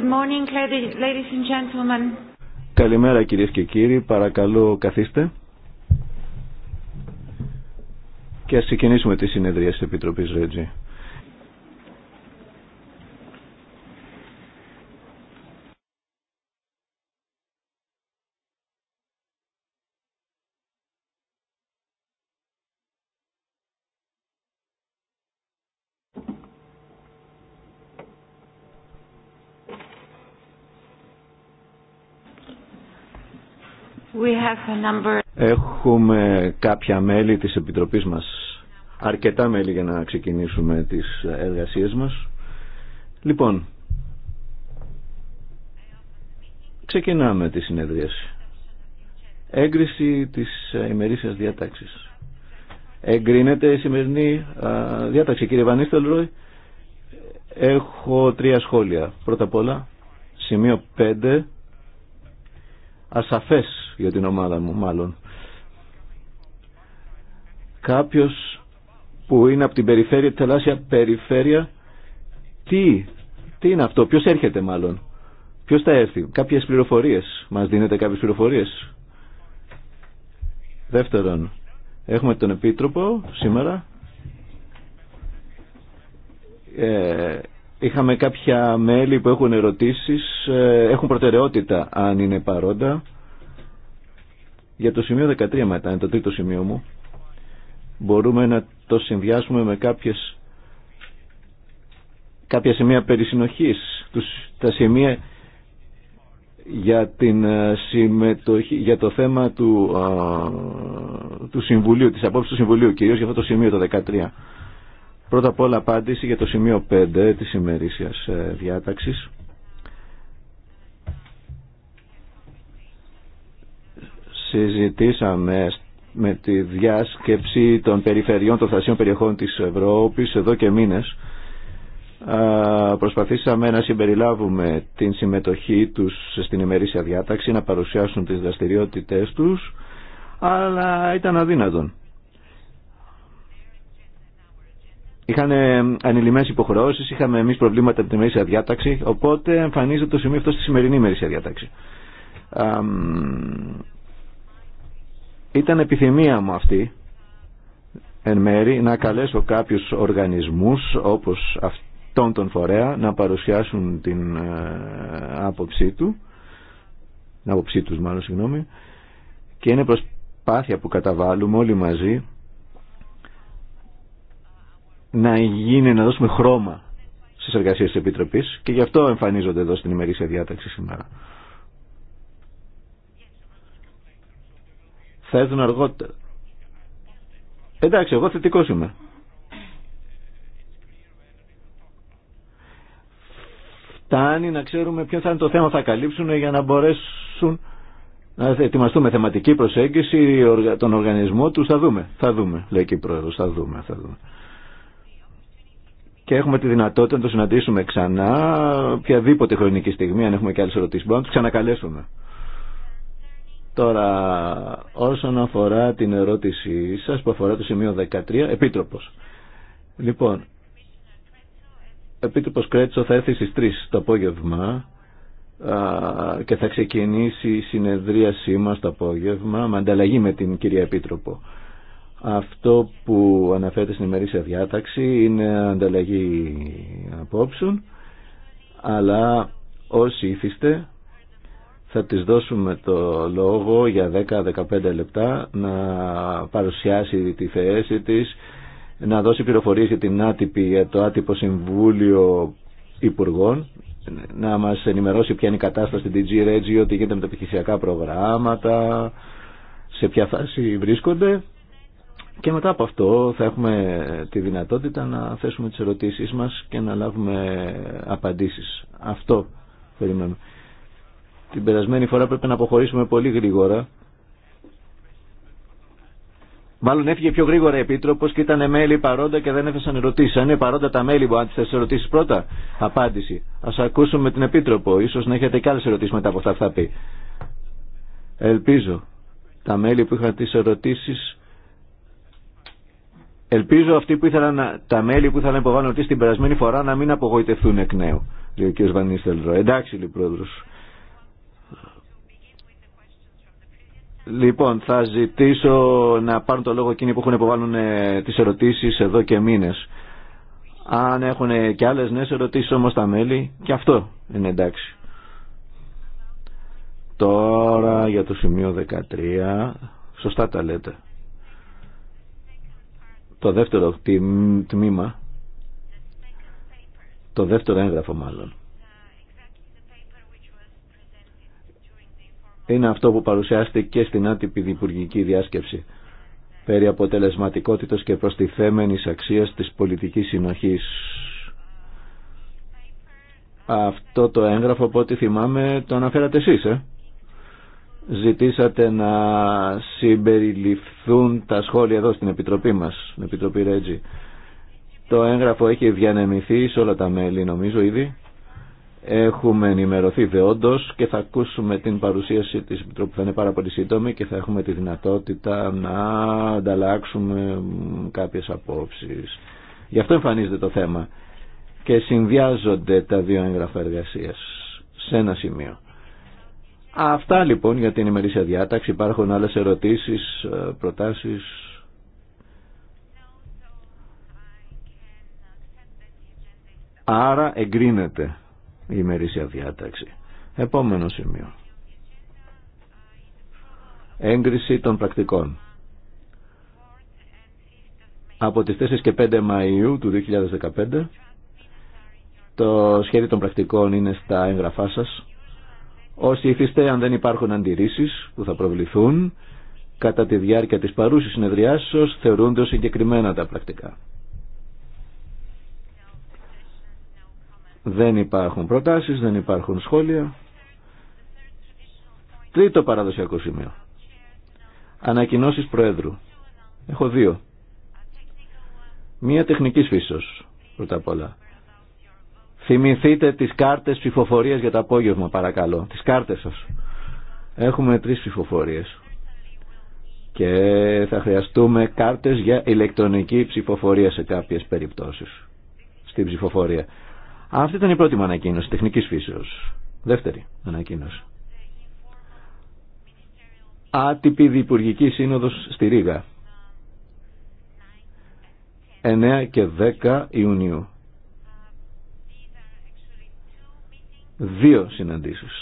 Good morning, ladies and gentlemen. Καλημέρα κυρίες και κύριοι, παρακαλώ καθίστε. Και ας ξεκινήσουμε τη συνεδρία της Επιτροπής Ρέτζη. Έχουμε κάποια μέλη της Επιτροπής μας, αρκετά μέλη για να ξεκινήσουμε τις εργασίες μας. Λοιπόν, ξεκινάμε τη συνεδρίαση. Έγκριση της ημερήσιας διατάξης. Εγκρίνεται η σημερινή διάταξη. Κύριε Βανίστελροι, έχω τρία σχόλια. Πρώτα απ' όλα, σημείο 5 ασαφές για την ομάδα μου μάλλον. Κάποιος που είναι από την περιφέρεια, τελάσια περιφέρεια, τι, τι είναι αυτό, ποιος έρχεται μάλλον, ποιος θα έρθει, κάποιες πληροφορίες, μας δίνετε κάποιες πληροφορίες. Δεύτερον, έχουμε τον Επίτροπο σήμερα, ε, Είχαμε κάποια μέλη που έχουν ερωτήσεις, ε, έχουν προτεραιότητα αν είναι παρόντα. Για το σημείο 13 μετά, είναι το τρίτο σημείο μου. Μπορούμε να το συνδυάσουμε με κάποιες, κάποια σημεία περισυνοχής. τα σημεία για, την ε, συμμετοχή, για το θέμα του, ε, του Συμβουλίου, της απόψης του Συμβουλίου, κυρίως για αυτό το σημείο το 13. Πρώτα απ' όλα απάντηση για το σημείο 5 της ημερήσιας ε, διάταξης. Συζητήσαμε με τη διάσκεψη των περιφερειών των θασίων περιοχών της Ευρώπης εδώ και μήνες. Προσπαθήσαμε να συμπεριλάβουμε την συμμετοχή τους στην ημερήσια διάταξη, να παρουσιάσουν τις δραστηριότητές τους, αλλά ήταν αδύνατον Είχαν ανηλυμένε υποχρεώσει, είχαμε εμεί προβλήματα με την ημερήσια διάταξη, οπότε εμφανίζεται το σημείο αυτό στη σημερινή ημερήσια διάταξη. Ήταν επιθυμία μου αυτή, εν μέρη, να καλέσω κάποιους οργανισμούς όπως αυτόν τον φορέα να παρουσιάσουν την ε, άποψή του, άποψή τους μάλλον, συγγνώμη, και είναι προσπάθεια που καταβάλουμε όλοι μαζί να γίνει, να δώσουμε χρώμα στις εργασίες της Επιτροπής και γι' αυτό εμφανίζονται εδώ στην ημερήσια διάταξη σήμερα. Θα έρθουν αργότερα. Εντάξει, εγώ θετικό. είμαι. Φτάνει να ξέρουμε ποιο θα είναι το θέμα θα καλύψουν για να μπορέσουν να ετοιμαστούμε θεματική προσέγγιση, τον οργανισμό του, θα δούμε, θα δούμε, λέει και η θα δούμε, θα δούμε και έχουμε τη δυνατότητα να το συναντήσουμε ξανά οποιαδήποτε χρονική στιγμή, αν έχουμε και άλλες ερωτήσεις. Μπορούμε να τους ξανακαλέσουμε. Τώρα, όσον αφορά την ερώτησή σας που αφορά το σημείο 13, Επίτροπος. Λοιπόν, Επίτροπος Κρέτσο θα έρθει στις 3 το απόγευμα και θα ξεκινήσει η συνεδρίασή μας το απόγευμα με ανταλλαγή με την κυρία Επίτροπο. Αυτό που αναφέρεται στην ημερήσια διάταξη είναι ανταλλαγή απόψεων, αλλά όσοι ήθιστε θα τις δώσουμε το λόγο για 10-15 λεπτά να παρουσιάσει τη θέση της, να δώσει πληροφορίες για, την άτυπη, για το άτυπο Συμβούλιο Υπουργών, να μας ενημερώσει ποια είναι η κατάσταση στην DG Regio, ότι γίνεται με τα επιχειρησιακά προγράμματα, σε ποια φάση βρίσκονται και μετά από αυτό θα έχουμε τη δυνατότητα να θέσουμε τις ερωτήσεις μας και να λάβουμε απαντήσεις. Αυτό περιμένουμε. Την περασμένη φορά πρέπει να αποχωρήσουμε πολύ γρήγορα. Μάλλον έφυγε πιο γρήγορα η Επίτροπο και ήταν μέλη παρόντα και δεν έφεσαν ερωτήσει. Αν είναι παρόντα τα μέλη, μπορεί να τι ερωτήσει πρώτα. Απάντηση. Α ακούσουμε την Επίτροπο. σω να έχετε και άλλε ερωτήσει μετά από αυτά που θα πει. Ελπίζω τα μέλη που είχαν τι ερωτήσει Ελπίζω αυτοί που ήθελαν να, τα μέλη που ήθελαν να υποβάλουν ότι στην περασμένη φορά να μην απογοητευτούν εκ νέου, λέει ο κ. Βανίστελρο. Εντάξει, λέει πρόεδρο. Λοιπόν, θα ζητήσω να πάρουν το λόγο εκείνοι που έχουν υποβάλουν ε, τι ερωτήσει εδώ και μήνε. Αν έχουν και άλλε νέε ερωτήσει όμω τα μέλη, και αυτό είναι εντάξει. Τώρα για το σημείο 13, σωστά τα λέτε το δεύτερο τμήμα, το δεύτερο έγγραφο μάλλον. Είναι αυτό που παρουσιάστηκε στην άτυπη διπουργική διάσκεψη περί αποτελεσματικότητας και προστιθέμενης αξίας της πολιτικής συνοχής. Αυτό το έγγραφο, από ό,τι θυμάμαι, το αναφέρατε εσείς, ε? ζητήσατε να συμπεριληφθούν τα σχόλια εδώ στην Επιτροπή μας, την Επιτροπή Ρέτζη. Το έγγραφο έχει διανεμηθεί σε όλα τα μέλη νομίζω ήδη. Έχουμε ενημερωθεί δεόντως και θα ακούσουμε την παρουσίαση της Επιτροπής που θα είναι πάρα πολύ σύντομη και θα έχουμε τη δυνατότητα να ανταλλάξουμε κάποιες απόψεις. Γι' αυτό εμφανίζεται το θέμα και συνδυάζονται τα δύο έγγραφα εργασίας σε ένα σημείο. Αυτά λοιπόν για την ημερήσια διάταξη. Υπάρχουν άλλες ερωτήσεις, ε, προτάσεις. Άρα εγκρίνεται η ημερήσια διάταξη. Επόμενο σημείο. Έγκριση των πρακτικών. Από τις 4 και 5 Μαΐου του 2015 το σχέδιο των πρακτικών είναι στα έγγραφά σας. Όσοι ήθιστε, αν δεν υπάρχουν αντιρρήσεις που θα προβληθούν, κατά τη διάρκεια της παρούσης συνεδριάσεως θεωρούνται ως συγκεκριμένα τα πρακτικά. Δεν υπάρχουν προτάσεις, δεν υπάρχουν σχόλια. Τρίτο παραδοσιακό σημείο. Ανακοινώσεις Προέδρου. Έχω δύο. Μία τεχνικής φύσεως, πρώτα απ' όλα. Θυμηθείτε τις κάρτες ψηφοφορίας για το απόγευμα παρακαλώ. Τις κάρτες σας. Έχουμε τρεις ψηφοφορίες. Και θα χρειαστούμε κάρτες για ηλεκτρονική ψηφοφορία σε κάποιες περιπτώσεις. Στην ψηφοφορία. Αυτή ήταν η πρώτη μου ανακοίνωση, τεχνικής φύσεως. Δεύτερη ανακοίνωση. Άτυπη Διπουργική Σύνοδος στη Ρήγα. 9 και 10 Ιουνίου. δύο συναντήσεις.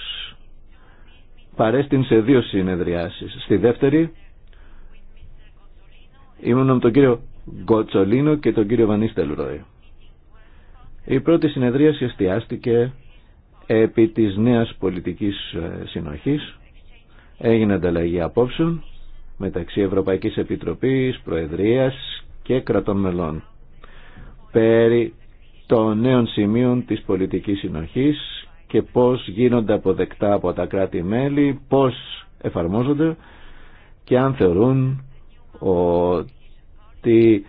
Παρέστην σε δύο συνεδριάσεις. Στη δεύτερη ήμουν με τον κύριο Γκοτσολίνο και τον κύριο Βανίστελ Ρόι. Η πρώτη συνεδρίαση εστιάστηκε επί της νέας πολιτικής ε, συνοχής. Έγινε ανταλλαγή απόψεων μεταξύ Ευρωπαϊκής Επιτροπής, Προεδρίας και κρατών μελών. Περί των νέων σημείων της πολιτικής συνοχής και πώς γίνονται αποδεκτά από τα κράτη-μέλη, πώς εφαρμόζονται και αν θεωρούν ότι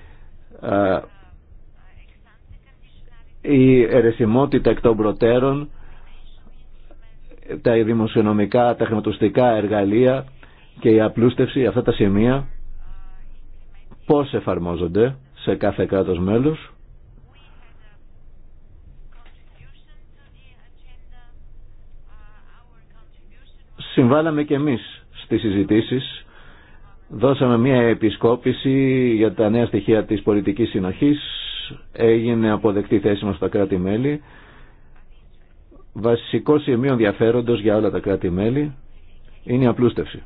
η αιρεσιμότητα εκ των προτέρων, τα δημοσιονομικά, τα χρηματοστικά εργαλεία και η απλούστευση, αυτά τα σημεία, πώς εφαρμόζονται σε κάθε κράτος μέλος συμβάλαμε και εμείς στις συζητήσεις. Δώσαμε μια επισκόπηση για τα νέα στοιχεία της πολιτικής συνοχής. Έγινε αποδεκτή θέση μας στα κράτη-μέλη. Βασικό σημείο ενδιαφέροντος για όλα τα κράτη-μέλη είναι η απλούστευση.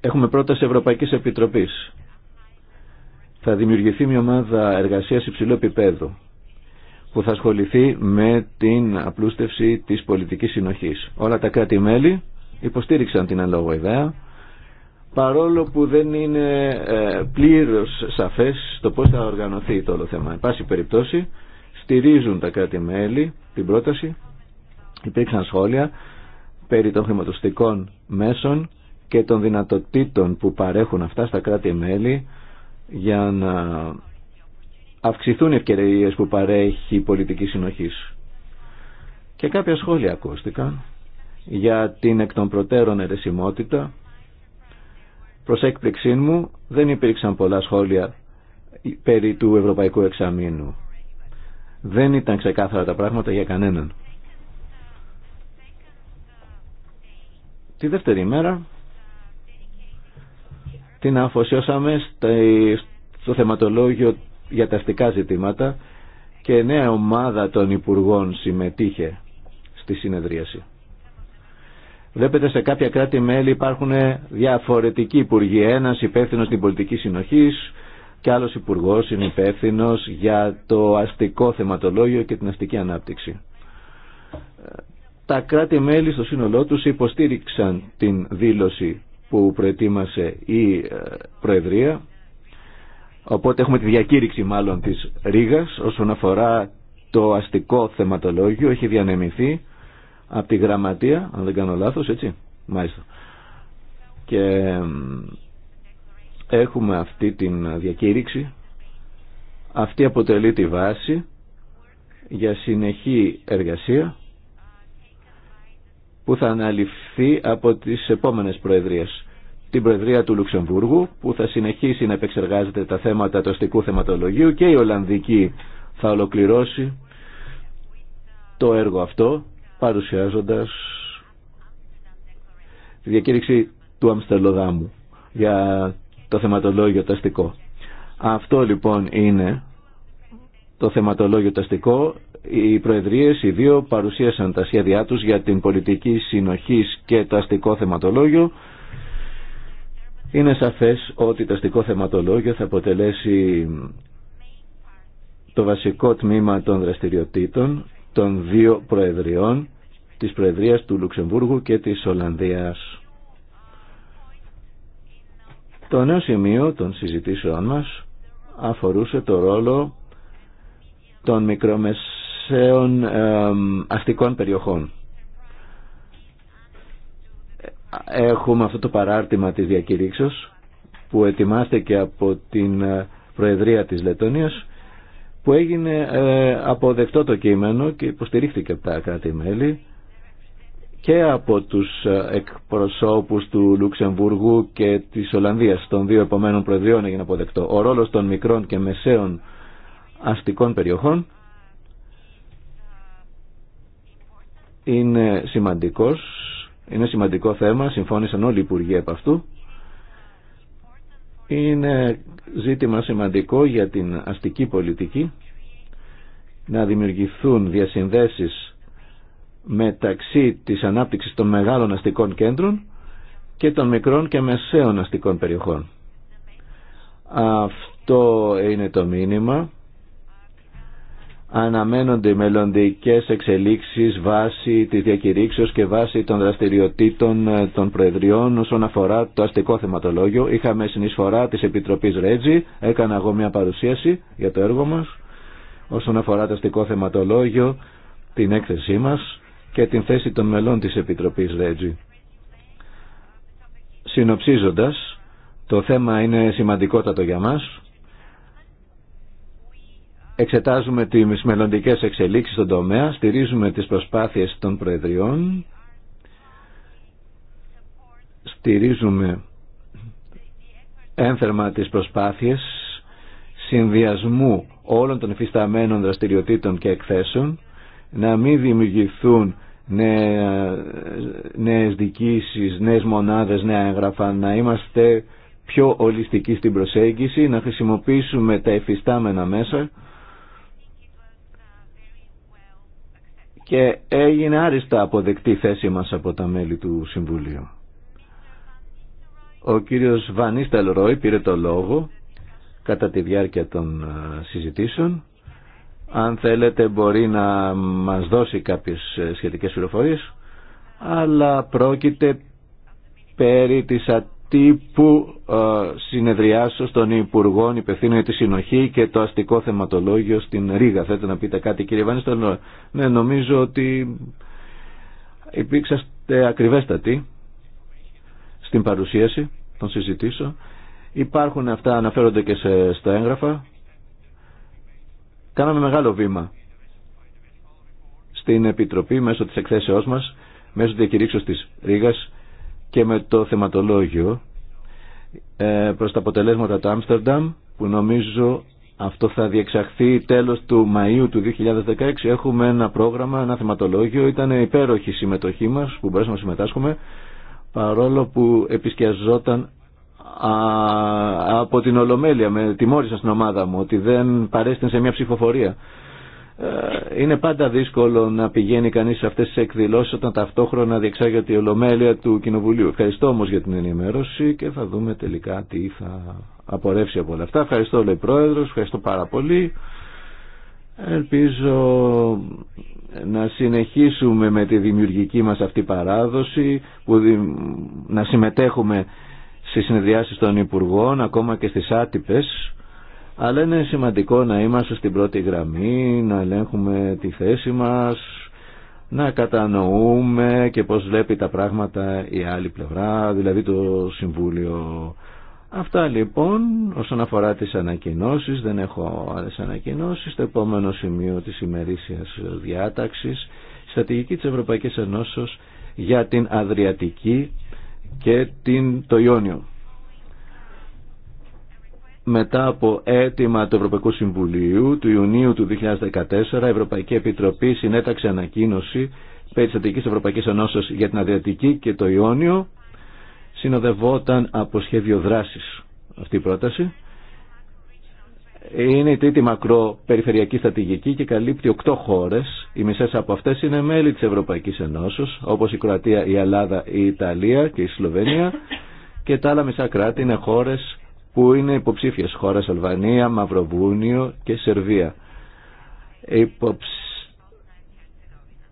Έχουμε πρόταση Ευρωπαϊκής Επιτροπής. Θα δημιουργηθεί μια ομάδα εργασίας υψηλού επίπεδου που θα ασχοληθεί με την απλούστευση της πολιτικής συνοχής. Όλα τα κράτη-μέλη υποστήριξαν την αλόγω ιδέα, παρόλο που δεν είναι ε, πλήρως σαφές το πώς θα οργανωθεί το όλο θέμα. Εν πάση περιπτώσει, στηρίζουν τα κράτη-μέλη την πρόταση, υπήρξαν σχόλια περί των χρηματοστικών μέσων και των δυνατοτήτων που παρέχουν αυτά στα κράτη-μέλη για να αυξηθούν οι ευκαιρίες που παρέχει η πολιτική συνοχής. Και κάποια σχόλια ακούστηκαν για την εκ των προτέρων ερεσιμότητα. Προς έκπληξή μου δεν υπήρξαν πολλά σχόλια περί του Ευρωπαϊκού Εξαμήνου. Δεν ήταν ξεκάθαρα τα πράγματα για κανέναν. Τη δεύτερη μέρα την αφοσιώσαμε στο θεματολόγιο για τα αστικά ζητήματα και νέα ομάδα των Υπουργών συμμετείχε στη συνεδρίαση. Βλέπετε σε κάποια κράτη-μέλη υπάρχουν διαφορετικοί υπουργοί. Ένας υπεύθυνο στην πολιτική συνοχής και άλλος υπουργό είναι υπεύθυνο για το αστικό θεματολόγιο και την αστική ανάπτυξη. Τα κράτη-μέλη στο σύνολό τους υποστήριξαν την δήλωση που προετοίμασε η ε, Προεδρία Οπότε έχουμε τη διακήρυξη μάλλον της Ρήγας όσον αφορά το αστικό θεματολόγιο. Έχει διανεμηθεί από τη γραμματεία, αν δεν κάνω λάθος, έτσι. Μάλιστα. Και έχουμε αυτή την διακήρυξη. Αυτή αποτελεί τη βάση για συνεχή εργασία που θα αναλυφθεί από τις επόμενες προεδρίες την Προεδρία του Λουξεμβούργου που θα συνεχίσει να επεξεργάζεται τα θέματα του αστικού θεματολογίου και η Ολλανδική θα ολοκληρώσει το έργο αυτό παρουσιάζοντας τη διακήρυξη του Αμστερλοδάμου για το θεματολόγιο το αστικό. Αυτό λοιπόν είναι το θεματολόγιο το αστικό. Οι Προεδρίες, οι δύο, παρουσίασαν τα σχέδιά τους για την πολιτική συνοχής και το αστικό θεματολόγιο. Είναι σαφές ότι το αστικό θεματολόγιο θα αποτελέσει το βασικό τμήμα των δραστηριοτήτων των δύο προεδριών της Προεδρίας του Λουξεμβούργου και της Ολλανδίας. Το νέο σημείο των συζητήσεων μας αφορούσε το ρόλο των μικρομεσαίων αστικών περιοχών έχουμε αυτό το παράρτημα της διακηρύξεως που ετοιμάστηκε από την ε, Προεδρία της Λετωνίας που έγινε ε, αποδεκτό το κείμενο και υποστηρίχθηκε από τα κράτη-μέλη και από τους ε, εκπροσώπους του Λουξεμβουργού και της Ολλανδίας των δύο επομένων προεδριών έγινε αποδεκτό. Ο ρόλος των μικρών και μεσαίων αστικών περιοχών είναι σημαντικός είναι σημαντικό θέμα, συμφώνησαν όλοι οι Υπουργοί από αυτού. Είναι ζήτημα σημαντικό για την αστική πολιτική να δημιουργηθούν διασυνδέσεις μεταξύ της ανάπτυξης των μεγάλων αστικών κέντρων και των μικρών και μεσαίων αστικών περιοχών. Αυτό είναι το μήνυμα αναμένονται μελλοντικές εξελίξεις βάσει τη διακηρύξεως και βάσει των δραστηριοτήτων ε, των Προεδριών όσον αφορά το αστικό θεματολόγιο. Είχαμε συνεισφορά της Επιτροπής Ρέτζη, έκανα εγώ μια παρουσίαση για το έργο μας όσον αφορά το αστικό θεματολόγιο, την έκθεσή μας και την θέση των μελών της Επιτροπής Ρέτζη. Συνοψίζοντας, το θέμα είναι σημαντικότατο για μας Εξετάζουμε τις μελλοντικέ εξελίξεις στον τομέα, στηρίζουμε τις προσπάθειες των Προεδριών, στηρίζουμε ένθερμα τις προσπάθειες συνδυασμού όλων των εφισταμένων δραστηριοτήτων και εκθέσεων, να μην δημιουργηθούν νέε δικήσεις, νέε μονάδες, νέα έγγραφα, να είμαστε πιο ολιστικοί στην προσέγγιση, να χρησιμοποιήσουμε τα εφιστάμενα μέσα και έγινε άριστα αποδεκτή θέση μας από τα μέλη του Συμβουλίου. Ο κύριος Βανίσταλ Ρόι πήρε το λόγο κατά τη διάρκεια των ε, συζητήσεων. Αν θέλετε μπορεί να μας δώσει κάποιες ε, σχετικές πληροφορίες, αλλά πρόκειται περί της τύπου ε, συνεδριάσεως των Υπουργών υπευθύνων για τη συνοχή και το αστικό θεματολόγιο στην Ρήγα. Θέλετε να πείτε κάτι κύριε Βάνιστον. Ναι, νομίζω ότι υπήρξατε ακριβέστατοι στην παρουσίαση των συζητήσω. Υπάρχουν αυτά, αναφέρονται και σε, στα έγγραφα. Κάναμε μεγάλο βήμα στην Επιτροπή μέσω της εκθέσεώς μας, μέσω της διακηρύξεως της Ρήγας και με το θεματολόγιο ε, προς τα αποτελέσματα του Άμστερνταμ που νομίζω αυτό θα διεξαχθεί τέλος του Μαΐου του 2016. Έχουμε ένα πρόγραμμα, ένα θεματολόγιο. Ήταν υπέροχη η συμμετοχή μας που μπορέσαμε να συμμετάσχουμε παρόλο που επισκιαζόταν από την Ολομέλεια με τιμώρησαν στην ομάδα μου ότι δεν παρέστην σε μια ψηφοφορία. Ε, είναι πάντα δύσκολο να πηγαίνει κανείς σε αυτές τις εκδηλώσεις όταν ταυτόχρονα διεξάγεται η ολομέλεια του Κοινοβουλίου. Ευχαριστώ όμως για την ενημέρωση και θα δούμε τελικά τι θα απορρεύσει από όλα αυτά. Ευχαριστώ λέει Πρόεδρος, ευχαριστώ πάρα πολύ. Ελπίζω να συνεχίσουμε με τη δημιουργική μας αυτή παράδοση, που να συμμετέχουμε στις συνεδριάσεις των Υπουργών, ακόμα και στις άτυπες, αλλά είναι σημαντικό να είμαστε στην πρώτη γραμμή, να ελέγχουμε τη θέση μας, να κατανοούμε και πώς βλέπει τα πράγματα η άλλη πλευρά, δηλαδή το Συμβούλιο. Αυτά λοιπόν όσον αφορά τις ανακοινώσεις, δεν έχω άλλες ανακοινώσεις, το επόμενο σημείο της ημερήσιας διάταξης, στρατηγική της Ευρωπαϊκής Ενώσεως για την Αδριατική και την, το Ιόνιο μετά από αίτημα του Ευρωπαϊκού Συμβουλίου του Ιουνίου του 2014, η Ευρωπαϊκή Επιτροπή συνέταξε ανακοίνωση περί της Ευρωπαϊκής Ενώσεως για την Αδριατική και το Ιόνιο. Συνοδευόταν από σχέδιο δράσης αυτή η πρόταση. Είναι η τρίτη μακροπεριφερειακή στρατηγική και καλύπτει οκτώ χώρες. Οι μισές από αυτές είναι μέλη της Ευρωπαϊκής Ενώσεως, όπως η Κροατία, η Ελλάδα, η Ιταλία και η Σλοβενία. Και τα άλλα μισά κράτη είναι χώρες που είναι υποψήφιες χώρες Αλβανία, Μαυροβούνιο και Σερβία. Υποψ...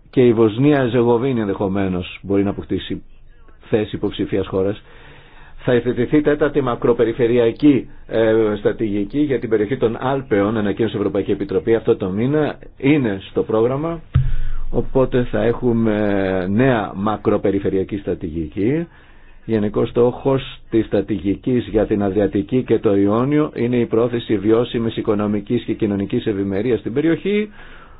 Και η Βοσνία Ζεγοβίνη ενδεχομένω μπορεί να αποκτήσει θέση υποψηφίας χώρας. Θα υφετηθεί τέταρτη μακροπεριφερειακή ε, στρατηγική για την περιοχή των Άλπαιων, ανακοίνωσε Ευρωπαϊκή Επιτροπή αυτό το μήνα. Είναι στο πρόγραμμα, οπότε θα έχουμε νέα μακροπεριφερειακή στρατηγική Γενικό στόχο τη στρατηγικής για την Αδριατική και το Ιόνιο είναι η πρόθεση βιώσιμη οικονομική και κοινωνική ευημερία στην περιοχή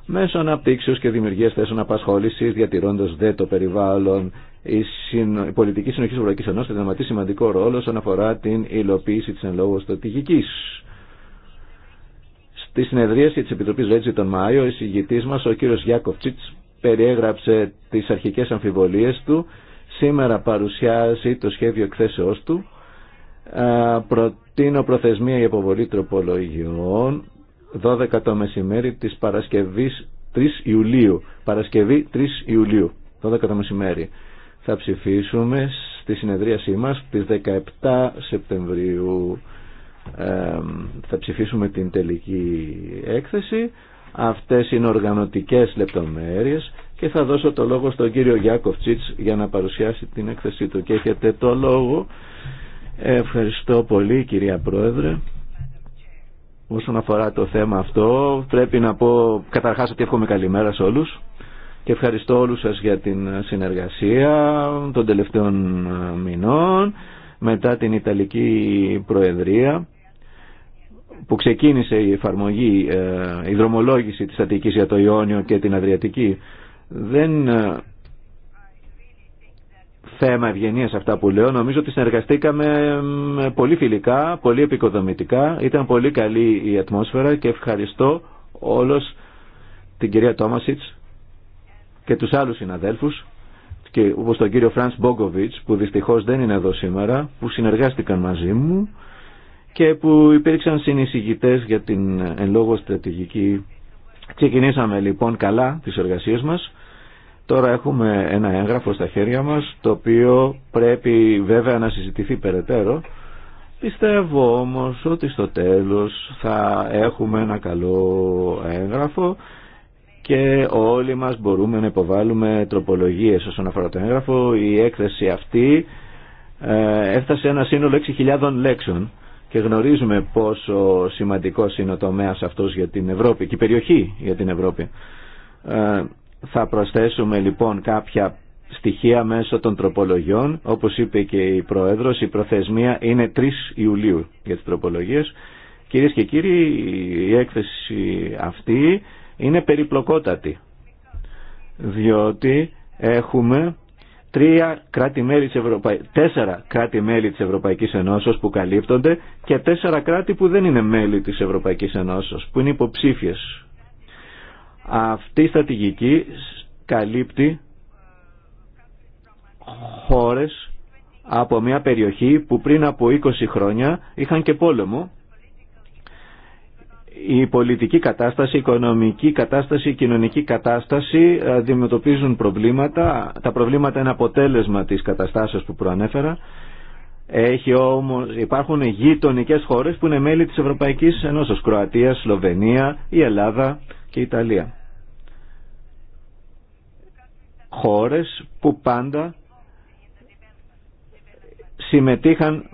μέσω αναπτύξεω και δημιουργίας θέσεων απασχόληση, διατηρώντας δε το περιβάλλον. Η, συνο... πολιτική συνοχή τη Ευρωπαϊκή Ένωση θα δραματίσει σημαντικό ρόλο όσον αφορά την υλοποίηση τη εν λόγω στρατηγικής. Στη συνεδρίαση τη Επιτροπή Ρέτζη τον Μάιο, ο εισηγητή μας, ο κύριος Γιάκοφτσιτς, περιέγραψε τι αρχικέ αμφιβολίε του σήμερα παρουσιάζει το σχέδιο εκθέσεώς του. Προτείνω προθεσμία για αποβολή τροπολογιών 12 το μεσημέρι της Παρασκευής 3 Ιουλίου. Παρασκευή 3 Ιουλίου, 12 το μεσημέρι. Θα ψηφίσουμε στη συνεδρίασή μας τις 17 Σεπτεμβρίου. Ε, θα ψηφίσουμε την τελική έκθεση. Αυτές είναι οργανωτικές λεπτομέρειες και θα δώσω το λόγο στον κύριο Γιάκοφ για να παρουσιάσει την έκθεσή του. Και έχετε το λόγο. Ευχαριστώ πολύ κυρία Πρόεδρε. Όσον αφορά το θέμα αυτό, πρέπει να πω καταρχάς ότι εύχομαι καλημέρα σε όλους και ευχαριστώ όλους σας για την συνεργασία των τελευταίων μηνών μετά την Ιταλική Προεδρία που ξεκίνησε η εφαρμογή, ε, η δρομολόγηση της Αττικής για το Ιόνιο και την Αδριατική δεν ε, θέμα ευγενία αυτά που λέω. Νομίζω ότι συνεργαστήκαμε πολύ φιλικά, πολύ επικοδομητικά. Ήταν πολύ καλή η ατμόσφαιρα και ευχαριστώ όλος την κυρία Τόμασιτς και τους άλλους συναδέλφους και όπως τον κύριο Φραντς Μπόγκοβιτς που δυστυχώς δεν είναι εδώ σήμερα που συνεργάστηκαν μαζί μου και που υπήρξαν συνεισηγητές για την ε, εν λόγω στρατηγική Ξεκινήσαμε λοιπόν καλά τις εργασίες μας. Τώρα έχουμε ένα έγγραφο στα χέρια μας, το οποίο πρέπει βέβαια να συζητηθεί περαιτέρω. Πιστεύω όμως ότι στο τέλος θα έχουμε ένα καλό έγγραφο και όλοι μας μπορούμε να υποβάλουμε τροπολογίες όσον αφορά το έγγραφο. Η έκθεση αυτή ε, έφτασε ένα σύνολο 6.000 λέξεων και γνωρίζουμε πόσο σημαντικός είναι ο τομέας αυτός για την Ευρώπη και η περιοχή για την Ευρώπη. Ε, θα προσθέσουμε λοιπόν κάποια στοιχεία μέσω των τροπολογιών. Όπως είπε και η Πρόεδρος, η προθεσμία είναι 3 Ιουλίου για τις τροπολογίες. Κυρίες και κύριοι, η έκθεση αυτή είναι περιπλοκότατη, διότι έχουμε τρία κράτη-μέλη της τέσσερα κράτη-μέλη της Ευρωπαϊκής Ενώσεως που καλύπτονται και τέσσερα κράτη που δεν είναι μέλη της Ευρωπαϊκής Ενώσεως, που είναι υποψήφιες. Αυτή η στρατηγική καλύπτει χώρες από μια περιοχή που πριν από 20 χρόνια είχαν και πόλεμο η πολιτική κατάσταση, η οικονομική κατάσταση, η κοινωνική κατάσταση ε, αντιμετωπίζουν προβλήματα. Τα προβλήματα είναι αποτέλεσμα της καταστάσεως που προανέφερα. Έχει όμως, υπάρχουν γειτονικέ χώρες που είναι μέλη της Ευρωπαϊκής Ενώσης, Κροατία, Σλοβενία, η Ελλάδα και η Ιταλία. Χώρες που πάντα συμμετείχαν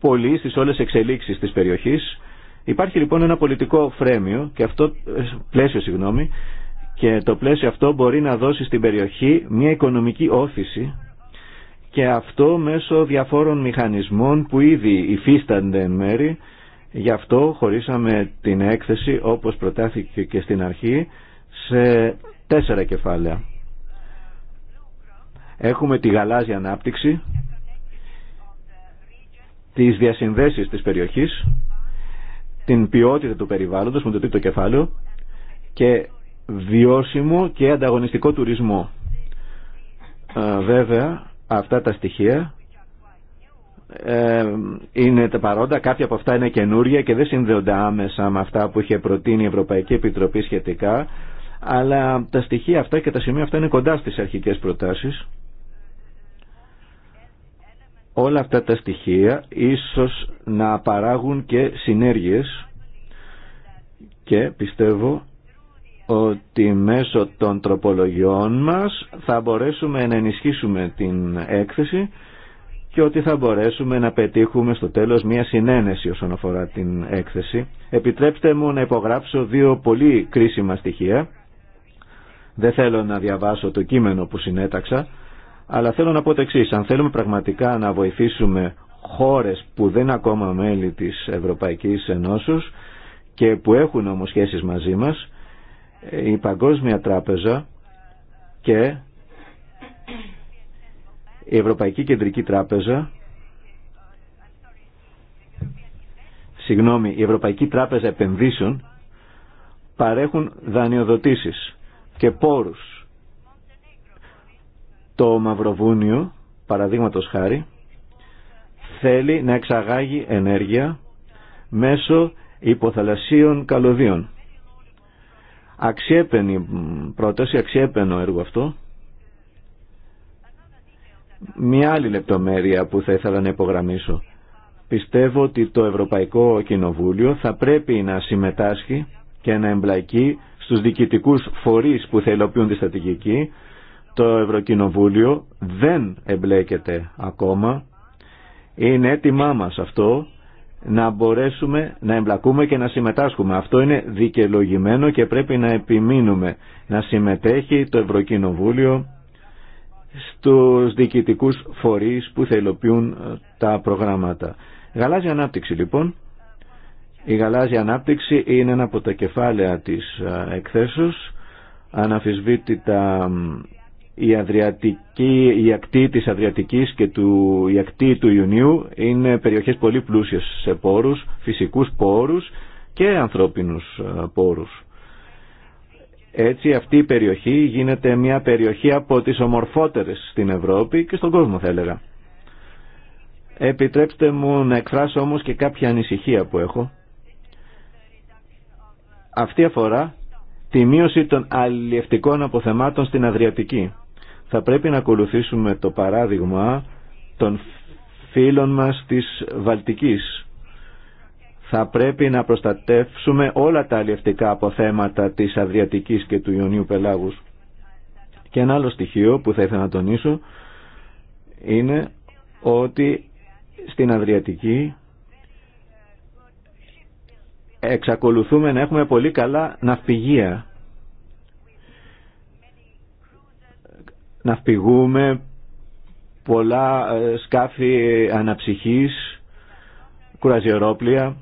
πολύ στις όλες εξελίξεις της περιοχής Υπάρχει λοιπόν ένα πολιτικό φρέμιο και αυτό, ε, πλαίσιο συγγνώμη, και το πλαίσιο αυτό μπορεί να δώσει στην περιοχή μια οικονομική όθηση και αυτό μέσω διαφόρων μηχανισμών που ήδη υφίστανται εν μέρη. Γι' αυτό χωρίσαμε την έκθεση όπως προτάθηκε και στην αρχή σε τέσσερα κεφάλαια. Έχουμε τη γαλάζια ανάπτυξη, τις διασυνδέσεις της περιοχής, την ποιότητα του περιβάλλοντος με το τρίτο κεφάλαιο και βιώσιμο και ανταγωνιστικό τουρισμό. Ε, βέβαια, αυτά τα στοιχεία ε, είναι τα παρόντα, κάποια από αυτά είναι καινούργια και δεν συνδέονται άμεσα με αυτά που είχε προτείνει η Ευρωπαϊκή Επιτροπή σχετικά, αλλά τα στοιχεία αυτά και τα σημεία αυτά είναι κοντά στις αρχικές προτάσεις όλα αυτά τα στοιχεία ίσως να παράγουν και συνέργειες και πιστεύω ότι μέσω των τροπολογιών μας θα μπορέσουμε να ενισχύσουμε την έκθεση και ότι θα μπορέσουμε να πετύχουμε στο τέλος μια συνένεση όσον αφορά την έκθεση. Επιτρέψτε μου να υπογράψω δύο πολύ κρίσιμα στοιχεία. Δεν θέλω να διαβάσω το κείμενο που συνέταξα, αλλά θέλω να πω το εξή. Αν θέλουμε πραγματικά να βοηθήσουμε χώρες που δεν είναι ακόμα μέλη της Ευρωπαϊκής Ενώσεω και που έχουν όμως σχέσεις μαζί μας, η Παγκόσμια Τράπεζα και η Ευρωπαϊκή Κεντρική Τράπεζα συγγνώμη, η Ευρωπαϊκή Τράπεζα Επενδύσεων παρέχουν δανειοδοτήσεις και πόρους το Μαυροβούνιο, παραδείγματος χάρη, θέλει να εξαγάγει ενέργεια μέσω υποθαλασσίων καλωδίων. Αξιέπαινη πρόταση, αξιέπαινο έργο αυτό. Μια άλλη λεπτομέρεια που θα ήθελα να υπογραμμίσω. Πιστεύω ότι το Ευρωπαϊκό Κοινοβούλιο θα πρέπει να συμμετάσχει και να εμπλακεί στους διοικητικούς φορείς που θα υλοποιούν τη στρατηγική το Ευρωκοινοβούλιο δεν εμπλέκεται ακόμα. Είναι έτοιμά μας αυτό να μπορέσουμε να εμπλακούμε και να συμμετάσχουμε. Αυτό είναι δικαιολογημένο και πρέπει να επιμείνουμε να συμμετέχει το Ευρωκοινοβούλιο στους διοικητικούς φορείς που θα ε, τα προγράμματα. Γαλάζια ανάπτυξη λοιπόν. Η γαλάζια ανάπτυξη είναι ένα από τα κεφάλαια της ε, εκθέσεως. αναφισβήτητα η, Αδριατική, η ακτή της Αδριατικής και του, η ακτή του Ιουνίου είναι περιοχές πολύ πλούσιες σε πόρους, φυσικούς πόρους και ανθρώπινους ε, πόρους. Έτσι αυτή η περιοχή γίνεται μια περιοχή από τις ομορφότερες στην Ευρώπη και στον κόσμο θα έλεγα. Επιτρέψτε μου να εκφράσω όμως και κάποια ανησυχία που έχω. Αυτή αφορά τη μείωση των αλλιευτικών αποθεμάτων στην Αδριατική θα πρέπει να ακολουθήσουμε το παράδειγμα των φίλων μας της Βαλτικής. Θα πρέπει να προστατεύσουμε όλα τα αλληλευτικά αποθέματα της Αδριατικής και του Ιωνίου Πελάγους. Και ένα άλλο στοιχείο που θα ήθελα να τονίσω είναι ότι στην Αδριατική εξακολουθούμε να έχουμε πολύ καλά ναυπηγεία να ναυπηγούμε πολλά ε, σκάφη αναψυχής, κουραζιερόπλια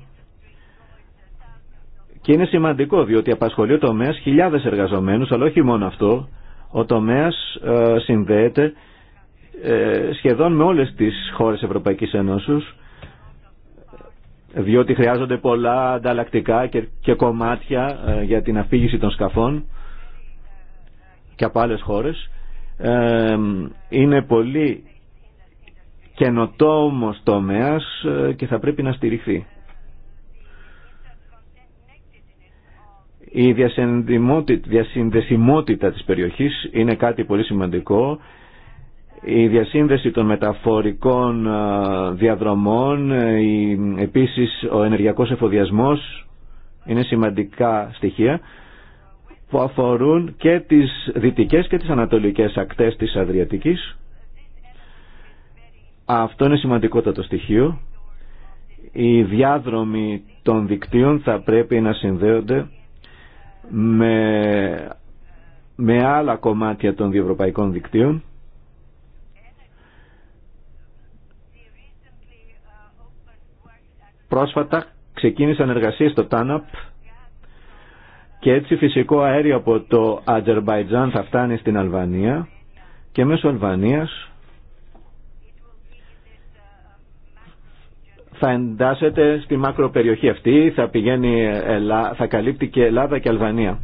και είναι σημαντικό διότι απασχολεί ο τομέας χιλιάδες εργαζομένους, αλλά όχι μόνο αυτό, ο τομέας ε, συνδέεται ε, σχεδόν με όλες τις χώρες Ευρωπαϊκής Ένωσης διότι χρειάζονται πολλά ανταλλακτικά και, κομμάτια για την αφήγηση των σκαφών και από άλλες χώρες είναι πολύ καινοτόμος τομέας ε, και θα πρέπει να στηριχθεί. Η διασυνδεσιμότητα της περιοχής είναι κάτι πολύ σημαντικό. Η διασύνδεση των μεταφορικών ε, διαδρομών, ε, η, επίσης ο ενεργειακός εφοδιασμός είναι σημαντικά στοιχεία που αφορούν και τις δυτικές και τις ανατολικές ακτές της Αδριατικής. Αυτό είναι σημαντικότατο στοιχείο. Οι διάδρομοι των δικτύων θα πρέπει να συνδέονται με, με άλλα κομμάτια των διευρωπαϊκών δικτύων. Πρόσφατα ξεκίνησαν εργασίες στο ΤΑΝΑΠ και έτσι φυσικό αέριο από το Αζερβαϊτζάν θα φτάνει στην Αλβανία και μέσω Αλβανίας θα εντάσσεται στη μακροπεριοχή αυτή, θα, πηγαίνει, θα καλύπτει και Ελλάδα και Αλβανία.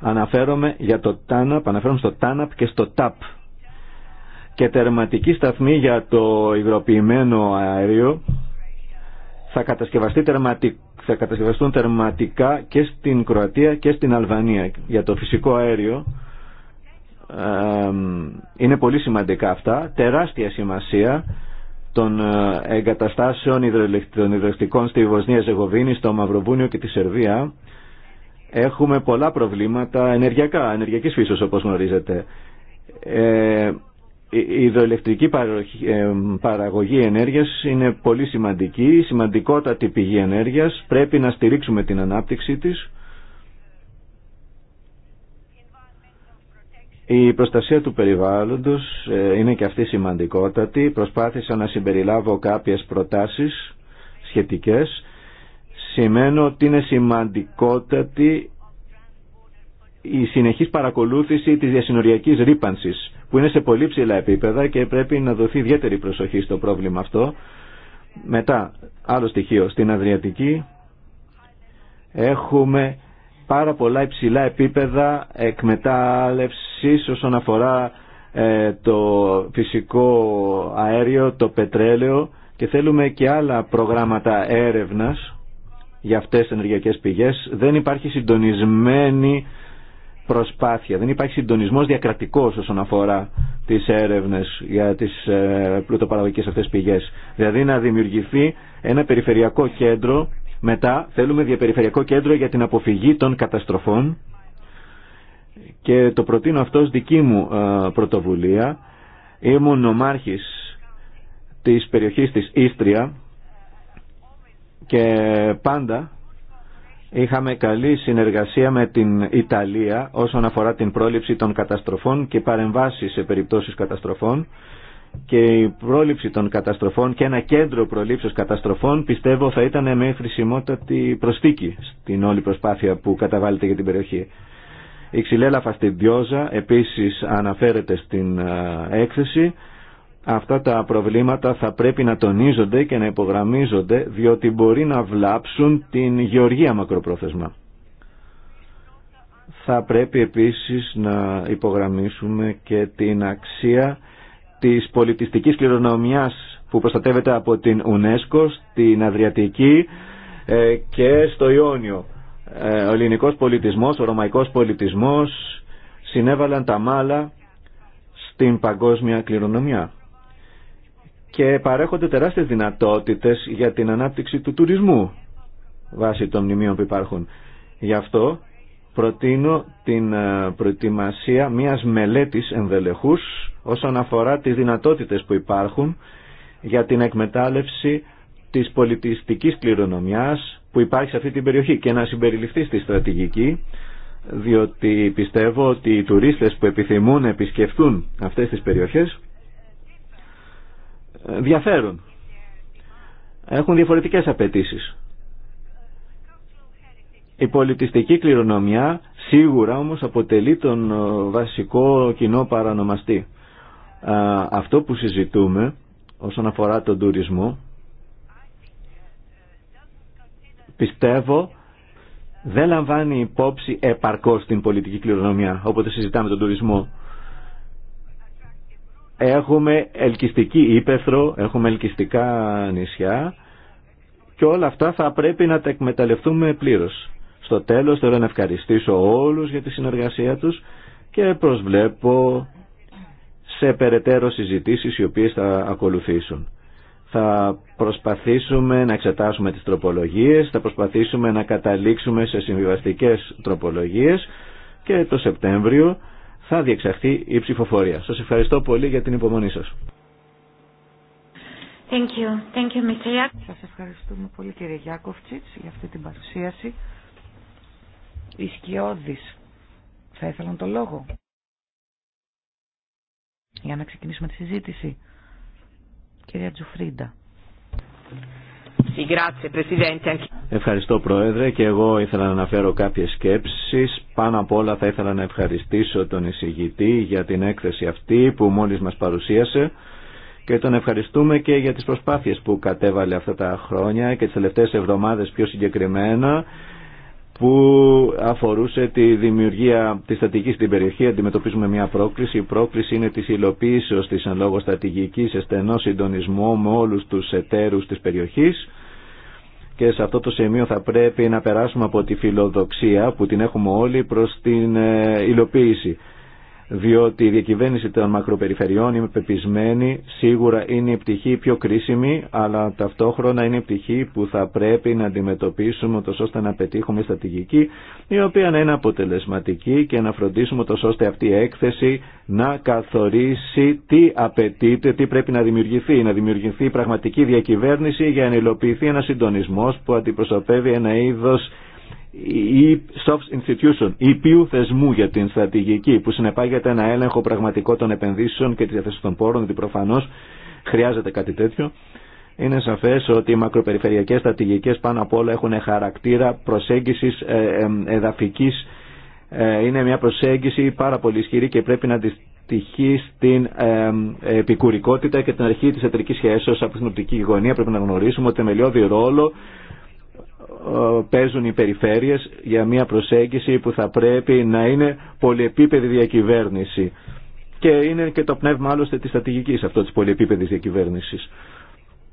Αναφέρομαι για το Τάνα, αναφέρομαι στο ΤΑΝΑΠ και στο ΤΑΠ. Και τερματική σταθμή για το υγροποιημένο αέριο θα κατασκευαστεί τερματικό θα κατασκευαστούν τερματικά και στην Κροατία και στην Αλβανία για το φυσικό αέριο. Είναι πολύ σημαντικά αυτά, τεράστια σημασία των ε, εγκαταστάσεων των υδροελεκτρικών στη Βοσνία Ζεγοβίνη, στο Μαυροβούνιο και τη Σερβία. Έχουμε πολλά προβλήματα ενεργειακά, ενεργειακής φύσης όπως γνωρίζετε. Ε, η υδροελεκτρική ε, παραγωγή ενέργειας είναι πολύ σημαντική, σημαντικότατη πηγή ενέργειας. Πρέπει να στηρίξουμε την ανάπτυξή της. Η προστασία του περιβάλλοντος ε, είναι και αυτή σημαντικότατη. Προσπάθησα να συμπεριλάβω κάποιες προτάσεις σχετικές. Σημαίνω ότι είναι σημαντικότατη η συνεχής παρακολούθηση της διασυνοριακής ρήπανσης που είναι σε πολύ ψηλά επίπεδα και πρέπει να δοθεί ιδιαίτερη προσοχή στο πρόβλημα αυτό. Μετά, άλλο στοιχείο, στην Αδριατική έχουμε πάρα πολλά υψηλά επίπεδα εκμετάλλευσης όσον αφορά ε, το φυσικό αέριο, το πετρέλαιο και θέλουμε και άλλα προγράμματα έρευνας για αυτές τις ενεργειακές πηγές. Δεν υπάρχει συντονισμένη προσπάθεια, δεν υπάρχει συντονισμός διακρατικός όσον αφορά τις έρευνες για τις ε, πλουτοπαραγωγικές αυτές πηγές. Δηλαδή να δημιουργηθεί ένα περιφερειακό κέντρο, μετά θέλουμε διαπεριφερειακό κέντρο για την αποφυγή των καταστροφών και το προτείνω αυτό δική μου ε, πρωτοβουλία. Ήμουν ομάρχης της περιοχής της Ίστρια και πάντα Είχαμε καλή συνεργασία με την Ιταλία όσον αφορά την πρόληψη των καταστροφών και παρεμβάσεις σε περιπτώσεις καταστροφών και η πρόληψη των καταστροφών και ένα κέντρο προλήψεως καταστροφών πιστεύω θα ήταν με χρησιμότατη προσθήκη στην όλη προσπάθεια που καταβάλλεται για την περιοχή. Η στην Διόζα επίσης αναφέρεται στην ε, έκθεση αυτά τα προβλήματα θα πρέπει να τονίζονται και να υπογραμμίζονται διότι μπορεί να βλάψουν την γεωργία μακροπρόθεσμα. Θα πρέπει επίσης να υπογραμμίσουμε και την αξία της πολιτιστικής κληρονομιάς που προστατεύεται από την UNESCO την Αδριατική ε, και στο Ιόνιο. Ε, ο ελληνικός πολιτισμός, ο ρωμαϊκός πολιτισμός συνέβαλαν τα μάλα στην παγκόσμια κληρονομιά και παρέχονται τεράστιες δυνατότητες για την ανάπτυξη του τουρισμού βάσει των μνημείων που υπάρχουν. Γι' αυτό προτείνω την ε, προετοιμασία μιας μελέτης ενδελεχούς όσον αφορά τις δυνατότητες που υπάρχουν για την εκμετάλλευση της πολιτιστικής κληρονομιάς που υπάρχει σε αυτή την περιοχή και να συμπεριληφθεί στη στρατηγική διότι πιστεύω ότι οι τουρίστες που επιθυμούν να επισκεφθούν αυτές τις περιοχές διαφέρουν. Έχουν διαφορετικές απαιτήσεις. Η πολιτιστική κληρονομιά σίγουρα όμως αποτελεί τον ε, βασικό κοινό παρανομαστή. Ε, αυτό που συζητούμε όσον αφορά τον τουρισμό πιστεύω δεν λαμβάνει υπόψη επαρκώς την πολιτική κληρονομιά όποτε συζητάμε τον τουρισμό. Έχουμε ελκυστική ύπεθρο, έχουμε ελκυστικά νησιά και όλα αυτά θα πρέπει να τα εκμεταλλευτούμε πλήρως. Στο τέλος θέλω να ευχαριστήσω όλους για τη συνεργασία τους και προσβλέπω σε περαιτέρω συζητήσεις οι οποίες θα ακολουθήσουν. Θα προσπαθήσουμε να εξετάσουμε τις τροπολογίες, θα προσπαθήσουμε να καταλήξουμε σε συμβιβαστικές τροπολογίες και το Σεπτέμβριο θα διεξαχθεί η ψηφοφορία. Σας ευχαριστώ πολύ για την υπομονή σας. Thank you. Thank you, Σας ευχαριστούμε πολύ κύριε Γιάκοφτσιτς για αυτή την παρουσίαση. Οι θα ήθελαν το λόγο για να ξεκινήσουμε τη συζήτηση. Κυρία Τζουφρίντα. Ευχαριστώ Πρόεδρε και εγώ ήθελα να αναφέρω κάποιες σκέψεις. Πάνω απ' όλα θα ήθελα να ευχαριστήσω τον εισηγητή για την έκθεση αυτή που μόλις μας παρουσίασε και τον ευχαριστούμε και για τις προσπάθειες που κατέβαλε αυτά τα χρόνια και τις τελευταίες εβδομάδες πιο συγκεκριμένα που αφορούσε τη δημιουργία της στρατηγικής στην περιοχή. Αντιμετωπίζουμε μια πρόκληση. Η πρόκληση είναι της υλοποίηση της εν λόγω στρατηγική σε στενό συντονισμό με όλου τους εταίρου της περιοχής και σε αυτό το σημείο θα πρέπει να περάσουμε από τη φιλοδοξία που την έχουμε όλοι προς την ε, υλοποίηση διότι η διακυβέρνηση των μακροπεριφερειών είμαι πεπισμένη, σίγουρα είναι η πτυχή πιο κρίσιμη, αλλά ταυτόχρονα είναι η πτυχή που θα πρέπει να αντιμετωπίσουμε τόσο ώστε να πετύχουμε στρατηγική, η οποία να είναι αποτελεσματική και να φροντίσουμε τόσο ώστε αυτή η έκθεση να καθορίσει τι απαιτείται, τι πρέπει να δημιουργηθεί, να δημιουργηθεί πραγματική διακυβέρνηση για να υλοποιηθεί ένα συντονισμός που αντιπροσωπεύει ένα είδος ή soft institution, ή ποιου θεσμού για την στρατηγική που συνεπάγεται ένα έλεγχο πραγματικό των επενδύσεων και τη διαθέση των πόρων, ότι προφανώ χρειάζεται κάτι τέτοιο. Είναι σαφέ ότι οι μακροπεριφερειακέ στρατηγικέ πάνω απ' όλα έχουν χαρακτήρα προσέγγιση ε, ε, εδαφική. Ε, είναι μια προσέγγιση πάρα πολύ ισχυρή και πρέπει να αντιστοιχεί στην επικουρικότητα και την αρχή τη εταιρική σχέση. Από την οπτική γωνία πρέπει να γνωρίσουμε ότι θεμελιώδη ρόλο παίζουν οι περιφέρειες για μια προσέγγιση που θα πρέπει να είναι πολυεπίπεδη διακυβέρνηση. Και είναι και το πνεύμα άλλωστε της στρατηγικής αυτό της πολυεπίπεδης διακυβέρνησης.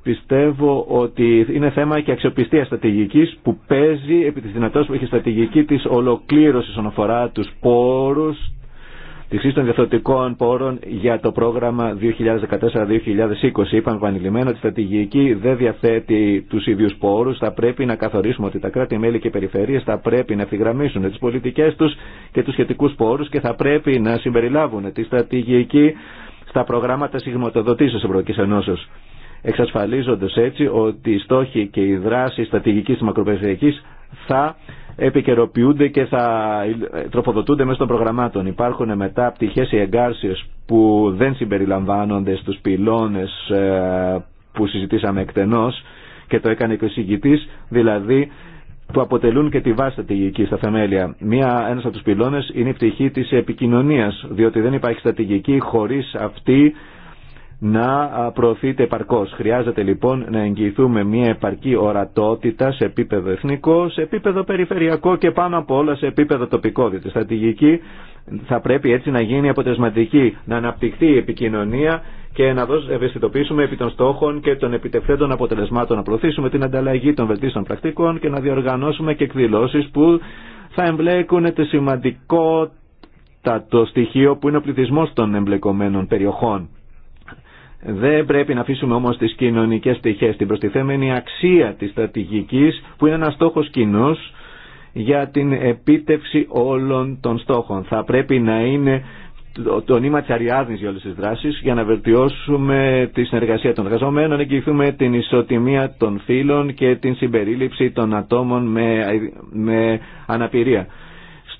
Πιστεύω ότι είναι θέμα και αξιοπιστία στρατηγικής που παίζει επί της δυνατότητας που έχει στρατηγική της ολοκλήρωση όσον αφορά τους πόρους, τη χρήση των διαθωτικών πόρων για το πρόγραμμα 2014-2020. Είπαν επανειλημμένα ότι η στρατηγική δεν διαθέτει του ίδιου πόρου. Θα πρέπει να καθορίσουμε ότι τα κράτη-μέλη και οι περιφέρειε θα πρέπει να ευθυγραμμίσουν τι πολιτικέ του και του σχετικού πόρου και θα πρέπει να συμπεριλάβουν τη στρατηγική στα προγράμματα συγχρηματοδοτήσεω Ευρωπαϊκή Ενώσεω. Εξασφαλίζοντα έτσι ότι οι στόχοι και οι δράσει στρατηγική τη μακροπεριφερειακή θα επικαιροποιούνται και θα τροφοδοτούνται μέσα των προγραμμάτων. Υπάρχουν μετά πτυχές ή εγκάρσεις που δεν συμπεριλαμβάνονται στους πυλώνες ε, που συζητήσαμε εκτενώς και το έκανε και ο συγκητής, δηλαδή που αποτελούν και τη βάση στρατηγική στα θεμέλια. Μία, ένας από τους πυλώνες είναι η πτυχή της επικοινωνίας, διότι δεν υπάρχει στρατηγική χωρίς αυτή να προωθείται επαρκώ. Χρειάζεται λοιπόν να εγγυηθούμε μια επαρκή ορατότητα σε επίπεδο εθνικό, σε επίπεδο περιφερειακό και πάνω από όλα σε επίπεδο τοπικό. Διότι στρατηγική θα πρέπει έτσι να γίνει αποτελεσματική, να αναπτυχθεί η επικοινωνία και να ευαισθητοποιήσουμε επί των στόχων και των επιτευχθέντων αποτελεσμάτων, να προωθήσουμε την ανταλλαγή των βελτίστων πρακτικών και να διοργανώσουμε και εκδηλώσει που θα εμπλέκουν το σημαντικό το στοιχείο που είναι ο πληθυσμό των εμπλεκομένων περιοχών δεν πρέπει να αφήσουμε όμως τις κοινωνικές πτυχές, την προστιθέμενη αξία της στρατηγικής που είναι ένας στόχος κοινό για την επίτευξη όλων των στόχων. Θα πρέπει να είναι το νήμα της αριάδνης για όλες τις δράσεις για να βελτιώσουμε τη συνεργασία των εργαζομένων, εγγυηθούμε την ισοτιμία των φύλων και την συμπερίληψη των ατόμων με αναπηρία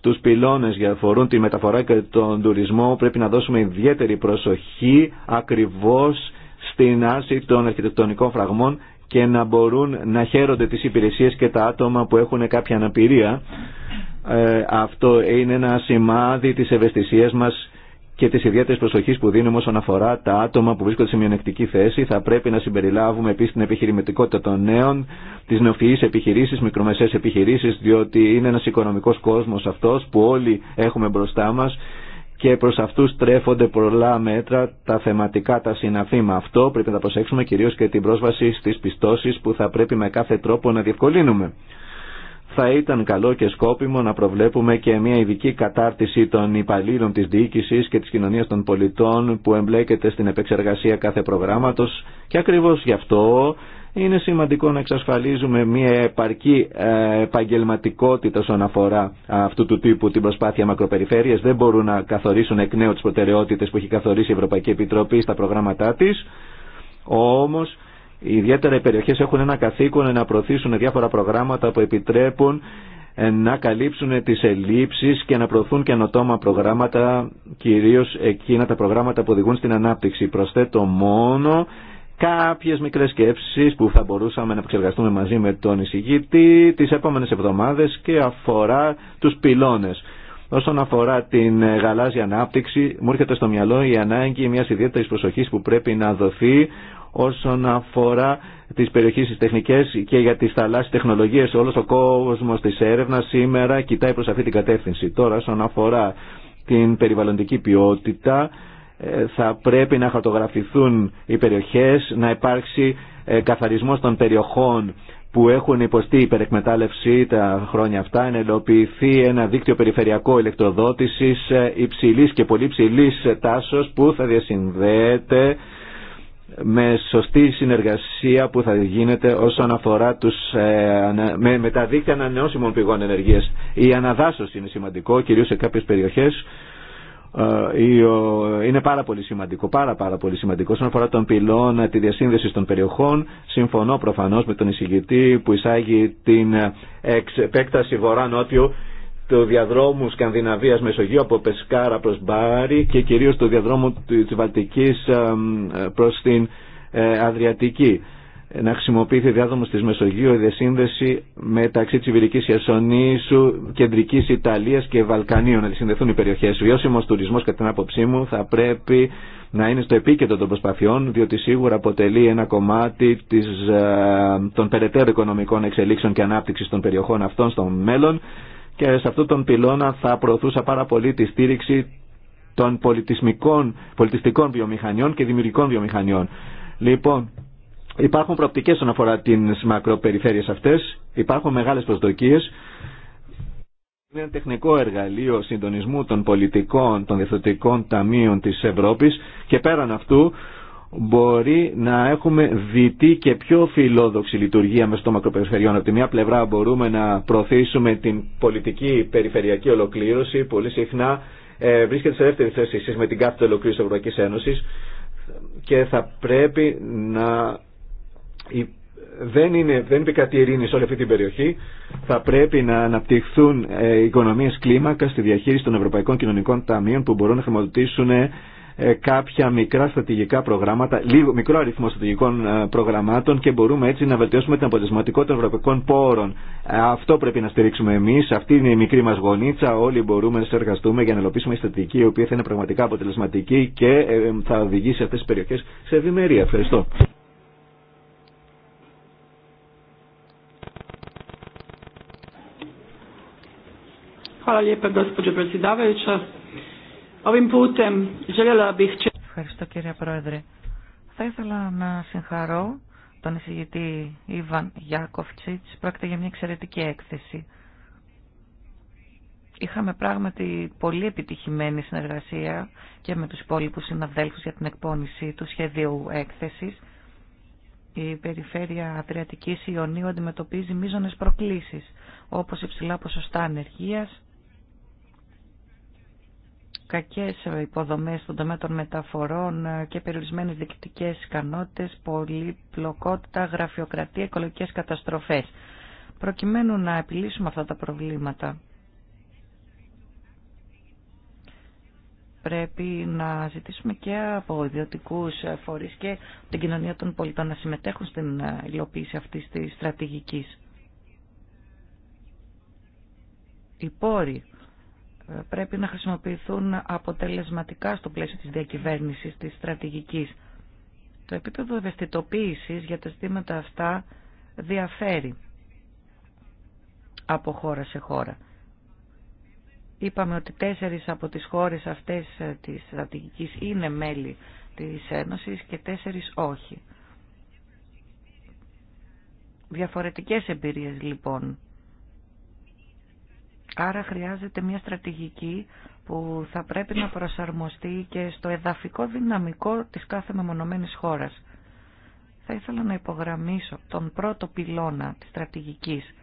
τους πυλώνες για αφορούν τη μεταφορά και τον τουρισμό πρέπει να δώσουμε ιδιαίτερη προσοχή ακριβώς στην άρση των αρχιτεκτονικών φραγμών και να μπορούν να χαίρονται τις υπηρεσίες και τα άτομα που έχουν κάποια αναπηρία. Ε, αυτό είναι ένα σημάδι της ευαισθησίας μας και τη ιδιαίτερη προσοχή που δίνουμε όσον αφορά τα άτομα που βρίσκονται σε μειονεκτική θέση. Θα πρέπει να συμπεριλάβουμε επίση την επιχειρηματικότητα των νέων, τι νεοφυεί επιχειρήσει, μικρομεσαίε επιχειρήσει, διότι είναι ένα οικονομικό κόσμο αυτό που όλοι έχουμε μπροστά μα και προ αυτού τρέφονται πολλά μέτρα τα θεματικά, τα συναφή με αυτό. Πρέπει να προσέξουμε κυρίω και την πρόσβαση στι πιστώσει που θα πρέπει με κάθε τρόπο να διευκολύνουμε θα ήταν καλό και σκόπιμο να προβλέπουμε και μια ειδική κατάρτιση των υπαλλήλων της διοίκησης και της κοινωνίας των πολιτών που εμπλέκεται στην επεξεργασία κάθε προγράμματος και ακριβώς γι' αυτό είναι σημαντικό να εξασφαλίζουμε μια επαρκή ε, επαγγελματικότητα όσον αφορά αυτού του τύπου την προσπάθεια μακροπεριφέρειας. Δεν μπορούν να καθορίσουν εκ νέου τις προτεραιότητες που έχει καθορίσει η Ευρωπαϊκή Επιτροπή στα προγράμματά της. Όμως Ιδιαίτερα οι περιοχές έχουν ένα καθήκον να προωθήσουν διάφορα προγράμματα που επιτρέπουν ε, να καλύψουν τις ελλείψεις και να προωθούν καινοτόμα προγράμματα, κυρίως εκείνα τα προγράμματα που οδηγούν στην ανάπτυξη. Προσθέτω μόνο κάποιες μικρές σκέψεις που θα μπορούσαμε να επεξεργαστούμε μαζί με τον εισηγήτη τις επόμενες εβδομάδες και αφορά τους πυλώνες. Όσον αφορά την γαλάζια ανάπτυξη, μου έρχεται στο μυαλό η ανάγκη μια ιδιαίτερη προσοχή που πρέπει να δοθεί όσον αφορά τις περιοχές τις τεχνικές και για τις θαλάσσιες τεχνολογίες. Όλος ο κόσμος της έρευνας σήμερα κοιτάει προς αυτή την κατεύθυνση. Τώρα όσον αφορά την περιβαλλοντική ποιότητα ε, θα πρέπει να χαρτογραφηθούν οι περιοχές, να υπάρξει ε, καθαρισμός των περιοχών που έχουν υποστεί υπερεκμετάλλευση τα χρόνια αυτά, να ελοποιηθεί ένα δίκτυο περιφερειακό ηλεκτροδότησης ε, υψηλής και πολύ ψηλής τάσος που θα διασυνδέεται με σωστή συνεργασία που θα γίνεται όσον αφορά τους, ε, με, τα δίκτυα ανανεώσιμων πηγών ενεργείας. Η αναδάσωση είναι σημαντικό, κυρίως σε κάποιες περιοχές. Ε, είναι πάρα πολύ σημαντικό, πάρα πάρα πολύ σημαντικό. Όσον αφορά τον πυλών τη διασύνδεση των περιοχών, συμφωνώ προφανώς με τον εισηγητή που εισάγει την ε, επέκταση βορρά-νότιου του διαδρόμου Σκανδιναβίας Μεσογείου από Πεσκάρα προς Μπάρι και κυρίως του διαδρόμου της Βαλτικής προς την ε, Αδριατική. Να χρησιμοποιηθεί διάδρομος της Μεσογείου η διασύνδεση μεταξύ της Ιβυρική Ιασονίσου Κεντρικής Ιταλίας και Βαλκανίων να συνδεθούν οι περιοχές. Βιώσιμος τουρισμός κατά την άποψή μου θα πρέπει να είναι στο επίκεντρο των προσπαθειών, διότι σίγουρα αποτελεί ένα κομμάτι της, ε, των περαιτέρω οικονομικών εξελίξεων και ανάπτυξης των περιοχών αυτών στο μέλλον και σε αυτόν τον πυλώνα θα προωθούσα πάρα πολύ τη στήριξη των πολιτιστικών βιομηχανιών και δημιουργικών βιομηχανιών. Λοιπόν, υπάρχουν προοπτικές όσον αφορά τις μακροπεριφέρειες αυτές, υπάρχουν μεγάλες προσδοκίες. Είναι ένα τεχνικό εργαλείο συντονισμού των πολιτικών, των διευθυντικών ταμείων της Ευρώπης και πέραν αυτού μπορεί να έχουμε δυτή και πιο φιλόδοξη λειτουργία με στο μακροπεριφερειών. Από τη μία πλευρά μπορούμε να προωθήσουμε την πολιτική περιφερειακή ολοκλήρωση, πολύ συχνά ε, βρίσκεται σε δεύτερη θέση εσείς με την κάθε ολοκλήρωση της Ευρωπαϊκής Ένωσης και θα πρέπει να... Δεν, είναι, δεν ειρήνη σε όλη αυτή την περιοχή. Θα πρέπει να αναπτυχθούν ε, οικονομίες κλίμακα στη διαχείριση των Ευρωπαϊκών Κοινωνικών Ταμείων που μπορούν να χρηματοδοτήσουν ε, ε, κάποια μικρά στρατηγικά προγράμματα, λίγο, μικρό αριθμό στρατηγικών ε, προγραμμάτων και μπορούμε έτσι να βελτιώσουμε την αποτελεσματικότητα των ευρωπαϊκών πόρων. Ε, αυτό πρέπει να στηρίξουμε εμεί. Αυτή είναι η μικρή μα γονίτσα. Όλοι μπορούμε να συνεργαστούμε για να ελοπίσουμε η στρατηγική η οποία θα είναι πραγματικά αποτελεσματική και θα οδηγήσει αυτέ τι περιοχέ σε ευημερία. Ευχαριστώ. Um, Ευχαριστώ κύριε Πρόεδρε. Θα ήθελα να συγχαρώ τον εισηγητή Ιβαν Γιάκοφτσιτς. Πρόκειται για μια εξαιρετική έκθεση. Είχαμε πράγματι πολύ επιτυχημένη συνεργασία και με τους υπόλοιπους συναδέλφους για την εκπόνηση του σχεδίου έκθεσης. Η περιφέρεια Αδριατικής Ιωνίου αντιμετωπίζει μείζονες προκλήσεις, όπως υψηλά ποσοστά ανεργίας, κακές υποδομές στον τομέα των μεταφορών ε, και περιορισμένες διοικητικές ικανότητες, πολυπλοκότητα, γραφειοκρατία, οικολογικές καταστροφές. Προκειμένου να επιλύσουμε αυτά τα προβλήματα, πρέπει να ζητήσουμε και από ιδιωτικού φορείς και την κοινωνία των πολιτών να συμμετέχουν στην υλοποίηση αυτής της στρατηγικής. Οι πόροι πρέπει να χρησιμοποιηθούν αποτελεσματικά στο πλαίσιο της διακυβέρνησης, της στρατηγικής. Το επίπεδο ευαισθητοποίησης για τα ζητήματα αυτά διαφέρει από χώρα σε χώρα. Είπαμε ότι τέσσερις από τις χώρες αυτές της στρατηγικής είναι μέλη της Ένωσης και τέσσερις όχι. Διαφορετικές εμπειρίες λοιπόν Άρα χρειάζεται μια στρατηγική που θα πρέπει να προσαρμοστεί και στο εδαφικό δυναμικό της κάθε μεμονωμένης χώρας. Θα ήθελα να υπογραμμίσω τον πρώτο πυλώνα της στρατηγικής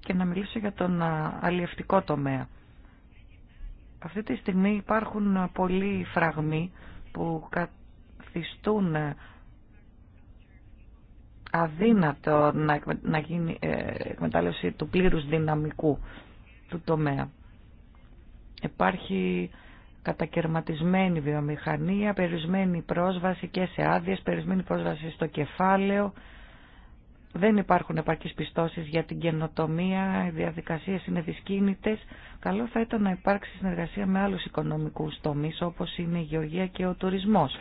και να μιλήσω για τον αλλιευτικό τομέα. Αυτή τη στιγμή υπάρχουν πολλοί φραγμοί που καθιστούν αδύνατο να γίνει ε, εκμετάλλευση του πλήρους δυναμικού τομέα. Υπάρχει κατακαιρματισμένη βιομηχανία, περισμένη πρόσβαση και σε άδειες, περισμένη πρόσβαση στο κεφάλαιο. Δεν υπάρχουν επαρκείς πιστώσεις για την καινοτομία, οι διαδικασίες είναι δυσκίνητες. Καλό θα ήταν να υπάρξει συνεργασία με άλλους οικονομικούς τομείς όπως είναι η γεωργία και ο τουρισμός.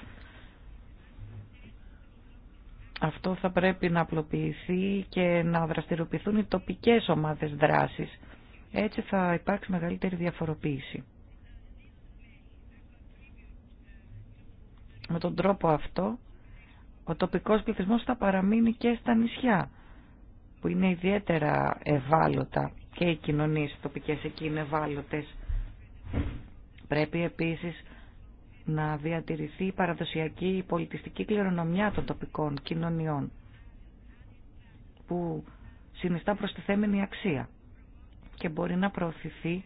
Αυτό θα πρέπει να απλοποιηθεί και να δραστηριοποιηθούν οι τοπικές ομάδες δράσης έτσι θα υπάρξει μεγαλύτερη διαφοροποίηση. Με τον τρόπο αυτό, ο τοπικός πληθυσμός θα παραμείνει και στα νησιά, που είναι ιδιαίτερα ευάλωτα και οι κοινωνίες τοπικές εκεί είναι ευάλωτες. Πρέπει επίσης να διατηρηθεί η παραδοσιακή πολιτιστική κληρονομιά των τοπικών κοινωνιών που συνιστά προστιθέμενη αξία και μπορεί να προωθηθεί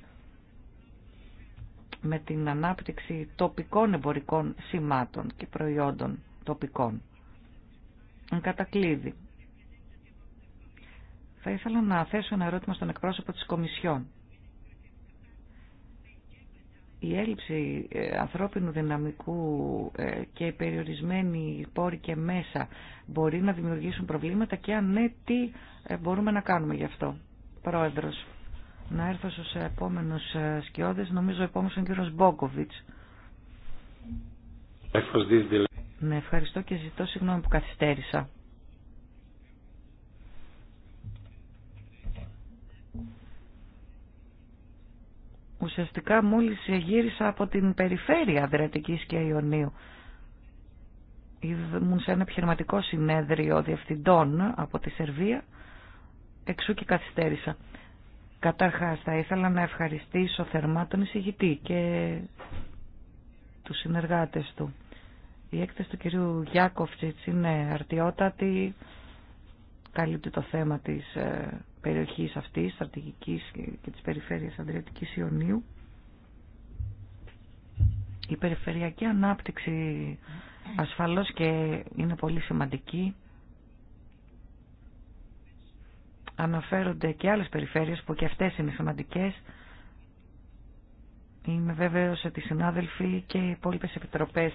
με την ανάπτυξη τοπικών εμπορικών σημάτων και προϊόντων τοπικών. Εν κατακλείδη. Θα ήθελα να θέσω ένα ερώτημα στον εκπρόσωπο της Κομισιόν. Η έλλειψη ε, ανθρώπινου δυναμικού ε, και οι περιορισμένοι πόροι και μέσα μπορεί να δημιουργήσουν προβλήματα και αν ναι, τι ε, μπορούμε να κάνουμε γι' αυτό. Πρόεδρος να έρθω στους επόμενους ε, σκιώδες. Νομίζω ο επόμενος είναι ο κύριος Μπόκοβιτς. Ναι, ευχαριστώ και ζητώ συγγνώμη που καθυστέρησα. Ουσιαστικά μόλις γύρισα από την περιφέρεια Αδρατικής και Ιωνίου. Ήμουν σε ένα επιχειρηματικό συνέδριο διευθυντών από τη Σερβία, εξού και καθυστέρησα. Καταρχάς θα ήθελα να ευχαριστήσω θερμά τον εισηγητή και τους συνεργάτες του. Η έκθεση του κυρίου Γιάκοφτσιτς είναι αρτιότατη, καλύπτει το θέμα της ε, περιοχής αυτής, στρατηγικής και της περιφέρειας Ανδριατικής Ιωνίου. Η περιφερειακή ανάπτυξη ασφαλώς και είναι πολύ σημαντική αναφέρονται και άλλες περιφέρειες που και αυτές είναι σημαντικές. Είμαι βέβαιος ότι οι συνάδελφοι και οι υπόλοιπες επιτροπές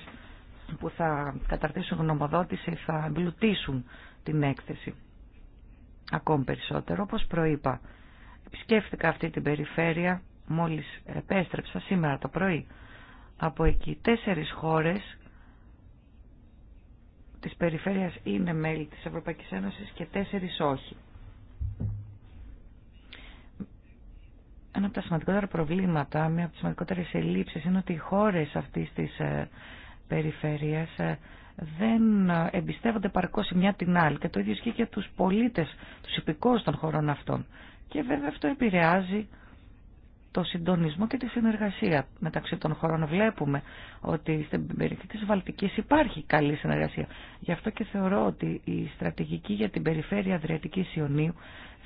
που θα καταρτήσουν γνωμοδότηση θα εμπλουτίσουν την έκθεση ακόμη περισσότερο. Όπως προείπα, επισκέφθηκα αυτή την περιφέρεια μόλις επέστρεψα σήμερα το πρωί από εκεί τέσσερις χώρες της περιφέρειας είναι μέλη της Ευρωπαϊκής Ένωσης και τέσσερις όχι. Ένα από τα σημαντικότερα προβλήματα, μία από τις σημαντικότερες ελλείψεις είναι ότι οι χώρες αυτής της ε, περιφέρειας ε, δεν ε, εμπιστεύονται παρκώς η μια την άλλη και το ίδιο ισχύει και τους πολίτες, τους υπηκόους των χωρών αυτών. Και βέβαια αυτό επηρεάζει το συντονισμό και τη συνεργασία μεταξύ των χωρών. Βλέπουμε ότι στην περιοχή της Βαλτικής υπάρχει καλή συνεργασία. Γι' αυτό και θεωρώ ότι η στρατηγική για την περιφέρεια Αδριατικής Ιωνίου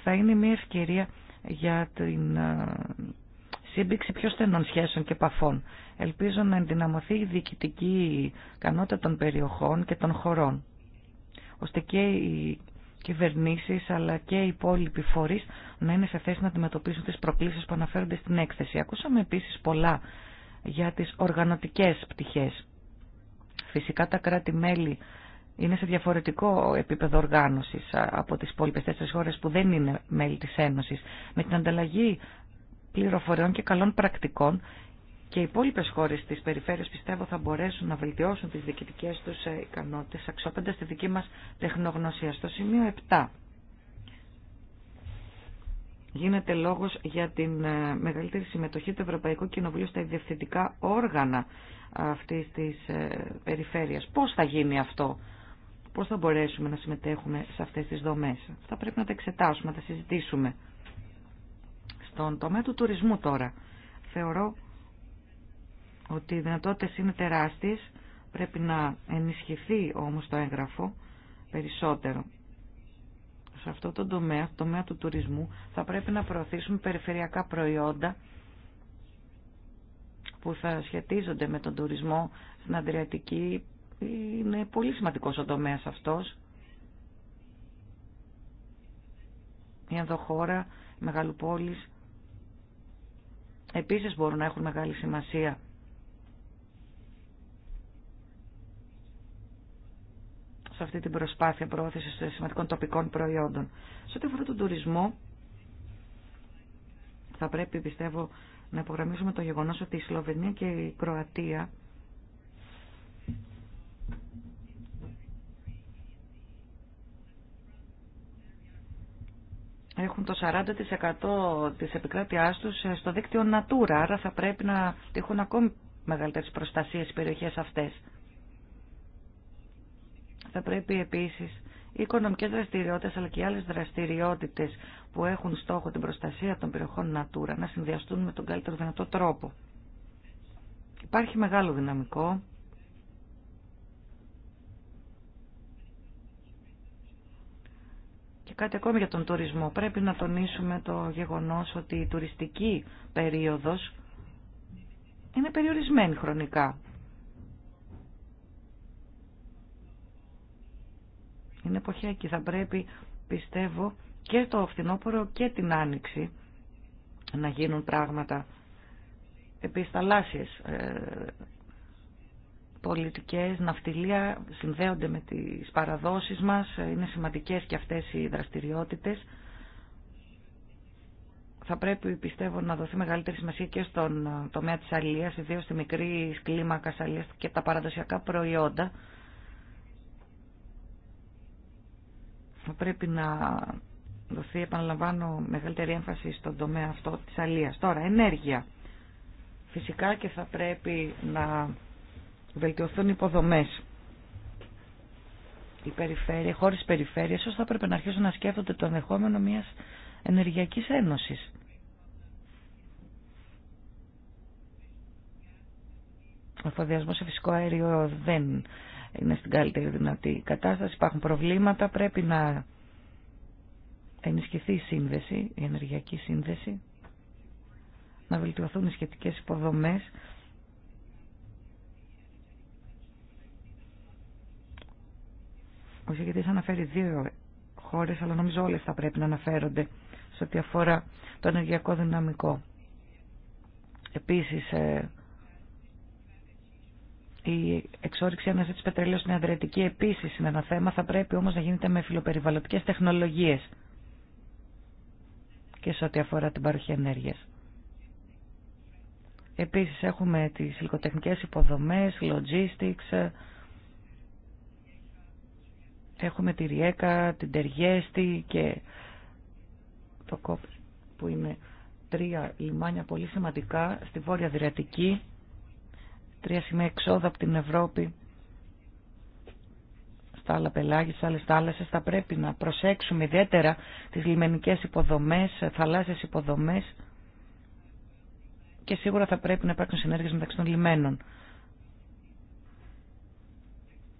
θα είναι μια ευκαιρία για την ε, σύμπηξη πιο στενών σχέσεων και επαφών. Ελπίζω να ενδυναμωθεί η διοικητική ικανότητα των περιοχών και των χωρών, ώστε και οι κυβερνήσεις αλλά και οι υπόλοιποι φορεί να είναι σε θέση να αντιμετωπίσουν τις προκλήσει που αναφέρονται στην έκθεση. Ακούσαμε επίσης πολλά για τις οργανωτικές πτυχές. Φυσικά τα κράτη-μέλη είναι σε διαφορετικό επίπεδο οργάνωσης από τις υπόλοιπε τέσσερις χώρες που δεν είναι μέλη της Ένωσης. Με την ανταλλαγή πληροφοριών και καλών πρακτικών και οι υπόλοιπε χώρε τη περιφέρεια πιστεύω θα μπορέσουν να βελτιώσουν τι διοικητικέ του ε, ικανότητε αξιόπεντα τη δική μα τεχνογνωσία. Στο σημείο 7 γίνεται λόγο για την ε, μεγαλύτερη συμμετοχή του Ευρωπαϊκού Κοινοβουλίου στα διευθυντικά όργανα αυτή τη ε, περιφέρεια. Πώ θα γίνει αυτό, πώς θα μπορέσουμε να συμμετέχουμε σε αυτές τις δομές. Θα πρέπει να τα εξετάσουμε, να τα συζητήσουμε. Στον τομέα του τουρισμού τώρα, θεωρώ ότι οι δυνατότητε είναι τεράστιες, πρέπει να ενισχυθεί όμως το έγγραφο περισσότερο. Σε αυτό το τομέα, το τομέα του τουρισμού, θα πρέπει να προωθήσουμε περιφερειακά προϊόντα που θα σχετίζονται με τον τουρισμό στην Αντριατική, είναι πολύ σημαντικός ο τομέας αυτός. Η χώρα, μεγάλου μεγαλοπόλεις, επίσης μπορούν να έχουν μεγάλη σημασία. σε αυτή την προσπάθεια προώθησης σημαντικών τοπικών προϊόντων. Σε ό,τι αφορά τον τουρισμό, θα πρέπει πιστεύω να υπογραμμίσουμε το γεγονός ότι η Σλοβενία και η Κροατία έχουν το 40% της επικράτειάς τους στο δίκτυο Natura, άρα θα πρέπει να έχουν ακόμη μεγαλύτερες προστασίες στις περιοχές αυτές. Θα πρέπει επίσης οι οικονομικές δραστηριότητες αλλά και οι άλλες δραστηριότητες που έχουν στόχο την προστασία των περιοχών Natura να συνδυαστούν με τον καλύτερο δυνατό τρόπο. Υπάρχει μεγάλο δυναμικό κάτι ακόμη για τον τουρισμό. Πρέπει να τονίσουμε το γεγονός ότι η τουριστική περίοδος είναι περιορισμένη χρονικά. Είναι εκεί. Θα πρέπει, πιστεύω, και το φθινόπωρο και την άνοιξη να γίνουν πράγματα. επί πολιτικές ναυτιλία συνδέονται με τις παραδόσεις μας, είναι σημαντικές και αυτές οι δραστηριότητες. Θα πρέπει, πιστεύω, να δοθεί μεγαλύτερη σημασία και στον ε, τομέα της αλίας, ιδίως στη μικρή κλίμακα αλίας και τα παραδοσιακά προϊόντα. Θα πρέπει να δοθεί, επαναλαμβάνω, μεγαλύτερη έμφαση στον τομέα αυτό της αλίας. Τώρα, ενέργεια. Φυσικά και θα πρέπει να βελτιωθούν οι υποδομές. Οι περιφέρειε, χώρε περιφέρεια, θα πρέπει να αρχίσουν να σκέφτονται το ενδεχόμενο μια ενεργειακή ένωση. Ο εφοδιασμό σε φυσικό αέριο δεν είναι στην καλύτερη δυνατή κατάσταση. Υπάρχουν προβλήματα. Πρέπει να ενισχυθεί η σύνδεση, η ενεργειακή σύνδεση, να βελτιωθούν οι σχετικέ υποδομέ Ο συγκεκριτής αναφέρει δύο χώρες, αλλά νομίζω όλες θα πρέπει να αναφέρονται σε ό,τι αφορά το ενεργειακό δυναμικό. Επίσης, ε, η εξόριξη αναζήτηση πετρελαίου στην Αδριατική επίσης είναι ένα θέμα, θα πρέπει όμως να γίνεται με φιλοπεριβαλλοντικές τεχνολογίες και σε ό,τι αφορά την παροχή ενέργειας. Επίσης έχουμε τις υλικοτεχνικές υποδομές, logistics, Έχουμε τη Ριέκα, την Τεργέστη και το ΚΟΠ που είναι τρία λιμάνια πολύ σημαντικά στη Βόρεια Αδριατική, τρία σημεία εξόδου από την Ευρώπη στα άλλα πελάγια, στις άλλες θάλασσες, θα πρέπει να προσέξουμε ιδιαίτερα τις λιμενικές υποδομές, θαλάσσιες υποδομές και σίγουρα θα πρέπει να υπάρξουν συνέργειες μεταξύ των λιμένων.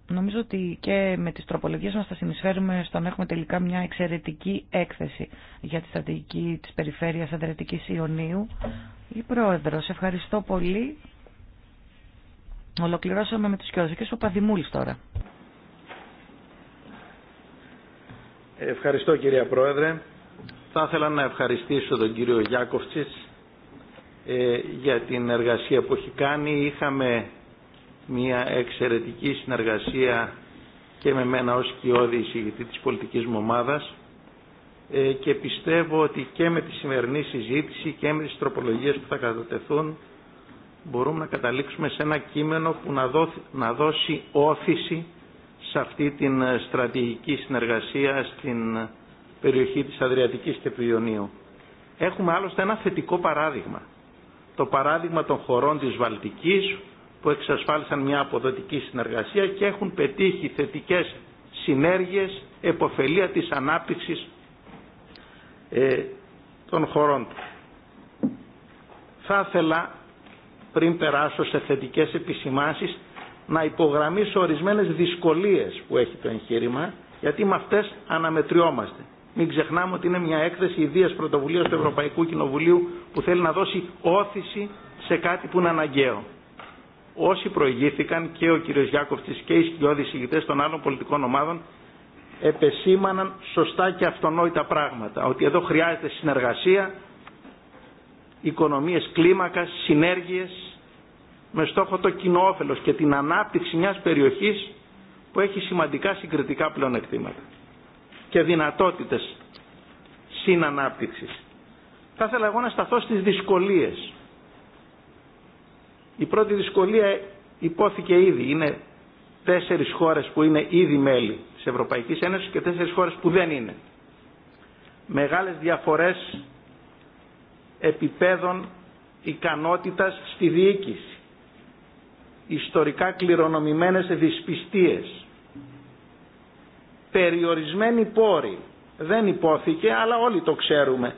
Νομίζω ότι και με τις τροπολογίες μας θα συνεισφέρουμε στο να έχουμε τελικά μια εξαιρετική έκθεση για τη στρατηγική της Περιφέρειας Ανδρετικής Ιωνίου. Η Πρόεδρος, ευχαριστώ πολύ. Ολοκληρώσαμε με τους κοιόδους. ο Παδημούλης τώρα. Ευχαριστώ κυρία Πρόεδρε. Θα ήθελα να ευχαριστήσω τον κύριο Γιάκοφτσης ε, για την εργασία που έχει κάνει. Είχαμε μια εξαιρετική συνεργασία και με μένα ως κοιόδη εισηγητή της πολιτικής μου ομάδας ε, και πιστεύω ότι και με τη σημερινή συζήτηση και με τις τροπολογίες που θα κατατεθούν μπορούμε να καταλήξουμε σε ένα κείμενο που να, δώσει, να δώσει όθηση σε αυτή την ε, στρατηγική συνεργασία στην περιοχή της Αδριατικής και του Ιωνίου. Έχουμε άλλωστε ένα θετικό παράδειγμα. Το παράδειγμα των χωρών της Βαλτικής που εξασφάλισαν μια αποδοτική συνεργασία και έχουν πετύχει θετικές συνέργειες εποφελία της ανάπτυξης ε, των χωρών του. Θα ήθελα πριν περάσω σε θετικές επισημάσεις να υπογραμμίσω ορισμένες δυσκολίες που έχει το εγχείρημα γιατί με αυτές αναμετριόμαστε. Μην ξεχνάμε ότι είναι μια έκθεση ιδίας πρωτοβουλίας του Ευρωπαϊκού Κοινοβουλίου που θέλει να δώσει όθηση σε κάτι που είναι αναγκαίο όσοι προηγήθηκαν και ο κ. Γιάκοφτης και οι σκιώδεις ηγητές των άλλων πολιτικών ομάδων επεσήμαναν σωστά και αυτονόητα πράγματα. Ότι εδώ χρειάζεται συνεργασία, οικονομίες κλίμακας, συνέργειες, με στόχο το κοινό και την ανάπτυξη μιας περιοχής που έχει σημαντικά συγκριτικά πλεονεκτήματα και δυνατότητες συνανάπτυξης. Θα ήθελα εγώ να σταθώ στις δυσκολίες η πρώτη δυσκολία υπόθηκε ήδη. Είναι τέσσερις χώρες που είναι ήδη μέλη της Ευρωπαϊκής Ένωσης και τέσσερις χώρες που δεν είναι. Μεγάλες διαφορές επιπέδων ικανότητας στη διοίκηση. Ιστορικά κληρονομημένες δυσπιστίες. Περιορισμένοι πόροι. Δεν υπόθηκε, αλλά όλοι το ξέρουμε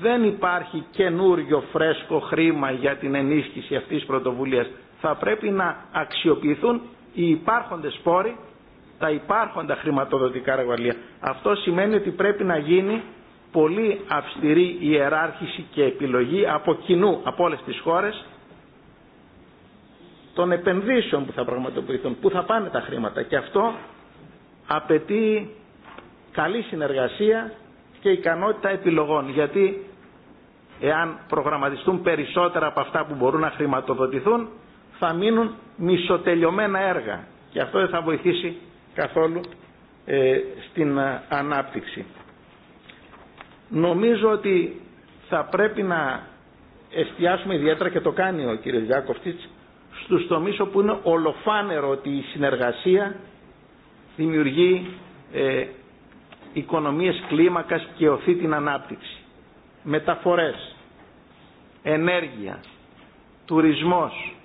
δεν υπάρχει καινούριο φρέσκο χρήμα για την ενίσχυση αυτής της πρωτοβουλίας. Θα πρέπει να αξιοποιηθούν οι υπάρχοντες πόροι, τα υπάρχοντα χρηματοδοτικά εργαλεία. Αυτό σημαίνει ότι πρέπει να γίνει πολύ αυστηρή ιεράρχηση και επιλογή από κοινού, από όλες τις χώρες, των επενδύσεων που θα πραγματοποιηθούν, που θα πάνε τα χρήματα. Και αυτό απαιτεί καλή συνεργασία και ικανότητα επιλογών. Γιατί εάν προγραμματιστούν περισσότερα από αυτά που μπορούν να χρηματοδοτηθούν, θα μείνουν μισοτελειωμένα έργα. Και αυτό δεν θα βοηθήσει καθόλου ε, στην ε, ανάπτυξη. Νομίζω ότι θα πρέπει να εστιάσουμε ιδιαίτερα και το κάνει ο κ. Γιάκοφτης στους τομείς όπου είναι ολοφάνερο ότι η συνεργασία δημιουργεί ε, οικονομίες κλίμακας και οθεί την ανάπτυξη. Μεταφορές, ενέργεια, τουρισμός,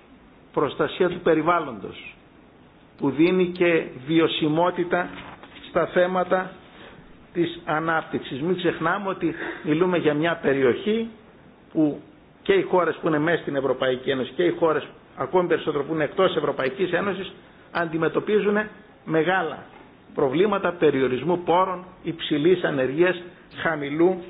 προστασία του περιβάλλοντος που δίνει και βιωσιμότητα στα θέματα της ανάπτυξης. Μην ξεχνάμε ότι μιλούμε για μια περιοχή που και οι χώρες που είναι μέσα στην Ευρωπαϊκή Ένωση και οι χώρες ακόμη περισσότερο που είναι εκτός Ευρωπαϊκής Ένωσης αντιμετωπίζουν μεγάλα προβλήματα περιορισμού πόρων, υψηλής ανεργίας, χαμηλού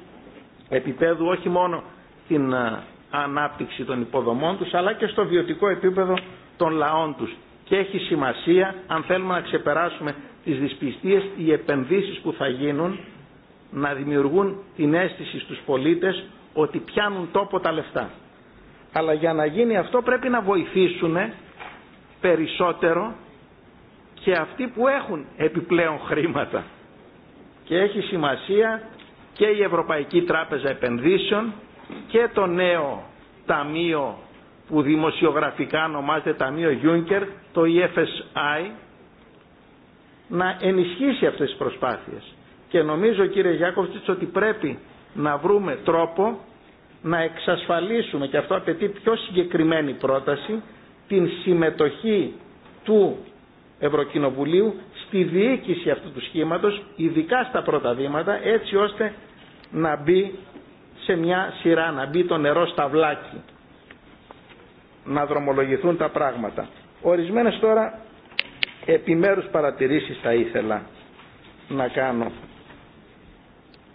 επίπεδου όχι μόνο την ε, ανάπτυξη των υποδομών τους αλλά και στο βιωτικό επίπεδο των λαών τους. Και έχει σημασία αν θέλουμε να ξεπεράσουμε τις δυσπιστίες οι επενδύσεις που θα γίνουν να δημιουργούν την αίσθηση στους πολίτες ότι πιάνουν τόπο τα λεφτά. Αλλά για να γίνει αυτό πρέπει να βοηθήσουν περισσότερο και αυτοί που έχουν επιπλέον χρήματα. Και έχει σημασία και η Ευρωπαϊκή Τράπεζα Επενδύσεων και το νέο ταμείο που δημοσιογραφικά ονομάζεται Ταμείο Juncker, το EFSI, να ενισχύσει αυτές τις προσπάθειες. Και νομίζω κύριε Γιάκοβιτς ότι πρέπει να βρούμε τρόπο να εξασφαλίσουμε, και αυτό απαιτεί πιο συγκεκριμένη πρόταση, την συμμετοχή του Ευρωκοινοβουλίου στη διοίκηση αυτού του σχήματος, ειδικά στα πρώτα βήματα, έτσι ώστε να μπει σε μια σειρά, να μπει το νερό στα βλάκι, να δρομολογηθούν τα πράγματα. Ορισμένες τώρα επιμέρους παρατηρήσεις θα ήθελα να κάνω.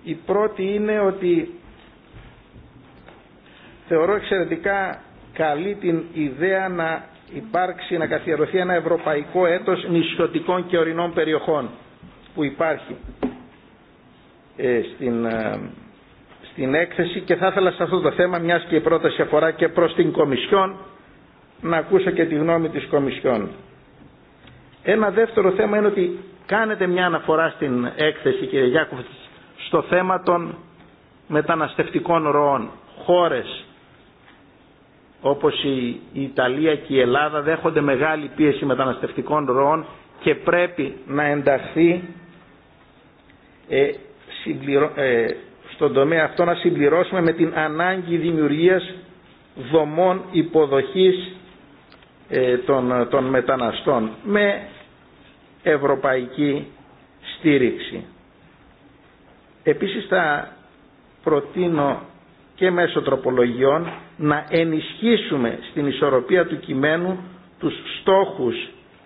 Η πρώτη είναι ότι θεωρώ εξαιρετικά καλή την ιδέα να υπάρξει, να καθιερωθεί ένα ευρωπαϊκό έτος νησιωτικών και ορεινών περιοχών που υπάρχει ε, στην, ε, στην έκθεση και θα ήθελα σε αυτό το θέμα, μιας και η πρόταση αφορά και προς την Κομισιόν, να ακούσω και τη γνώμη της Κομισιόν. Ένα δεύτερο θέμα είναι ότι κάνετε μια αναφορά στην έκθεση, κύριε Γιάκοφ, στο θέμα των μεταναστευτικών ροών. Χώρες όπως η Ιταλία και η Ελλάδα δέχονται μεγάλη πίεση μεταναστευτικών ροών και πρέπει να ενταχθεί ε, συμπληρω... Ε, στον τομέα αυτό να συμπληρώσουμε με την ανάγκη δημιουργίας δομών υποδοχής ε, των, των μεταναστών με ευρωπαϊκή στήριξη. Επίσης θα προτείνω και μέσω τροπολογιών να ενισχύσουμε στην ισορροπία του κειμένου τους στόχους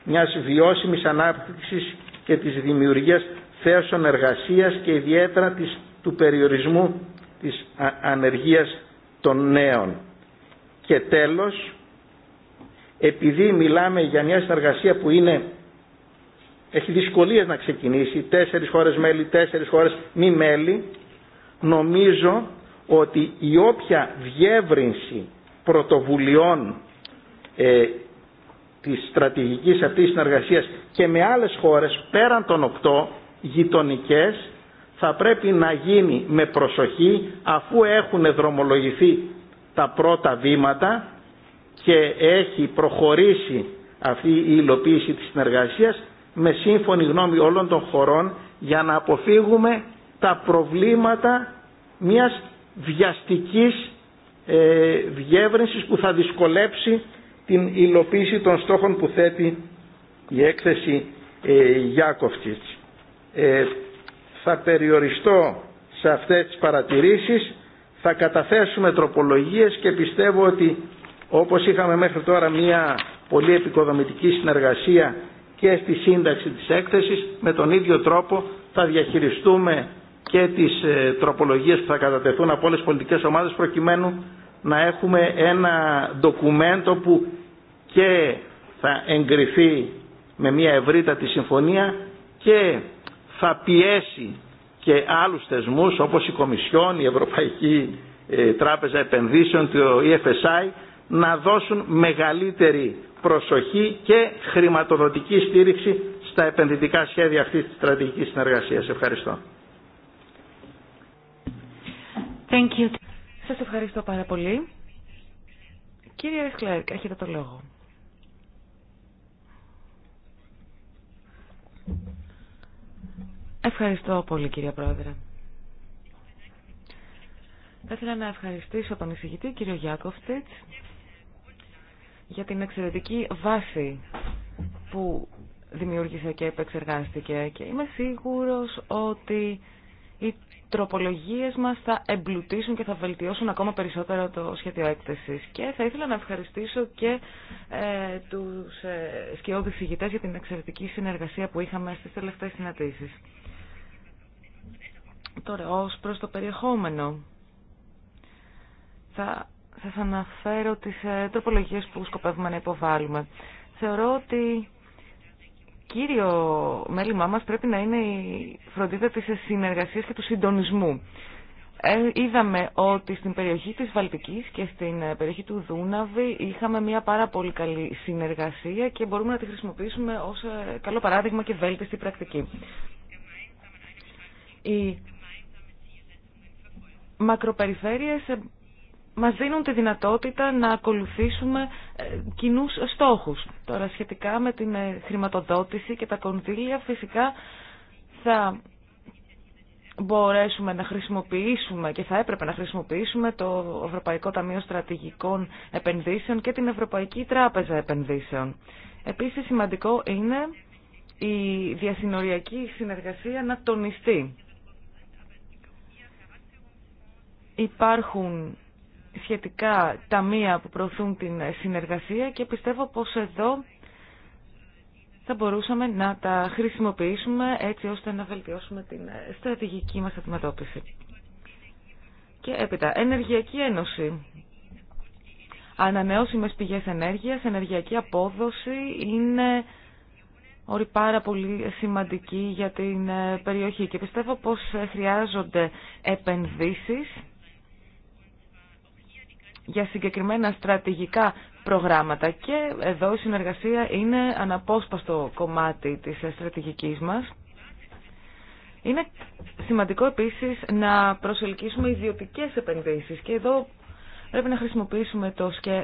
μιας βιώσιμης ανάπτυξης και της δημιουργίας θέσεων εργασίας και ιδιαίτερα της, του περιορισμού της ανεργίας των νέων. Και τέλος, επειδή μιλάμε για μια συνεργασία που είναι έχει δυσκολίες να ξεκινήσει, τέσσερις χώρες μέλη, τέσσερις χώρες μη μέλη, νομίζω ότι η όποια διεύρυνση πρωτοβουλειών ε, της στρατηγικής αυτής συνεργασίας και με άλλες χώρες πέραν των οκτώ γειτονικέ θα πρέπει να γίνει με προσοχή αφού έχουν δρομολογηθεί τα πρώτα βήματα και έχει προχωρήσει αυτή η υλοποίηση της συνεργασίας με σύμφωνη γνώμη όλων των χωρών για να αποφύγουμε τα προβλήματα μιας βιαστικής ε, που θα δυσκολέψει την υλοποίηση των στόχων που θέτει η έκθεση ε, ε, θα περιοριστώ σε αυτές τις παρατηρήσεις, θα καταθέσουμε τροπολογίες και πιστεύω ότι όπως είχαμε μέχρι τώρα μια πολύ επικοδομητική συνεργασία και στη σύνταξη της έκθεσης, με τον ίδιο τρόπο θα διαχειριστούμε και τις ε, τροπολογίες που θα κατατεθούν από όλες τις πολιτικές ομάδες προκειμένου να έχουμε ένα ντοκουμέντο που και θα εγκριθεί με μια ευρύτατη συμφωνία και θα πιέσει και άλλους θεσμούς όπως η Κομισιόν, η Ευρωπαϊκή ε, Τράπεζα Επενδύσεων, το EFSI να δώσουν μεγαλύτερη προσοχή και χρηματοδοτική στήριξη στα επενδυτικά σχέδια αυτής της στρατηγικής συνεργασίας. Ευχαριστώ. Thank you. Σας ευχαριστώ πάρα πολύ. Κύριε Ρισκλέρκ, έχετε το λόγο. Ευχαριστώ πολύ κύριε Πρόεδρε. Θα ήθελα να ευχαριστήσω τον εισηγητή κύριο Γιάκοφτιτς για την εξαιρετική βάση που δημιούργησε και επεξεργάστηκε και είμαι σίγουρος ότι η τροπολογίες μας θα εμπλουτίσουν και θα βελτιώσουν ακόμα περισσότερο το σχέδιο έκθεσης. Και θα ήθελα να ευχαριστήσω και ε, τους ε, ηγητές για την εξαιρετική συνεργασία που είχαμε στις τελευταίες συναντήσεις. Τώρα, ως προς το περιεχόμενο, θα σας αναφέρω τις ε, τροπολογίες που σκοπεύουμε να υποβάλουμε. Θεωρώ ότι κύριο μέλημά μας πρέπει να είναι η φροντίδα της συνεργασίας και του συντονισμού. Ε, είδαμε ότι στην περιοχή της Βαλτικής και στην ε, περιοχή του Δούναβη είχαμε μια πάρα πολύ καλή συνεργασία και μπορούμε να τη χρησιμοποιήσουμε ως ε, καλό παράδειγμα και βέλτιστη πρακτική. Οι μακροπεριφέρειες μας δίνουν τη δυνατότητα να ακολουθήσουμε ε, κοινούς στόχους. Τώρα σχετικά με την ε, χρηματοδότηση και τα κονδύλια φυσικά θα μπορέσουμε να χρησιμοποιήσουμε και θα έπρεπε να χρησιμοποιήσουμε το Ευρωπαϊκό Ταμείο Στρατηγικών Επενδύσεων και την Ευρωπαϊκή Τράπεζα Επενδύσεων. Επίσης σημαντικό είναι η διασυνοριακή συνεργασία να τονιστεί. Υπάρχουν σχετικά ταμεία που προωθούν την συνεργασία και πιστεύω πως εδώ θα μπορούσαμε να τα χρησιμοποιήσουμε έτσι ώστε να βελτιώσουμε την στρατηγική μας αντιμετώπιση. Και έπειτα, ενεργειακή ένωση. Ανανεώσιμες πηγές ενέργειας, ενεργειακή απόδοση είναι όροι πάρα πολύ σημαντική για την περιοχή και πιστεύω πως χρειάζονται επενδύσεις για συγκεκριμένα στρατηγικά προγράμματα και εδώ η συνεργασία είναι αναπόσπαστο κομμάτι της στρατηγικής μας. Είναι σημαντικό επίσης να προσελκύσουμε ιδιωτικές επενδύσεις και εδώ πρέπει να χρησιμοποιήσουμε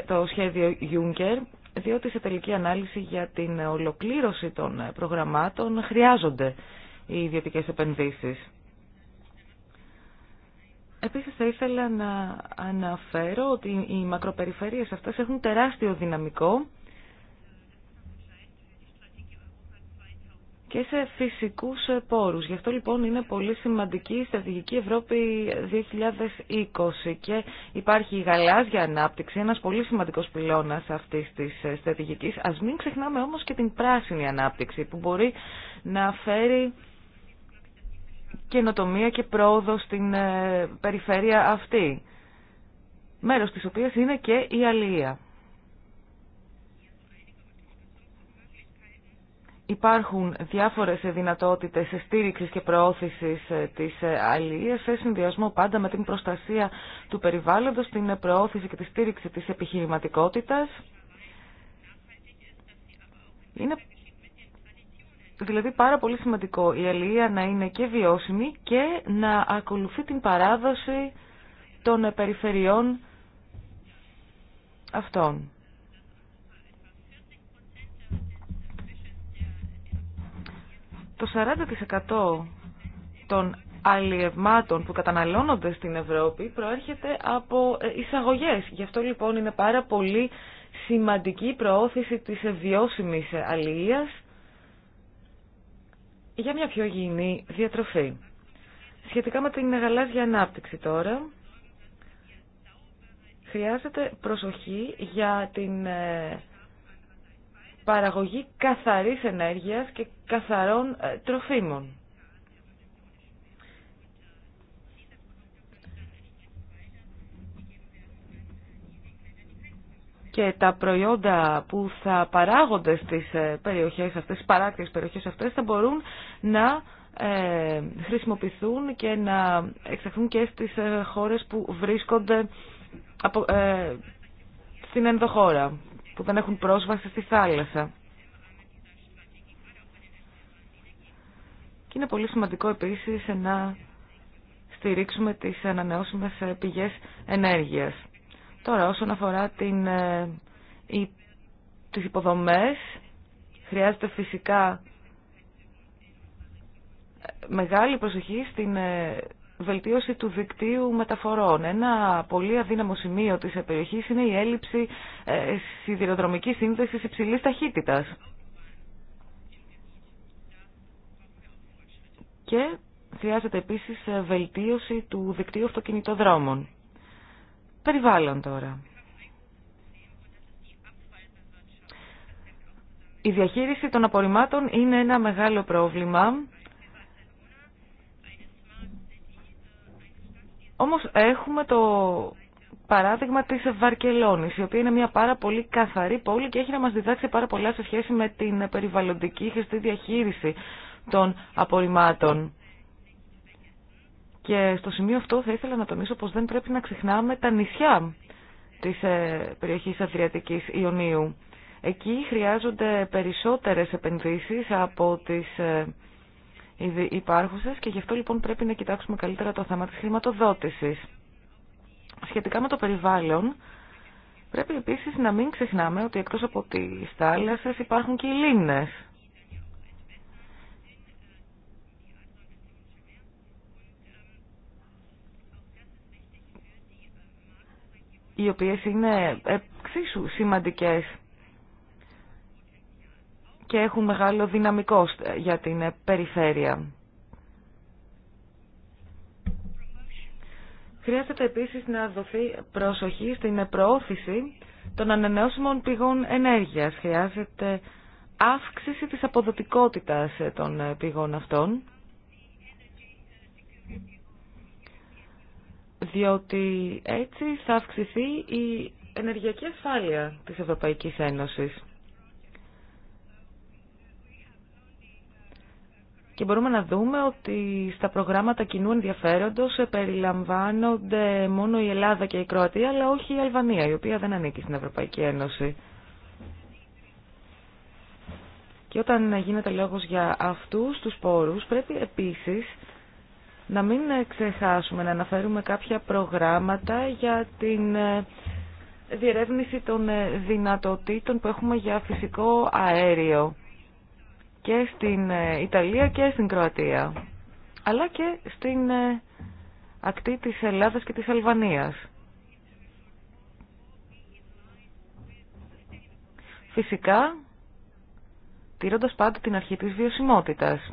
το σχέδιο Juncker διότι σε τελική ανάλυση για την ολοκλήρωση των προγραμμάτων χρειάζονται οι ιδιωτικές επενδύσεις. Επίσης θα ήθελα να αναφέρω ότι οι μακροπεριφέρειες αυτές έχουν τεράστιο δυναμικό και σε φυσικούς πόρους. Γι' αυτό λοιπόν είναι πολύ σημαντική η στρατηγική Ευρώπη 2020 και υπάρχει η γαλάζια ανάπτυξη, ένας πολύ σημαντικός πυλώνας αυτής της στρατηγικής. Ας μην ξεχνάμε όμως και την πράσινη ανάπτυξη που μπορεί να φέρει καινοτομία και πρόοδο στην ε, περιφέρεια αυτή, μέρος της οποίας είναι και η αλληλεία. Υπάρχουν διάφορες δυνατότητες στήριξης και προώθησης ε, της ε, αλληλείας σε συνδυασμό πάντα με την προστασία του περιβάλλοντος, την προώθηση και τη στήριξη της επιχειρηματικότητας. Είναι δηλαδή πάρα πολύ σημαντικό η αλληλεία να είναι και βιώσιμη και να ακολουθεί την παράδοση των περιφερειών αυτών. Το 40% των αλλιευμάτων που καταναλώνονται στην Ευρώπη προέρχεται από ε, εισαγωγές. Γι' αυτό λοιπόν είναι πάρα πολύ σημαντική προώθηση της βιώσιμης αλληλείας για μια πιο υγιεινή διατροφή. Σχετικά με την γαλάζια ανάπτυξη τώρα, χρειάζεται προσοχή για την ε, παραγωγή καθαρής ενέργειας και καθαρών ε, τροφίμων. και τα προϊόντα που θα παράγονται στις ε, περιοχές αυτές, στις παράκτιες περιοχές αυτές θα μπορούν να ε, χρησιμοποιηθούν και να εξαχθούν και στις ε, χώρες που βρίσκονται στην ενδοχώρα, που δεν έχουν πρόσβαση στη θάλασσα. Και είναι πολύ σημαντικό επίσης να στηρίξουμε τις ανανεώσιμες πηγές ενέργειας. Τώρα, όσον αφορά την, υποδομέ, ε, τις υποδομές, χρειάζεται φυσικά ε, μεγάλη προσοχή στην ε, βελτίωση του δικτύου μεταφορών. Ένα πολύ αδύναμο σημείο της περιοχής είναι η έλλειψη σιδηροδρομικής σύνδεσης υψηλής ταχύτητας. Και χρειάζεται επίσης βελτίωση του δικτύου αυτοκινητοδρόμων. Περιβάλλον τώρα. Η διαχείριση των απορριμμάτων είναι ένα μεγάλο πρόβλημα. Όμως έχουμε το παράδειγμα της Βαρκελόνης, η οποία είναι μια πάρα πολύ καθαρή πόλη και έχει να μας διδάξει πάρα πολλά σε σχέση με την περιβαλλοντική χρηστή διαχείριση των απορριμμάτων. Και στο σημείο αυτό θα ήθελα να τονίσω πως δεν πρέπει να ξεχνάμε τα νησιά της ε, περιοχής Αδριατικής Ιωνίου. Εκεί χρειάζονται περισσότερες επενδύσεις από τις ε, υπάρχουσες και γι' αυτό λοιπόν πρέπει να κοιτάξουμε καλύτερα το θέμα της χρηματοδότησης. Σχετικά με το περιβάλλον, πρέπει επίσης να μην ξεχνάμε ότι εκτός από τις θάλασσες υπάρχουν και οι λίμνες. οι οποίες είναι ε, εξίσου σημαντικές και έχουν μεγάλο δυναμικό ε, για την ε, περιφέρεια. Χρειάζεται επίσης να δοθεί προσοχή στην προώθηση των ανανεώσιμων πηγών ενέργειας. Χρειάζεται αύξηση της αποδοτικότητας των πηγών αυτών. διότι έτσι θα αυξηθεί η ενεργειακή ασφάλεια της Ευρωπαϊκής Ένωσης. Και μπορούμε να δούμε ότι στα προγράμματα κοινού ενδιαφέροντος περιλαμβάνονται μόνο η Ελλάδα και η Κροατία, αλλά όχι η Αλβανία, η οποία δεν ανήκει στην Ευρωπαϊκή Ένωση. Και όταν γίνεται λόγος για αυτούς τους πόρους, πρέπει επίσης να μην ε, ξεχάσουμε να αναφέρουμε κάποια προγράμματα για την ε, διερεύνηση των ε, δυνατοτήτων που έχουμε για φυσικό αέριο και στην Ιταλία και στην Κροατία, αλλά και στην ακτή της Ελλάδας και της Αλβανίας. Φυσικά, τηρώντας πάντα την αρχή της βιωσιμότητας.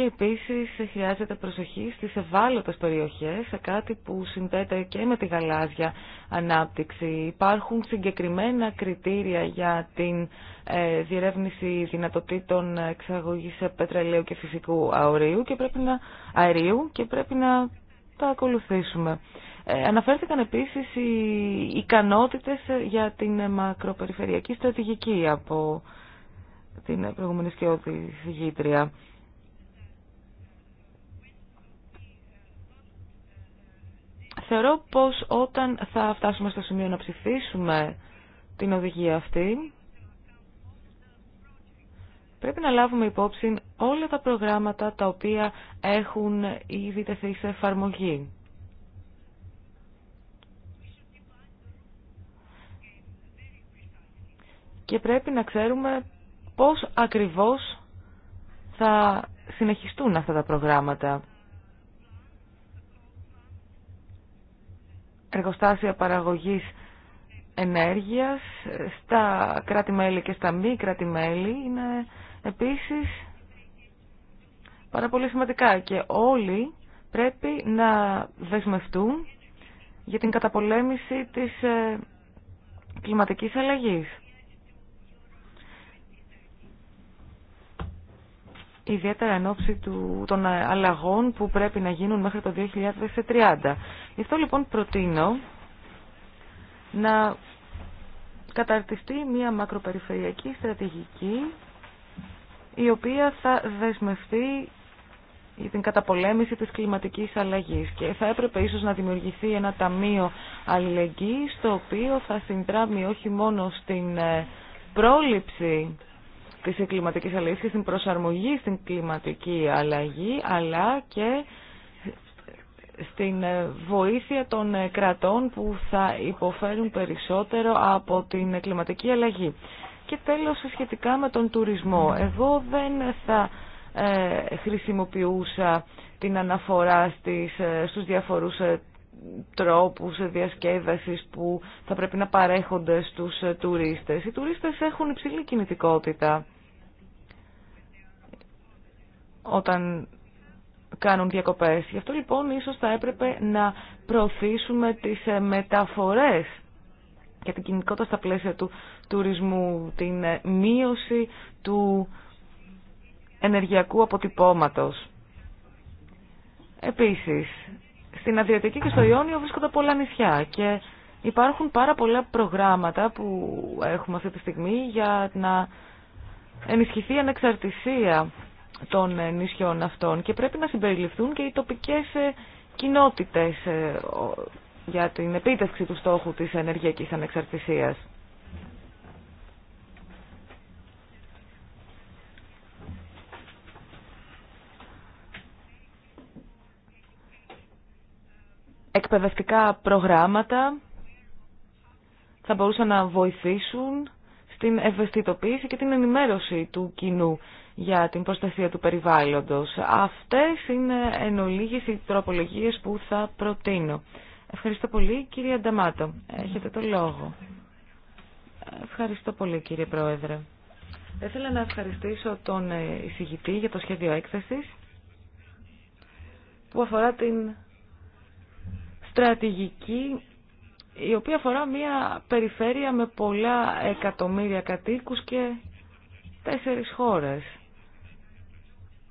Και επίσης χρειάζεται προσοχή στις ευάλωτες περιοχές, σε κάτι που συνδέεται και με τη γαλάζια ανάπτυξη. Υπάρχουν συγκεκριμένα κριτήρια για την ε, διερεύνηση δυνατοτήτων εξαγωγής πετρελαίου και φυσικού αερίου και πρέπει να, αερίου και πρέπει να τα ακολουθήσουμε. Ε, αναφέρθηκαν επίσης οι ικανότητες για την μακροπεριφερειακή στρατηγική από την προηγούμενη σκιώδη γήτρια. Θεωρώ πως όταν θα φτάσουμε στο σημείο να ψηφίσουμε την οδηγία αυτή, πρέπει να λάβουμε υπόψη όλα τα προγράμματα τα οποία έχουν ήδη τεθεί σε εφαρμογή. Και πρέπει να ξέρουμε πώς ακριβώς θα συνεχιστούν αυτά τα προγράμματα. εργοστάσια παραγωγής ενέργειας στα κράτη-μέλη και στα μη κράτη-μέλη είναι επίσης πάρα πολύ σημαντικά και όλοι πρέπει να δεσμευτούν για την καταπολέμηση της ε, κλιματικής αλλαγής. ιδιαίτερα εν ώψη των ε, αλλαγών που πρέπει να γίνουν μέχρι το 2030. Γι' αυτό λοιπόν προτείνω να καταρτιστεί μια μακροπεριφερειακή στρατηγική η οποία θα δεσμευτεί για την καταπολέμηση της κλιματικής αλλαγής και θα έπρεπε ίσως να δημιουργηθεί ένα ταμείο αλληλεγγύης το οποίο θα συντράμει όχι μόνο στην ε, πρόληψη της κλιματικής αλλαγής και στην προσαρμογή στην κλιματική αλλαγή, αλλά και στην βοήθεια των κρατών που θα υποφέρουν περισσότερο από την κλιματική αλλαγή. Και τέλος, σχετικά με τον τουρισμό. Εγώ δεν θα ε, χρησιμοποιούσα την αναφορά στις, ε, στους διαφορούς ε, τρόπους διασκέδασης που θα πρέπει να παρέχονται στους ε, τουρίστες. Οι τουρίστες έχουν υψηλή κινητικότητα όταν κάνουν διακοπές. Γι' αυτό λοιπόν ίσως θα έπρεπε να προωθήσουμε τις ε, μεταφορές και την κινητικότητα στα πλαίσια του τουρισμού, την ε, μείωση του ενεργειακού αποτυπώματος. Επίσης, στην Αδριατική και στο Ιόνιο βρίσκονται πολλά νησιά και υπάρχουν πάρα πολλά προγράμματα που έχουμε αυτή τη στιγμή για να ενισχυθεί η ανεξαρτησία των ε, νησιών αυτών και πρέπει να συμπεριληφθούν και οι τοπικές ε, κοινότητες ε, για την επίτευξη του στόχου της ενεργειακής ανεξαρτησίας. εκπαιδευτικά προγράμματα θα μπορούσαν να βοηθήσουν στην ευαισθητοποίηση και την ενημέρωση του κοινού για την προστασία του περιβάλλοντος. Αυτές είναι εν ολίγης οι τροπολογίες που θα προτείνω. Ευχαριστώ πολύ κύριε Ανταμάτο. Έχετε το λόγο. Ευχαριστώ πολύ κύριε Πρόεδρε. Θα ήθελα να ευχαριστήσω τον εισηγητή για το σχέδιο έκθεσης που αφορά την στρατηγική η οποία αφορά μια περιφέρεια με πολλά εκατομμύρια κατοίκους και τέσσερις χώρες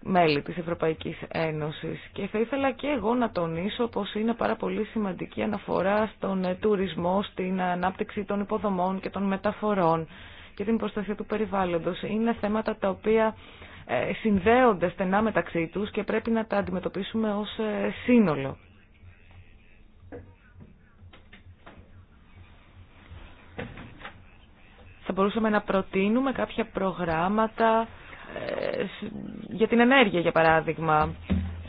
μέλη της Ευρωπαϊκής Ένωσης και θα ήθελα και εγώ να τονίσω πως είναι πάρα πολύ σημαντική αναφορά στον ε, τουρισμό, στην ανάπτυξη των υποδομών και των μεταφορών και την προστασία του περιβάλλοντος. Είναι θέματα τα οποία ε, συνδέονται στενά μεταξύ τους και πρέπει να τα αντιμετωπίσουμε ως ε, σύνολο. θα μπορούσαμε να προτείνουμε κάποια προγράμματα ε, για την ενέργεια, για παράδειγμα,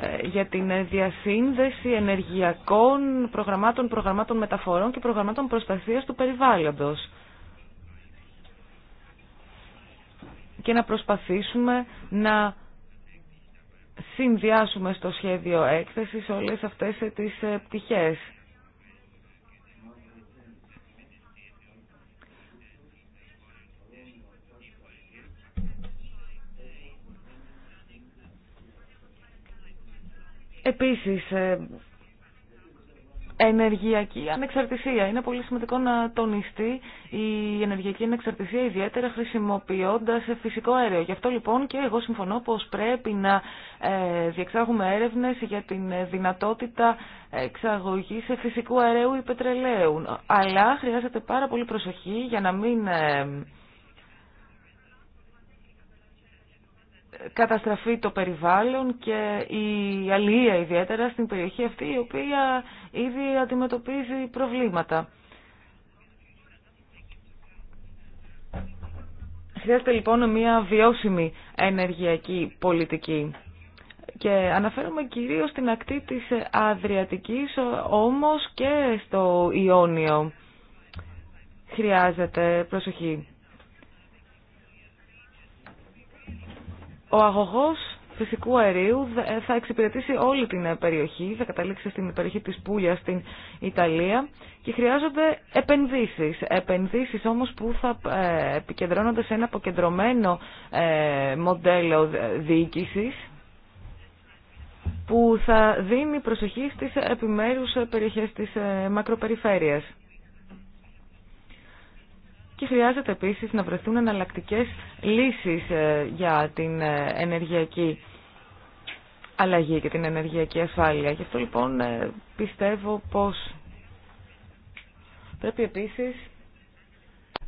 ε, για την διασύνδεση ενεργειακών προγραμμάτων, προγραμμάτων μεταφορών και προγραμμάτων προστασίας του περιβάλλοντος. Και να προσπαθήσουμε να συνδυάσουμε στο σχέδιο έκθεσης όλες αυτές τις ε, πτυχές. Επίσης, ε, ενεργειακή ανεξαρτησία. Είναι πολύ σημαντικό να τονιστεί η ενεργειακή ανεξαρτησία ιδιαίτερα χρησιμοποιώντας φυσικό αέριο. Γι' αυτό λοιπόν και εγώ συμφωνώ πως πρέπει να ε, διεξάγουμε έρευνες για την δυνατότητα εξαγωγής φυσικού αερίου ή πετρελαίου. Αλλά χρειάζεται πάρα πολύ προσοχή για να μην ε, καταστραφεί το περιβάλλον και η αλληλεία ιδιαίτερα στην περιοχή αυτή η οποία ήδη αντιμετωπίζει προβλήματα. Χρειάζεται λοιπόν μια βιώσιμη ενεργειακή πολιτική. Και αναφέρομαι κυρίως στην ακτή της Αδριατικής, όμως και στο Ιόνιο. Χρειάζεται προσοχή. ο αγωγός φυσικού αερίου θα εξυπηρετήσει όλη την περιοχή, θα καταλήξει στην περιοχή της Πούλια στην Ιταλία και χρειάζονται επενδύσεις. Επενδύσεις όμως που θα ε, επικεντρώνονται σε ένα αποκεντρωμένο ε, μοντέλο διοίκησης που θα δίνει προσοχή στις επιμέρους περιοχές της ε, μακροπεριφέρειας και χρειάζεται επίσης να βρεθούν εναλλακτικές λύσεις ε, για την ε, ενεργειακή αλλαγή και την ενεργειακή ασφάλεια. Γι' αυτό λοιπόν ε, πιστεύω πως πρέπει επίσης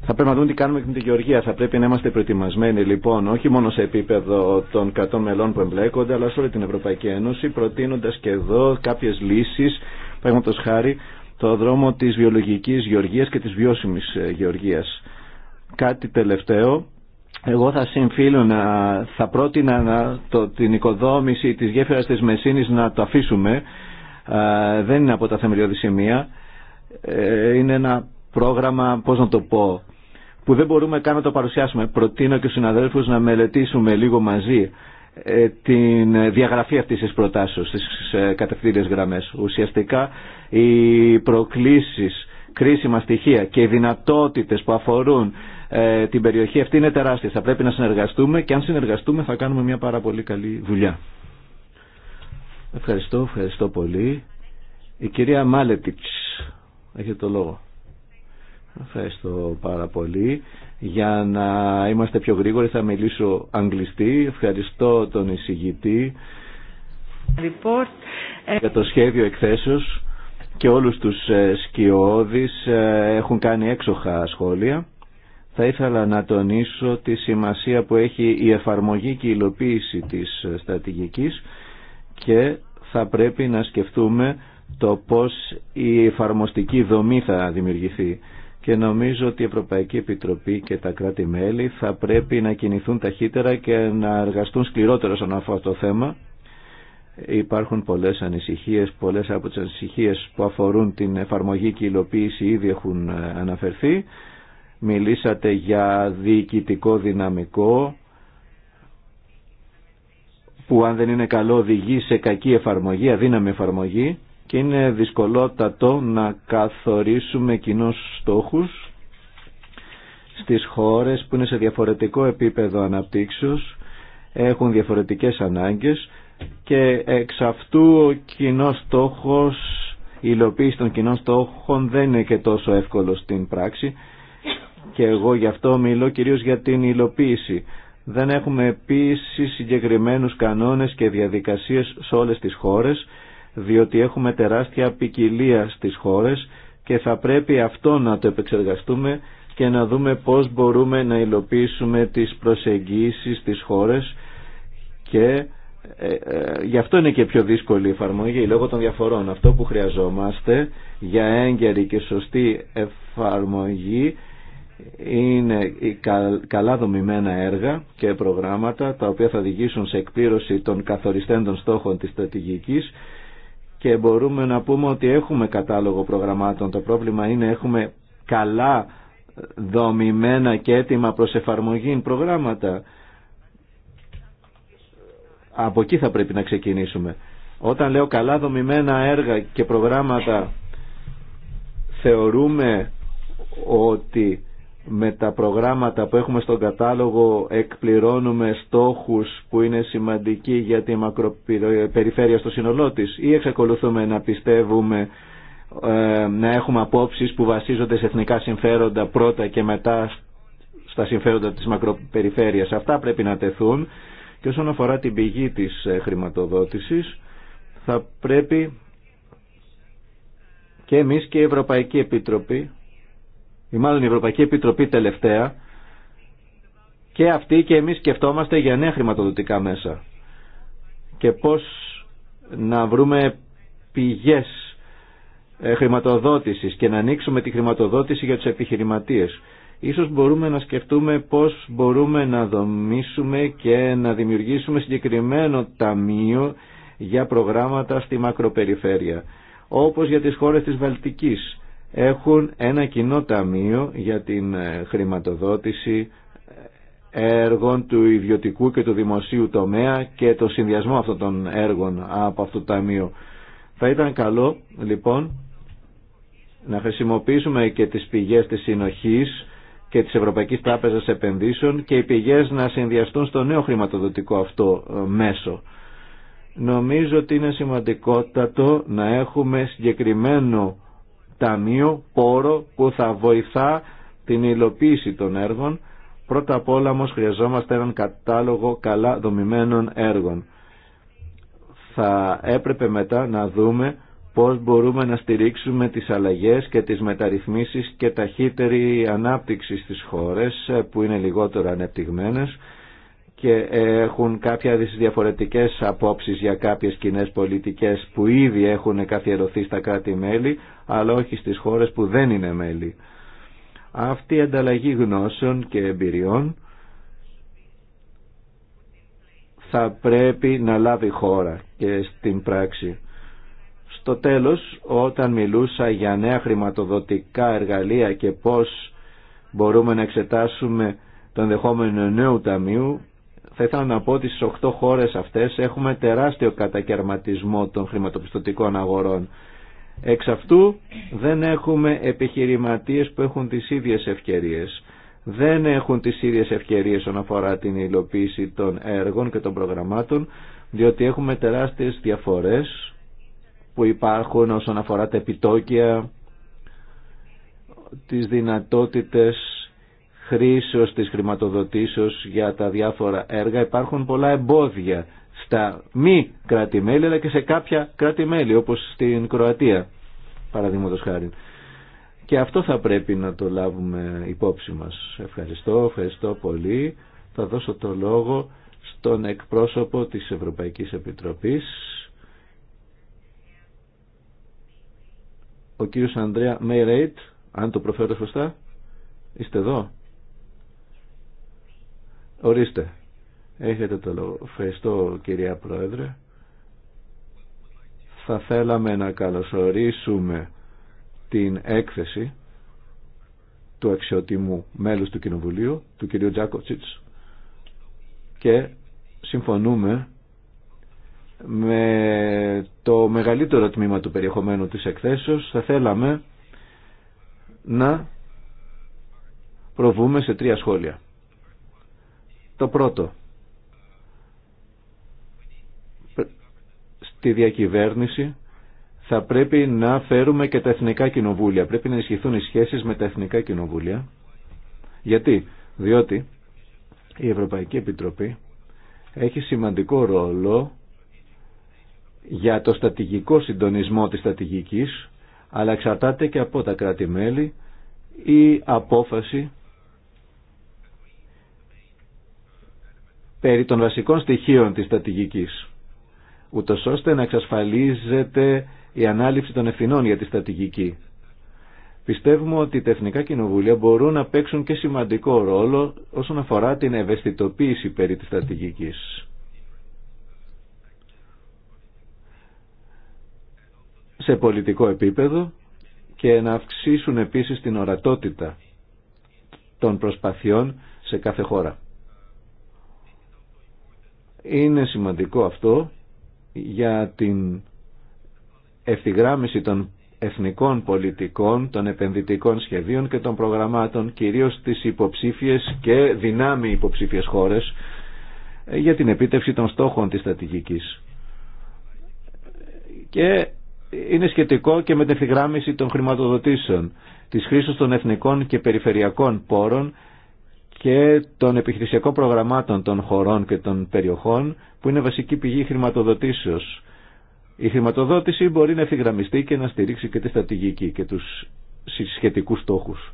θα πρέπει να δούμε τι κάνουμε με την Γεωργία. Θα πρέπει να είμαστε προετοιμασμένοι λοιπόν, όχι μόνο σε επίπεδο των 100 μελών που εμπλέκονται, αλλά σε όλη την Ευρωπαϊκή Ένωση, προτείνοντα και εδώ κάποιε λύσει, παραδείγματο χάρη, το δρόμο της βιολογικής γεωργίας και της βιώσιμης ε, γεωργίας. Κάτι τελευταίο, εγώ θα συμφίλω να, θα πρότεινα να, το, την οικοδόμηση της γέφυρας της Μεσίνης να το αφήσουμε. δεν είναι από τα θεμελιώδη σημεία. Ε, είναι ένα πρόγραμμα, πώς να το πω, που δεν μπορούμε καν να το παρουσιάσουμε. Προτείνω και στους συναδέλφους να μελετήσουμε λίγο μαζί ε, την διαγραφή αυτής της προτάσεως στις ε, κατευθύνες γραμμές. Ουσιαστικά οι προκλήσεις, κρίσιμα στοιχεία και οι δυνατότητες που αφορούν ε, την περιοχή αυτή είναι τεράστιες. Θα πρέπει να συνεργαστούμε και αν συνεργαστούμε θα κάνουμε μια πάρα πολύ καλή δουλειά. Ευχαριστώ, ευχαριστώ πολύ. Η κυρία Μάλετιτς έχει το λόγο. Ευχαριστώ πάρα πολύ. Για να είμαστε πιο γρήγοροι θα μιλήσω αγγλιστή. Ευχαριστώ τον εισηγητή για το σχέδιο εκθέσεως και όλους τους ε, σκιώδεις ε, έχουν κάνει έξοχα σχόλια. Θα ήθελα να τονίσω τη σημασία που έχει η εφαρμογή και η υλοποίηση της ε, στρατηγικής και θα πρέπει να σκεφτούμε το πώς η εφαρμοστική δομή θα δημιουργηθεί και νομίζω ότι η Ευρωπαϊκή Επιτροπή και τα κράτη-μέλη θα πρέπει να κινηθούν ταχύτερα και να εργαστούν σκληρότερα στον αυτό το θέμα. Υπάρχουν πολλές ανησυχίες, πολλές από τις ανησυχίες που αφορούν την εφαρμογή και υλοποίηση ήδη έχουν ε, αναφερθεί. Μιλήσατε για διοικητικό δυναμικό που αν δεν είναι καλό οδηγεί σε κακή εφαρμογή, αδύναμη εφαρμογή και είναι δυσκολότατο να καθορίσουμε κοινούς στόχους στις χώρες που είναι σε διαφορετικό επίπεδο αναπτύξεως, έχουν διαφορετικές ανάγκες και εξ αυτού ο κοινός στόχος, η υλοποίηση των κοινών στόχων δεν είναι και τόσο εύκολο στην πράξη και εγώ γι' αυτό μιλώ κυρίως για την υλοποίηση. Δεν έχουμε επίση συγκεκριμένους κανόνες και διαδικασίες σε όλες τις χώρες διότι έχουμε τεράστια ποικιλία στις χώρες και θα πρέπει αυτό να το επεξεργαστούμε και να δούμε πώς μπορούμε να υλοποιήσουμε τις προσεγγίσεις στις χώρες και ε, ε γι' αυτό είναι και πιο δύσκολη η εφαρμογή λόγω των διαφορών. Αυτό που χρειαζόμαστε για έγκαιρη και σωστή εφαρμογή είναι καλά δομημένα έργα και προγράμματα τα οποία θα οδηγήσουν σε εκπλήρωση των καθοριστέντων στόχων της στρατηγικής και μπορούμε να πούμε ότι έχουμε κατάλογο προγραμμάτων. Το πρόβλημα είναι έχουμε καλά δομημένα και έτοιμα προς εφαρμογή προγράμματα. Από εκεί θα πρέπει να ξεκινήσουμε. Όταν λέω καλά δομημένα έργα και προγράμματα θεωρούμε ότι με τα προγράμματα που έχουμε στον κατάλογο εκπληρώνουμε στόχους που είναι σημαντικοί για τη μακροπεριφέρεια στο σύνολό τη ή εξακολουθούμε να πιστεύουμε ε, να έχουμε απόψεις που βασίζονται σε εθνικά συμφέροντα πρώτα και μετά στα συμφέροντα της μακροπεριφέρειας. Αυτά πρέπει να τεθούν και όσον αφορά την πηγή της ε, χρηματοδότησης θα πρέπει και εμείς και η Ευρωπαϊκή Επιτροπή ή μάλλον η Ευρωπαϊκή Επιτροπή τελευταία, και αυτοί και εμείς σκεφτόμαστε για νέα χρηματοδοτικά μέσα και πώς να βρούμε πηγές ε, χρηματοδότησης και να ανοίξουμε τη χρηματοδότηση για τους επιχειρηματίες. Ίσως μπορούμε να σκεφτούμε πώς μπορούμε να δομήσουμε και να δημιουργήσουμε συγκεκριμένο ταμείο για προγράμματα στη μακροπεριφέρεια, όπως για τις χώρες της Βαλτικής έχουν ένα κοινό ταμείο για την ε, χρηματοδότηση ε, έργων του ιδιωτικού και του δημοσίου τομέα και το συνδυασμό αυτών των έργων από αυτό το ταμείο. Θα ήταν καλό λοιπόν να χρησιμοποιήσουμε και τις πηγές της συνοχής και της Ευρωπαϊκής Τράπεζας Επενδύσεων και οι πηγές να συνδυαστούν στο νέο χρηματοδοτικό αυτό ε, μέσο. Νομίζω ότι είναι σημαντικότατο να έχουμε συγκεκριμένο ταμείο, πόρο που θα βοηθά την υλοποίηση των έργων. Πρώτα απ' όλα όμως χρειαζόμαστε έναν κατάλογο καλά δομημένων έργων. Θα έπρεπε μετά να δούμε πώς μπορούμε να στηρίξουμε τις αλλαγές και τις μεταρρυθμίσεις και ταχύτερη ανάπτυξη στις χώρες ε, που είναι λιγότερο ανεπτυγμένες και έχουν κάποια διαφορετικές απόψεις για κάποιες κοινέ πολιτικές που ήδη έχουν καθιερωθεί στα κράτη-μέλη, αλλά όχι στις χώρες που δεν είναι μέλη. Αυτή η ανταλλαγή γνώσεων και εμπειριών θα πρέπει να λάβει χώρα και στην πράξη. Στο τέλος, όταν μιλούσα για νέα χρηματοδοτικά εργαλεία και πώς μπορούμε να εξετάσουμε το ενδεχόμενο νέου ταμείου, θα ήθελα να πω ότι στις 8 χώρες αυτές έχουμε τεράστιο κατακαιρματισμό των χρηματοπιστωτικών αγορών. Εξ αυτού δεν έχουμε επιχειρηματίες που έχουν τις ίδιες ευκαιρίες. Δεν έχουν τις ίδιες ευκαιρίες όσον αφορά την υλοποίηση των έργων και των προγραμμάτων, διότι έχουμε τεράστιες διαφορές που υπάρχουν όσον αφορά τα επιτόκια, τις δυνατότητες χρήσεως της χρηματοδοτήσεως για τα διάφορα έργα υπάρχουν πολλά εμπόδια στα μη κρατη αλλά και σε κάποια όπως στην Κροατία παραδείγματο χάρη. Και αυτό θα πρέπει να το λάβουμε υπόψη μας. Ευχαριστώ, ευχαριστώ πολύ. Θα δώσω το λόγο στον εκπρόσωπο της Ευρωπαϊκής Επιτροπής ο κύριος Ανδρέα Μέιρέιτ αν το προφέρω σωστά είστε εδώ Ορίστε. Έχετε το λόγο. Ευχαριστώ κυρία Πρόεδρε. Θα θέλαμε να καλωσορίσουμε την έκθεση του αξιότιμου μέλους του Κοινοβουλίου, του κυρίου Τζάκοτσιτς και συμφωνούμε με το μεγαλύτερο τμήμα του περιεχομένου της εκθέσεως θα θέλαμε να προβούμε σε τρία σχόλια. Το πρώτο. Στη διακυβέρνηση θα πρέπει να φέρουμε και τα εθνικά κοινοβούλια. Πρέπει να ενισχυθούν οι σχέσεις με τα εθνικά κοινοβούλια. Γιατί, διότι η Ευρωπαϊκή Επιτροπή έχει σημαντικό ρόλο για το στατηγικό συντονισμό της στατηγικής, αλλά εξαρτάται και από τα κράτη-μέλη η απόφαση περί των βασικών στοιχείων της στρατηγικής, ούτω ώστε να εξασφαλίζεται η ανάληψη των ευθυνών για τη στρατηγική. Πιστεύουμε ότι τα Εθνικά Κοινοβούλια μπορούν να παίξουν και σημαντικό ρόλο όσον αφορά την ευαισθητοποίηση περί της στρατηγικής. σε πολιτικό επίπεδο και να αυξήσουν επίσης την ορατότητα των προσπαθειών σε κάθε χώρα. Είναι σημαντικό αυτό για την ευθυγράμμιση των εθνικών πολιτικών, των επενδυτικών σχεδίων και των προγραμμάτων, κυρίως στις υποψήφιες και δυνάμει υποψήφιες χώρες, ε, για την επίτευξη των στόχων της στρατηγικής. Και είναι σχετικό και με την ευθυγράμμιση των χρηματοδοτήσεων, της χρήσης των εθνικών και περιφερειακών πόρων και των επιχειρησιακών προγραμμάτων των χωρών και των περιοχών που είναι βασική πηγή χρηματοδοτήσεως. Η χρηματοδότηση μπορεί να ευθυγραμμιστεί και να στηρίξει και τη στρατηγική και τους σχετικούς στόχους.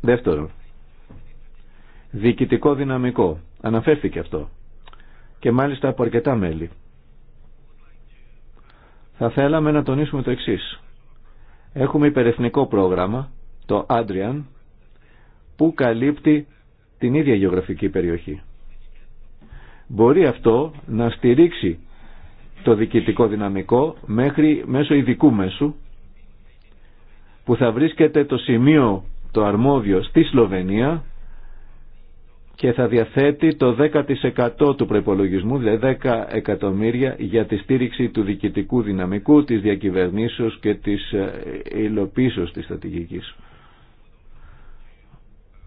Δεύτερον, διοικητικό δυναμικό. Αναφέρθηκε αυτό. Και μάλιστα από αρκετά μέλη. Θα θέλαμε να τονίσουμε το εξής. Έχουμε υπερεθνικό πρόγραμμα, το Adrian, που καλύπτει την ίδια γεωγραφική περιοχή. Μπορεί αυτό να στηρίξει το διοικητικό δυναμικό μέχρι μέσω ειδικού μέσου που θα βρίσκεται το σημείο το αρμόδιο στη Σλοβενία και θα διαθέτει το 10% του προϋπολογισμού, δηλαδή 10 εκατομμύρια για τη στήριξη του διοικητικού δυναμικού, της διακυβερνήσεως και της ε, υλοποίησεως της στρατηγικής.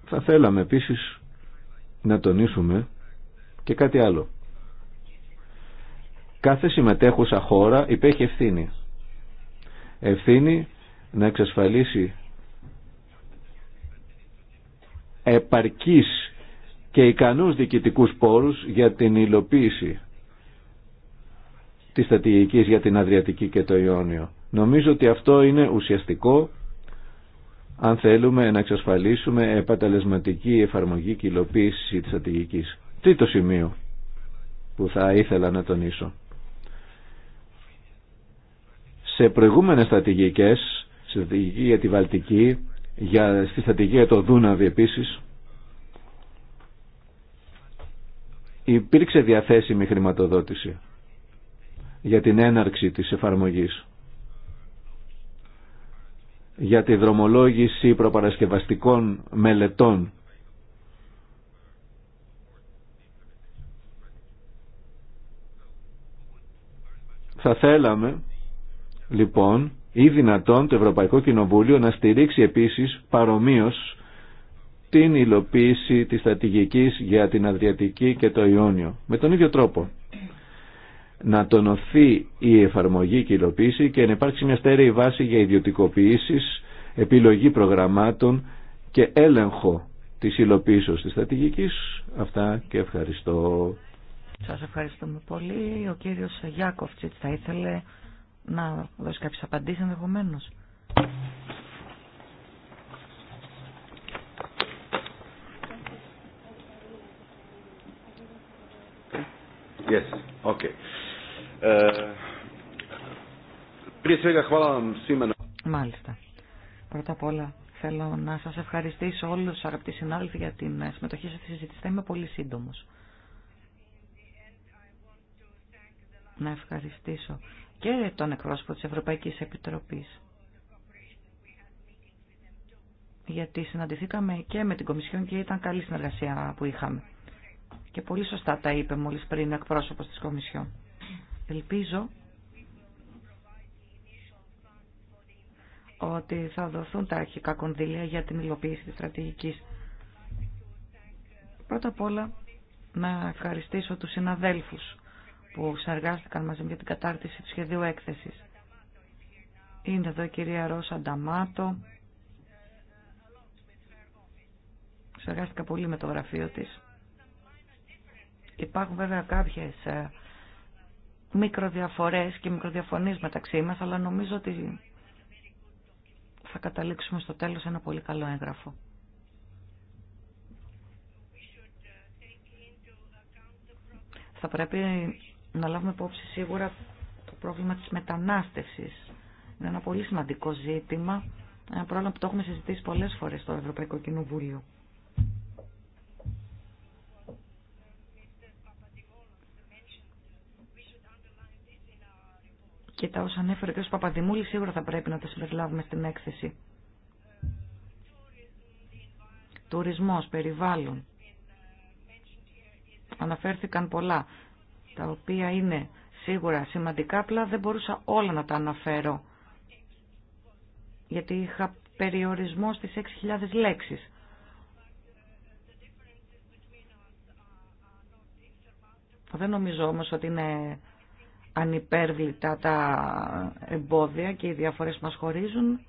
Θα θέλαμε επίσης να τονίσουμε και κάτι άλλο. Κάθε συμμετέχουσα χώρα υπέχει ευθύνη. Ευθύνη να εξασφαλίσει επαρκής και ικανούς διοικητικούς πόρους για την υλοποίηση της στρατηγικής για την Αδριατική και το Ιόνιο. Νομίζω ότι αυτό είναι ουσιαστικό αν θέλουμε να εξασφαλίσουμε επαταλεσματική εφαρμογή και υλοποίηση της στρατηγικής. Τρίτο σημείο που θα ήθελα να τονίσω. Σε προηγούμενες στρατηγικές, στη στρατηγική για τη Βαλτική, για, στη στρατηγική για το Δούναβι επίσης, υπήρξε διαθέσιμη χρηματοδότηση για την έναρξη της εφαρμογής για τη δρομολόγηση προπαρασκευαστικών μελετών. Θα θέλαμε, λοιπόν, ή δυνατόν το Ευρωπαϊκό Κοινοβούλιο να στηρίξει επίσης παρομοίως την υλοποίηση της στρατηγικής για την Αδριατική και το Ιόνιο. Με τον ίδιο τρόπο να τονωθεί η εφαρμογή και η υλοποίηση και να υπάρξει μια στέρεη βάση για ιδιωτικοποιήσει, επιλογή προγραμμάτων και έλεγχο της υλοποίησης της στρατηγική. Αυτά και ευχαριστώ. Σας ευχαριστούμε πολύ. Ο κύριος Γιάκοφτσιτ θα ήθελε να δώσει κάποιε απαντήσεις ενδεχομένω. Yes, okay. Μάλιστα. Πρώτα απ' όλα θέλω να σας ευχαριστήσω όλους τους αγαπητοί συνάδελφοι για την συμμετοχή σε στη συζήτηση. Θα είμαι πολύ σύντομος. Να ευχαριστήσω και τον εκπρόσωπο της Ευρωπαϊκής Επιτροπής. Γιατί συναντηθήκαμε και με την Κομισιόν και ήταν καλή συνεργασία που είχαμε. Και πολύ σωστά τα είπε μόλις πριν ο εκπρόσωπος της Κομισιόν. Ελπίζω ότι θα δοθούν τα αρχικά κονδύλια για την υλοποίηση της στρατηγικής. Πρώτα απ' όλα να ευχαριστήσω τους συναδέλφους που συνεργάστηκαν μαζί με την κατάρτιση του σχεδίου έκθεσης. Είναι εδώ η κυρία Ρώσα Νταμάτο. Συνεργάστηκα πολύ με το γραφείο της. Υπάρχουν βέβαια κάποιες ε, μικροδιαφορές και μικροδιαφωνίες μεταξύ μας, αλλά νομίζω ότι θα καταλήξουμε στο τέλος ένα πολύ καλό έγγραφο. Θα πρέπει να λάβουμε υπόψη σίγουρα το πρόβλημα της μετανάστευσης. Είναι ένα πολύ σημαντικό ζήτημα, ένα πρόβλημα που το έχουμε συζητήσει πολλές φορές στο Ευρωπαϊκό Κοινοβούλιο. και τα όσα ανέφερε ο κ. Παπαδημούλη σίγουρα θα πρέπει να τα συμπεριλάβουμε στην έκθεση. Τουρισμός, περιβάλλον. Αναφέρθηκαν πολλά, τα οποία είναι σίγουρα σημαντικά, απλά δεν μπορούσα όλα να τα αναφέρω, γιατί είχα περιορισμό στις 6.000 λέξεις. Δεν νομίζω όμως ότι είναι ανυπέρβλητα τα εμπόδια και οι διαφορές μας χωρίζουν.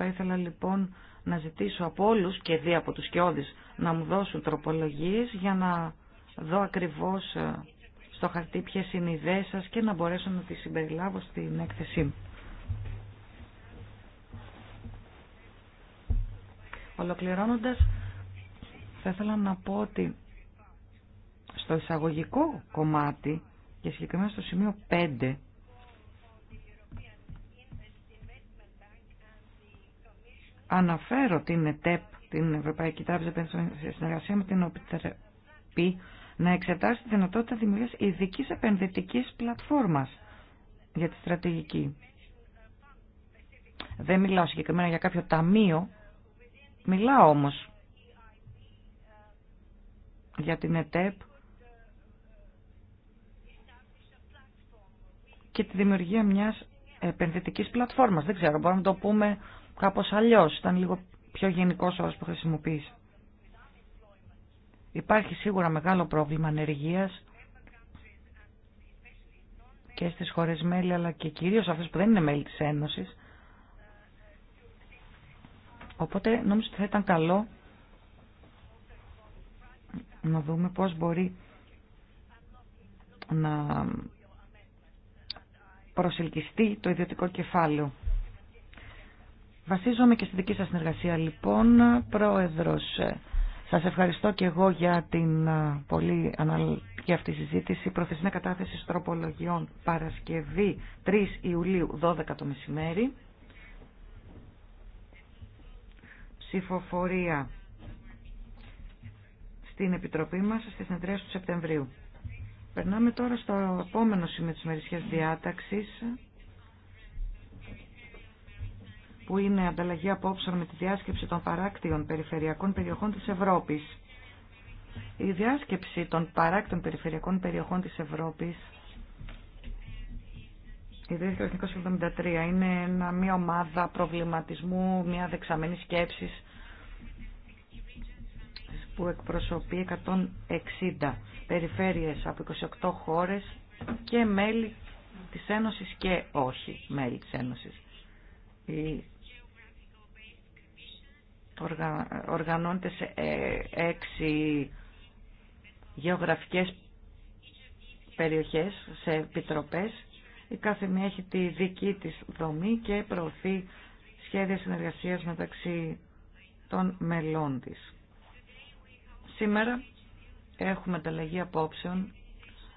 Θα ήθελα λοιπόν να ζητήσω από όλους και δύο από τους κοιόδης να μου δώσουν τροπολογίες για να δω ακριβώς ε, στο χαρτί ποιες είναι οι ιδέες σας και να μπορέσω να τις συμπεριλάβω στην έκθεσή μου. Ολοκληρώνοντας, θα ήθελα να πω ότι στο εισαγωγικό κομμάτι και συγκεκριμένα στο σημείο 5 αναφέρω την ΕΤΕΠ, την Ευρωπαϊκή Τράπεζα σε συνεργασία με την ΟΠΤΡΕΠΗ, να εξετάσει τη δυνατότητα δημιουργίας ειδική επενδυτικής πλατφόρμας για τη στρατηγική. Δεν μιλάω συγκεκριμένα για κάποιο ταμείο, μιλάω όμως για την ΕΤΕΠ και τη δημιουργία μιας επενδυτικής πλατφόρμας. Δεν ξέρω, μπορούμε να το πούμε κάπως αλλιώς. Ήταν λίγο πιο γενικός όρος που χρησιμοποίησε. Υπάρχει σίγουρα μεγάλο πρόβλημα ανεργίας και στις χώρες μέλη αλλά και κυρίως αυτές που δεν είναι μέλη της Ένωσης. Οπότε νομίζω ότι θα ήταν καλό να δούμε πώς μπορεί να προσελκυστεί το ιδιωτικό κεφάλαιο. Βασίζομαι και στη δική σας συνεργασία λοιπόν, Πρόεδρος. Σας ευχαριστώ και εγώ για την πολύ αναλυτική αυτή συζήτηση. Προθεσμία κατάθεση τροπολογιών Παρασκευή 3 Ιουλίου 12 το μεσημέρι. Ψηφοφορία στην Επιτροπή μας στις συνεδρίες του Σεπτεμβρίου. Περνάμε τώρα στο επόμενο σημείο της μερισιάς διάταξης που είναι ανταλλαγή απόψεων με τη διάσκεψη των παράκτιων περιφερειακών περιοχών της Ευρώπης. Η διάσκεψη των παράκτιων περιφερειακών περιοχών της Ευρώπης η 1973 είναι μια ομάδα προβληματισμού, μια δεξαμενή σκέψης που εκπροσωπεί 160 περιφέρειες από 28 χώρες και μέλη της Ένωσης και όχι μέλη της Ένωσης. Η... Οργα... Οργανώνεται σε ε, έξι γεωγραφικές περιοχές, σε επιτροπές. Η κάθε μία έχει τη δική της δομή και προωθεί σχέδια συνεργασίας μεταξύ των μελών της. Σήμερα έχουμε ανταλλαγή απόψεων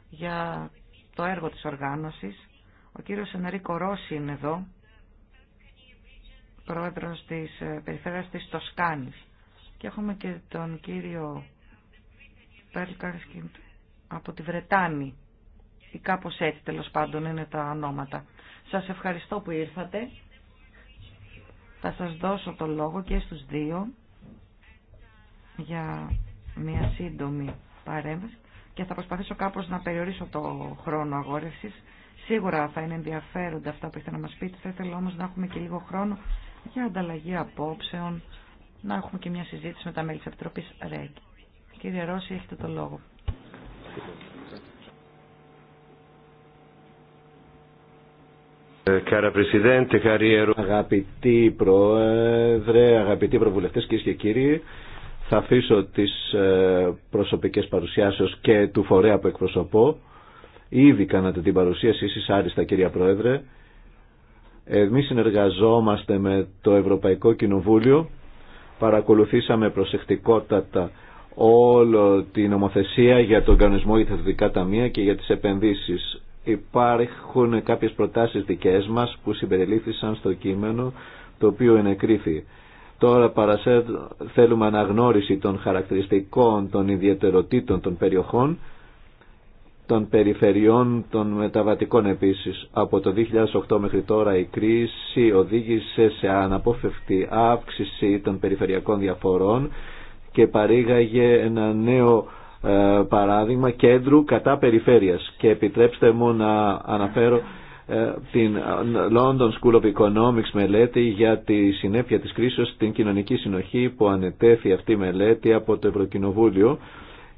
για το έργο της οργάνωσης. Ο κύριος Ενερίκο Ρώση είναι εδώ, πρόεδρος της ε, περιφέρειας της Τοσκάνης. Και έχουμε και τον κύριο Πέλκαρσκιντ από τη Βρετάνη ή κάπως έτσι τέλος πάντων είναι τα ονόματα. Σας ευχαριστώ που ήρθατε. Θα σας δώσω το λόγο και στους δύο για μια σύντομη παρέμβαση και θα προσπαθήσω κάπως να περιορίσω το χρόνο αγόρευσης. Σίγουρα θα είναι ενδιαφέροντα αυτά που ήθελα να μας πείτε. Θα ήθελα όμως να έχουμε και λίγο χρόνο για ανταλλαγή απόψεων, να έχουμε και μια συζήτηση με τα μέλη της Επιτροπής ΡΕΚ. Κύριε Ρώση, έχετε το λόγο. Ε, αγαπητοί Πρόεδρε, αγαπητοί Προβουλευτές, κύριε και κύριοι, θα αφήσω τις ε, προσωπικές παρουσιάσεις και του φορέα που εκπροσωπώ. Ήδη κάνατε την παρουσίαση, εσείς άριστα κυρία Πρόεδρε. Εμείς συνεργαζόμαστε με το Ευρωπαϊκό Κοινοβούλιο. Παρακολουθήσαμε προσεκτικότατα όλο την νομοθεσία για τον κανονισμό για τα ταμεία και για τις επενδύσεις. Υπάρχουν κάποιες προτάσεις δικές μας που συμπεριλήφθησαν στο κείμενο το οποίο ενεκρίθη. Τώρα θέλουμε αναγνώριση των χαρακτηριστικών, των ιδιαιτεροτήτων των περιοχών, των περιφερειών, των μεταβατικών επίσης. Από το 2008 μέχρι τώρα η κρίση οδήγησε σε αναπόφευκτη αύξηση των περιφερειακών διαφορών και παρήγαγε ένα νέο ε, παράδειγμα κέντρου κατά περιφέρειας. Και επιτρέψτε μου να αναφέρω ε, την ε, London School of Economics μελέτη για τη συνέπεια της κρίσης στην κοινωνική συνοχή που ανετέθη αυτή η μελέτη από το Ευρωκοινοβούλιο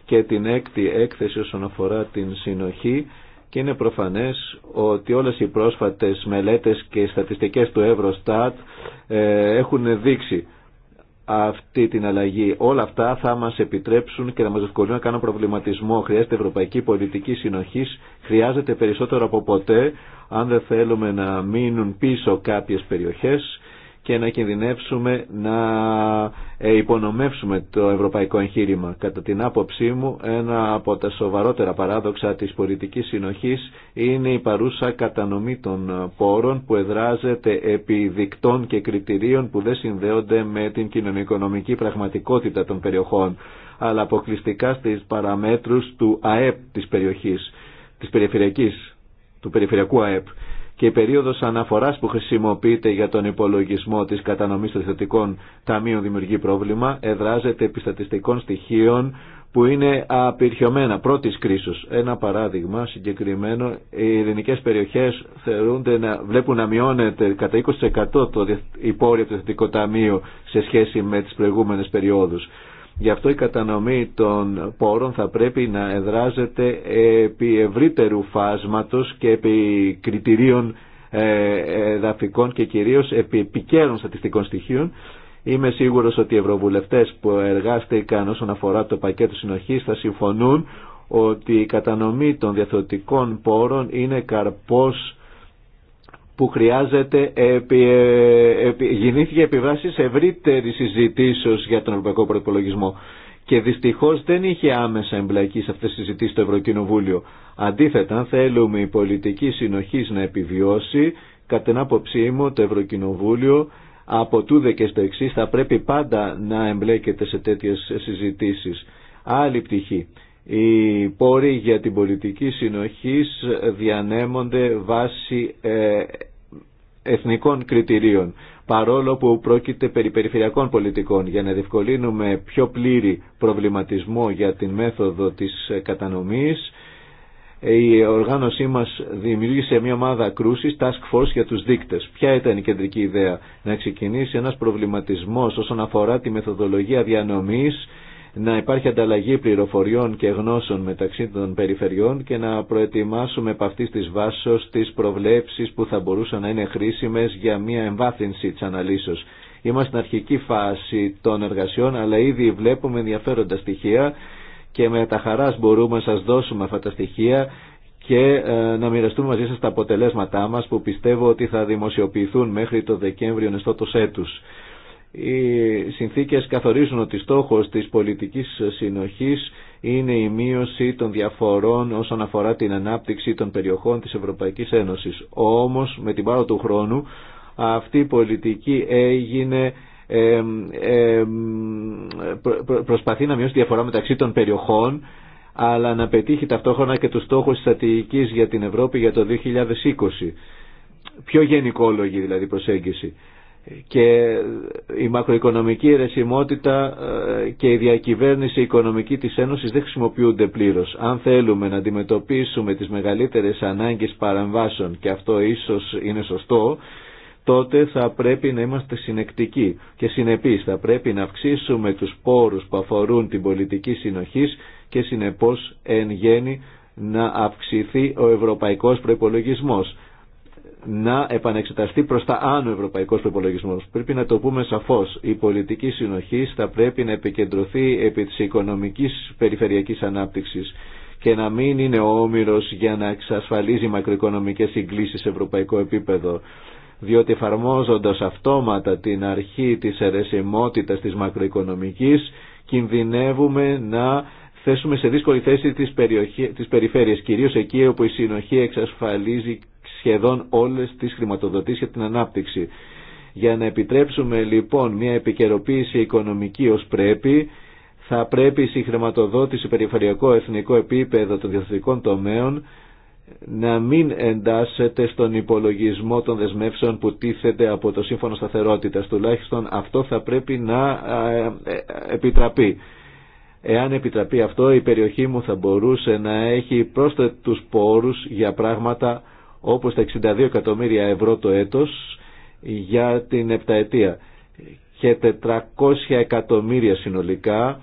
και την έκτη έκθεση όσον αφορά την συνοχή και είναι προφανές ότι όλες οι πρόσφατες μελέτες και στατιστικές του Ευρωστάτ έχουν δείξει αυτή την αλλαγή. Όλα αυτά θα μας επιτρέψουν και θα μας ευκολύνουν να κάνουμε προβληματισμό. Χρειάζεται ευρωπαϊκή πολιτική συνοχής, χρειάζεται περισσότερο από ποτέ αν δεν θέλουμε να μείνουν πίσω κάποιες περιοχές και να κινδυνεύσουμε να ε, υπονομεύσουμε το ευρωπαϊκό εγχείρημα. Κατά την άποψή μου, ένα από τα σοβαρότερα παράδοξα της πολιτικής συνοχής είναι η παρούσα κατανομή των πόρων που εδράζεται επί δικτών και κριτηρίων που δεν συνδέονται με την κοινωνικονομική πραγματικότητα των περιοχών, αλλά αποκλειστικά στις παραμέτρους του ΑΕΠ της περιοχής, της περιφερειακής, του περιφερειακού ΑΕΠ και η περίοδος αναφοράς που χρησιμοποιείται για τον υπολογισμό της κατανομής των θετικών ταμείων δημιουργεί πρόβλημα, εδράζεται επί στατιστικών στοιχείων που είναι απειρχιωμένα πρώτης κρίσης. Ένα παράδειγμα συγκεκριμένο, οι ελληνικές περιοχές να, βλέπουν να μειώνεται κατά 20% το υπόρριο του θετικό ταμείου σε σχέση με τις προηγούμενες περιόδους. Γι' αυτό η κατανομή των πόρων θα πρέπει να εδράζεται επί ευρύτερου φάσματος και επί κριτηρίων ε, εδαφικών και κυρίως επί επικαίρων στατιστικών στοιχείων. Είμαι σίγουρος ότι οι ευρωβουλευτές που εργάστηκαν όσον αφορά το πακέτο συνοχής θα συμφωνούν ότι η κατανομή των διαθεωτικών πόρων είναι καρπός που χρειάζεται επι, επι, γεννήθηκε επιβάσεις ευρύτερη συζητήσεω για τον ευρωπαϊκό προπολογισμό και δυστυχώς δεν είχε άμεσα εμπλακεί σε αυτές τις συζητήσεις το Ευρωκοινοβούλιο. Αντίθετα, αν θέλουμε η πολιτική συνοχής να επιβιώσει, κατά την άποψή μου το Ευρωκοινοβούλιο από τούδε και στο εξή θα πρέπει πάντα να εμπλέκεται σε τέτοιε συζητήσει. Άλλη πτυχή. Οι πόροι για την πολιτική συνοχής διανέμονται βάσει ε, εθνικών κριτηρίων παρόλο που πρόκειται περί περιφερειακών πολιτικών για να διευκολύνουμε πιο πλήρη προβληματισμό για την μέθοδο της κατανομής η οργάνωσή μας δημιούργησε μια ομάδα κρούσης, task force για τους δείκτες. Ποια ήταν η κεντρική ιδέα, να ξεκινήσει ένας προβληματισμός όσον αφορά τη μεθοδολογία διανομής να υπάρχει ανταλλαγή πληροφοριών και γνώσεων μεταξύ των περιφερειών και να προετοιμάσουμε επ' αυτή τη βάση τις προβλέψεις που θα μπορούσαν να είναι χρήσιμες για μια εμβάθυνση της αναλύσεως. Είμαστε στην αρχική φάση των εργασιών, αλλά ήδη βλέπουμε ενδιαφέροντα στοιχεία και με τα χαράς μπορούμε να σας δώσουμε αυτά τα στοιχεία και ε, να μοιραστούμε μαζί σας τα αποτελέσματά μας που πιστεύω ότι θα δημοσιοποιηθούν μέχρι το Δεκέμβριο νεστότος έτους. Οι συνθήκες καθορίζουν ότι στόχος της πολιτικής συνοχής είναι η μείωση των διαφορών όσον αφορά την ανάπτυξη των περιοχών της Ευρωπαϊκής Ένωσης. Όμως με την πάρα του χρόνου αυτή η πολιτική έγινε ε, προσπαθεί να μειώσει διαφορά μεταξύ των περιοχών αλλά να πετύχει ταυτόχρονα και τους στόχους στρατηγικής για την Ευρώπη για το 2020. Πιο γενικόλογη δηλαδή προσέγγιση και η μακροοικονομική ρεσιμότητα ε, και η διακυβέρνηση οικονομική της Ένωσης δεν χρησιμοποιούνται πλήρως. Αν θέλουμε να αντιμετωπίσουμε τις μεγαλύτερες ανάγκες παρεμβάσεων και αυτό ίσως είναι σωστό, τότε θα πρέπει να είμαστε συνεκτικοί και συνεπείς. Θα πρέπει να αυξήσουμε τους πόρους που αφορούν την πολιτική συνοχής και συνεπώς εν γέννη να αυξηθεί ο ευρωπαϊκός προϋπολογισμός να επανεξεταστεί προς τα άνω ευρωπαϊκός προπολογισμός. Πρέπει να το πούμε σαφώς. Η πολιτική συνοχή θα πρέπει να επικεντρωθεί επί της οικονομικής περιφερειακής ανάπτυξης και να μην είναι όμοιρος για να εξασφαλίζει μακροοικονομικές συγκλήσεις σε ευρωπαϊκό επίπεδο. Διότι εφαρμόζοντας αυτόματα την αρχή της αιρεσιμότητας της μακροοικονομικής κινδυνεύουμε να θέσουμε σε δύσκολη θέση τις, περιοχές, τις περιφέρειες, κυρίως εκεί όπου η συνοχή εξασφαλίζει σχεδόν όλες τις χρηματοδοτήσεις για την ανάπτυξη. Για να επιτρέψουμε λοιπόν μια επικαιροποίηση οικονομική ως πρέπει, θα πρέπει η συγχρηματοδότηση περιφερειακό εθνικό επίπεδο των διαθετικών τομέων να μην εντάσσεται στον υπολογισμό των δεσμεύσεων που τίθεται από το Σύμφωνο Σταθερότητας. Τουλάχιστον αυτό θα πρέπει να ε, επιτραπεί. Εάν επιτραπεί αυτό, η περιοχή μου θα μπορούσε να έχει πρόσθετους πόρους για πράγματα όπως τα 62 εκατομμύρια ευρώ το έτος για την επταετία και 400 εκατομμύρια συνολικά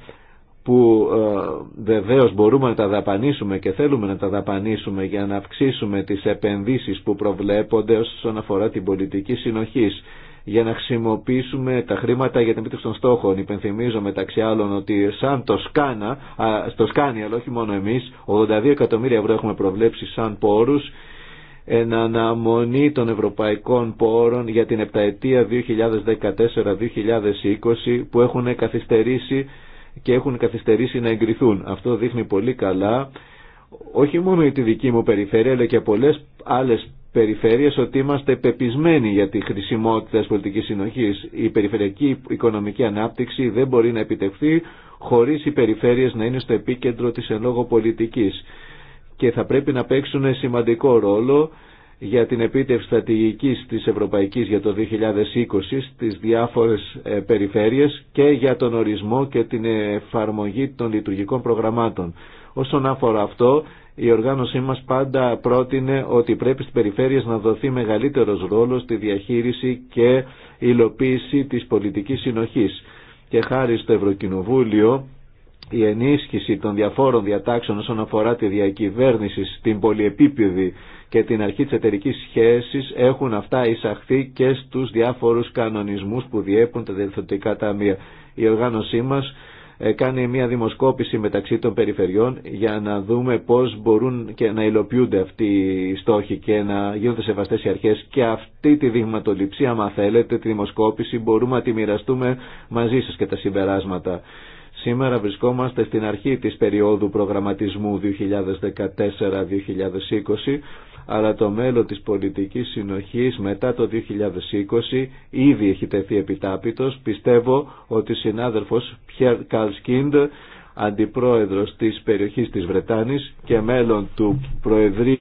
που ε, βεβαίως μπορούμε να τα δαπανίσουμε και θέλουμε να τα δαπανίσουμε για να αυξήσουμε τις επενδύσεις που προβλέπονται όσον αφορά την πολιτική συνοχής για να χρησιμοποιήσουμε τα χρήματα για την επίτευξη των στόχων. Υπενθυμίζω μεταξύ άλλων ότι σαν το Σκάνα, α, στο Σκάνι αλλά όχι μόνο εμείς, 82 εκατομμύρια ευρώ έχουμε προβλέψει σαν πόρους εν αναμονή των ευρωπαϊκών πόρων για την επταετία 2014-2020 που έχουν καθυστερήσει και έχουν καθυστερήσει να εγκριθούν. Αυτό δείχνει πολύ καλά όχι μόνο η τη δική μου περιφέρεια αλλά και πολλές άλλες περιφέρειες ότι είμαστε πεπισμένοι για τη χρησιμότητα της πολιτικής συνοχής. Η περιφερειακή οικονομική ανάπτυξη δεν μπορεί να επιτευχθεί χωρίς οι περιφέρειες να είναι στο επίκεντρο της εν λόγω πολιτικής και θα πρέπει να παίξουν σημαντικό ρόλο για την επίτευξη στρατηγικής της Ευρωπαϊκής για το 2020 στις διάφορες ε, περιφέρειες και για τον ορισμό και την εφαρμογή των λειτουργικών προγραμμάτων. Όσον αφορά αυτό, η οργάνωσή μας πάντα πρότεινε ότι πρέπει στις περιφέρειες να δοθεί μεγαλύτερος ρόλος στη διαχείριση και υλοποίηση της πολιτικής συνοχής. Και χάρη στο Ευρωκοινοβούλιο η ενίσχυση των διαφόρων διατάξεων όσον αφορά τη διακυβέρνηση την πολυεπίπεδη και την αρχή της εταιρικής σχέσης έχουν αυτά εισαχθεί και στους διάφορους κανονισμούς που διέπουν τα διευθυντικά ταμεία. Η οργάνωσή μας ε, κάνει μια δημοσκόπηση μεταξύ των περιφερειών για να δούμε πώς μπορούν και να υλοποιούνται αυτοί οι στόχοι και να γίνονται σεβαστές οι αρχές και αυτή τη δειγματοληψία, άμα θέλετε, τη δημοσκόπηση μπορούμε να τη μοιραστούμε μαζί σας και τα συμπεράσματα. Σήμερα βρισκόμαστε στην αρχή της περίοδου προγραμματισμού 2014-2020, αλλά το μέλλον της πολιτικής συνοχής μετά το 2020 ήδη έχει τεθεί επιτάπητος. Πιστεύω ότι ο συνάδελφος Πιέρ Καλσκίντ, αντιπρόεδρος της περιοχής της Βρετάνης και μέλλον του Προεδρείου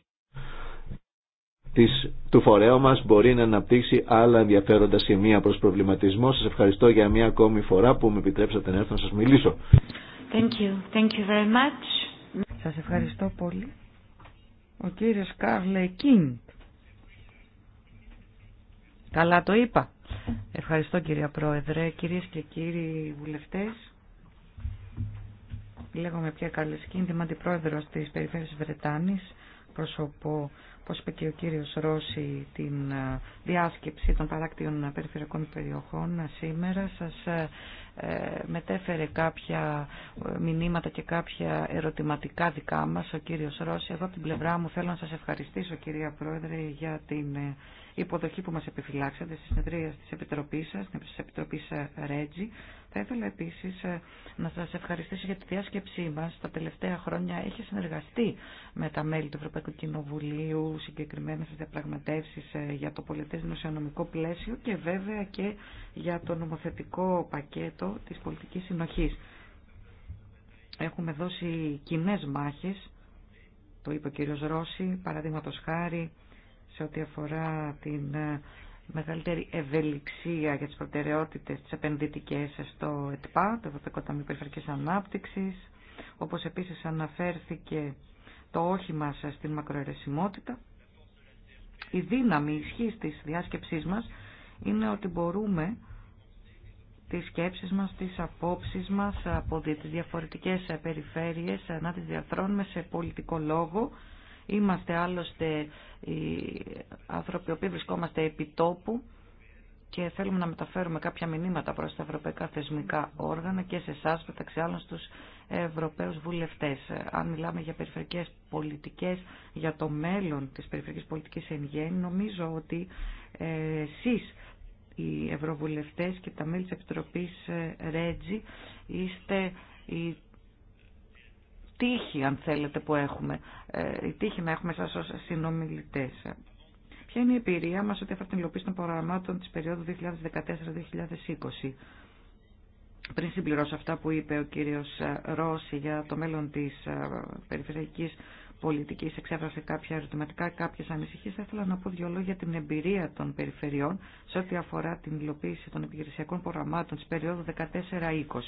του φορέου μας μπορεί να αναπτύξει άλλα ενδιαφέροντα σημεία προς προβληματισμό. Σας ευχαριστώ για μια ακόμη φορά που με επιτρέψατε να έρθω να σας μιλήσω. Thank you. Thank you very much. Σας ευχαριστώ πολύ. Ο κύριος Κάρλε Κίντ. Καλά το είπα. Ευχαριστώ κυρία Πρόεδρε, κυρίες και κύριοι βουλευτές. Λέγομαι πια Κάρλε Κίντ, είμαι αντιπρόεδρος της Περιφέρειας Βρετάνης, προσωπώ όπως είπε και ο κύριος Ρώση, την ε, διάσκεψη των παράκτιων περιφερειακών περιοχών ε, σήμερα. Σας ε, μετέφερε κάποια μηνύματα και κάποια ερωτηματικά δικά μας ο κύριος Ρώση. Εγώ από την πλευρά μου θέλω να σας ευχαριστήσω κυρία Πρόεδρε για την υποδοχή που μας επιφυλάξατε στη συνεδρία της Επιτροπής σας, της Επιτροπής Ρέτζη. Θα ήθελα επίσης να σας ευχαριστήσω για τη διάσκεψή μας. Τα τελευταία χρόνια έχει συνεργαστεί με τα μέλη του Ευρωπαϊκού Κοινοβουλίου Συγκεκριμένε συγκεκριμένα σε διαπραγματεύσεις ε, για το πολιτέ δημοσιονομικό πλαίσιο και βέβαια και για το νομοθετικό πακέτο της πολιτικής συνοχής. Έχουμε δώσει κοινέ μάχες, το είπε ο κ. Ρώση, παραδείγματο χάρη σε ό,τι αφορά την ε, μεγαλύτερη ευελιξία για τις προτεραιότητε τις επενδυτικέ στο ΕΤΠΑ, το Ευρωπαϊκό Ταμείο Περιφερειακή Ανάπτυξη. όπως επίσης αναφέρθηκε το όχημα στην μακροαιρεσιμότητα η δύναμη, ισχύ της διάσκεψής μας είναι ότι μπορούμε τις σκέψεις μας, τις απόψεις μας από τις διαφορετικές περιφέρειες να τις διαθρώνουμε σε πολιτικό λόγο. Είμαστε άλλωστε οι άνθρωποι που βρισκόμαστε επί τόπου και θέλουμε να μεταφέρουμε κάποια μηνύματα προς τα ευρωπαϊκά θεσμικά όργανα και σε εσά μεταξύ άλλων στους Ευρωπαίους βουλευτές. Αν μιλάμε για περιφερειακές πολιτικές, για το μέλλον της περιφερειακής πολιτικής εν γέννη, νομίζω ότι ε, εσείς οι ευρωβουλευτές και τα μέλη της Επιτροπής ε, Ρέτζι είστε οι τύχη, αν θέλετε, που έχουμε, ε, η τύχη να έχουμε σας ως συνομιλητές. Ποια είναι η εμπειρία μας ότι αφορά την υλοποίηση των προγραμμάτων της περίοδου 2014-2020 πριν συμπληρώσω αυτά που είπε ο κύριος ε, Ρώση για το μέλλον της ε, περιφερειακής πολιτικής εξέφρασε κάποια ερωτηματικά, κάποιες ανησυχίες, θα ήθελα να πω δύο λόγια για την εμπειρία των περιφερειών σε ό,τι αφορά την υλοποίηση των επιχειρησιακών προγραμμάτων της περίοδου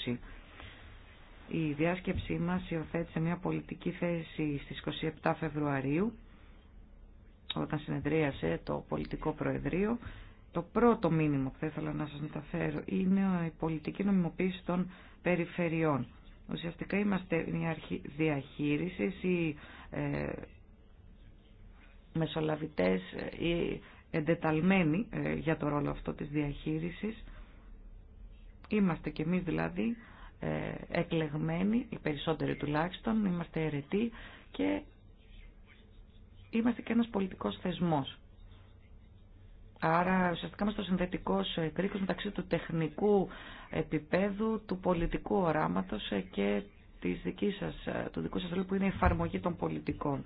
14-20. Η διάσκεψή μας υιοθέτησε μια πολιτική θέση στις 27 Φεβρουαρίου όταν συνεδρίασε το πολιτικό προεδρείο το πρώτο μήνυμα που θα ήθελα να σας μεταφέρω είναι η πολιτική νομιμοποίηση των περιφερειών. Ουσιαστικά είμαστε μια αρχή διαχείρισης, ή ε, μεσολαβητές, ε, οι εντεταλμένοι ε, για το ρόλο αυτό της διαχείρισης. Είμαστε και εμείς δηλαδή ε, εκλεγμένοι, οι περισσότεροι τουλάχιστον, είμαστε αιρετοί και είμαστε και ένας πολιτικός θεσμός Άρα ουσιαστικά είμαστε ο συνδετικός ε, κρίκος μεταξύ του τεχνικού επίπεδου, του πολιτικού οράματος ε, και της δικής σας, ε, του δικού σας ρόλου που είναι η εφαρμογή των πολιτικών.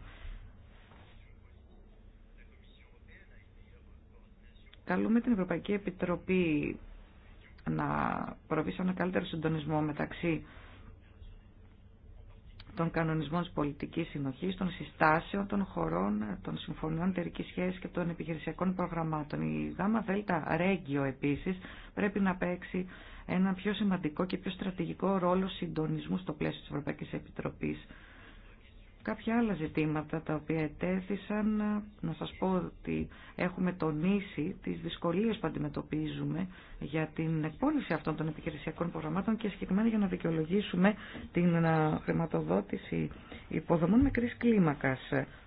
Καλούμε την Ευρωπαϊκή Επιτροπή να προβεί σε ένα καλύτερο συντονισμό μεταξύ των κανονισμών της πολιτικής συνοχής, των συστάσεων των χωρών, των συμφωνιών εταιρικής σχέσης και των επιχειρησιακών προγραμμάτων. Η ΓΑΜΑ ΔΕΛΤΑ Ρέγγιο επίσης πρέπει να παίξει ένα πιο σημαντικό και πιο στρατηγικό ρόλο συντονισμού στο πλαίσιο της Ευρωπαϊκής Επιτροπής Κάποια άλλα ζητήματα τα οποία ετέθησαν, να σας πω ότι έχουμε τονίσει τις δυσκολίες που αντιμετωπίζουμε για την εκπόνηση αυτών των επιχειρησιακών προγραμμάτων και συγκεκριμένα για να δικαιολογήσουμε την ε, χρηματοδότηση υποδομών με κρίση κλίμακας,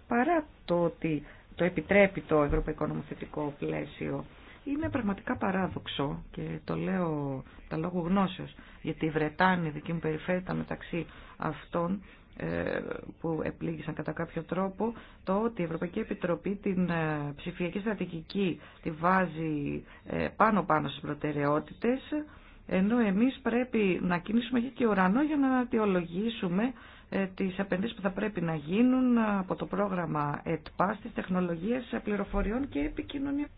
παρά το ότι το επιτρέπει το ευρωπαϊκό νομοθετικό πλαίσιο. Είναι πραγματικά παράδοξο και το λέω τα λόγω γνώσεως, γιατί η Βρετάνη, δική μου περιφέρεια, μεταξύ αυτών ε, που επλήγησαν κατά κάποιο τρόπο το ότι η Ευρωπαϊκή Επιτροπή την ε, ψηφιακή στρατηγική τη βάζει πάνω-πάνω ε, στις προτεραιότητες ενώ εμείς πρέπει να κινήσουμε και ουρανό για να αιτιολογήσουμε τις επενδύσεις που θα πρέπει να γίνουν από το πρόγραμμα ΕΤΠΑ στις τεχνολογίες πληροφοριών και επικοινωνία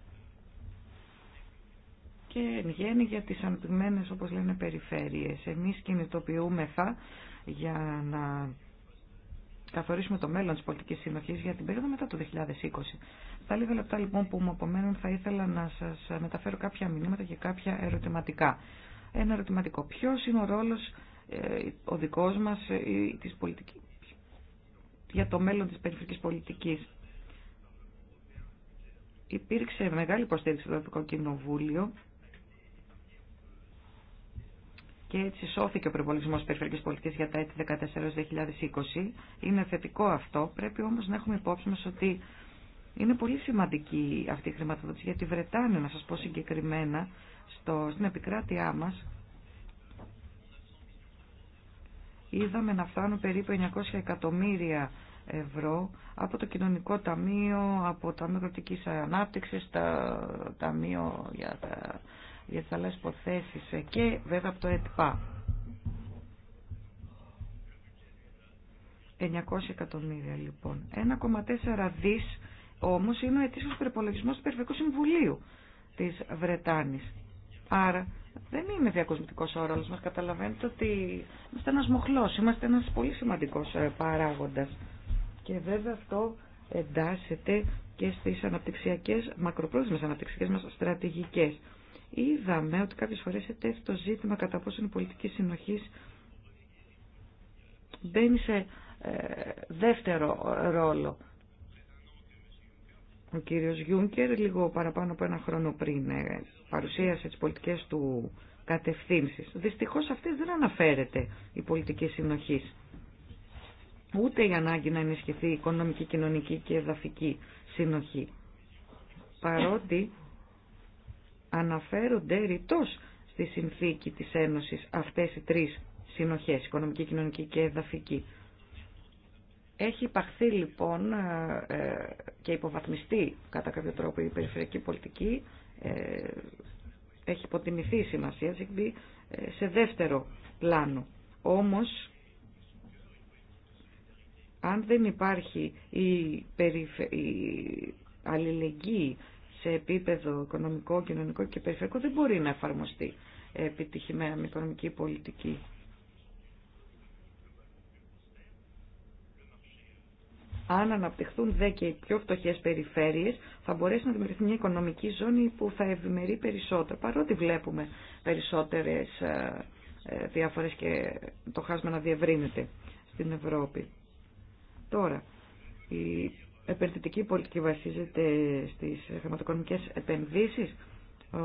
και εν γέννη για τις αναπτυγμένες όπως λένε περιφέρειες. Εμείς κινητοποιούμεθα για να καθορίσουμε το μέλλον της πολιτικής συνοχή για την περίοδο μετά το 2020. Στα λίγα λεπτά λοιπόν που μου απομένουν θα ήθελα να σας μεταφέρω κάποια μηνύματα και κάποια ερωτηματικά. Ένα ερωτηματικό. Ποιο είναι ο ρόλος ε, ο δικός μας ε, της πολιτικής, για το μέλλον της περιφερικής πολιτικής. Υπήρξε μεγάλη υποστήριξη στο Ευρωπαϊκό Κοινοβούλιο και έτσι σώθηκε ο προπολογισμό τη Περιφερειακή Πολιτική για τα έτη 14-2020. Είναι θετικό αυτό. Πρέπει όμω να έχουμε υπόψη μα ότι είναι πολύ σημαντική αυτή η χρηματοδότηση γιατί τη να σα πω συγκεκριμένα, στο, στην επικράτειά μα. Είδαμε να φτάνουν περίπου 900 εκατομμύρια ευρώ από το Κοινωνικό Ταμείο, από το Ταμείο ανάπτυξη Ανάπτυξης, το Ταμείο για τα για τις θαλάσσιες ε, και βέβαια από το ΕΤΠΑ. 900 εκατομμύρια λοιπόν. 1,4 δις όμως είναι ο ετήσιος προπολογισμό του Περιφερειακού Συμβουλίου της Βρετάνης. Άρα δεν είναι διακοσμητικό ο ρόλο μα. Καταλαβαίνετε ότι είμαστε ένα μοχλό, είμαστε ένα πολύ σημαντικό ε, παράγοντα. Και βέβαια αυτό εντάσσεται και στι αναπτυξιακέ, μακροπρόθεσμε αναπτυξιακέ μα στρατηγικέ είδαμε ότι κάποιες φορές ετέθη το ζήτημα κατά πόσο η πολιτική συνοχή μπαίνει σε ε, δεύτερο ρόλο. Ο κύριος Γιούνκερ λίγο παραπάνω από ένα χρόνο πριν ε, παρουσίασε τις πολιτικές του κατευθύνσεις. Δυστυχώς αυτές δεν αναφέρεται η πολιτική συνοχή. Ούτε η ανάγκη να ενισχυθεί η οικονομική, κοινωνική και εδαφική συνοχή. Παρότι αναφέρονται ρητός στη συνθήκη της Ένωσης αυτές οι τρεις συνοχές, οικονομική, κοινωνική και εδαφική. Έχει υπαχθεί λοιπόν ε, ε, και υποβαθμιστεί κατά κάποιο τρόπο η περιφερειακή πολιτική, ε, έχει υποτιμηθεί η σημασία, έχει μπει σε δεύτερο πλάνο. Όμως, αν δεν υπάρχει η, η αλληλεγγύη σε επίπεδο οικονομικό, κοινωνικό και περιφερειακό δεν μπορεί να εφαρμοστεί επιτυχημένα με οικονομική πολιτική. Αν αναπτυχθούν δε και οι πιο φτωχές περιφέρειες, θα μπορέσει να δημιουργηθεί μια οικονομική ζώνη που θα ευημερεί περισσότερο, παρότι βλέπουμε περισσότερες ε, ε, διάφορες και το χάσμα να διευρύνεται στην Ευρώπη. Τώρα, η επενδυτική πολιτική βασίζεται στις χρηματοοικονομικές επενδύσεις. Ο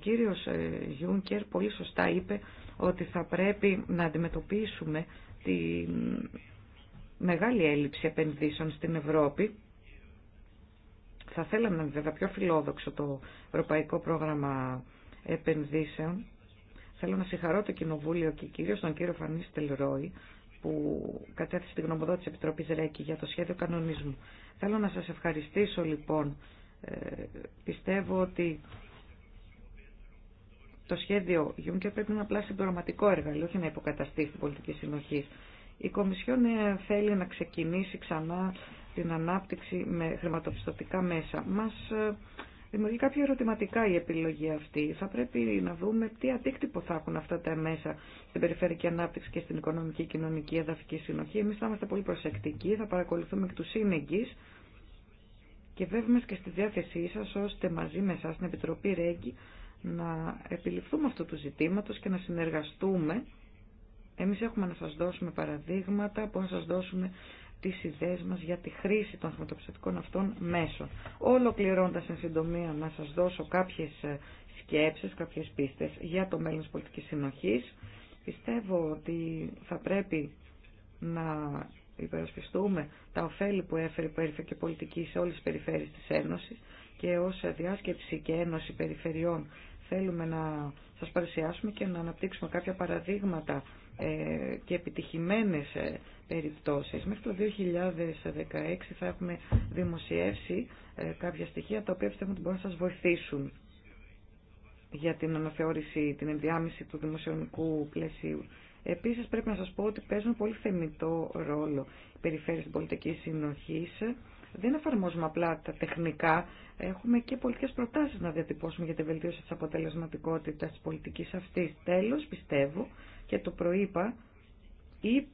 κύριος ε, Γιούνκερ πολύ σωστά είπε ότι θα πρέπει να αντιμετωπίσουμε τη μεγάλη έλλειψη επενδύσεων στην Ευρώπη. Θα θέλαμε βέβαια πιο φιλόδοξο το ευρωπαϊκό πρόγραμμα επενδύσεων. Θέλω να συγχαρώ το Κοινοβούλιο και κυρίως τον κύριο Φανίστελ που κατέθεσε την γνωμοδότηση της Επιτροπής ΡΕΚΙ για το σχέδιο κανονισμού. Θέλω να σας ευχαριστήσω λοιπόν. Ε, πιστεύω ότι το σχέδιο Γιούνκερ πρέπει να είναι απλά συμπληρωματικό εργαλείο, όχι να υποκαταστήσει την πολιτική συνοχή. Η Κομισιόν ε, θέλει να ξεκινήσει ξανά την ανάπτυξη με χρηματοπιστωτικά μέσα. Μας ε, Δημιουργεί κάποια ερωτηματικά η επιλογή αυτή. Θα πρέπει να δούμε τι αντίκτυπο θα έχουν αυτά τα μέσα στην περιφερειακή ανάπτυξη και στην οικονομική, κοινωνική, εδαφική συνοχή. Εμεί θα είμαστε πολύ προσεκτικοί, θα παρακολουθούμε και του σύνεγγυ και βέβαια και στη διάθεσή σα ώστε μαζί με εσά στην Επιτροπή Ρέγγι να επιληφθούμε αυτού του ζητήματο και να συνεργαστούμε. Εμεί έχουμε να σα δώσουμε παραδείγματα, που να σα δώσουμε τις ιδέες μας για τη χρήση των χρηματοπιστωτικών αυτών μέσων. Ολοκληρώντα εν συντομία να σας δώσω κάποιες ε, σκέψεις, κάποιες πίστες για το μέλλον της πολιτικής συνοχής. Πιστεύω ότι θα πρέπει να υπερασπιστούμε τα ωφέλη που έφερε η περιφερειακή πολιτική σε όλες τις περιφέρειες της Ένωσης και ως διάσκεψη και ένωση περιφερειών θέλουμε να σας παρουσιάσουμε και να αναπτύξουμε κάποια παραδείγματα ε, και επιτυχημένες ε, περιπτώσεις. Μέχρι το 2016 θα έχουμε δημοσιεύσει ε, κάποια στοιχεία τα οποία πιστεύουμε ότι μπορούν να σας βοηθήσουν για την αναθεώρηση, την ενδιάμεση του δημοσιονομικού πλαισίου. Επίσης πρέπει να σας πω ότι παίζουν πολύ θεμητό ρόλο οι περιφέρειες της πολιτικής συνοχής. Δεν εφαρμόζουμε απλά τα τεχνικά, έχουμε και πολιτικές προτάσεις να διατυπώσουμε για τη βελτίωση της αποτελεσματικότητας της πολιτικής αυτής. Τέλος, πιστεύω και το προείπα, η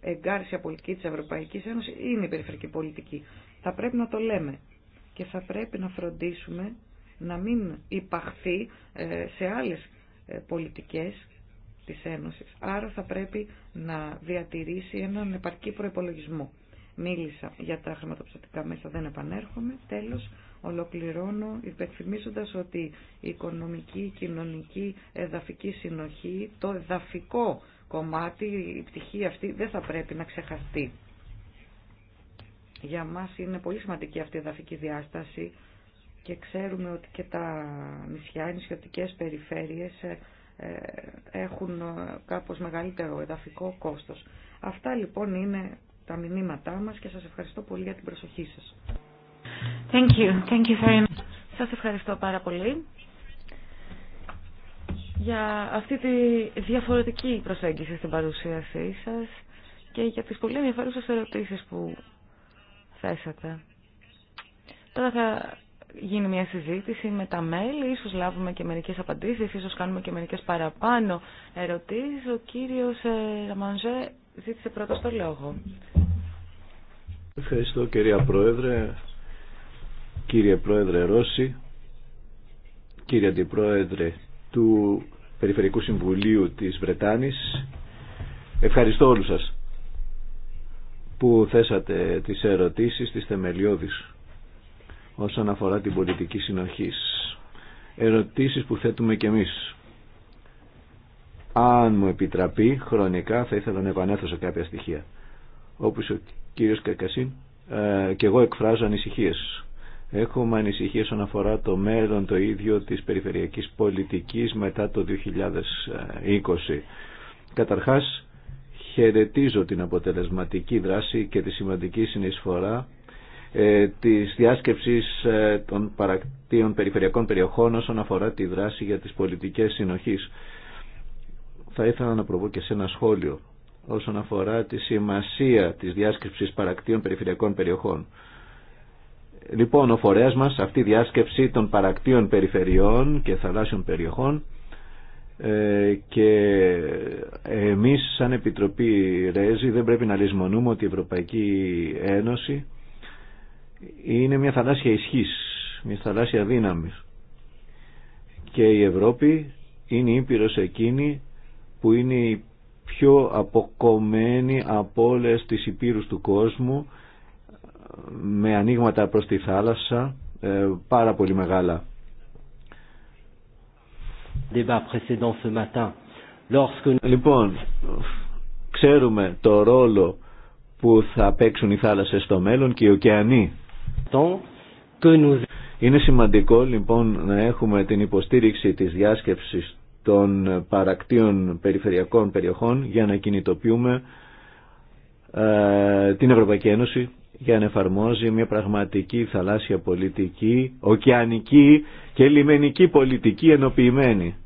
εγκάρσια πολιτική της Ευρωπαϊκής Ένωσης είναι η περιφερικη πολιτική. Θα πρέπει να το λέμε και θα πρέπει να φροντίσουμε να μην υπαχθεί ε, σε άλλες ε, πολιτικές της Ένωσης. Άρα θα πρέπει να διατηρήσει έναν επαρκή προϋπολογισμό. Μίλησα για τα χρηματοπιστωτικά μέσα, δεν επανέρχομαι. Τέλος, Ολοκληρώνω υπενθυμίζοντας ότι η οικονομική, η κοινωνική, εδαφική συνοχή, το εδαφικό κομμάτι, η πτυχή αυτή δεν θα πρέπει να ξεχαστεί. Για μας είναι πολύ σημαντική αυτή η εδαφική διάσταση και ξέρουμε ότι και τα νησιά, οι νησιωτικές περιφέρειες ε, ε, έχουν ε, κάπως μεγαλύτερο εδαφικό κόστος. Αυτά λοιπόν είναι τα μηνύματά μας και σας ευχαριστώ πολύ για την προσοχή σας. Thank you. Thank you very much. Σας ευχαριστώ πάρα πολύ για αυτή τη διαφορετική προσέγγιση στην παρουσίασή σας και για τις πολύ ενδιαφέρουσες ερωτήσεις που θέσατε. Τώρα θα γίνει μια συζήτηση με τα μέλη, ίσως λάβουμε και μερικές απαντήσεις, ίσως κάνουμε και μερικές παραπάνω ερωτήσεις. Ο κύριος ε, Ραμανζέ ζήτησε πρώτα στο λόγο. Ευχαριστώ κυρία Πρόεδρε κύριε Πρόεδρε Ρώση, κύριε Αντιπρόεδρε του Περιφερικού Συμβουλίου της Βρετάνης. Ευχαριστώ όλους σας που θέσατε τις ερωτήσεις της θεμελιώδης όσον αφορά την πολιτική συνοχής. Ερωτήσεις που θέτουμε κι εμείς. Αν μου επιτραπεί χρονικά θα ήθελα να επανέλθω σε κάποια στοιχεία. Όπως ο κύριος Κακασίν ε, και εγώ εκφράζω ανησυχίες Έχουμε ανησυχίε όσον αφορά το μέλλον το ίδιο της περιφερειακής πολιτικής μετά το 2020. Καταρχάς, χαιρετίζω την αποτελεσματική δράση και τη σημαντική συνεισφορά ε, της διάσκεψης ε, των παρακτήων περιφερειακών περιοχών όσον αφορά τη δράση για τις πολιτικές συνοχής. Θα ήθελα να προβώ και σε ένα σχόλιο όσον αφορά τη σημασία της διάσκεψης παρακτήων περιφερειακών περιοχών. Λοιπόν, ο φορέας μας, αυτή η διάσκεψη των παρακτήων περιφερειών και θαλάσσιων περιοχών ε, και εμείς σαν Επιτροπή Ρέζη δεν πρέπει να λησμονούμε ότι η Ευρωπαϊκή Ένωση είναι μια θαλάσσια ισχύς, μια θαλάσσια δύναμη και η Ευρώπη είναι η Ήπειρος εκείνη που είναι η πιο αποκομμένη από όλες τις υπήρους του κόσμου με ανοίγματα προς τη θάλασσα ε, πάρα πολύ μεγάλα. Λοιπόν, ξέρουμε το ρόλο που θα παίξουν οι θάλασσες στο μέλλον και οι ωκεανοί. Είναι σημαντικό λοιπόν να έχουμε την υποστήριξη της διάσκεψης των παρακτήων περιφερειακών περιοχών για να κινητοποιούμε ε, την Ευρωπαϊκή Ένωση για να εφαρμόζει μια πραγματική θαλάσσια πολιτική, ωκεανική και λιμενική πολιτική ενοποιημένη.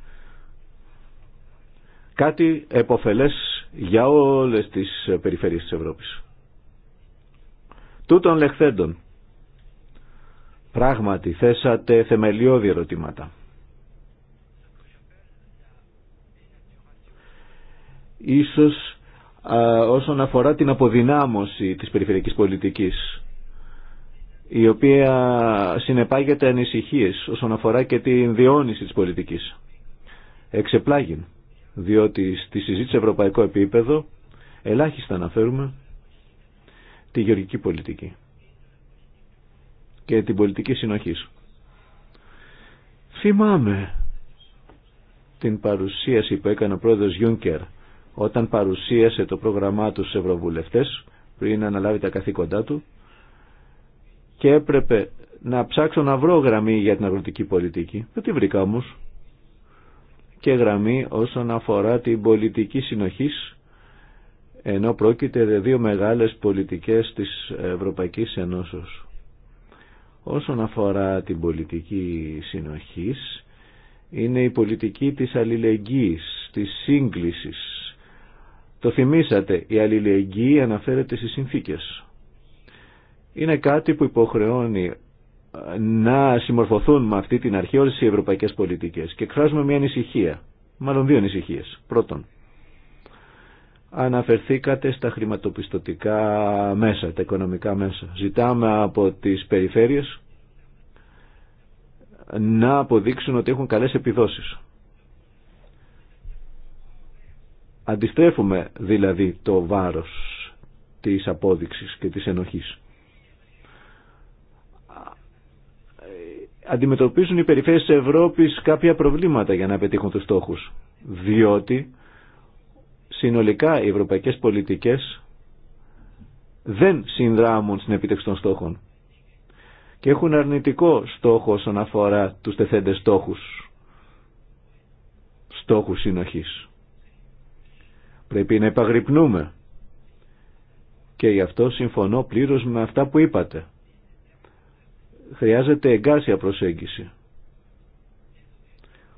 Κάτι εποφελές για όλες τις περιφέρειες της Ευρώπης. Τούτων λεχθέντων. Πράγματι θέσατε θεμελιώδη ερωτήματα. Ίσως όσον αφορά την αποδυνάμωση της περιφερειακής πολιτικής η οποία συνεπάγεται ανησυχίες όσον αφορά και την διόνυση της πολιτικής. Εξεπλάγει, διότι στη συζήτηση ευρωπαϊκό επίπεδο ελάχιστα αναφέρουμε τη γεωργική πολιτική και την πολιτική συνοχής. Θυμάμαι την παρουσίαση που έκανε ο πρόεδρος Γιούνκερ όταν παρουσίασε το πρόγραμμά του στους ευρωβουλευτές πριν αναλάβει τα καθήκοντά του και έπρεπε να ψάξω να βρω γραμμή για την αγροτική πολιτική. Δεν τη βρήκα Και γραμμή όσον αφορά την πολιτική συνοχής ενώ πρόκειται για δύο μεγάλες πολιτικές της Ευρωπαϊκής Ενώσεως. Όσον αφορά την πολιτική συνοχής, είναι η πολιτική της αλληλεγγύης, της σύγκλησης, το θυμήσατε, η αλληλεγγύη αναφέρεται στις συνθήκες. Είναι κάτι που υποχρεώνει ε, να συμμορφωθούν με αυτή την αρχή όλες οι ευρωπαϊκές πολιτικές και εκφράζουμε μια ανησυχία, μάλλον δύο ανησυχίες. Πρώτον, αναφερθήκατε στα χρηματοπιστωτικά μέσα, τα οικονομικά μέσα. Ζητάμε από τις περιφέρειες να αποδείξουν ότι έχουν καλές επιδόσεις. Αντιστρέφουμε δηλαδή το βάρος της απόδειξης και της ενοχής. Αντιμετωπίζουν οι περιφέρειες της Ευρώπης κάποια προβλήματα για να πετύχουν τους στόχους, διότι συνολικά οι ευρωπαϊκές πολιτικές δεν συνδράμουν στην επίτευξη των στόχων και έχουν αρνητικό στόχο όσον αφορά τους τεθέντες στόχους, στόχους συνοχής. Πρέπει να επαγρυπνούμε. Και γι' αυτό συμφωνώ πλήρως με αυτά που είπατε. Χρειάζεται εγκάσια προσέγγιση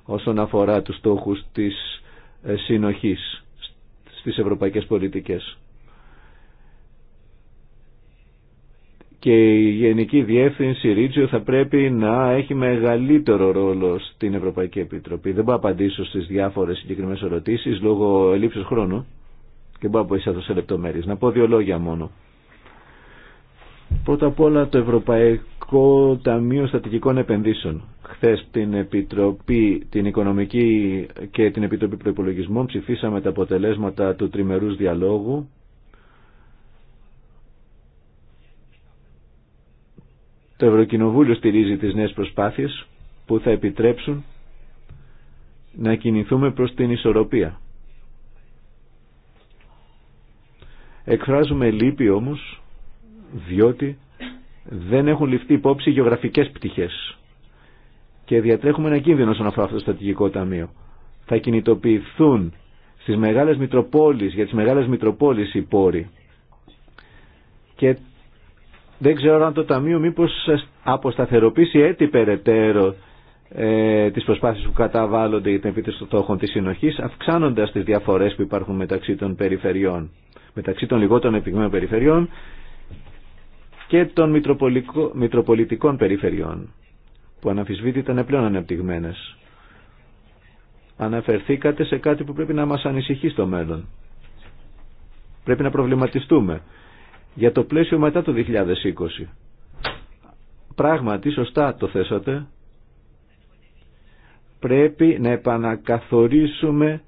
όσον αφορά τους στόχους της ε, συνοχής στις ευρωπαϊκές πολιτικές. και η Γενική Διεύθυνση Ρίτζιο θα πρέπει να έχει μεγαλύτερο ρόλο στην Ευρωπαϊκή Επιτροπή. Δεν μπορώ να απαντήσω στι διάφορε συγκεκριμένε ερωτήσει λόγω ελλείψεω χρόνου και μπορώ να πω σε λεπτομέρειε. Να πω δύο λόγια μόνο. Πρώτα απ' όλα το Ευρωπαϊκό Ταμείο Στατικικών Επενδύσεων. Χθε την Επιτροπή την Οικονομική και την Επιτροπή Προπολογισμών ψηφίσαμε τα αποτελέσματα του τριμερού διαλόγου Το Ευρωκοινοβούλιο στηρίζει τις νέες προσπάθειες που θα επιτρέψουν να κινηθούμε προς την ισορροπία. Εκφράζουμε λύπη όμως διότι δεν έχουν ληφθεί υπόψη γεωγραφικές πτυχές και διατρέχουμε ένα κίνδυνο στον αφορά αυτό το στρατηγικό ταμείο. Θα κινητοποιηθούν στις μεγάλες μητροπόλεις, για τις μεγάλες μητροπόλεις οι πόροι και δεν ξέρω αν το Ταμείο μήπως αποσταθεροποιήσει έτσι περαιτέρω ε, τις προσπάθειες που καταβάλλονται για την επίτευξη των στόχων της συνοχής, αυξάνοντας τις διαφορές που υπάρχουν μεταξύ των περιφερειών, μεταξύ των λιγότερων επιγμένων περιφερειών και των μητροπολιτικών περιφερειών, που αναμφισβήτητα είναι πλέον ανεπτυγμένες. Αναφερθήκατε σε κάτι που πρέπει να μας ανησυχεί στο μέλλον. Πρέπει να προβληματιστούμε για το πλαίσιο μετά το 2020. Πράγματι, σωστά το θέσατε, πρέπει να επανακαθορίσουμε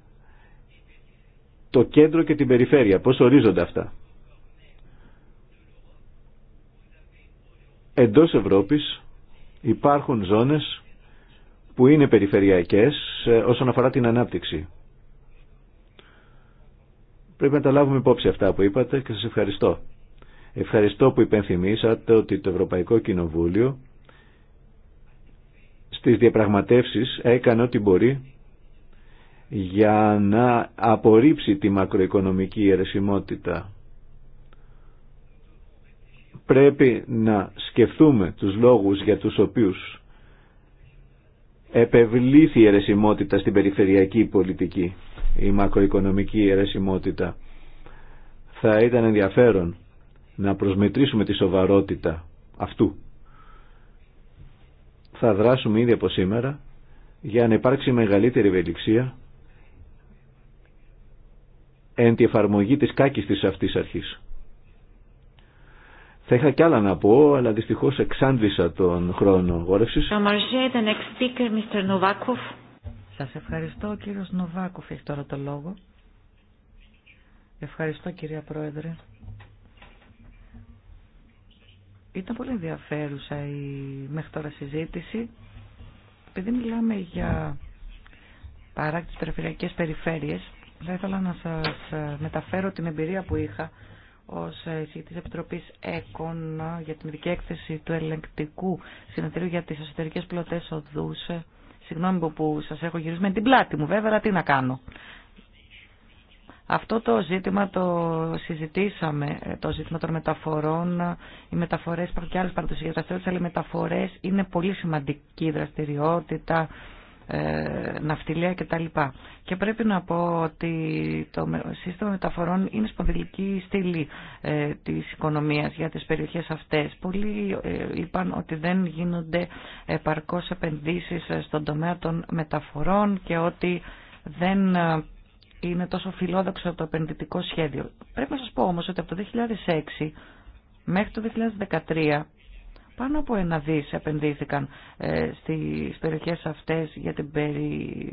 το κέντρο και την περιφέρεια. Πώς ορίζονται αυτά. Εντός Ευρώπης υπάρχουν ζώνες που είναι περιφερειακές ε, όσον αφορά την ανάπτυξη. Πρέπει να τα λάβουμε υπόψη αυτά που είπατε και σας ευχαριστώ. Ευχαριστώ που υπενθυμίσατε ότι το Ευρωπαϊκό Κοινοβούλιο στις διαπραγματεύσεις έκανε ό,τι μπορεί για να απορρίψει τη μακροοικονομική αιρεσιμότητα. Πρέπει να σκεφτούμε τους λόγους για τους οποίους επευλήθη η αιρεσιμότητα στην περιφερειακή πολιτική, η μακροοικονομική αιρεσιμότητα. Θα ήταν ενδιαφέρον να προσμετρήσουμε τη σοβαρότητα αυτού. Θα δράσουμε ήδη από σήμερα για να υπάρξει μεγαλύτερη ευελιξία εν τη εφαρμογή της της αυτής αρχής. Θα είχα κι άλλα να πω, αλλά δυστυχώς εξάντλησα τον χρόνο γόρευσης. Σας ευχαριστώ, κύριος Νοβάκοφ έχει τώρα το λόγο. Ευχαριστώ, κυρία Πρόεδρε. Ήταν πολύ ενδιαφέρουσα η μέχρι τώρα συζήτηση. Επειδή μιλάμε για παράκτης περιφερειακές περιφέρειες, θα ήθελα να σας μεταφέρω την εμπειρία που είχα ως εισηγητής Επιτροπής ΕΚΟΝ για την ειδική έκθεση του ελεγκτικού συνεδρίου για τις εσωτερικές πλωτές οδούς. Συγγνώμη που σας έχω γυρίσει με την πλάτη μου βέβαια, αλλά τι να κάνω. Αυτό το ζήτημα το συζητήσαμε, το ζήτημα των μεταφορών. Οι μεταφορές, υπάρχουν και άλλε παραδοσιακέ δραστηριότητε, αλλά οι μεταφορέ είναι πολύ σημαντική δραστηριότητα, ε, ναυτιλία κτλ. Και πρέπει να πω ότι το σύστημα μεταφορών είναι σπονδυλική στήλη ε, της οικονομίας για τις περιοχές αυτές. Πολλοί ε, είπαν ότι δεν γίνονται επαρκώ επενδύσεις στον τομέα των μεταφορών και ότι δεν είναι τόσο φιλόδοξο το επενδυτικό σχέδιο. Πρέπει να σας πω όμως ότι από το 2006 μέχρι το 2013 πάνω από ένα δις επενδύθηκαν ε, στις περιοχές αυτές για την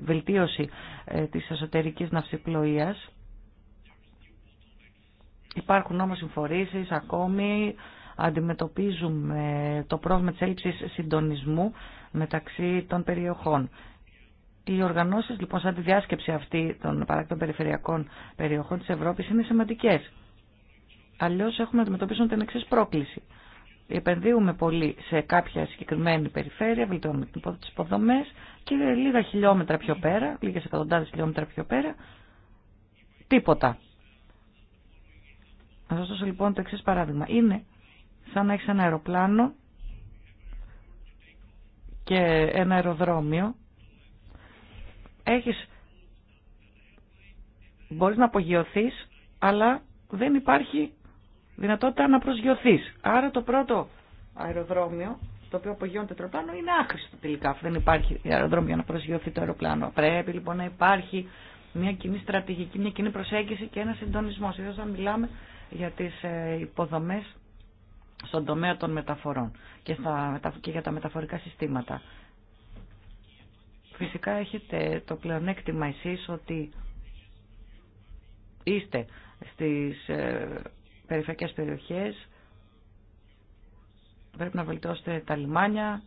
βελτίωση ε, της εσωτερικής ναυσιπλοείας. Υπάρχουν όμως συμφορήσεις ακόμη, αντιμετωπίζουμε το πρόβλημα της έλλειψης συντονισμού μεταξύ των περιοχών. Οι οργανώσει λοιπόν σαν τη διάσκεψη αυτή των παράκτων περιφερειακών περιοχών τη Ευρώπη είναι σημαντικέ. Αλλιώ έχουμε να αντιμετωπίσουμε την εξή πρόκληση. Επενδύουμε πολύ σε κάποια συγκεκριμένη περιφέρεια, βελτιώνουμε τις υποδομέ και λίγα χιλιόμετρα πιο πέρα, λίγε εκατοντάδε χιλιόμετρα πιο πέρα, τίποτα. Να σα δώσω λοιπόν το εξή παράδειγμα. Είναι σαν να έχει ένα αεροπλάνο και ένα αεροδρόμιο έχεις, μπορείς να απογειωθείς, αλλά δεν υπάρχει δυνατότητα να προσγειωθείς. Άρα το πρώτο αεροδρόμιο, το οποίο απογειώνεται το είναι άχρηστο τελικά, αφού δεν υπάρχει αεροδρόμιο να προσγειωθεί το αεροπλάνο. Πρέπει λοιπόν να υπάρχει μια κοινή στρατηγική, μια κοινή προσέγγιση και ένα συντονισμό. Ιδίω όταν μιλάμε για τι ε, υποδομέ στον τομέα των μεταφορών και, και για τα μεταφορικά συστήματα. Φυσικά έχετε το πλεονέκτημα εσείς ότι είστε στις ε, περιφερειακές περιοχές, πρέπει να βελτιώσετε τα λιμάνια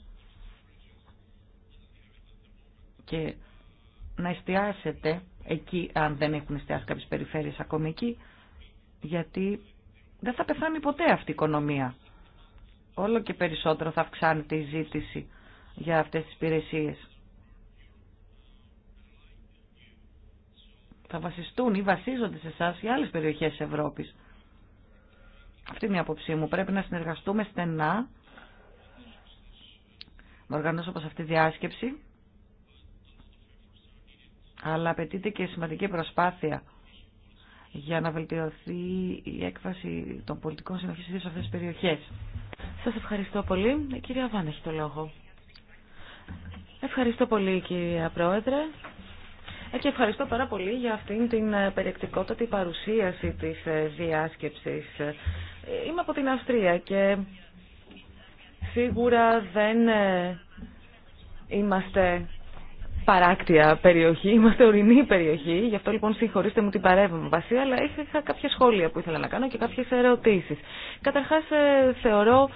και να εστιάσετε εκεί, αν δεν έχουν εστιάσει κάποιες περιφέρειες ακόμη εκεί, γιατί δεν θα πεθάνει ποτέ αυτή η οικονομία. Όλο και περισσότερο θα αυξάνεται η ζήτηση για αυτές τις υπηρεσίες. θα βασιστούν ή βασίζονται σε εσά ή άλλες περιοχές της Ευρώπης. Αυτή είναι η βασιζονται σε εσα η αλλες περιοχες τη ευρωπης αυτη ειναι η αποψη μου. Πρέπει να συνεργαστούμε στενά με οργανωσει όπω αυτή τη διάσκεψη, αλλά απαιτείται και σημαντική προσπάθεια για να βελτιωθεί η έκφραση των πολιτικών συνοχής σε αυτές τις περιοχές. Σας ευχαριστώ πολύ. κυρία Βάν έχει το λόγο. Ευχαριστώ πολύ κυρία Πρόεδρε. Και ευχαριστώ πάρα πολύ για αυτήν την ε, περιεκτικότατη παρουσίαση της ε, διάσκεψης. Ε, είμαι από την Αυστρία και σίγουρα δεν είμαστε παράκτια περιοχή, είμαστε ορεινή περιοχή, γι' αυτό λοιπόν συγχωρήστε μου την παρέμβαση, αλλά είχα κάποια σχόλια που ήθελα να κάνω και κάποιες ερωτήσεις. Καταρχάς θεωρώ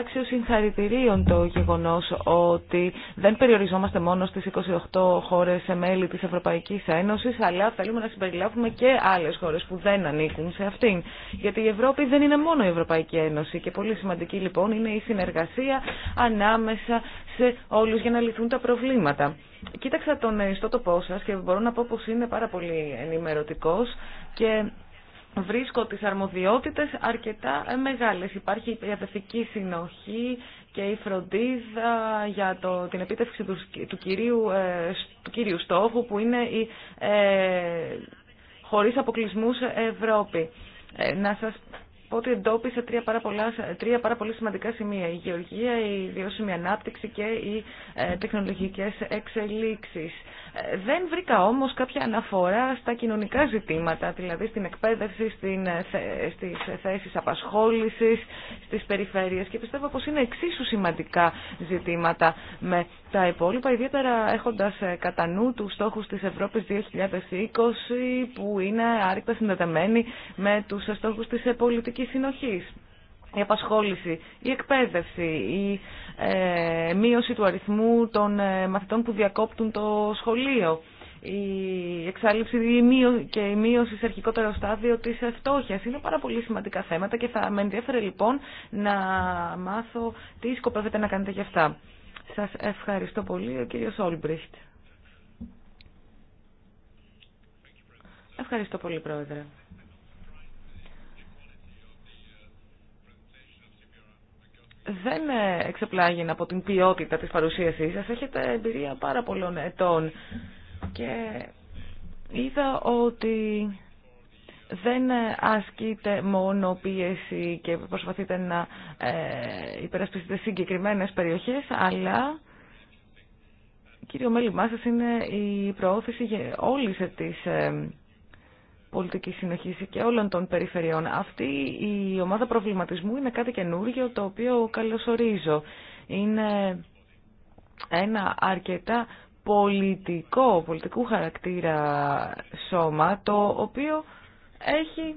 άξιο συγχαρητηρίων το γεγονός ότι δεν περιοριζόμαστε μόνο στις 28 χώρες μέλη της Ευρωπαϊκής Ένωσης, αλλά θέλουμε να συμπεριλάβουμε και άλλες χώρες που δεν ανήκουν σε αυτήν. Γιατί η Ευρώπη δεν είναι μόνο η Ευρωπαϊκή Ένωση και πολύ σημαντική λοιπόν είναι η συνεργασία ανάμεσα σε όλους για να λυθούν τα προβλήματα. Κοίταξα τον ιστότοπό σας και μπορώ να πω πως είναι πάρα πολύ ενημερωτικός και βρίσκω τις αρμοδιότητες αρκετά μεγάλες. Υπάρχει η αδερφική συνοχή και η φροντίδα για το, την επίτευξη του, του, κυρίου, ε, του κυρίου στόχου που είναι η ε, χωρίς αποκλεισμούς Ευρώπη. Ε, να σας πω ότι εντόπισα τρία πάρα, πολλά, τρία πάρα πολύ σημαντικά σημεία. Η γεωργία, η βιώσιμη ανάπτυξη και οι ε, τεχνολογικές εξελίξεις. Δεν βρήκα όμως κάποια αναφορά στα κοινωνικά ζητήματα, δηλαδή στην εκπαίδευση, στην, ε, στις θέσεις απασχόλησης, στις περιφέρειες και πιστεύω πως είναι εξίσου σημαντικά ζητήματα με τα υπόλοιπα, ιδιαίτερα έχοντας ε, κατά νου τους στόχους της Ευρώπης 2020 που είναι άρρηκτα συνδεδεμένοι με τους στόχους της ε, πολιτικής συνοχής. Η απασχόληση, η εκπαίδευση, η ε, μείωση του αριθμού των ε, μαθητών που διακόπτουν το σχολείο, η εξάλληψη και η μείωση σε αρχικότερο στάδιο της φτώχεια. Είναι πάρα πολύ σημαντικά θέματα και θα με ενδιαφέρε λοιπόν να μάθω τι σκοπεύετε να κάνετε για αυτά. Σας ευχαριστώ πολύ, ο κύριος Όλμπριχτ. Ευχαριστώ πολύ, Πρόεδρε. δεν ε, εξεπλάγει από την ποιότητα της παρουσίασής σας. Έχετε εμπειρία πάρα πολλών ετών και είδα ότι δεν ε, ασκείτε μόνο πίεση και προσπαθείτε να ε, υπερασπιστείτε συγκεκριμένες περιοχές, αλλά κύριο μέλημά σας είναι η προώθηση όλης της ε, πολιτική συνοχής και όλων των περιφερειών. Αυτή η ομάδα προβληματισμού είναι κάτι καινούργιο το οποίο καλωσορίζω. Είναι ένα αρκετά πολιτικό, πολιτικού χαρακτήρα σώμα το οποίο έχει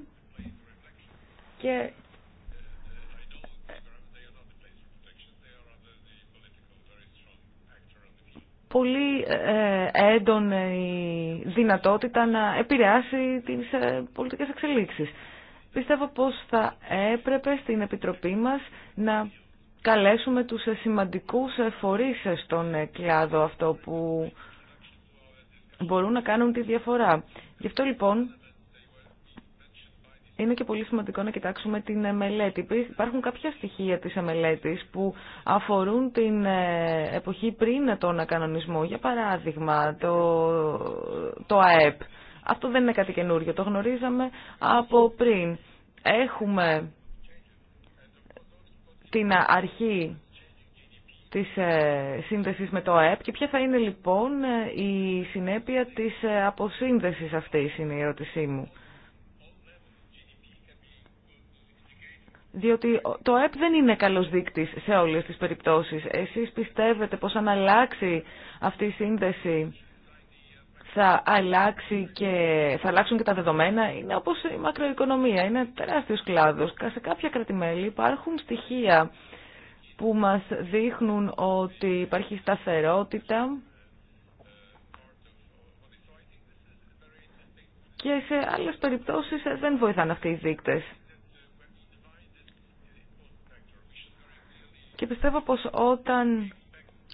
και πολύ ε, έντονη δυνατότητα να επηρεάσει τις ε, πολιτικές εξελίξεις. Πιστεύω πως θα έπρεπε στην Επιτροπή μας να καλέσουμε τους ε, σημαντικούς φορείς στον κλάδο αυτό που μπορούν να κάνουν τη διαφορά. Γι' αυτό λοιπόν είναι και πολύ σημαντικό να κοιτάξουμε την ε, μελέτη. Υπάρχουν κάποια στοιχεία της ε, μελέτης που αφορούν την ε, εποχή πριν τον κανονισμό. Για παράδειγμα, το, το ΑΕΠ. Αυτό δεν είναι κάτι καινούριο, το γνωρίζαμε από πριν. Έχουμε την αρχή της σύνδεσης με το ΑΕΠ και ποια θα είναι λοιπόν η συνέπεια της αποσύνδεσης αυτής είναι η ερώτησή μου. Διότι το ΕΠ δεν είναι καλός δείκτης σε όλες τις περιπτώσεις. Εσείς πιστεύετε πως αν αλλάξει αυτή η σύνδεση θα, αλλάξει και, θα αλλάξουν και τα δεδομένα. Είναι όπως η μακροοικονομία, είναι τεράστιος κλάδος. Σε κάποια κρατημέλη υπάρχουν στοιχεία που μας δείχνουν ότι υπάρχει σταθερότητα και σε άλλες περιπτώσεις δεν βοηθάνε αυτοί οι δείκτες. Και πιστεύω πως όταν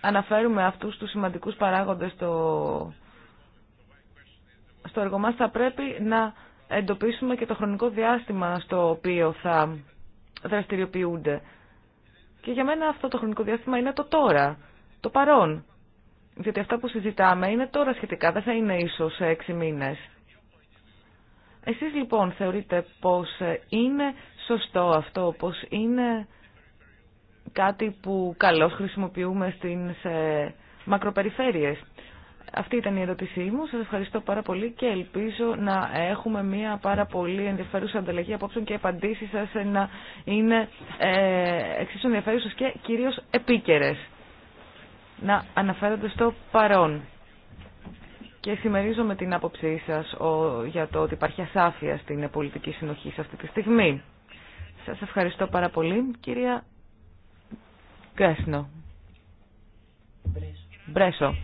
αναφέρουμε αυτούς τους σημαντικούς παράγοντες στο, στο έργο μας, θα πρέπει να εντοπίσουμε και το χρονικό διάστημα στο οποίο θα δραστηριοποιούνται. Και για μένα αυτό το χρονικό διάστημα είναι το τώρα, το παρόν. Διότι αυτά που συζητάμε είναι τώρα σχετικά, δεν θα είναι ίσως σε έξι μήνες. Εσείς λοιπόν θεωρείτε πως είναι σωστό αυτό, πως είναι κάτι που καλώς χρησιμοποιούμε στις μακροπεριφέρειες. Αυτή ήταν η ερώτησή μου. Σας ευχαριστώ πάρα πολύ και ελπίζω να έχουμε μια πάρα πολύ ενδιαφέρουσα ανταλλαγή απόψεων και απαντήσεις σας να είναι ε, εξίσου ενδιαφέρουσες και κυρίως επίκαιρες. Να αναφέρονται στο παρόν. Και με την άποψή σας για το ότι υπάρχει ασάφεια στην πολιτική συνοχή σε αυτή τη στιγμή. Σας ευχαριστώ πάρα πολύ, κυρία Κρέσνο. Μπρέσο.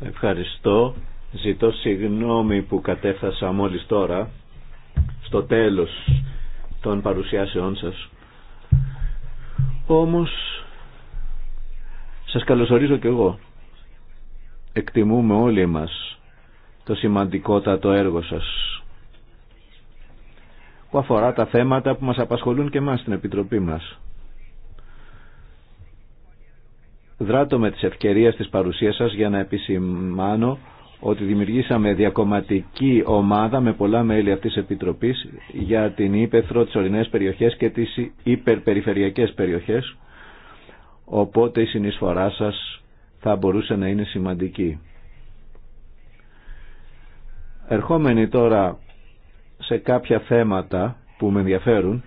Ευχαριστώ. Ζητώ συγγνώμη που κατέφθασα μόλις τώρα στο τέλος των παρουσιάσεών σας. Όμως σας καλωσορίζω κι εγώ. Εκτιμούμε όλοι μας το σημαντικότατο έργο σας που αφορά τα θέματα που μας απασχολούν και μας στην Επιτροπή μας. Δράτω με τις ευκαιρίες της παρουσίας σας για να επισημάνω ότι δημιουργήσαμε διακομματική ομάδα με πολλά μέλη αυτής της Επιτροπής για την ύπεθρο, τις ορεινές περιοχές και τις υπερπεριφερειακές περιοχές. Οπότε η συνεισφορά σας θα μπορούσε να είναι σημαντική. Ερχόμενοι τώρα σε κάποια θέματα που με ενδιαφέρουν,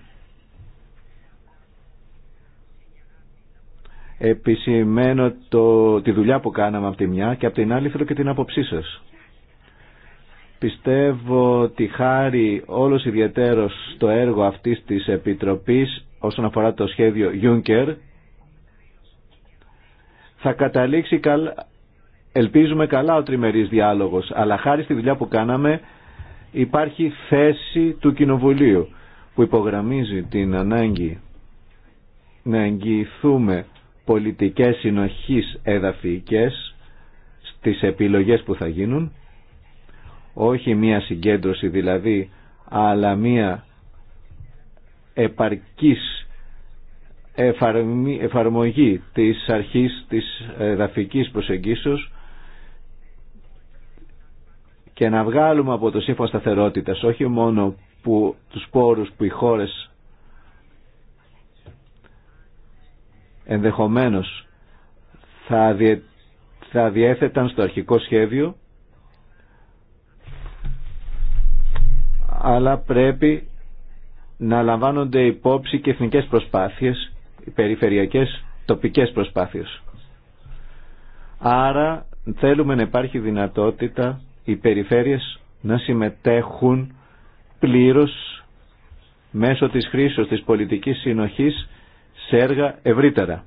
επισημαίνω το, τη δουλειά που κάναμε από τη μια και από την άλλη θέλω και την άποψή σα. Πιστεύω ότι χάρη όλος ιδιαίτερος το έργο αυτής της Επιτροπής όσον αφορά το σχέδιο Juncker θα καταλήξει ελπίζουμε καλά ο τριμερής διάλογος αλλά χάρη στη δουλειά που κάναμε υπάρχει θέση του Κοινοβουλίου που υπογραμμίζει την ανάγκη να εγγυηθούμε πολιτικές συνοχής εδαφικές στις επιλογές που θα γίνουν όχι μία συγκέντρωση δηλαδή αλλά μία επαρκής εφαρμογή της αρχής της εδαφικής προσεγγίσεως και να βγάλουμε από το σύμφωνο σταθερότητας όχι μόνο που, τους πόρους που οι χώρες ενδεχομένως θα, θα διέθεταν στο αρχικό σχέδιο αλλά πρέπει να λαμβάνονται υπόψη και εθνικές προσπάθειες, περιφερειακές, τοπικές προσπάθειες. Άρα θέλουμε να υπάρχει δυνατότητα οι περιφέρειες να συμμετέχουν πλήρως μέσω της χρήσης της πολιτικής συνοχής σε έργα ευρύτερα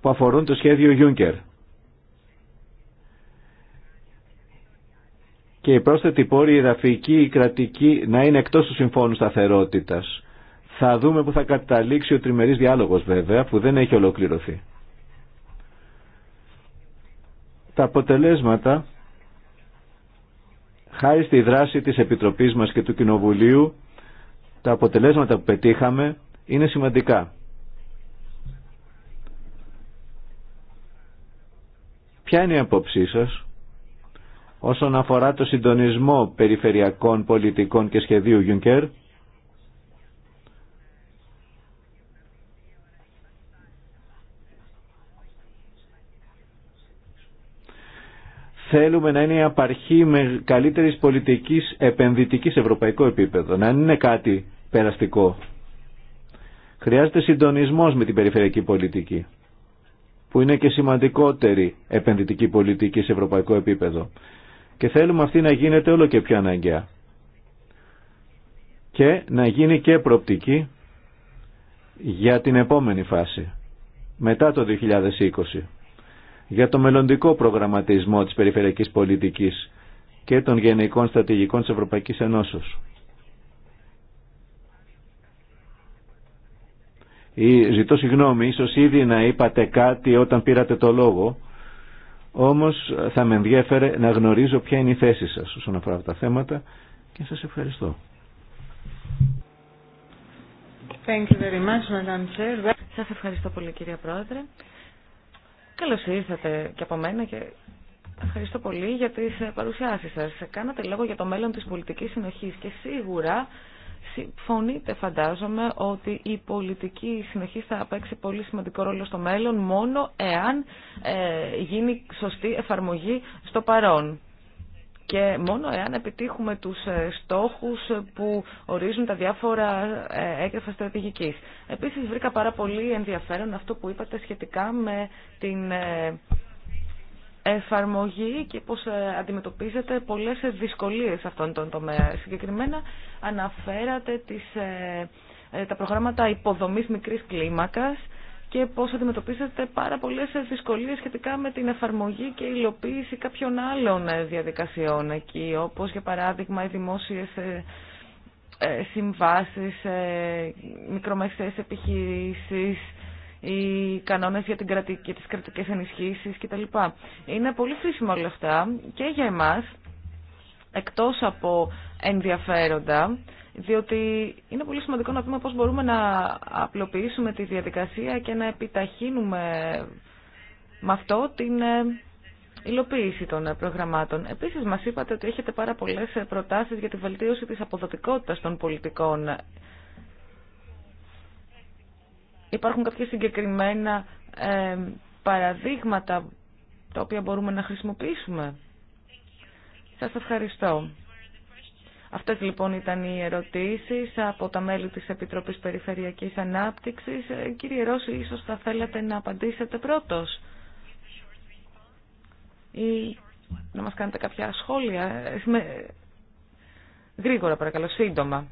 που αφορούν το σχέδιο Juncker. Και η πρόσθετη πόροι εδαφική κρατική να είναι εκτός του συμφώνου σταθερότητας. Θα δούμε που θα καταλήξει ο τριμερής διάλογος βέβαια που δεν έχει ολοκληρωθεί. Τα αποτελέσματα χάρη στη δράση της Επιτροπής μας και του Κοινοβουλίου τα αποτελέσματα που πετύχαμε είναι σημαντικά. Ποια είναι η απόψή σας όσον αφορά το συντονισμό περιφερειακών πολιτικών και σχεδίου Juncker θέλουμε να είναι η απαρχή με καλύτερης πολιτικής επενδυτικής ευρωπαϊκό επίπεδο, να είναι κάτι περαστικό. Χρειάζεται συντονισμός με την περιφερειακή πολιτική, που είναι και σημαντικότερη επενδυτική πολιτική σε ευρωπαϊκό επίπεδο. Και θέλουμε αυτή να γίνεται όλο και πιο αναγκαία. Και να γίνει και προπτική για την επόμενη φάση, μετά το 2020 για το μελλοντικό προγραμματισμό της περιφερειακής πολιτικής και των γενικών στρατηγικών της Ευρωπαϊκής Ενώσεως. Ή, ζητώ συγγνώμη, ίσως ήδη να είπατε κάτι όταν πήρατε το λόγο, όμως θα με ενδιέφερε να γνωρίζω ποια είναι η θέση σας όσον αφορά αυτά τα θέματα και σας ευχαριστώ. Thank you very much, Σας ευχαριστώ πολύ κυρία Πρόεδρε. Καλώ ήρθατε και από μένα και ευχαριστώ πολύ για τι ε, παρουσιάσει σα. Κάνατε λόγο για το μέλλον της πολιτικής συνοχή και σίγουρα συμφωνείτε φαντάζομαι ότι η πολιτική συνοχή θα παίξει πολύ σημαντικό ρόλο στο μέλλον μόνο εάν ε, γίνει σωστή εφαρμογή στο παρόν και μόνο εάν επιτύχουμε τους ε, στόχους που ορίζουν τα διάφορα ε, έγγραφα στρατηγικής. Επίσης βρήκα πάρα πολύ ενδιαφέρον αυτό που είπατε σχετικά με την ε, εφαρμογή και πώς αντιμετωπίζετε πολλές δυσκολίες σε αυτόν τον τομέα. Συγκεκριμένα αναφέρατε τις, τα προγράμματα υποδομής μικρής κλίμακας και πώς αντιμετωπίσατε πάρα πολλές δυσκολίες σχετικά με την εφαρμογή και υλοποίηση κάποιων άλλων διαδικασιών εκεί, όπως για παράδειγμα οι δημόσιες ε, ε, συμβάσεις, ε, μικρομεσαίες επιχειρήσεις, οι κανόνες για, την κρατική, για τις κρατικές ενισχύσεις κτλ. Είναι πολύ χρήσιμα όλα αυτά και για εμάς, εκτός από ενδιαφέροντα, διότι είναι πολύ σημαντικό να δούμε πώς μπορούμε να απλοποιήσουμε τη διαδικασία και να επιταχύνουμε με αυτό την ε, υλοποίηση των ε, προγραμμάτων. Επίσης μας είπατε ότι έχετε πάρα πολλές ε, προτάσεις για τη βελτίωση της αποδοτικότητας των πολιτικών. Υπάρχουν κάποια συγκεκριμένα παραδείγματα τα οποία μπορούμε να χρησιμοποιήσουμε. Σας ευχαριστώ. Αυτές λοιπόν ήταν οι ερωτήσεις από τα μέλη της Επιτροπής Περιφερειακής Ανάπτυξης. Ε, κύριε Ρώση, ίσως θα θέλατε να απαντήσετε πρώτος ή να μας κάνετε κάποια σχόλια. Ε, γρήγορα παρακαλώ, σύντομα.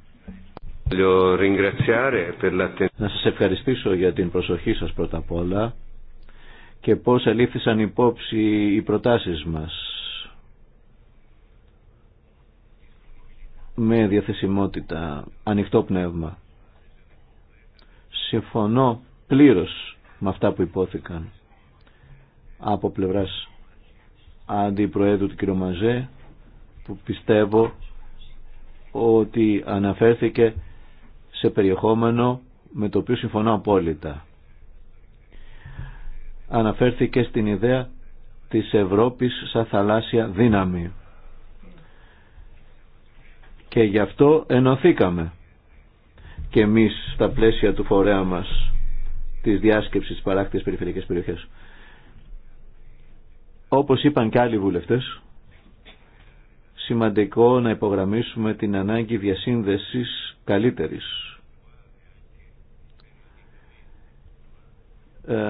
Να σας ευχαριστήσω για την προσοχή σας πρώτα απ' όλα και πώς ελήφθησαν υπόψη οι προτάσεις μας με διαθεσιμότητα, ανοιχτό πνεύμα. Συμφωνώ πλήρως με αυτά που υπόθηκαν από πλευράς αντιπροέδρου του κ. Μαζέ που πιστεύω ότι αναφέρθηκε σε περιεχόμενο με το οποίο συμφωνώ απόλυτα. Αναφέρθηκε στην ιδέα της Ευρώπης σαν θαλάσσια δύναμη και γι' αυτό ενωθήκαμε και εμείς στα πλαίσια του φορέα μας της διάσκεψης παράκτης περιφερειακές περιοχές. Όπως είπαν και άλλοι βουλευτές, σημαντικό να υπογραμμίσουμε την ανάγκη διασύνδεσης καλύτερης. Ε,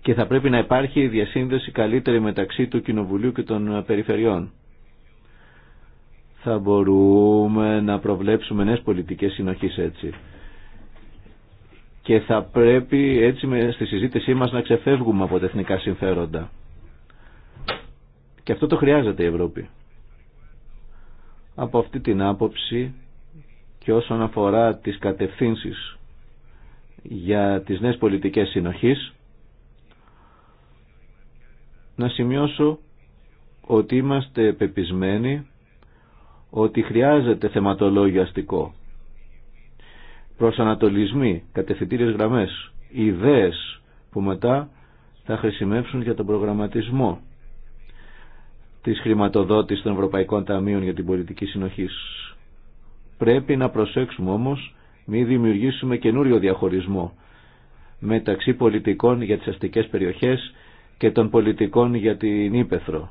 και θα πρέπει να υπάρχει διασύνδεση καλύτερη μεταξύ του Κοινοβουλίου και των Περιφερειών θα μπορούμε να προβλέψουμε νέες πολιτικές συνοχής έτσι. Και θα πρέπει έτσι με, στη συζήτησή μας να ξεφεύγουμε από τα εθνικά συμφέροντα. Και αυτό το χρειάζεται η Ευρώπη. Από αυτή την άποψη και όσον αφορά τις κατευθύνσεις για τις νέες πολιτικές συνοχής, να σημειώσω ότι είμαστε πεπισμένοι ότι χρειάζεται θεματολόγιο αστικό. Προσανατολισμοί, κατευθυντήριες γραμμές, ιδέες που μετά θα χρησιμεύσουν για τον προγραμματισμό της χρηματοδότησης των Ευρωπαϊκών Ταμείων για την πολιτική συνοχής. Πρέπει να προσέξουμε όμως μη δημιουργήσουμε καινούριο διαχωρισμό μεταξύ πολιτικών για τις αστικές περιοχές και των πολιτικών για την Ήπεθρο.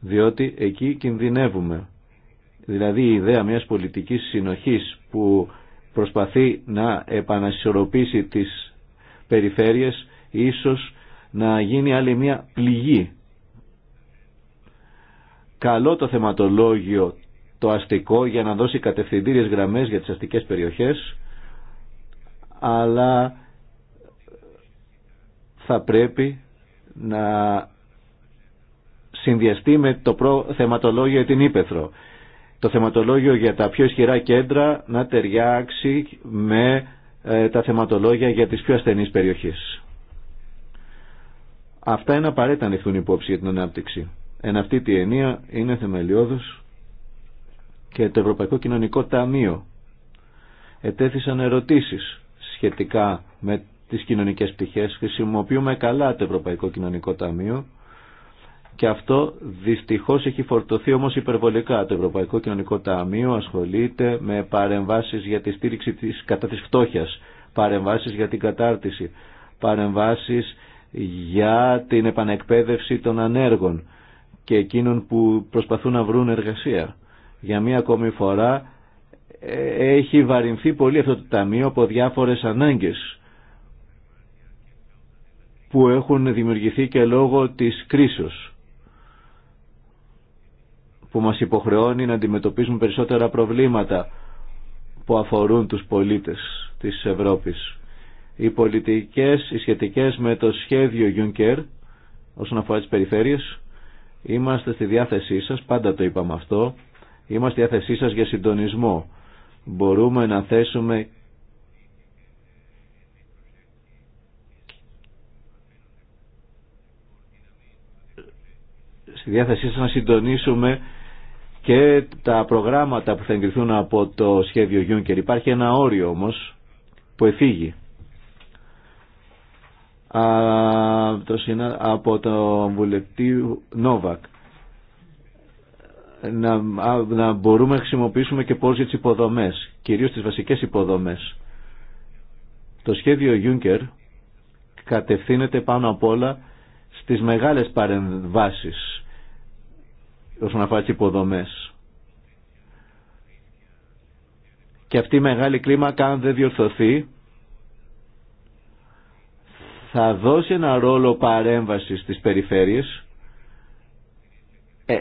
Διότι εκεί κινδυνεύουμε Δηλαδή η ιδέα μιας πολιτικής συνοχής που προσπαθεί να επανασυσορροπήσει τις περιφέρειες ίσως να γίνει άλλη μια πληγή. Καλό το θεματολόγιο το αστικό για να δώσει κατευθυντήριες γραμμές για τις αστικές περιοχές αλλά θα πρέπει να συνδυαστεί με το προ θεματολόγιο την Ήπεθρο το θεματολόγιο για τα πιο ισχυρά κέντρα να ταιριάξει με ε, τα θεματολόγια για τις πιο ασθενείς περιοχές. Αυτά είναι απαραίτητα ανοιχτούν υπόψη για την ανάπτυξη. Εν αυτή τη ενία είναι θεμελιώδος και το Ευρωπαϊκό Κοινωνικό Ταμείο. Ετέθησαν ερωτήσεις σχετικά με τις κοινωνικές πτυχές. Χρησιμοποιούμε καλά το Ευρωπαϊκό Κοινωνικό Ταμείο και αυτό δυστυχώς έχει φορτωθεί όμως υπερβολικά. Το Ευρωπαϊκό Κοινωνικό Ταμείο ασχολείται με παρεμβάσεις για τη στήριξη της, κατά της φτώχειας, παρεμβάσεις για την κατάρτιση, παρεμβάσεις για την επανεκπαίδευση των ανέργων και εκείνων που προσπαθούν να βρουν εργασία. Για μία ακόμη φορά ε, έχει βαρυνθεί πολύ αυτό το ταμείο από διάφορες ανάγκες που έχουν δημιουργηθεί και λόγω της κρίσης που μας υποχρεώνει να αντιμετωπίζουμε περισσότερα προβλήματα που αφορούν τους πολίτες της Ευρώπης. Οι πολιτικές, οι σχετικές με το σχέδιο Juncker, όσον αφορά τις περιφέρειες, είμαστε στη διάθεσή σας, πάντα το είπαμε αυτό, είμαστε στη διάθεσή σας για συντονισμό. Μπορούμε να θέσουμε στη διάθεσή σας να συντονίσουμε και τα προγράμματα που θα εγκριθούν από το σχέδιο Juncker. Υπάρχει ένα όριο όμως που εφήγει από το βουλευτή Νόβακ να, να μπορούμε να χρησιμοποιήσουμε και πώς για τις υποδομές, κυρίως τις βασικές υποδομές. Το σχέδιο Juncker κατευθύνεται πάνω απ' όλα στις μεγάλες παρεμβάσεις όσον αφορά τις υποδομές. Και αυτή η μεγάλη κλίμακα αν δεν διορθωθεί θα δώσει ένα ρόλο παρέμβασης στις περιφέρειες ε,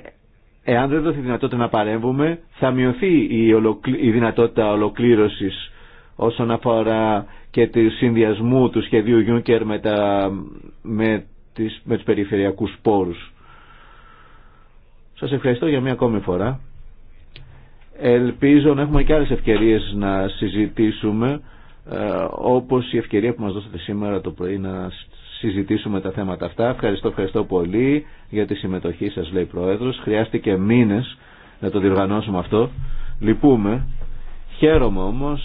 εάν δεν δοθεί δυνατότητα να παρέμβουμε θα μειωθεί η, δυνατότητα ολοκλήρωσης όσον αφορά και τη συνδυασμού του σχεδίου Juncker με, τα, με, τις, με τους πόρους. Σας ευχαριστώ για μια ακόμη φορά. Ελπίζω να έχουμε και άλλες ευκαιρίες να συζητήσουμε ε, όπως η ευκαιρία που μας δώσατε σήμερα το πρωί να συζητήσουμε τα θέματα αυτά. Ευχαριστώ, ευχαριστώ πολύ για τη συμμετοχή σας, λέει η Πρόεδρος. Χρειάστηκε μήνες να το διοργανώσουμε αυτό. Λυπούμε. Χαίρομαι όμως,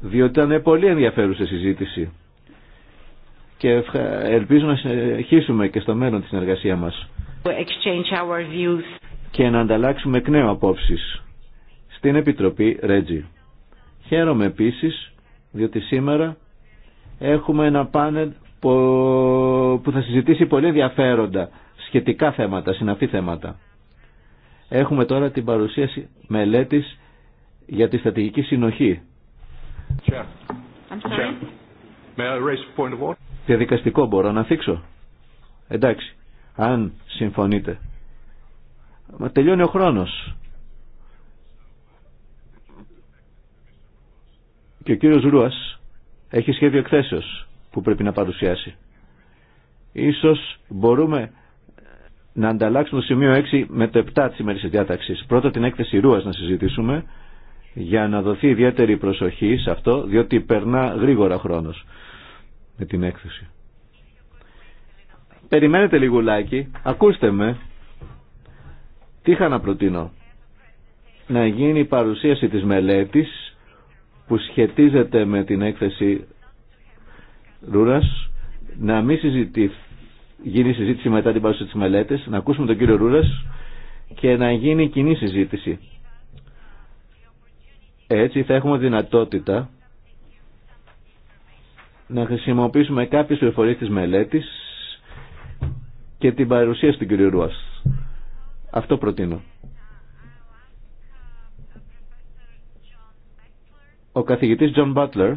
διότι ήταν πολύ ενδιαφέρουσα συζήτηση. Και ελπίζω να συνεχίσουμε και στο μέλλον τη συνεργασία μας και να ανταλλάξουμε εκ νέου απόψεις στην Επιτροπή Ρέτζι. Χαίρομαι επίση, διότι σήμερα έχουμε ένα πάνελ που θα συζητήσει πολύ ενδιαφέροντα σχετικά θέματα, συναφή θέματα. Έχουμε τώρα την παρουσίαση μελέτης για τη στρατηγική συνοχή. Διαδικαστικό μπορώ να θίξω. Εντάξει αν συμφωνείτε. Μα τελειώνει ο χρόνος. Και ο κύριος Ρούας έχει σχέδιο εκθέσεως που πρέπει να παρουσιάσει. Ίσως μπορούμε να ανταλλάξουμε το σημείο 6 με το 7 της ημέρης διάταξης. Πρώτα την έκθεση Ρούας να συζητήσουμε για να δοθεί ιδιαίτερη προσοχή σε αυτό, διότι περνά γρήγορα χρόνος με την έκθεση. Περιμένετε λιγουλάκι, ακούστε με. Τι είχα να προτείνω. Να γίνει η παρουσίαση της μελέτης που σχετίζεται με την έκθεση Ρούρας, να μην συζητηθεί γίνει συζήτηση μετά την παρουσίαση της μελέτης, να ακούσουμε τον κύριο Ρούρας και να γίνει κοινή συζήτηση. Έτσι θα έχουμε δυνατότητα να χρησιμοποιήσουμε κάποιες πληροφορίες της μελέτης και την παρουσία του κυρία Ρουάς. Αυτό προτείνω. Ο καθηγητής John Butler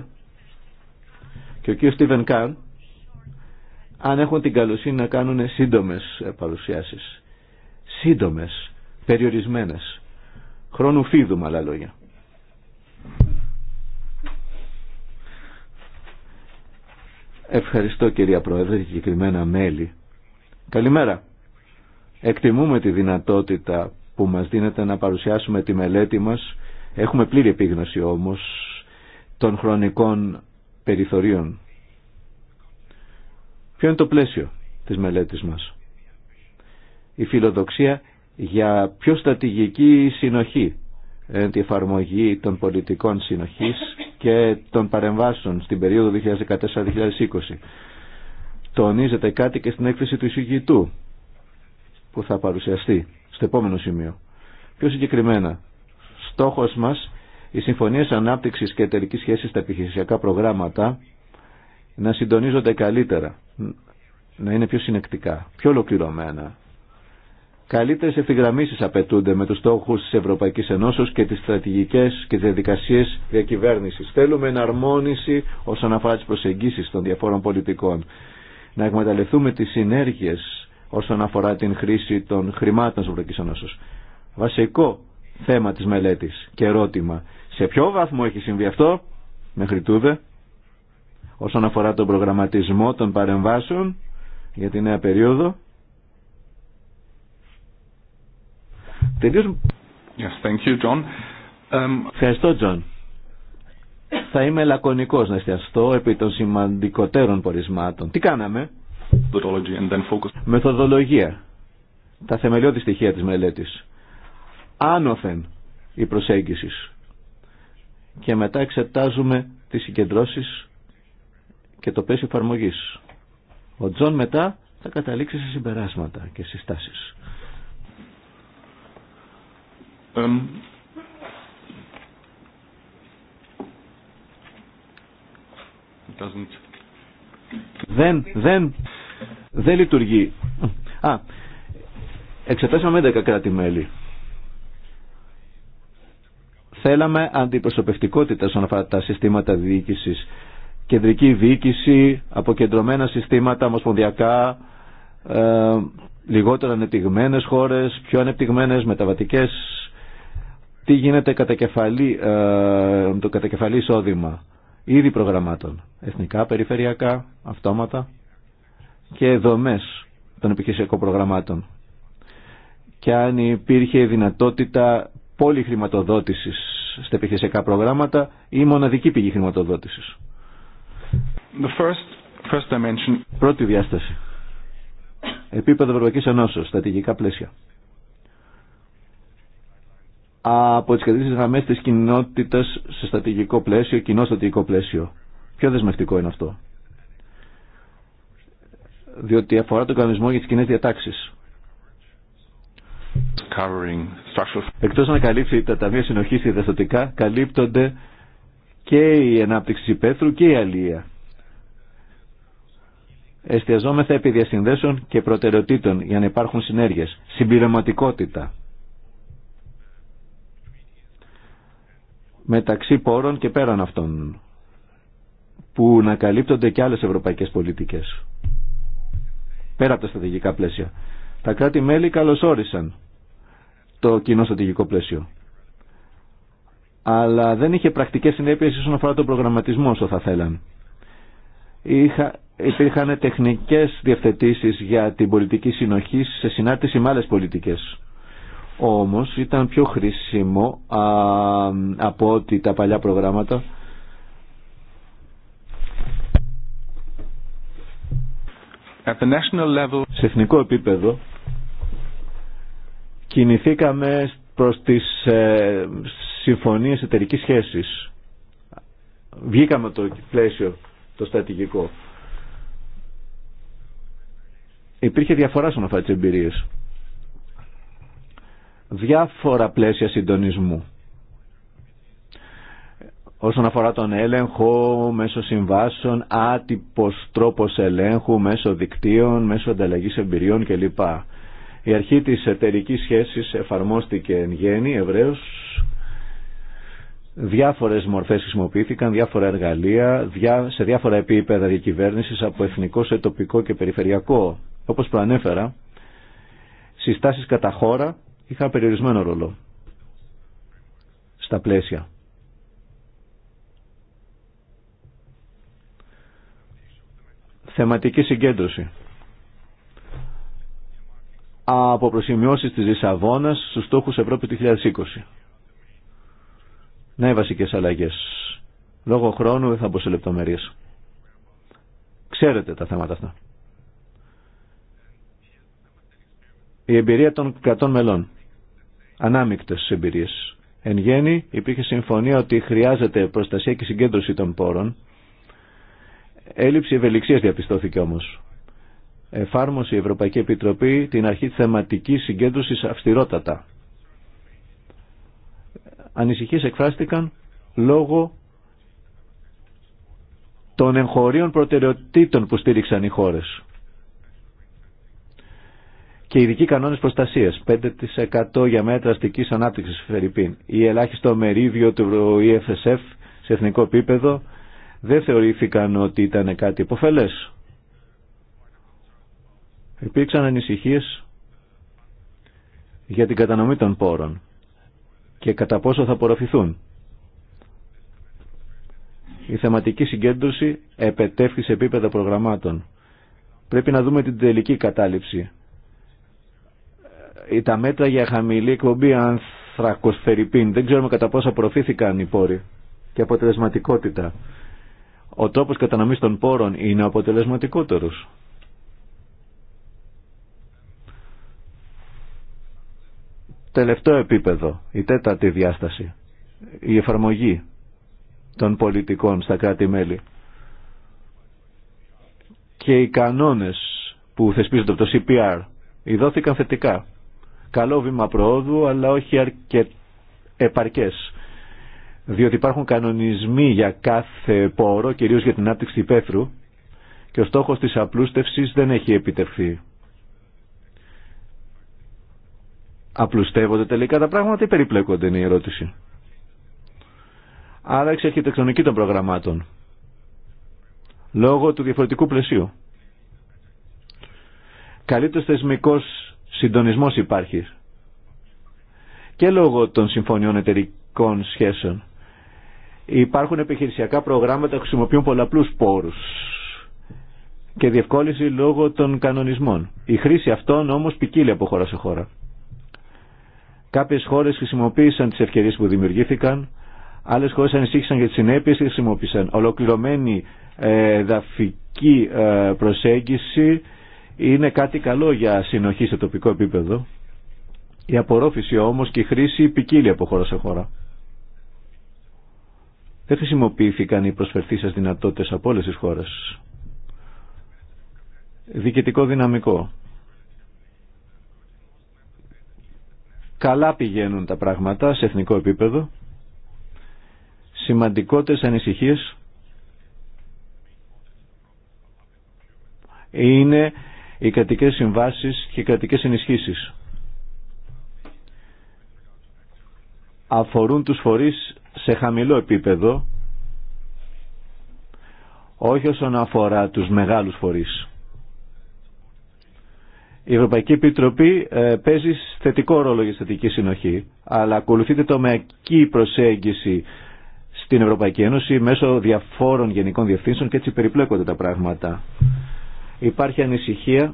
και ο κύριος Στίβεν Καν αν έχουν την καλοσύνη να κάνουν σύντομες ε, παρουσιάσεις. Σύντομες, περιορισμένες. Χρόνου φίδου με άλλα λόγια. Ευχαριστώ κυρία Πρόεδρε και συγκεκριμένα μέλη Καλημέρα. Εκτιμούμε τη δυνατότητα που μας δίνεται να παρουσιάσουμε τη μελέτη μας. Έχουμε πλήρη επίγνωση όμως των χρονικών περιθωρίων. Ποιο είναι το πλαίσιο της μελέτης μας. Η φιλοδοξία για πιο στρατηγική συνοχή τη εφαρμογή των πολιτικών συνοχής και των παρεμβάσεων στην περίοδο 2014-2020 τονίζεται κάτι και στην έκθεση του εισηγητού που θα παρουσιαστεί στο επόμενο σημείο. Πιο συγκεκριμένα, στόχος μας οι συμφωνίε ανάπτυξη και εταιρική σχέσης στα επιχειρησιακά προγράμματα να συντονίζονται καλύτερα, να είναι πιο συνεκτικά, πιο ολοκληρωμένα. Καλύτερε ευθυγραμμίσει απαιτούνται με του στόχου τη Ευρωπαϊκή Ενώσεω και τι στρατηγικέ και διαδικασίε διακυβέρνηση. Θέλουμε εναρμόνιση όσον αφορά τι προσεγγίσει των διαφόρων πολιτικών να εκμεταλλευτούμε τις συνέργειες όσον αφορά την χρήση των χρημάτων της Ευρωπαϊκής Βασικό θέμα της μελέτης και ερώτημα. Σε ποιο βάθμο έχει συμβεί αυτό μέχρι τούδε όσον αφορά τον προγραμματισμό των παρεμβάσεων για τη νέα περίοδο. Yes, thank you, John. Um... Ευχαριστώ, John. Θα είμαι λακωνικός να εστιαστώ επί των σημαντικότερων πορισμάτων. Τι κάναμε? Μεθοδολογία. Τα θεμελιώδη στοιχεία της μελέτης. Άνωθεν η προσέγγιση. Και μετά εξετάζουμε τις συγκεντρώσεις και το πέσιο εφαρμογή. Ο Τζον μετά θα καταλήξει σε συμπεράσματα και συστάσεις. Δεν, δεν, δεν λειτουργεί. Α, εξετάσαμε 11 κράτη-μέλη. Θέλαμε αντιπροσωπευτικότητα όσον αφορά τα συστήματα διοίκησης. Κεντρική διοίκηση, αποκεντρωμένα συστήματα, ομοσπονδιακά, ε, λιγότερο ανεπτυγμένες χώρες, πιο ανεπτυγμένες, μεταβατικές. Τι γίνεται κατακεφαλή, ε, το κατακεφαλή εισόδημα. Ήδη προγραμμάτων, εθνικά, περιφερειακά, αυτόματα και δομές των επιχειρησιακών προγραμμάτων και αν υπήρχε δυνατότητα πολυχρηματοδότησης στα επιχειρησιακά προγράμματα ή μοναδική πηγή χρηματοδότησης. The first, first Πρώτη διάσταση. Επίπεδο Ευρωπαϊκής Ενώσεως, στρατηγικά πλαίσια από τι κρατήσει γραμμέ τη κοινότητα σε στατηγικό πλαίσιο, κοινό στατηγικό πλαίσιο. Ποιο δεσμευτικό είναι αυτό. Διότι αφορά τον κανονισμό για τι κοινέ διατάξεις. Εκτός να καλύψει τα ταμεία συνοχής διαστατικά, καλύπτονται και η ανάπτυξη υπαίθρου και η αλληλεία. Εστιαζόμεθα επί διασυνδέσεων και προτεραιοτήτων για να υπάρχουν συνέργειες. Συμπληρωματικότητα. μεταξύ πόρων και πέραν αυτών που να καλύπτονται και άλλες ευρωπαϊκές πολιτικές πέρα από τα στρατηγικά πλαίσια. Τα κράτη-μέλη καλωσόρισαν το κοινό στρατηγικό πλαίσιο. Αλλά δεν είχε πρακτικές συνέπειες όσον αφορά τον προγραμματισμό όσο θα θέλαν. Είχα, υπήρχαν τεχνικές διευθετήσεις για την πολιτική συνοχή σε συνάρτηση με άλλες πολιτικές. Όμως ήταν πιο χρήσιμο α, από ότι τα παλιά προγράμματα. At the national level... Σε εθνικό επίπεδο κινηθήκαμε προς τις ε, συμφωνίες εταιρικής σχέσης. Βγήκαμε το πλαίσιο το στρατηγικό. Υπήρχε διαφορά στον αυτά τις εμπειρίες διάφορα πλαίσια συντονισμού. Όσον αφορά τον έλεγχο μέσω συμβάσεων, άτυπος τρόπος ελέγχου μέσω δικτύων, μέσω ανταλλαγής εμπειριών κλπ. Η αρχή της εταιρικής σχέσης εφαρμόστηκε εν γέννη ευρέως. Διάφορες μορφές χρησιμοποιήθηκαν, διάφορα εργαλεία, σε διάφορα επίπεδα διακυβέρνησης από εθνικό σε τοπικό και περιφερειακό. Όπως προανέφερα, συστάσεις κατά χώρα είχα περιορισμένο ρόλο στα πλαίσια. Θεματική συγκέντρωση. Από προσημειώσεις της Λισαβόνας στους στόχους Ευρώπη 2020. Ναι, βασικές αλλαγές. Λόγω χρόνου δεν θα μπω σε λεπτομέρειες. Ξέρετε τα θέματα αυτά. Η εμπειρία των κρατών μελών ανάμεικτες εμπειρίες. Εν γέννη υπήρχε συμφωνία ότι χρειάζεται προστασία και συγκέντρωση των πόρων. Έλλειψη ευελιξίας διαπιστώθηκε όμως. Εφάρμοσε η Ευρωπαϊκή Επιτροπή την αρχή θεματικής συγκέντρωσης αυστηρότατα. Ανησυχίες εκφράστηκαν λόγω των εγχωρίων προτεραιοτήτων που στήριξαν οι χώρες και ειδικοί κανόνες προστασίας. 5% για μέτρα αστική ανάπτυξης Φερρυπίν. Η ελάχιστο μερίδιο του EFSF σε εθνικό επίπεδο δεν θεωρήθηκαν ότι ήταν κάτι υποφελές. Υπήρξαν ανησυχίε για την κατανομή των πόρων και κατά πόσο θα απορροφηθούν. Η θεματική συγκέντρωση επετεύχθη σε επίπεδα προγραμμάτων. Πρέπει να δούμε την τελική κατάληψη τα μέτρα για χαμηλή εκπομπή ανθρακοσφαιρυπίν. Δεν ξέρουμε κατά πόσο προωθηθηκαν οι πόροι και αποτελεσματικότητα. Ο τρόπο κατανομη των πόρων είναι αποτελεσματικότερο. Τελευταίο επίπεδο, η τέταρτη διάσταση, η εφαρμογή των πολιτικών στα κράτη-μέλη και οι κανόνες που θεσπίζονται από το CPR ειδώθηκαν θετικά καλό βήμα προόδου, αλλά όχι αρκε... επαρκές. Διότι υπάρχουν κανονισμοί για κάθε πόρο, κυρίως για την άπτυξη υπαίθρου, και ο στόχος της απλούστευσης δεν έχει επιτευχθεί. Απλουστεύονται τελικά τα πράγματα ή περιπλέκονται είναι η ερώτηση. Άρα η αρχιτεκτονική των προγραμμάτων. Λόγω του διαφορετικού πλαισίου. Καλύτερο θεσμικός Συντονισμός υπάρχει. Και λόγω των συμφωνιών εταιρικών σχέσεων. Υπάρχουν επιχειρησιακά προγράμματα που χρησιμοποιούν πολλαπλούς πόρους και διευκόλυνση λόγω των κανονισμών. Η χρήση αυτών όμως ποικίλει από χώρα σε χώρα. Κάποιες χώρες χρησιμοποίησαν τις ευκαιρίες που δημιουργήθηκαν, άλλες χώρες ανησύχησαν για τις συνέπειες και χρησιμοποίησαν ολοκληρωμένη ε, δαφική ε, προσέγγιση είναι κάτι καλό για συνοχή σε τοπικό επίπεδο. Η απορρόφηση όμως και η χρήση ποικίλει από χώρα σε χώρα. Δεν χρησιμοποιήθηκαν οι προσφερθείς δυνατότητες από όλες τις χώρες. Διοικητικό δυναμικό. Καλά πηγαίνουν τα πράγματα σε εθνικό επίπεδο. Σημαντικότερες ανησυχίες είναι οι κρατικές συμβάσεις και οι κρατικές ενισχύσεις. Αφορούν τους φορείς σε χαμηλό επίπεδο, όχι όσον αφορά τους μεγάλους φορείς. Η Ευρωπαϊκή Επιτροπή ε, παίζει θετικό ρόλο για θετική συνοχή, αλλά ακολουθείται το τομεακή προσέγγιση στην Ευρωπαϊκή Ένωση μέσω διαφόρων γενικών διευθύνσεων και έτσι περιπλέκονται τα πράγματα. Υπάρχει ανησυχία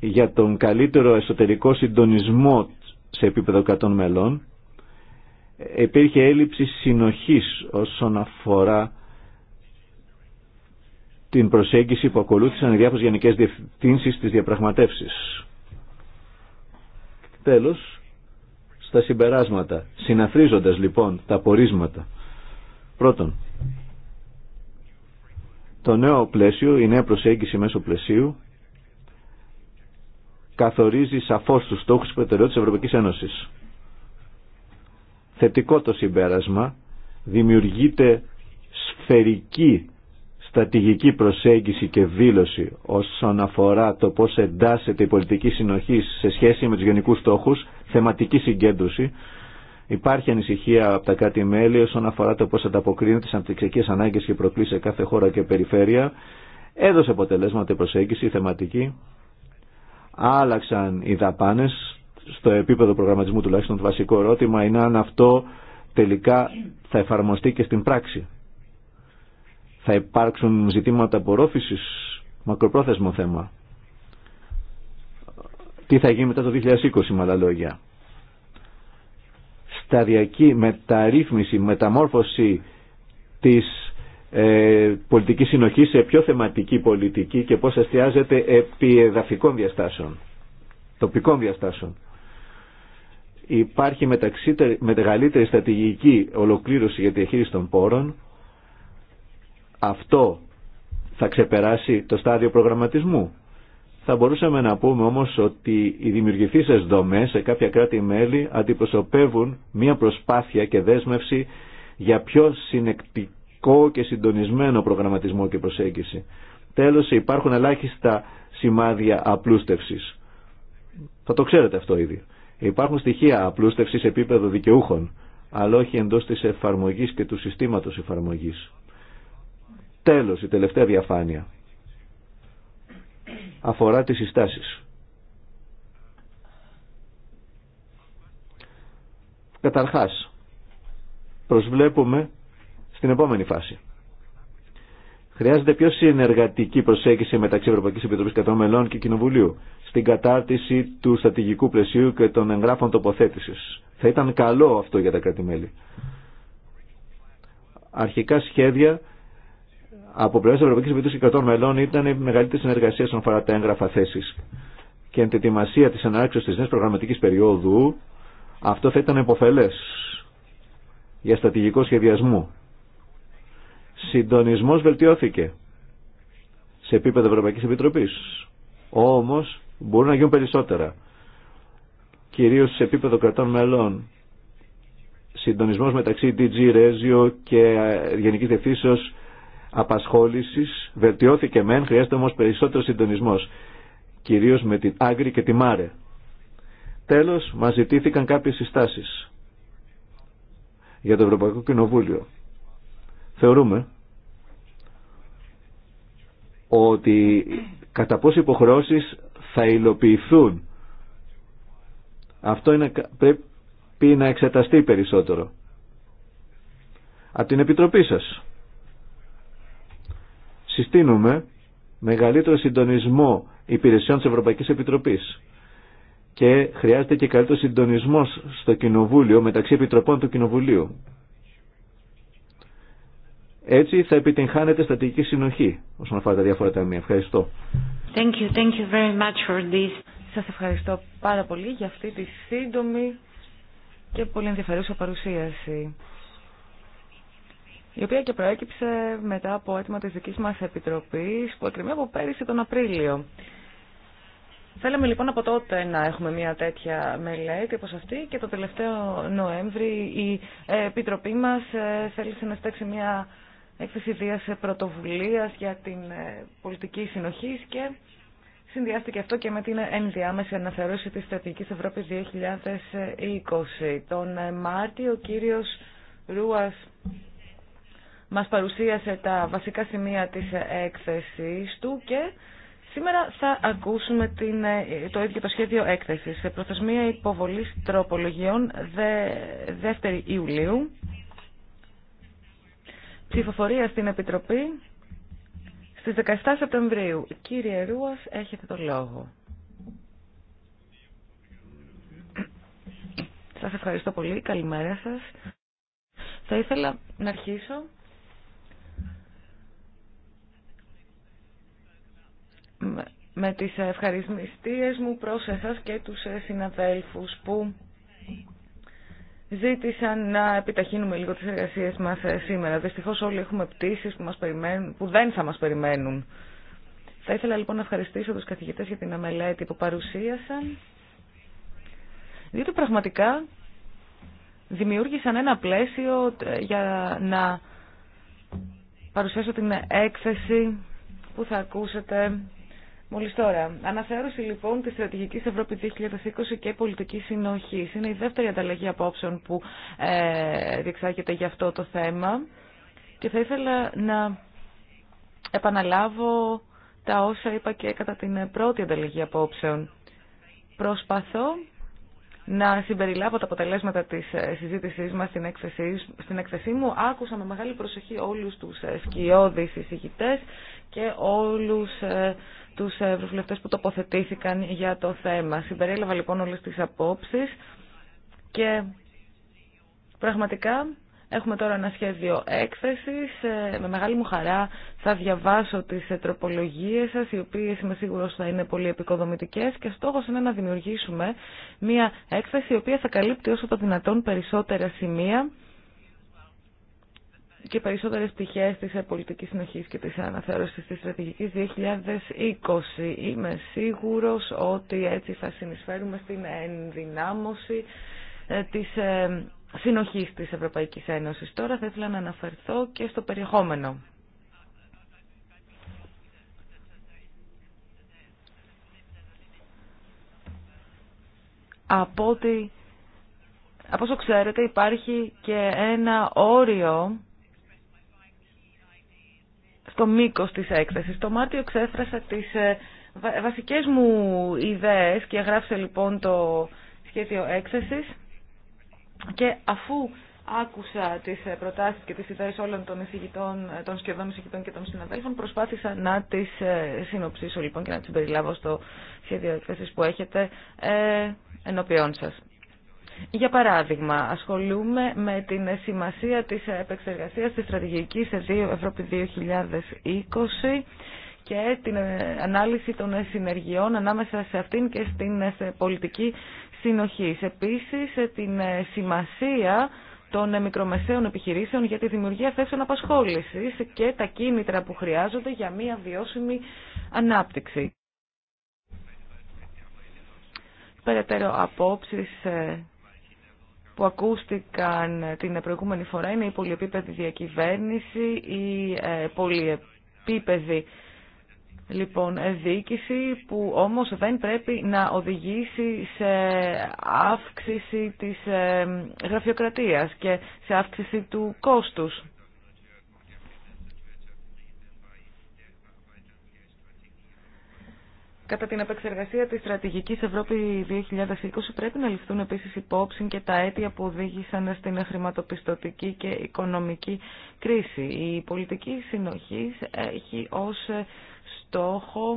για τον καλύτερο εσωτερικό συντονισμό σε επίπεδο 100 μελών. Υπήρχε έλλειψη συνοχής όσον αφορά την προσέγγιση που ακολούθησαν οι διάφορες γενικές διευθύνσεις της διαπραγματεύσεις. Τέλος, στα συμπεράσματα, συναθρίζοντας λοιπόν τα πορίσματα. Πρώτον, το νέο πλαίσιο, η νέα προσέγγιση μέσω πλαισίου καθορίζει σαφώς τους στόχους της Ευρωπαϊκής Ένωσης. Θετικό το συμπέρασμα, δημιουργείται σφαιρική στρατηγική προσέγγιση και δήλωση όσον αφορά το πώς εντάσσεται η πολιτική συνοχή σε σχέση με τους γενικούς στόχους, θεματική συγκέντρωση, Υπάρχει ανησυχία από τα κάτι μέλη όσον αφορά το πώς ανταποκρίνεται τις αναπτυξιακέ ανάγκε και προκλήσει σε κάθε χώρα και περιφέρεια. Έδωσε αποτελέσματα η προσέγγιση, θεματική. Άλλαξαν οι δαπάνε στο επίπεδο προγραμματισμού τουλάχιστον το βασικό ερώτημα είναι αν αυτό τελικά θα εφαρμοστεί και στην πράξη. Θα υπάρξουν ζητήματα απορρόφησης, μακροπρόθεσμο θέμα. Τι θα γίνει μετά το 2020 με άλλα λόγια σταδιακή μεταρρύθμιση, μεταμόρφωση της ε, πολιτικής συνοχής σε πιο θεματική πολιτική και πώς αστιάζεται επί εδαφικών διαστάσεων, τοπικών διαστάσεων. Υπάρχει μεταξύ, μεγαλύτερη στρατηγική ολοκλήρωση για τη διαχείριση των πόρων. Αυτό θα ξεπεράσει το στάδιο προγραμματισμού. Θα μπορούσαμε να πούμε όμως ότι οι δημιουργηθήσεις δομές σε κάποια κράτη-μέλη αντιπροσωπεύουν μία προσπάθεια και δέσμευση για πιο συνεκτικό και συντονισμένο προγραμματισμό και προσέγγιση. Τέλος, υπάρχουν ελάχιστα σημάδια απλούστευσης. Θα το ξέρετε αυτό ήδη. Υπάρχουν στοιχεία απλούστευσης σε επίπεδο δικαιούχων, αλλά όχι εντός της εφαρμογή και του συστήματος εφαρμογής. Τέλος, η τελευταία διαφάνεια αφορά τις συστάσεις. Καταρχάς, προσβλέπουμε στην επόμενη φάση. Χρειάζεται πιο συνεργατική προσέγγιση μεταξύ Ευρωπαϊκής Επιτροπής Κατών και Κοινοβουλίου στην κατάρτιση του στρατηγικού πλαισίου και των εγγράφων τοποθέτησης. Θα ήταν καλό αυτό για τα κράτη-μέλη. Αρχικά σχέδια από πλευρά τη Ευρωπαϊκή Επιτροπή και κρατών μελών ήταν η μεγαλύτερη συνεργασία όσον αφορά τα έγγραφα θέσει Και την ετοιμασία τη ανάρξη τη νέα προγραμματική περίοδου, αυτό θα ήταν υποφελέ για στρατηγικό σχεδιασμό. Συντονισμό βελτιώθηκε σε επίπεδο Ευρωπαϊκή Επιτροπή. Όμω μπορούν να γίνουν περισσότερα. Κυρίω σε επίπεδο κρατών μελών. Συντονισμό μεταξύ DG Regio και Γενική Διευθύνσεω απασχόλησης βελτιώθηκε μεν, χρειάζεται όμως περισσότερο συντονισμός, κυρίως με την Άγκρη και τη Μάρε. Τέλος, μας ζητήθηκαν κάποιες συστάσεις για το Ευρωπαϊκό Κοινοβούλιο. Θεωρούμε ότι κατά πόσο υποχρεώσεις θα υλοποιηθούν. Αυτό είναι, πρέπει να εξεταστεί περισσότερο. Από την Επιτροπή σας συστήνουμε μεγαλύτερο συντονισμό υπηρεσιών της Ευρωπαϊκής Επιτροπής και χρειάζεται και καλύτερο συντονισμό στο Κοινοβούλιο μεταξύ Επιτροπών του Κοινοβουλίου. Έτσι θα επιτυγχάνεται στατική συνοχή όσον αφορά τα διάφορα ταμεία. Ευχαριστώ. Thank you, thank you very much for this. Σας ευχαριστώ πάρα πολύ για αυτή τη σύντομη και πολύ ενδιαφέρουσα παρουσίαση η οποία και προέκυψε μετά από αίτημα της δικής μας Επιτροπής, που εκκρεμεί από πέρυσι τον Απρίλιο. Θέλαμε λοιπόν από τότε να έχουμε μια τέτοια μελέτη όπως αυτή και το τελευταίο Νοέμβρη η Επιτροπή μας ε, θέλησε να στέξει μια έκθεση δίας ε, πρωτοβουλίας για την ε, πολιτική συνοχή και συνδυάστηκε αυτό και με την ενδιάμεση αναθεώρηση της Στρατηγικής Ευρώπης 2020. Τον Μάρτιο ο κύριος Ρούας μας παρουσίασε τα βασικά σημεία της έκθεσης του και σήμερα θα ακούσουμε την, ε, το ίδιο το σχέδιο έκθεσης. Σε προθεσμία υποβολής τροπολογιών 2 Ιουλίου, ψηφοφορία στην Επιτροπή στις 17 Σεπτεμβρίου. Κύριε Ρούας, έχετε το λόγο. Σας ευχαριστώ πολύ. Καλημέρα σας. Θα ήθελα να αρχίσω με τις ευχαριστίες μου προς εσάς και τους συναδέλφους που ζήτησαν να επιταχύνουμε λίγο τις εργασίες μας ε, σήμερα. Δυστυχώς όλοι έχουμε πτήσεις που, μας περιμένουν, που δεν θα μας περιμένουν. Θα ήθελα λοιπόν να ευχαριστήσω τους καθηγητές για την αμελέτη που παρουσίασαν, διότι πραγματικά δημιούργησαν ένα πλαίσιο ε, για να παρουσιάσω την έκθεση που θα ακούσετε Μόλις τώρα. Αναθεώρηση λοιπόν της στρατηγική Ευρώπη 2020 και πολιτική συνοχή. Είναι η δεύτερη ανταλλαγή απόψεων που ε, διεξάγεται για αυτό το θέμα. Και θα ήθελα να επαναλάβω τα όσα είπα και κατά την πρώτη ανταλλαγή απόψεων. Προσπαθώ να συμπεριλάβω τα αποτελέσματα της ε, συζήτησής μας στην έκθεσή, στην μου. Άκουσα με μεγάλη προσοχή όλους τους ε, σκιώδεις και όλους ε, τους ευρωβουλευτές που τοποθετήθηκαν για το θέμα. Συμπερίλαβα λοιπόν όλες τις απόψεις και πραγματικά έχουμε τώρα ένα σχέδιο έκθεσης. Ε, με μεγάλη μου χαρά θα διαβάσω τις τροπολογίες σας, οι οποίες είμαι σίγουρος θα είναι πολύ επικοδομητικές και στόχος είναι να δημιουργήσουμε μια έκθεση η οποία θα καλύπτει όσο το δυνατόν περισσότερα σημεία και περισσότερε πτυχέ τη πολιτική συνοχή και τη αναθεώρηση τη στρατηγική 2020. Είμαι σίγουρος ότι έτσι θα συνεισφέρουμε στην ενδυνάμωση ε, της ε, συνοχή της Ευρωπαϊκής Ένωσης. Τώρα θα ήθελα να αναφερθώ και στο περιεχόμενο. Από, ότι, από όσο ξέρετε υπάρχει και ένα όριο το μήκος της έκθεσης. Το Μάρτιο εξέφρασα τις ε, βασικές μου ιδέες και έγραψε λοιπόν το σχέδιο έκθεσης και αφού άκουσα τις ε, προτάσεις και τις ιδέες όλων των, εισηγητών, ε, των σχεδόν εισηγητών και των συναδέλφων προσπάθησα να τις συνοψίσω λοιπόν και να τις περιλάβω στο σχέδιο έκθεσης που έχετε ενώπιόν σας. Για παράδειγμα, ασχολούμαι με την σημασία της επεξεργασίας της στρατηγικής σε Ευρώπη 2020 και την ε, ανάλυση των συνεργειών ανάμεσα σε αυτήν και στην ε, πολιτική συνοχή. Επίσης, ε, την σημασία των μικρομεσαίων επιχειρήσεων για τη δημιουργία θέσεων απασχόλησης και τα κίνητρα που χρειάζονται για μια βιώσιμη ανάπτυξη. Περαιτέρω απόψεις που ακούστηκαν την προηγούμενη φορά είναι η πολυεπίπεδη διακυβέρνηση, η ε, πολυεπίπεδη λοιπόν διοίκηση που όμως δεν πρέπει να οδηγήσει σε αύξηση της ε, γραφειοκρατίας και σε αύξηση του κόστους. Κατά την επεξεργασία της στρατηγικής Ευρώπη 2020 πρέπει να ληφθούν επίσης υπόψη και τα αίτια που οδήγησαν στην χρηματοπιστωτική και οικονομική κρίση. Η πολιτική συνοχής έχει ως στόχο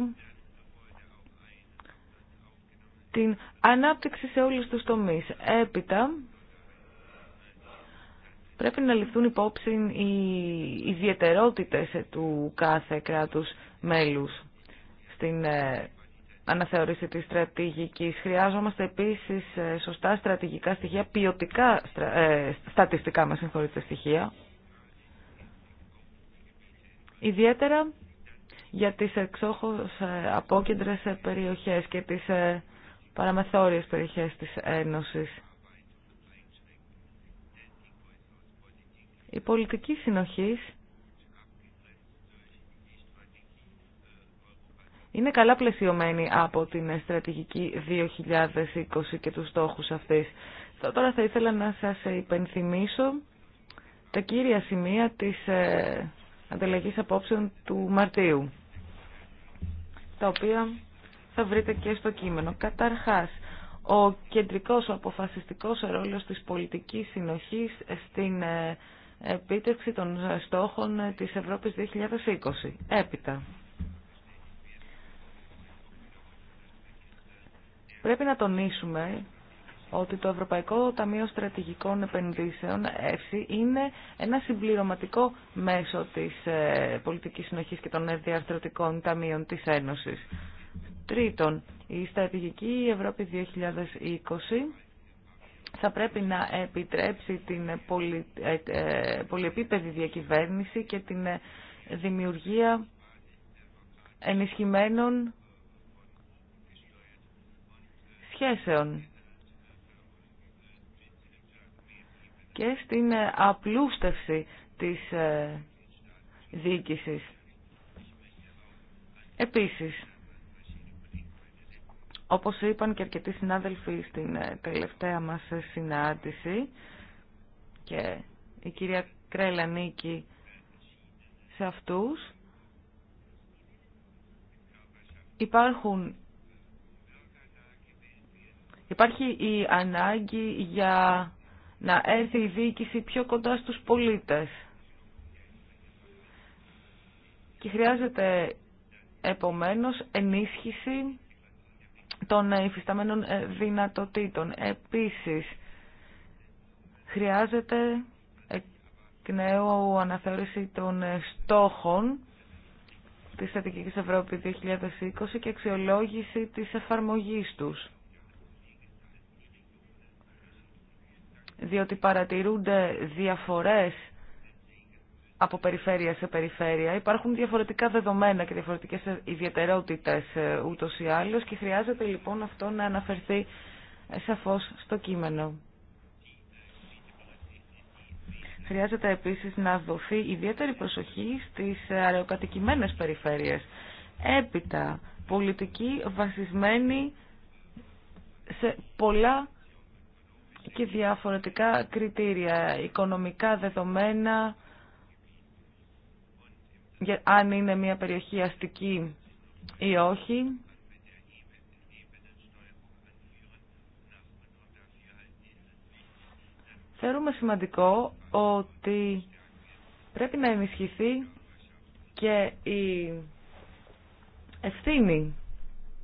την ανάπτυξη σε όλους τους τομείς. Έπειτα, πρέπει να ληφθούν υπόψη οι ιδιαιτερότητες του κάθε κράτους μέλους στην ε, αναθεωρήσει τη στρατηγική. Χρειάζομαστε επίσης ε, σωστά στρατηγικά στοιχεία, ποιοτικά ε, στατιστικά με συγχωρείτε στοιχεία. Ιδιαίτερα για τις εξόχως ε, απόκεντρες περιοχές και τις παραμεθόριες περιοχές της Ένωσης. Η πολιτική συνοχής είναι καλά πλαισιωμένη από την στρατηγική 2020 και τους στόχους αυτής. Τώρα θα ήθελα να σας υπενθυμίσω τα κύρια σημεία της ε, ανταλλαγής απόψεων του Μαρτίου, τα οποία θα βρείτε και στο κείμενο. Καταρχάς, ο κεντρικός, ο αποφασιστικός ρόλος της πολιτικής συνοχής στην ε, επίτευξη των στόχων ε, της Ευρώπης 2020. Έπειτα, Πρέπει να τονίσουμε ότι το Ευρωπαϊκό Ταμείο Στρατηγικών Επενδύσεων, ΕΦΣΥ, είναι ένα συμπληρωματικό μέσο της ε, πολιτικής συνοχής και των διαρθρωτικών ταμείων της Ένωσης. Τρίτον, η στρατηγική Ευρώπη 2020 θα πρέπει να επιτρέψει την πολυ... Ε, ε, πολυεπίπεδη διακυβέρνηση και την δημιουργία ενισχυμένων σχέσεων και στην ε, απλούστευση της ε, διοίκησης. Επίσης, όπως είπαν και αρκετοί συνάδελφοι στην ε, τελευταία μας συνάντηση και η κυρία Κρέλα νίκη σε αυτούς, υπάρχουν Υπάρχει η ανάγκη για να έρθει η διοίκηση πιο κοντά στους πολίτες. Και χρειάζεται επομένως ενίσχυση των υφισταμένων ε, δυνατοτήτων. Επίσης, χρειάζεται εκ νέου αναθεώρηση των ε, στόχων της Στατικής Ευρώπη 2020 και αξιολόγηση της εφαρμογής τους. διότι παρατηρούνται διαφορές από περιφέρεια σε περιφέρεια. Υπάρχουν διαφορετικά δεδομένα και διαφορετικές ιδιαιτερότητες ε, ούτως ή άλλως και χρειάζεται λοιπόν αυτό να αναφερθεί ε, σαφώς στο κείμενο. Χρειάζεται επίσης να δοθεί ιδιαίτερη προσοχή στις αεροκατοικημένες περιφέρειες. Έπειτα, πολιτική βασισμένη σε πολλά και διαφορετικά κριτήρια, οικονομικά δεδομένα, για, αν είναι μια περιοχή αστική ή όχι. Θεωρούμε σημαντικό ότι πρέπει να ενισχυθεί και η ευθύνη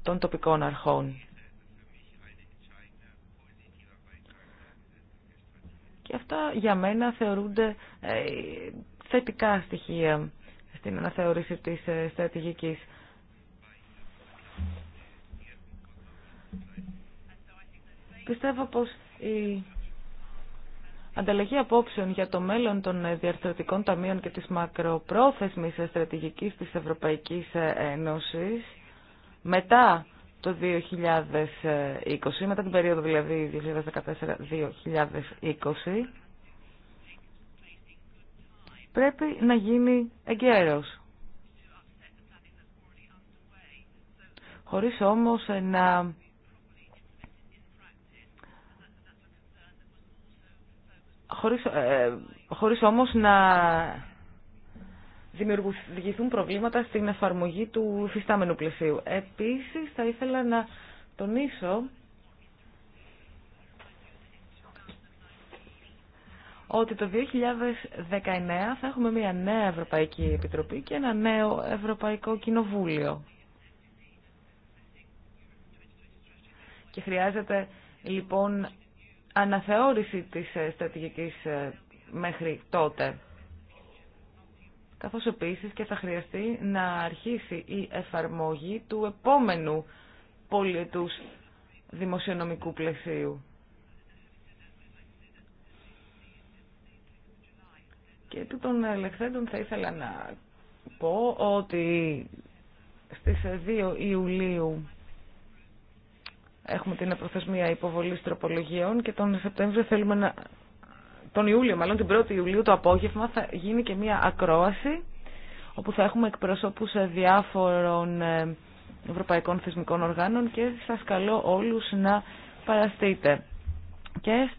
των τοπικών αρχών. Και αυτά για μένα θεωρούνται ε, θετικά στοιχεία στην αναθεώρηση της ε, στρατηγικής. Πιστεύω πως η ανταλλαγή απόψεων για το μέλλον των διαρθρωτικών ταμείων και της μακροπρόθεσμης στρατηγικής της Ευρωπαϊκής Ένωσης μετά το 2020, μετά την περίοδο δηλαδή 2014-2020, πρέπει να γίνει εγκαίρος. Χωρίς όμως να χωρίς, ε, χωρίς όμως να δημιουργηθούν προβλήματα στην εφαρμογή του φυστάμενου πλαισίου. Επίσης, θα ήθελα να τονίσω ότι το 2019 θα έχουμε μια νέα Ευρωπαϊκή Επιτροπή και ένα νέο Ευρωπαϊκό Κοινοβούλιο. Και χρειάζεται λοιπόν αναθεώρηση της ε, στρατηγικής ε, μέχρι τότε καθώς επίσης και θα χρειαστεί να αρχίσει η εφαρμόγη του επόμενου πολιετούς δημοσιονομικού πλαισίου. Και του των ελευθέντων θα ήθελα να πω ότι στις 2 Ιουλίου έχουμε την προθεσμία υποβολής τροπολογιών και τον Σεπτέμβριο θέλουμε να τον Ιούλιο, μάλλον την 1η Ιουλίου το απόγευμα θα γίνει και μία ακρόαση όπου θα έχουμε εκπροσώπους ε, διάφορων ε, ευρωπαϊκών θεσμικών οργάνων και σας καλώ όλους να παραστείτε. Και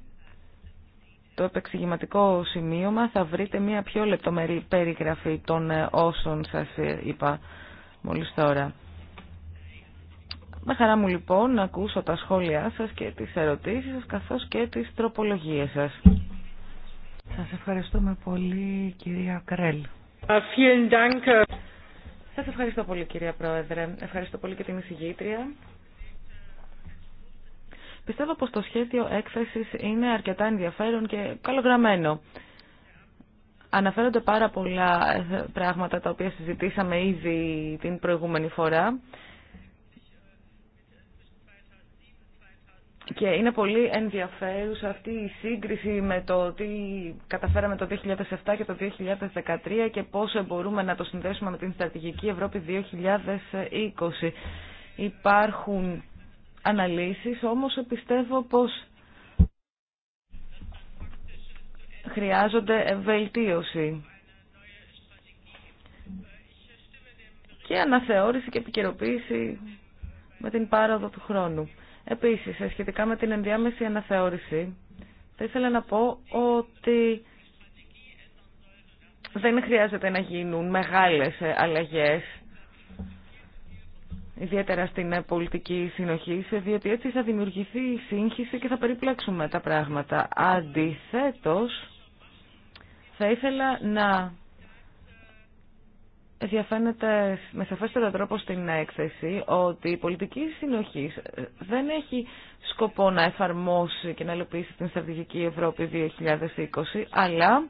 το επεξηγηματικό σημείωμα θα βρείτε μία πιο λεπτομερή περιγραφή των ε, όσων σας είπα μόλις τώρα. Με χαρά μου λοιπόν να ακούσω τα σχόλιά σας και τις ερωτήσεις σας καθώς και τις τροπολογίες σας. Σας ευχαριστούμε πολύ κυρία Κρέλ. Σας ευχαριστώ πολύ κυρία Πρόεδρε. Ευχαριστώ πολύ και την εισηγήτρια. Πιστεύω πως το σχέδιο έκθεσης είναι αρκετά ενδιαφέρον και καλογραμμένο. Αναφέρονται πάρα πολλά ε, πράγματα τα οποία συζητήσαμε ήδη την προηγούμενη φορά Και είναι πολύ ενδιαφέρουσα αυτή η σύγκριση με το τι καταφέραμε το 2007 και το 2013 και πόσο μπορούμε να το συνδέσουμε με την Στρατηγική Ευρώπη 2020. Υπάρχουν αναλύσεις, όμως πιστεύω πως χρειάζονται βελτίωση. Και αναθεώρηση και επικαιροποίηση με την πάροδο του χρόνου. Επίσης, σχετικά με την ενδιάμεση αναθεώρηση, θα ήθελα να πω ότι δεν χρειάζεται να γίνουν μεγάλες αλλαγές, ιδιαίτερα στην πολιτική συνοχή, διότι έτσι θα δημιουργηθεί σύγχυση και θα περιπλέξουμε τα πράγματα. Αντιθέτως, θα ήθελα να διαφαίνεται με σαφέστερο τρόπο στην έκθεση ότι η πολιτική συνοχή ε, δεν έχει σκοπό να εφαρμόσει και να ελοπίσει την στρατηγική Ευρώπη 2020, αλλά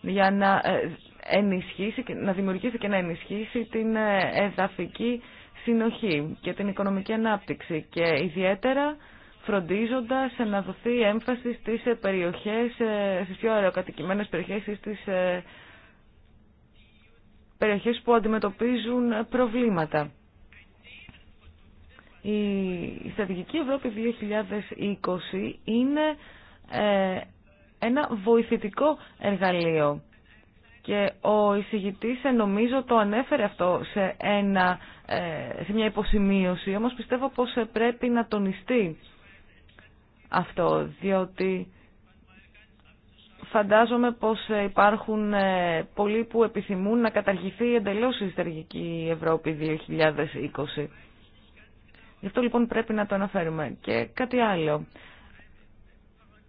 για να ε, ενισχύσει, να δημιουργήσει και να ενισχύσει την ε, εδαφική συνοχή και την οικονομική ανάπτυξη και ιδιαίτερα φροντίζοντας να δοθεί έμφαση στις περιοχές, στις πιο αεροκατοικημένες περιοχές ή στις περιοχές που αντιμετωπίζουν προβλήματα. Η Στρατηγική Ευρώπη 2020 είναι ε, ένα βοηθητικό εργαλείο και ο εισηγητής ε, νομίζω το ανέφερε αυτό σε, ένα, ε, σε μια υποσημείωση, όμως πιστεύω πως πρέπει να τονιστεί αυτό, διότι Φαντάζομαι πως ε, υπάρχουν ε, πολλοί που επιθυμούν να καταργηθεί εντελώς η Ιστεργική Ευρώπη 2020. Γι' αυτό λοιπόν πρέπει να το αναφέρουμε. Και κάτι άλλο.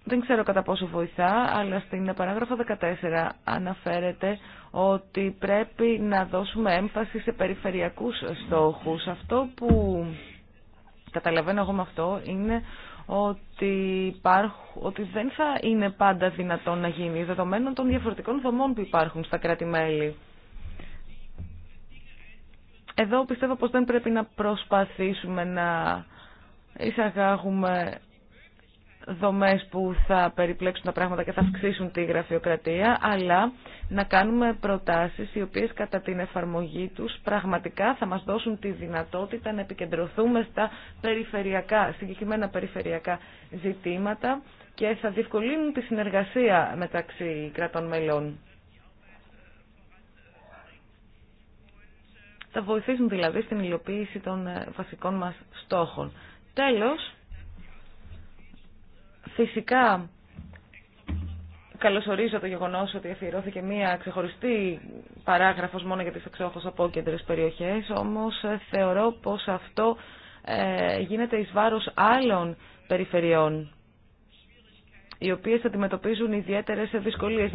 Δεν ξέρω κατά πόσο βοηθά, αλλά στην παράγραφο 14 αναφέρεται ότι πρέπει να δώσουμε έμφαση σε περιφερειακούς στόχους. Αυτό που καταλαβαίνω εγώ με αυτό είναι ότι, ότι δεν θα είναι πάντα δυνατόν να γίνει δεδομένων των διαφορετικών δομών που υπάρχουν στα κράτη-μέλη. Εδώ πιστεύω πως δεν πρέπει να προσπαθήσουμε να εισαγάγουμε δομές που θα περιπλέξουν τα πράγματα και θα αυξήσουν τη γραφειοκρατία, αλλά να κάνουμε προτάσεις οι οποίες κατά την εφαρμογή τους πραγματικά θα μα δώσουν τη δυνατότητα να επικεντρωθούμε στα περιφερειακά, συγκεκριμένα περιφερειακά ζητήματα και θα διευκολύνουν τη συνεργασία μεταξύ κρατών μελών. Θα βοηθήσουν δηλαδή στην υλοποίηση των ε, βασικών μας στόχων. Τέλος, Φυσικά, καλωσορίζω το γεγονός ότι αφιερώθηκε μία ξεχωριστή παράγραφος μόνο για τις εξόχως απόκεντρες περιοχές, όμως ε, θεωρώ πως αυτό ε, γίνεται εις βάρος άλλων περιφερειών, οι οποίες αντιμετωπίζουν ιδιαίτερες δυσκολίες.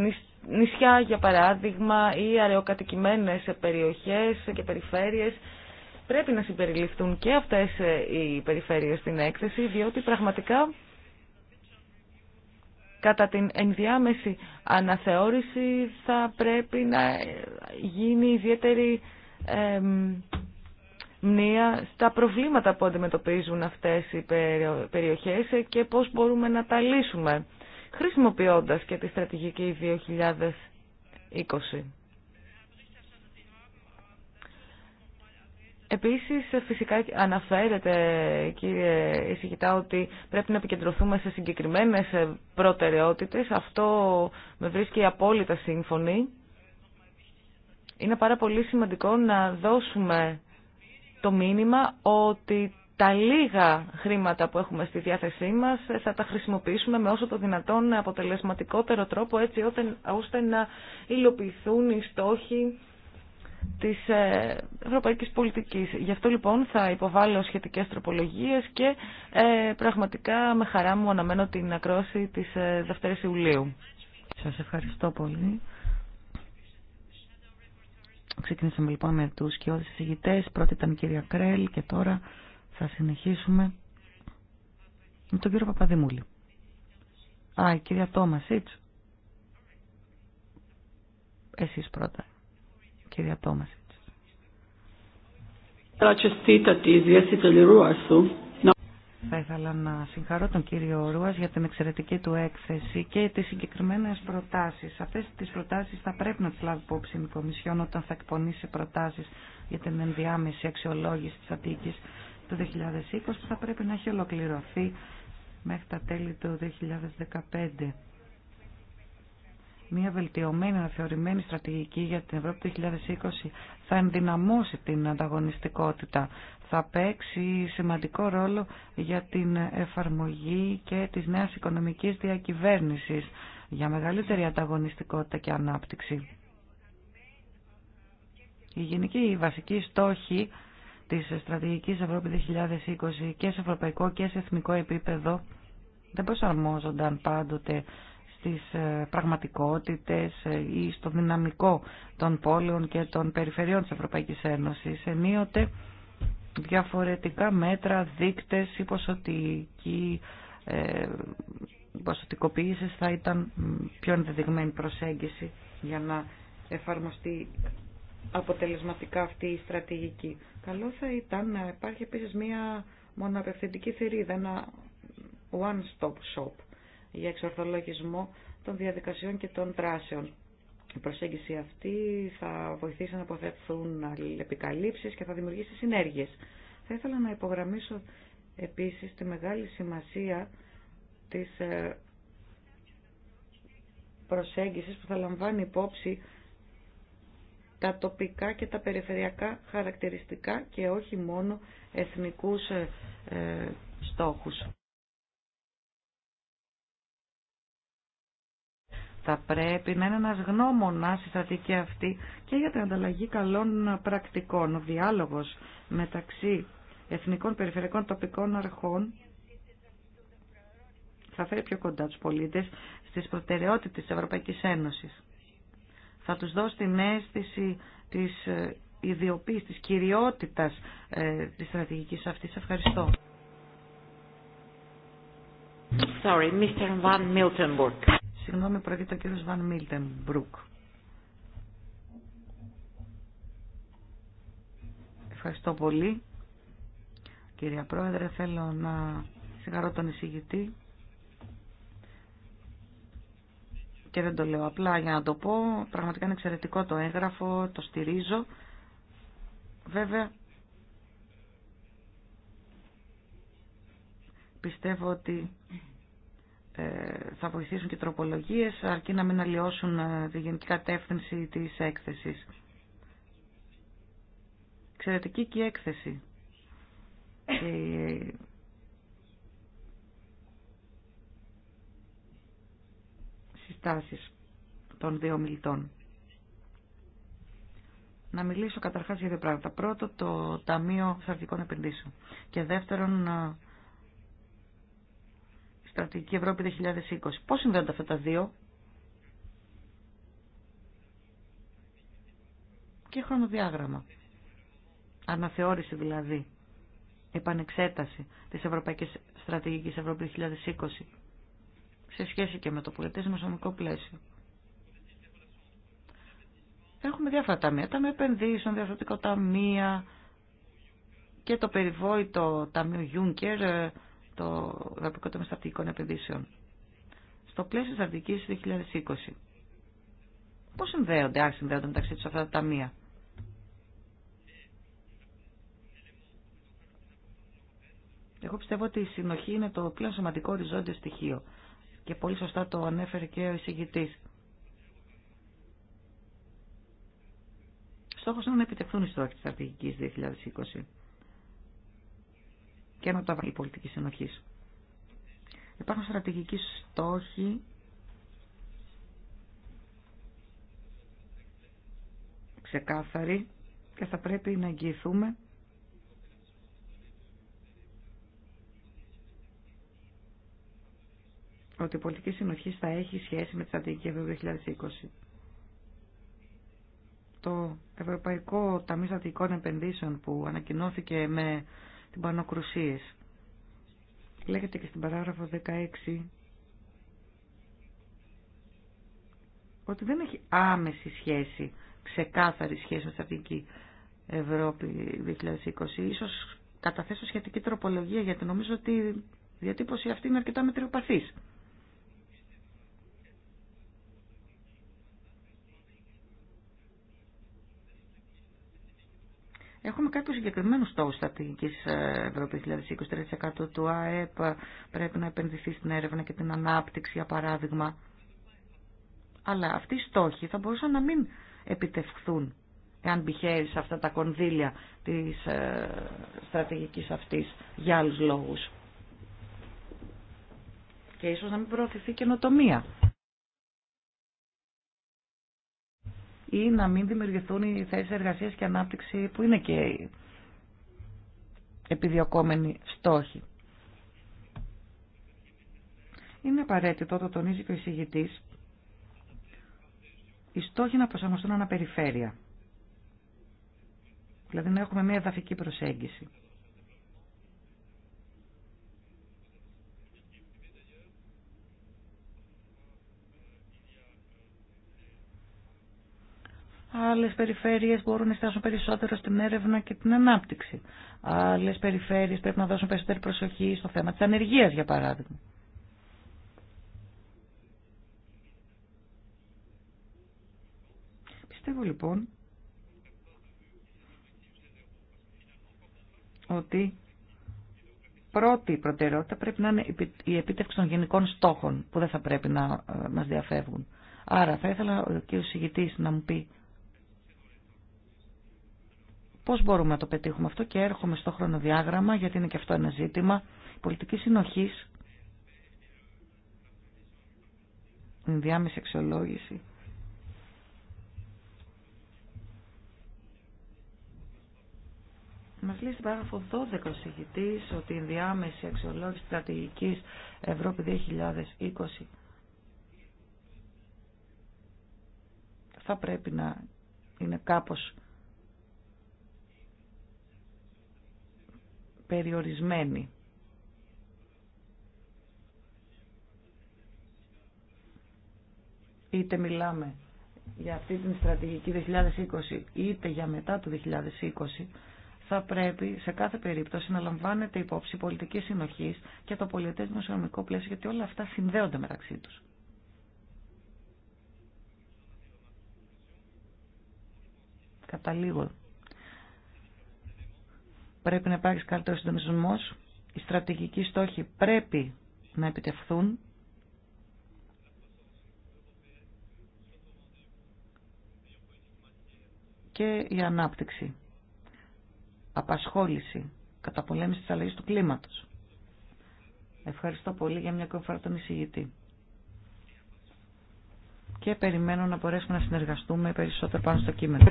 Νησιά, για παράδειγμα, ή αραιοκατοικημένες περιοχές και περιφέρειες, πρέπει να συμπεριληφθούν και αυτές ε, οι περιφέρειες στην έκθεση, διότι πραγματικά κατά την ενδιάμεση αναθεώρηση θα πρέπει να γίνει ιδιαίτερη μνήα στα προβλήματα που αντιμετωπίζουν αυτές οι περιοχές και πώς μπορούμε να τα λύσουμε χρησιμοποιώντας και τη στρατηγική 2020. Επίσης φυσικά αναφέρεται κύριε Ισηγητά ότι πρέπει να επικεντρωθούμε σε συγκεκριμένες προτεραιότητες. Αυτό με βρίσκει απόλυτα σύμφωνη. Είναι πάρα πολύ σημαντικό να δώσουμε το μήνυμα ότι τα λίγα χρήματα που έχουμε στη διάθεσή μας θα τα χρησιμοποιήσουμε με όσο το δυνατόν αποτελεσματικότερο τρόπο έτσι ώστε να υλοποιηθούν οι στόχοι της ε, ευρωπαϊκής πολιτικής. Γι' αυτό λοιπόν θα υποβάλω σχετικές τροπολογίες και ε, πραγματικά με χαρά μου αναμένω την ακρόση της ε, Ιουλίου. Σας ευχαριστώ πολύ. Ξεκινήσαμε λοιπόν με τους σκιώδεις ηγητές. Πρώτη ήταν η κυρία Κρέλ και τώρα θα συνεχίσουμε με τον κύριο Παπαδημούλη. Α, η κυρία Τόμασίτς. Εσείς πρώτα κυρία Τόμασιτς. Θα ήθελα να συγχαρώ τον κύριο Ρούας για την εξαιρετική του έκθεση και τις συγκεκριμένες προτάσεις. Αυτές τις προτάσεις θα πρέπει να τις λάβει υπόψη η Κομισιόν όταν θα εκπονήσει προτάσεις για την ενδιάμεση αξιολόγηση της Αττικής του 2020 που θα πρέπει να έχει ολοκληρωθεί μέχρι τα τέλη του 2015. Μια βελτιωμένη, αναθεωρημένη στρατηγική για την Ευρώπη του 2020 θα ενδυναμώσει την ανταγωνιστικότητα. Θα παίξει σημαντικό ρόλο για την εφαρμογή και της νέας οικονομικής διακυβέρνησης για μεγαλύτερη ανταγωνιστικότητα και ανάπτυξη. Η γενική η βασική στόχη της στρατηγικής Ευρώπη 2020 και σε ευρωπαϊκό και σε εθνικό επίπεδο δεν προσαρμόζονταν πάντοτε στις ε, πραγματικότητες ε, ή στο δυναμικό των πόλεων και των περιφερειών της Ευρωπαϊκής Ένωσης. Ενίοτε διαφορετικά μέτρα, δείκτες ή ποσοτική ε, θα ήταν πιο ενδεδειγμένη προσέγγιση για να εφαρμοστεί αποτελεσματικά αυτή η στρατηγική. Καλό θα ήταν να υπάρχει επίσης μία μονοαπευθυντική θηρίδα, ένα one-stop shop για εξορθολογισμό των διαδικασιών και των δράσεων. Η προσέγγιση αυτή θα βοηθήσει να αποθεθούν επικαλύψεις και θα δημιουργήσει συνέργειες. Θα ήθελα να υπογραμμίσω επίσης τη μεγάλη σημασία της ε, προσέγγισης που θα λαμβάνει υπόψη τα τοπικά και τα περιφερειακά χαρακτηριστικά και όχι μόνο εθνικούς ε, ε, στόχους. θα πρέπει να είναι ένας γνώμονας η στρατηγική αυτή και για την ανταλλαγή καλών πρακτικών. Ο διάλογος μεταξύ εθνικών, περιφερειακών, τοπικών αρχών θα φέρει πιο κοντά τους πολίτες στις προτεραιότητες της Ευρωπαϊκής Ένωσης. Θα τους δώσει την αίσθηση της ε, ιδιοποίησης, της κυριότητας ε, της στρατηγικής αυτής. Ευχαριστώ. Sorry, Mr. Van Miltenburg. Συγγνώμη, πρόκειται ο κύριος Βαν Μίλτεμπρουκ. Ευχαριστώ πολύ. Κυρία Πρόεδρε, θέλω να συγχαρώ τον εισηγητή. Και δεν το λέω απλά για να το πω. Πραγματικά είναι εξαιρετικό το έγγραφο, το στηρίζω. Βέβαια, πιστεύω ότι ε, θα βοηθήσουν και τροπολογίες αρκεί να μην αλλοιώσουν ε, τη γενική κατεύθυνση της έκθεσης. Εξαιρετική και η έκθεση. Και... Ε, συστάσεις των δύο μιλητών. Να μιλήσω καταρχάς για δύο πράγματα. Πρώτο, το Ταμείο Σαρδικών Επενδύσεων. Και δεύτερον, Στρατηγική Ευρώπη 2020. Πώς συνδέονται αυτά τα δύο. Και χρονοδιάγραμμα. Αναθεώρηση δηλαδή. Επανεξέταση της Ευρωπαϊκής Στρατηγικής Ευρώπη 2020. Σε σχέση και με το πολιτές νοσομικό πλαίσιο. Έχουμε διάφορα ταμεία. με επενδύσεων, διαφορετικό ταμεία και το περιβόητο ταμείο Juncker ε, το Ευρωπαϊκό των Στατικών Επενδύσεων. Στο πλαίσιο της Αρδικής 2020. Πώς συνδέονται, αν συνδέονται μεταξύ του αυτά τα ταμεία. Εγώ πιστεύω ότι η συνοχή είναι το πλέον σημαντικό οριζόντιο στοιχείο και πολύ σωστά το ανέφερε και ο εισηγητή. Στόχος είναι να επιτευχθούν οι στόχοι της 2020 και να βάλει η πολιτική συνοχή. Υπάρχουν στρατηγικοί στόχοι ξεκάθαροι και θα πρέπει να εγγυηθούμε ότι η πολιτική συνοχή θα έχει σχέση με τη στρατηγική 2020. Το Ευρωπαϊκό Ταμείο Στρατηγικών Επενδύσεων που ανακοινώθηκε με Πανοκρουσίες Λέγεται και στην παράγραφο 16 ότι δεν έχει άμεση σχέση, ξεκάθαρη σχέση με την Ευρώπη 2020. Ίσως καταθέσω σχετική τροπολογία γιατί νομίζω ότι η διατύπωση αυτή είναι αρκετά μετριοπαθής. Έχουμε κάποιους συγκεκριμένου στόχου στρατηγική ε, Ευρώπη δηλαδή 23% του ΑΕΠ ε, πρέπει να επενδυθεί στην έρευνα και την ανάπτυξη, για παράδειγμα. Αλλά αυτοί οι στόχοι θα μπορούσαν να μην επιτευχθούν εάν πηχαίρει σε αυτά τα κονδύλια της ε, στρατηγικής αυτής για άλλου λόγους. Και ίσως να μην προωθηθεί καινοτομία ή να μην δημιουργηθούν οι θέσει εργασία και ανάπτυξη που είναι και οι επιδιωκόμενοι στόχοι. Είναι απαραίτητο, το τονίζει και ο εισηγητή, οι στόχοι να προσαρμοστούν αναπεριφέρεια. Δηλαδή να έχουμε μια εδαφική προσέγγιση. Άλλες περιφέρειες μπορούν να εστιάσουν περισσότερο στην έρευνα και την ανάπτυξη. Άλλες περιφέρειες πρέπει να δώσουν περισσότερη προσοχή στο θέμα της ανεργίας, για παράδειγμα. Πιστεύω λοιπόν ότι πρώτη προτεραιότητα πρέπει να είναι η επίτευξη των γενικών στόχων που δεν θα πρέπει να ε, μας διαφεύγουν. Άρα θα ήθελα ο κ. Συγητής να μου πει Πώς μπορούμε να το πετύχουμε αυτό και έρχομαι στο χρονοδιάγραμμα γιατί είναι και αυτό ένα ζήτημα πολιτική συνοχής, ενδιάμεση αξιολόγηση. Μα λέει στην παράγραφο 12 ο συγητή ότι η διάμεση αξιολόγηση στρατηγική Ευρώπη 2020 θα πρέπει να είναι κάπως περιορισμένη. Είτε μιλάμε για αυτή την στρατηγική 2020 είτε για μετά το 2020 θα πρέπει σε κάθε περίπτωση να λαμβάνεται υπόψη πολιτική συνοχή και το πολιτέ δημοσιονομικό πλαίσιο, γιατί όλα αυτά συνδέονται μεταξύ του. Καταλήγω Πρέπει να υπάρχει καλύτερο συντονισμό. Οι στρατηγικοί στόχοι πρέπει να επιτευχθούν. Και η ανάπτυξη, απασχόληση, καταπολέμηση της αλλαγής του κλίματος. Ευχαριστώ πολύ για μια κομφάρα τον εισηγητή. Και περιμένω να μπορέσουμε να συνεργαστούμε περισσότερο πάνω στο κείμενο.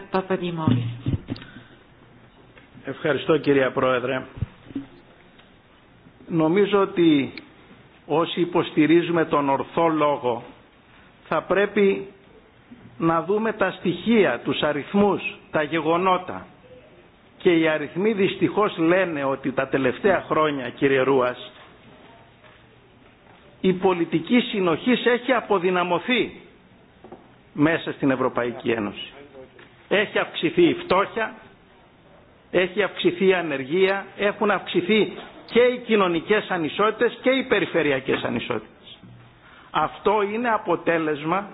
Ευχαριστώ κυρία Πρόεδρε. Νομίζω ότι όσοι υποστηρίζουμε τον ορθό λόγο θα πρέπει να δούμε τα στοιχεία, τους αριθμούς, τα γεγονότα. Και οι αριθμοί δυστυχώς λένε ότι τα τελευταία χρόνια, κύριε Ρούας, η πολιτική συνοχής έχει αποδυναμωθεί μέσα στην Ευρωπαϊκή Ένωση. Έχει αυξηθεί η φτώχεια, έχει αυξηθεί η ανεργία, έχουν αυξηθεί και οι κοινωνικές ανισότητες και οι περιφερειακές ανισότητες. Αυτό είναι αποτέλεσμα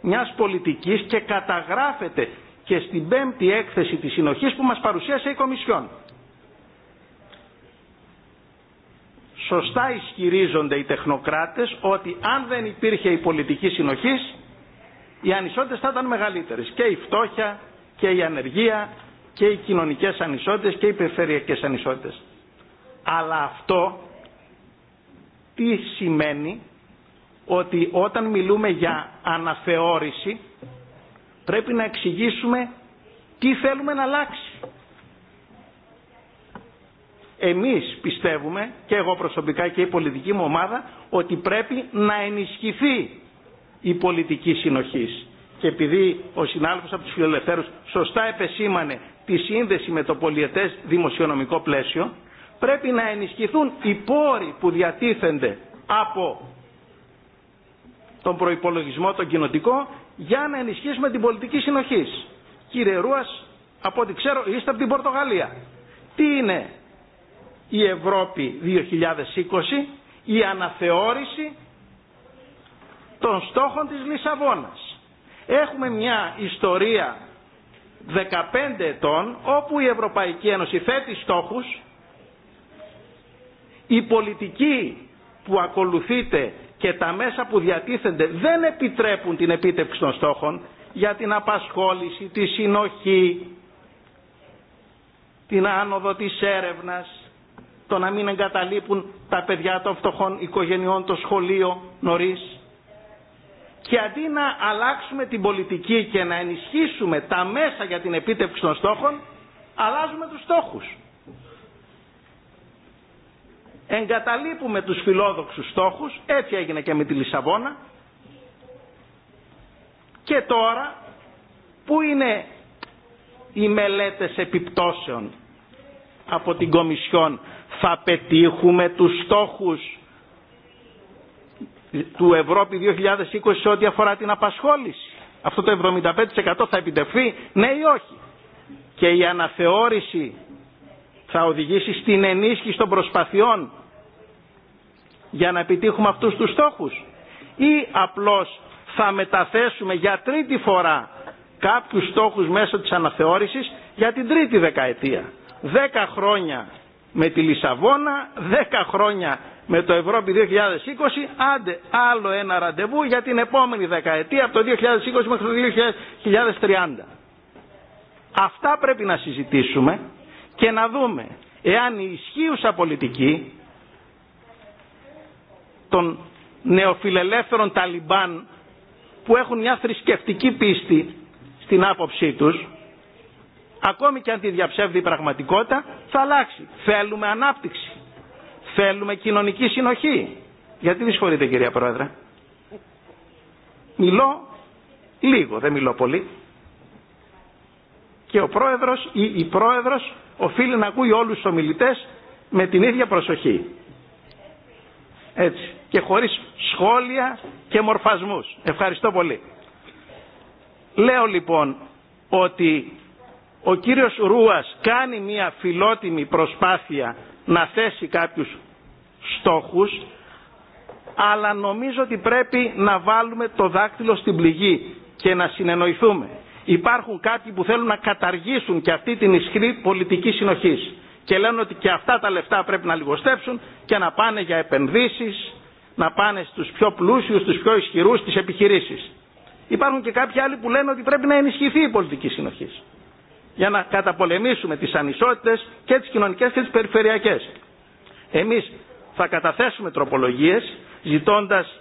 μιας πολιτικής και καταγράφεται και στην πέμπτη έκθεση της συνοχής που μας παρουσίασε η Κομισιόν. Σωστά ισχυρίζονται οι τεχνοκράτες ότι αν δεν υπήρχε η πολιτική συνοχής οι ανισότητες θα ήταν μεγαλύτερες και η φτώχεια και η ανεργία και οι κοινωνικές ανισότητες και οι περιφερειακές ανισότητες. Αλλά αυτό τι σημαίνει ότι όταν μιλούμε για αναθεώρηση πρέπει να εξηγήσουμε τι θέλουμε να αλλάξει. Εμείς πιστεύουμε και εγώ προσωπικά και η πολιτική μου ομάδα ότι πρέπει να ενισχυθεί η πολιτική συνοχής. Και επειδή ο συνάδελφος από τους φιλελευθέρους σωστά επεσήμανε τη σύνδεση με το πολιετές δημοσιονομικό πλαίσιο, πρέπει να ενισχυθούν οι πόροι που διατίθενται από τον προϋπολογισμό τον κοινοτικό για να ενισχύσουμε την πολιτική συνοχής. Κύριε Ρούας, από ό,τι ξέρω είστε από την Πορτογαλία. Τι είναι η Ευρώπη 2020, η αναθεώρηση των στόχων της Λισαβόνας. Έχουμε μια ιστορία 15 ετών όπου η Ευρωπαϊκή Ένωση θέτει στόχους η πολιτική που ακολουθείτε και τα μέσα που διατίθενται δεν επιτρέπουν την επίτευξη των στόχων για την απασχόληση, τη συνοχή, την άνοδο της έρευνας, το να μην εγκαταλείπουν τα παιδιά των φτωχών οικογενειών το σχολείο νωρίς, και αντί να αλλάξουμε την πολιτική και να ενισχύσουμε τα μέσα για την επίτευξη των στόχων, αλλάζουμε τους στόχους. Εγκαταλείπουμε τους φιλόδοξους στόχους, έτσι έγινε και με τη Λισαβόνα. Και τώρα, πού είναι οι μελέτες επιπτώσεων από την Κομισιόν, θα πετύχουμε τους στόχους του Ευρώπη 2020 σε ό,τι αφορά την απασχόληση. Αυτό το 75% θα επιτευχθεί, ναι ή όχι. Και η αναθεώρηση θα οδηγήσει στην ενίσχυση των προσπαθειών για να επιτύχουμε αυτούς τους στόχους. Ή απλώς θα μεταθέσουμε για τρίτη φορά κάποιους στόχους μέσω της αναθεώρησης για την τρίτη δεκαετία. Δέκα χρόνια με τη Λισαβόνα, 10 χρόνια με το Ευρώπη 2020, άντε άλλο ένα ραντεβού για την επόμενη δεκαετία από το 2020 μέχρι το 2030. Αυτά πρέπει να συζητήσουμε και να δούμε εάν η ισχύουσα πολιτική των νεοφιλελεύθερων Ταλιμπάν που έχουν μια θρησκευτική πίστη στην άποψή τους ακόμη και αν τη διαψεύδει η πραγματικότητα, θα αλλάξει. Θέλουμε ανάπτυξη. Θέλουμε κοινωνική συνοχή. Γιατί δυσχωρείτε κυρία Πρόεδρε. Μιλώ λίγο, δεν μιλώ πολύ. Και ο Πρόεδρος ή η Πρόεδρος οφείλει να ακούει όλους τους ομιλητές με την ίδια προσοχή. Έτσι. Και χωρίς σχόλια και μορφασμούς. Ευχαριστώ πολύ. Λέω λοιπόν ότι ο κύριος Ρούας κάνει μια φιλότιμη προσπάθεια να θέσει κάποιους στόχους, αλλά νομίζω ότι πρέπει να βάλουμε το δάκτυλο στην πληγή και να συνεννοηθούμε. Υπάρχουν κάποιοι που θέλουν να καταργήσουν και αυτή την ισχυρή πολιτική συνοχής και λένε ότι και αυτά τα λεφτά πρέπει να λιγοστέψουν και να πάνε για επενδύσεις, να πάνε στους πιο πλούσιους, στους πιο ισχυρούς, στις επιχειρήσεις. Υπάρχουν και κάποιοι άλλοι που λένε ότι πρέπει να ενισχυθεί η πολιτική συνοχής για να καταπολεμήσουμε τις ανισότητες και τις κοινωνικές και τις περιφερειακές. Εμείς θα καταθέσουμε τροπολογίες ζητώντας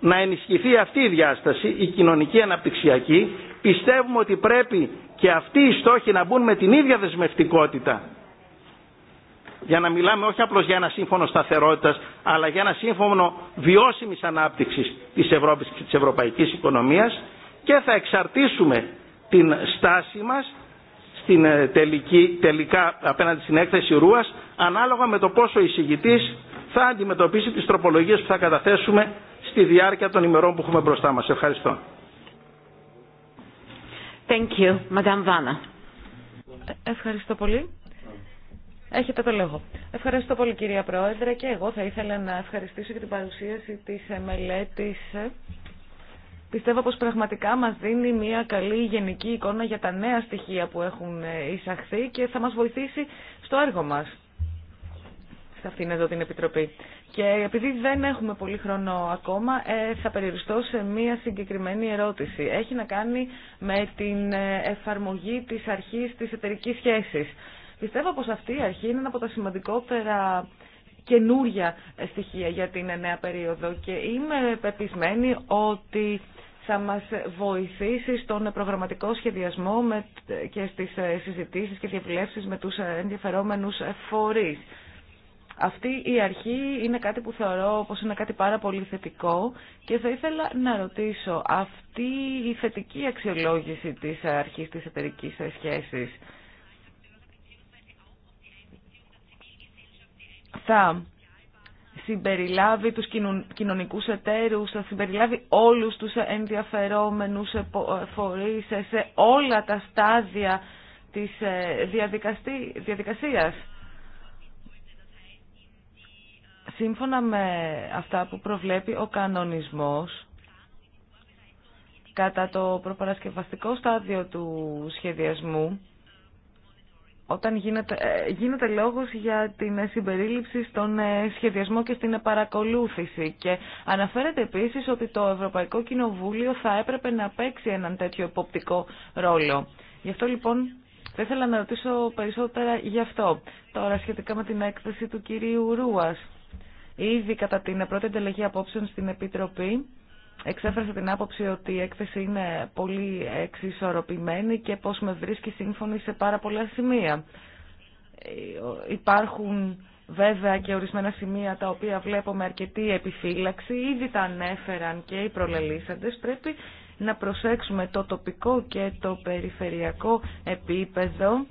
να ενισχυθεί αυτή η διάσταση, η κοινωνική αναπτυξιακή. Πιστεύουμε ότι πρέπει και αυτοί οι στόχοι να μπουν με την ίδια δεσμευτικότητα για να μιλάμε όχι απλώς για ένα σύμφωνο σταθερότητας, αλλά για ένα σύμφωνο βιώσιμης ανάπτυξης της Ευρώπης και της ευρωπαϊκής οικονομίας και θα εξαρτήσουμε την στάση μας στην ε, τελική, τελικά απέναντι στην έκθεση Ρούας ανάλογα με το πόσο ο θα αντιμετωπίσει τις τροπολογίες που θα καταθέσουμε στη διάρκεια των ημερών που έχουμε μπροστά μας. Ευχαριστώ. Thank you, Madame Vanna. Ευχαριστώ πολύ. Έχετε το λόγο. Ευχαριστώ πολύ κυρία Πρόεδρε και εγώ θα ήθελα να ευχαριστήσω για την παρουσίαση της μελέτης Πιστεύω πως πραγματικά μας δίνει μια καλή γενική εικόνα για τα νέα στοιχεία που έχουν ε, εισαχθεί και θα μας βοηθήσει στο έργο μας σε αυτήν εδώ την Επιτροπή. Και επειδή δεν έχουμε πολύ χρόνο ακόμα, ε, θα περιοριστώ σε μία συγκεκριμένη ερώτηση. Έχει να κάνει με την ε, εφαρμογή της αρχής της εταιρικής σχέσης. Πιστεύω πως αυτή η αρχή είναι ένα από τα σημαντικότερα καινούρια στοιχεία για την νέα περίοδο και είμαι πεπισμένη ότι θα μας βοηθήσει στον προγραμματικό σχεδιασμό και στις ε, συζητήσεις και διαβουλεύσεις με τους ε, ενδιαφερόμενους ε, φορείς. Αυτή η αρχή είναι κάτι που θεωρώ πως είναι κάτι πάρα πολύ θετικό και θα ήθελα να ρωτήσω αυτή η θετική αξιολόγηση της αρχής της εταιρικής σχέσης θα συμπεριλάβει τους κοινωνικούς εταίρους, θα συμπεριλάβει όλους τους ενδιαφερόμενους ε, φορείς σε όλα τα στάδια της ε, διαδικασίας. Σύμφωνα με αυτά που προβλέπει ο κανονισμός, κατά το προπαρασκευαστικό στάδιο του σχεδιασμού, όταν γίνεται, ε, γίνεται λόγος για την συμπερίληψη στον ε, σχεδιασμό και στην παρακολούθηση. Και αναφέρεται επίσης ότι το Ευρωπαϊκό Κοινοβούλιο θα έπρεπε να παίξει έναν τέτοιο εποπτικό ρόλο. Γι' αυτό λοιπόν θα ήθελα να ρωτήσω περισσότερα γι' αυτό. Τώρα σχετικά με την έκθεση του κυρίου Ρούας. Ήδη κατά την πρώτη ανταλλαγή απόψεων στην Επιτροπή εξέφρασε την άποψη ότι η έκθεση είναι πολύ εξισορροπημένη και πως με βρίσκει σύμφωνη σε πάρα πολλά σημεία. Υπάρχουν βέβαια και ορισμένα σημεία τα οποία βλέπω με αρκετή επιφύλαξη, ήδη τα ανέφεραν και οι προλελήσαντες, πρέπει να προσέξουμε το τοπικό και το περιφερειακό επίπεδο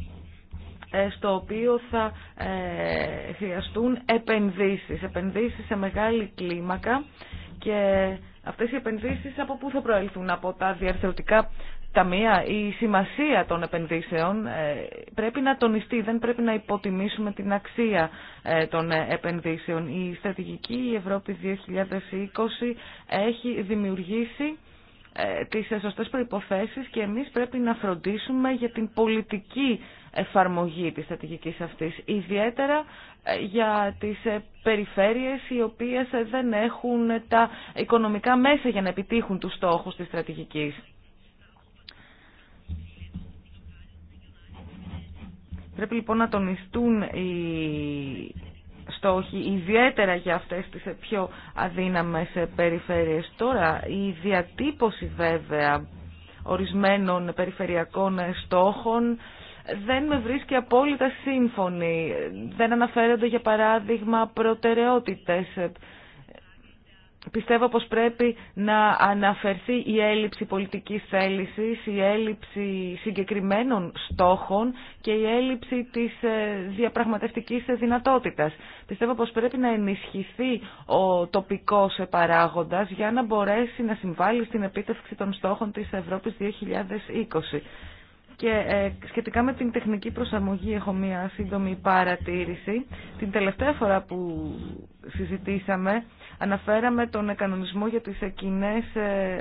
ε, στο οποίο θα ε, χρειαστούν επενδύσεις, επενδύσεις σε μεγάλη κλίμακα και αυτές οι επενδύσεις από πού θα προέλθουν, από τα διαρθρωτικά ταμεία. Η σημασία των επενδύσεων ε, πρέπει να τονιστεί, δεν πρέπει να υποτιμήσουμε την αξία ε, των επενδύσεων. Η στρατηγική Ευρώπη 2020 έχει δημιουργήσει ε, τις σωστές προϋποθέσεις και εμείς πρέπει να φροντίσουμε για την πολιτική εφαρμογή της στρατηγικής αυτής, ιδιαίτερα ε, για τις ε, περιφέρειες οι οποίες ε, δεν έχουν τα οικονομικά μέσα για να επιτύχουν τους στόχους της στρατηγικής. Πρέπει λοιπόν να τονιστούν οι στόχοι, ιδιαίτερα για αυτές τις πιο αδύναμες περιφέρειες. Τώρα, η διατύπωση βέβαια ορισμένων περιφερειακών στόχων δεν με βρίσκει απόλυτα σύμφωνη. Δεν αναφέρονται για παράδειγμα προτεραιότητες. Πιστεύω πως πρέπει να αναφερθεί η έλλειψη πολιτικής θέλησης, η έλλειψη συγκεκριμένων στόχων και η έλλειψη της ε, διαπραγματευτικής δυνατότητας. Πιστεύω πως πρέπει να ενισχυθεί ο τοπικός παράγοντας για να μπορέσει να συμβάλλει στην επίτευξη των στόχων της Ευρώπης 2020. Και ε, σχετικά με την τεχνική προσαρμογή έχω μία σύντομη παρατήρηση. Την τελευταία φορά που συζητήσαμε αναφέραμε τον κανονισμό για τις ε, κοινέ ε,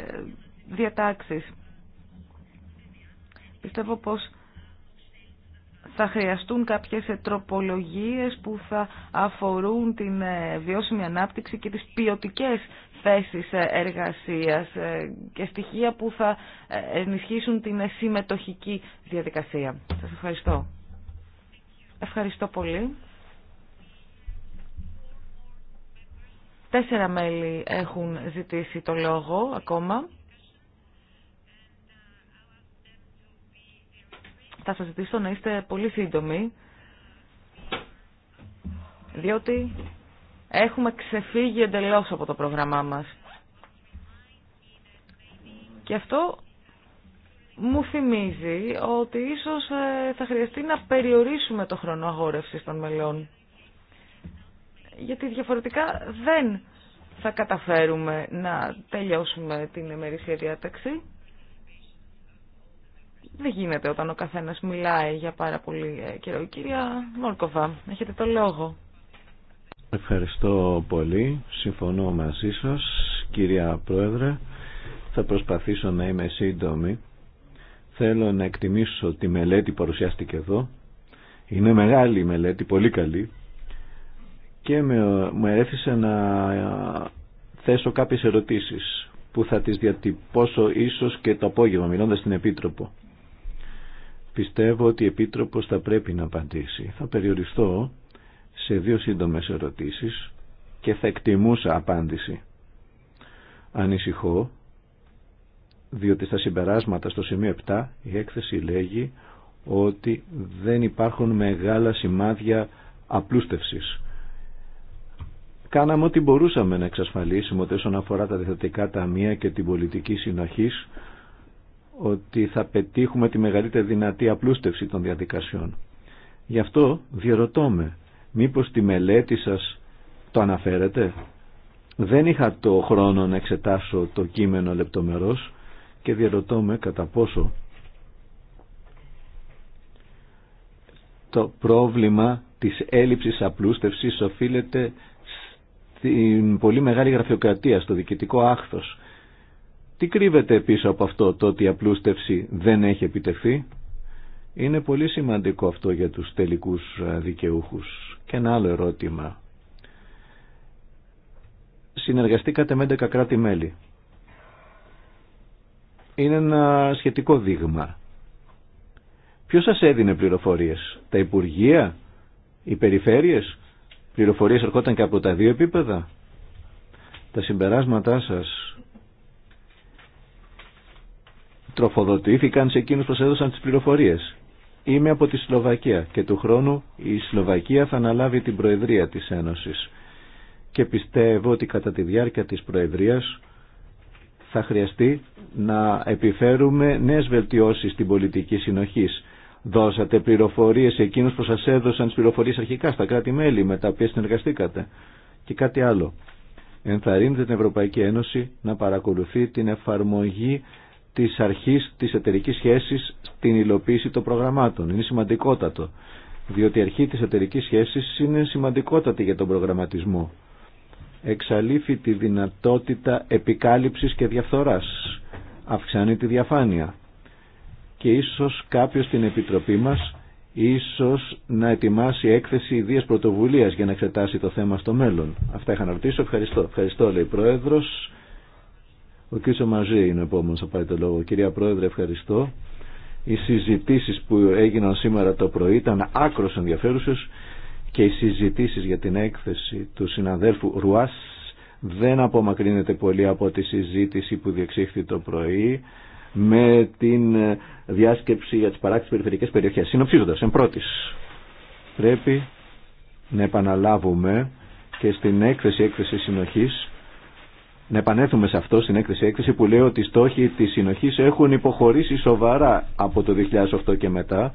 διατάξεις. Πιστεύω πως θα χρειαστούν κάποιες τροπολογίες που θα αφορούν την βιώσιμη ανάπτυξη και τις ποιοτικέ θέσεις εργασίας ε, και στοιχεία που θα ε, ενισχύσουν την συμμετοχική διαδικασία. Σας ευχαριστώ. Ευχαριστώ πολύ. Τέσσερα μέλη έχουν ζητήσει το λόγο ακόμα. Θα σας ζητήσω να είστε πολύ σύντομοι, διότι έχουμε ξεφύγει εντελώς από το πρόγραμμά μας. Και αυτό μου θυμίζει ότι ίσως ε, θα χρειαστεί να περιορίσουμε το χρόνο αγόρευσης των μελών. Γιατί διαφορετικά δεν θα καταφέρουμε να τελειώσουμε την εμερήσια διάταξη. Δεν γίνεται όταν ο καθένας μιλάει για πάρα πολύ ε, καιρό. Κυρία Μόρκοβα, έχετε το λόγο. Ευχαριστώ πολύ. Συμφωνώ μαζί σας, κυρία Πρόεδρε. Θα προσπαθήσω να είμαι σύντομη. Θέλω να εκτιμήσω τη μελέτη που παρουσιάστηκε εδώ. Είναι μεγάλη η μελέτη, πολύ καλή. Και με, μου να ε, θέσω κάποιες ερωτήσεις που θα τις διατυπώσω ίσως και το απόγευμα μιλώντας στην Επίτροπο. Πιστεύω ότι η Επίτροπος θα πρέπει να απαντήσει. Θα περιοριστώ σε δύο σύντομες ερωτήσεις και θα εκτιμούσα απάντηση. Ανησυχώ, διότι στα συμπεράσματα στο σημείο 7 η έκθεση λέγει ότι δεν υπάρχουν μεγάλα σημάδια απλούστευσης. Κάναμε ό,τι μπορούσαμε να εξασφαλίσουμε ότι όσον αφορά τα διθετικά ταμεία και την πολιτική συνοχής ότι θα πετύχουμε τη μεγαλύτερη δυνατή απλούστευση των διαδικασιών. Γι' αυτό διερωτώ Μήπως τη μελέτη σας το αναφέρετε. Δεν είχα το χρόνο να εξετάσω το κείμενο λεπτομερώς και διαρωτώ με κατά πόσο το πρόβλημα της έλλειψης απλούστευσης οφείλεται στην πολύ μεγάλη γραφειοκρατία, στο διοικητικό άχθος. Τι κρύβεται πίσω από αυτό το ότι η απλούστευση δεν έχει επιτευχθεί. Είναι πολύ σημαντικό αυτό για τους τελικούς ε, δικαιούχους. Και ένα άλλο ερώτημα. Συνεργαστήκατε με 11 κράτη-μέλη. Είναι ένα σχετικό δείγμα. Ποιος σας έδινε πληροφορίες, τα Υπουργεία, οι Περιφέρειες, πληροφορίες ερχόταν και από τα δύο επίπεδα. Τα συμπεράσματά σας τροφοδοτήθηκαν σε εκείνους που σας έδωσαν τις πληροφορίες. Είμαι από τη Σλοβακία και του χρόνου η Σλοβακία θα αναλάβει την Προεδρία της Ένωσης και πιστεύω ότι κατά τη διάρκεια της Προεδρίας θα χρειαστεί να επιφέρουμε νέες βελτιώσεις στην πολιτική συνοχής. Δώσατε πληροφορίες σε εκείνους που σας έδωσαν τις πληροφορίες αρχικά στα κράτη-μέλη με τα οποία συνεργαστήκατε. Και κάτι άλλο. Ενθαρρύνεται την Ευρωπαϊκή Ένωση να παρακολουθεί την εφαρμογή Τη αρχής τη εταιρική σχέση στην υλοποίηση των προγραμμάτων. Είναι σημαντικότατο, διότι η αρχή τη εταιρική σχέσης είναι σημαντικότατη για τον προγραμματισμό. Εξαλείφει τη δυνατότητα επικάλυψης και διαφθοράς. Αυξάνει τη διαφάνεια. Και ίσως κάποιος στην Επιτροπή μας ίσως να ετοιμάσει έκθεση ιδίας πρωτοβουλία για να εξετάσει το θέμα στο μέλλον. Αυτά είχα να ρωτήσω. Ευχαριστώ. Ευχαριστώ λέει Πρόεδρος. Ο κ. Μαζί είναι επόμενο να πάρει το λόγο. Κυρία Πρόεδρε, ευχαριστώ. Οι συζητήσεις που έγιναν σήμερα το πρωί ήταν άκρο ενδιαφέρουσες και οι συζητήσεις για την έκθεση του συναδέλφου Ρουάς δεν απομακρύνεται πολύ από τη συζήτηση που διεξήχθη το πρωί με την διάσκεψη για τις παράξει περιφερειακές περιοχέ Συνοψίζοντα, εν πρώτης, πρέπει να επαναλάβουμε και στην έκθεση έκθεση συνοχής να επανέλθουμε σε αυτό στην έκθεση έκθεση που λέει ότι οι στόχοι της συνοχής έχουν υποχωρήσει σοβαρά από το 2008 και μετά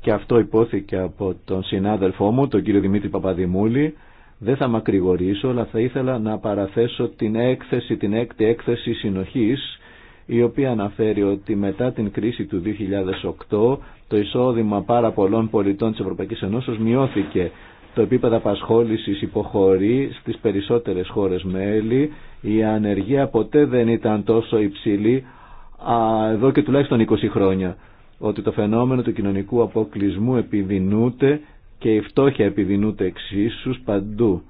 και αυτό υπόθηκε από τον συνάδελφό μου, τον κύριο Δημήτρη Παπαδημούλη. Δεν θα μακρηγορήσω, αλλά θα ήθελα να παραθέσω την έκθεση, την έκτη έκθεση συνοχής, η οποία αναφέρει ότι μετά την κρίση του 2008 το εισόδημα πάρα πολλών πολιτών της Ευρωπαϊκής μειώθηκε το επίπεδο απασχόλησης υποχωρεί στις περισσότερες χώρες μέλη. Η ανεργία ποτέ δεν ήταν τόσο υψηλή α, εδώ και τουλάχιστον 20 χρόνια. Ότι το φαινόμενο του κοινωνικού αποκλεισμού επιδεινούται και η φτώχεια επιδεινούται εξίσου παντού.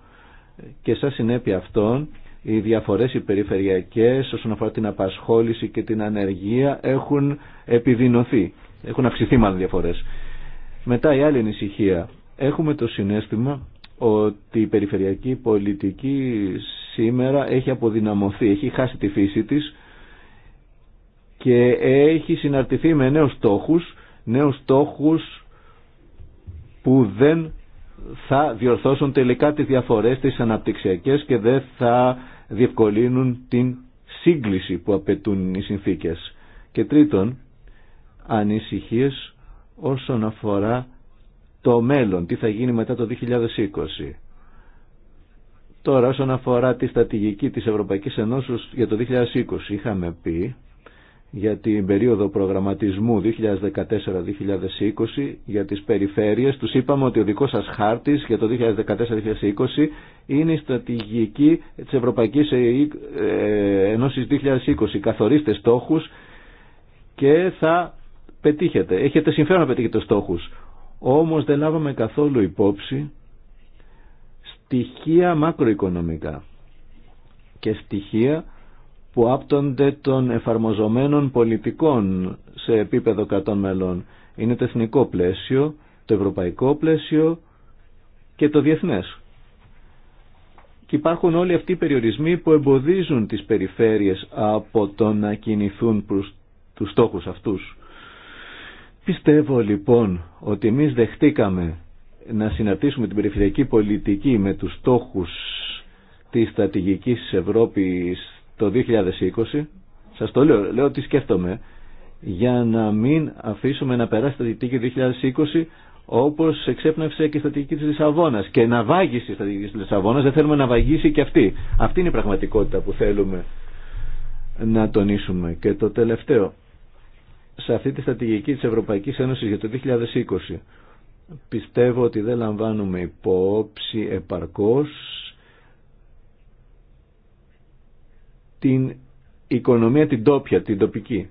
Και σαν συνέπεια αυτών οι διαφορές οι περιφερειακές όσον αφορά την απασχόληση και την ανεργία έχουν επιδεινωθεί. Έχουν αυξηθεί μάλλον διαφορές. Μετά η άλλη ανησυχία Έχουμε το συνέστημα ότι η περιφερειακή πολιτική σήμερα έχει αποδυναμωθεί, έχει χάσει τη φύση της και έχει συναρτηθεί με νέους στόχους, νέους στόχους που δεν θα διορθώσουν τελικά τις διαφορές της αναπτυξιακές και δεν θα διευκολύνουν την σύγκληση που απαιτούν οι συνθήκες. Και τρίτον, ανησυχίες όσον αφορά το μέλλον, τι θα γίνει μετά το 2020. Τώρα, όσον αφορά τη στρατηγική της Ευρωπαϊκής Ενώσεως για το 2020, είχαμε πει για την περίοδο προγραμματισμού 2014-2020 για τις περιφέρειες. Τους είπαμε ότι ο δικός σας χάρτης για το 2014-2020 είναι η στρατηγική της Ευρωπαϊκής ε, ε, Ενώσης 2020. Καθορίστε στόχους και θα πετύχετε. Έχετε συμφέρον να πετύχετε στόχους. Όμως δεν λάβαμε καθόλου υπόψη στοιχεία μακροοικονομικά και στοιχεία που άπτονται των εφαρμοζομένων πολιτικών σε επίπεδο κατών μελών. Είναι το εθνικό πλαίσιο, το ευρωπαϊκό πλαίσιο και το διεθνές. Και υπάρχουν όλοι αυτοί οι περιορισμοί που εμποδίζουν τις περιφέρειες από το να κινηθούν προς τους στόχους αυτούς. Πιστεύω λοιπόν ότι εμεί δεχτήκαμε να συναντήσουμε την περιφερειακή πολιτική με τους στόχους της στρατηγικής Ευρώπης το 2020. Σας το λέω, λέω ότι σκέφτομαι για να μην αφήσουμε να περάσει η στρατηγική 2020 όπως εξέπνευσε και η στρατηγική της Λισαβόνας και να βάγει η στρατηγική της Λισαβόνας δεν θέλουμε να βαγίσει και αυτή αυτή είναι η πραγματικότητα που θέλουμε να τονίσουμε και το τελευταίο σε αυτή τη στρατηγική της Ευρωπαϊκής Ένωσης για το 2020. Πιστεύω ότι δεν λαμβάνουμε υπόψη επαρκώς την οικονομία την τόπια, την τοπική.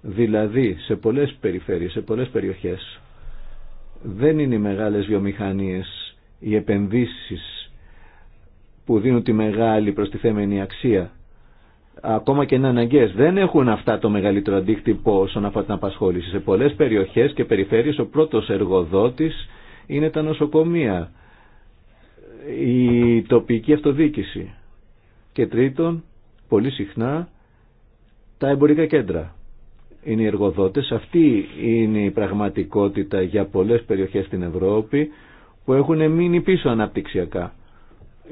Δηλαδή σε πολλές περιφέρειες, σε πολλές περιοχές δεν είναι οι μεγάλες βιομηχανίες οι επενδύσεις που δίνουν τη μεγάλη προστιθέμενη αξία ακόμα και είναι αναγκαίε. δεν έχουν αυτά το μεγαλύτερο αντίκτυπο όσον αφορά την απασχόληση. Σε πολλές περιοχές και περιφέρειες ο πρώτο εργοδότης είναι τα νοσοκομεία, η τοπική αυτοδιοίκηση και τρίτον, πολύ συχνά, τα εμπορικά κέντρα. Είναι οι εργοδότες, αυτή είναι η πραγματικότητα για πολλές περιοχές στην Ευρώπη που έχουν μείνει πίσω αναπτυξιακά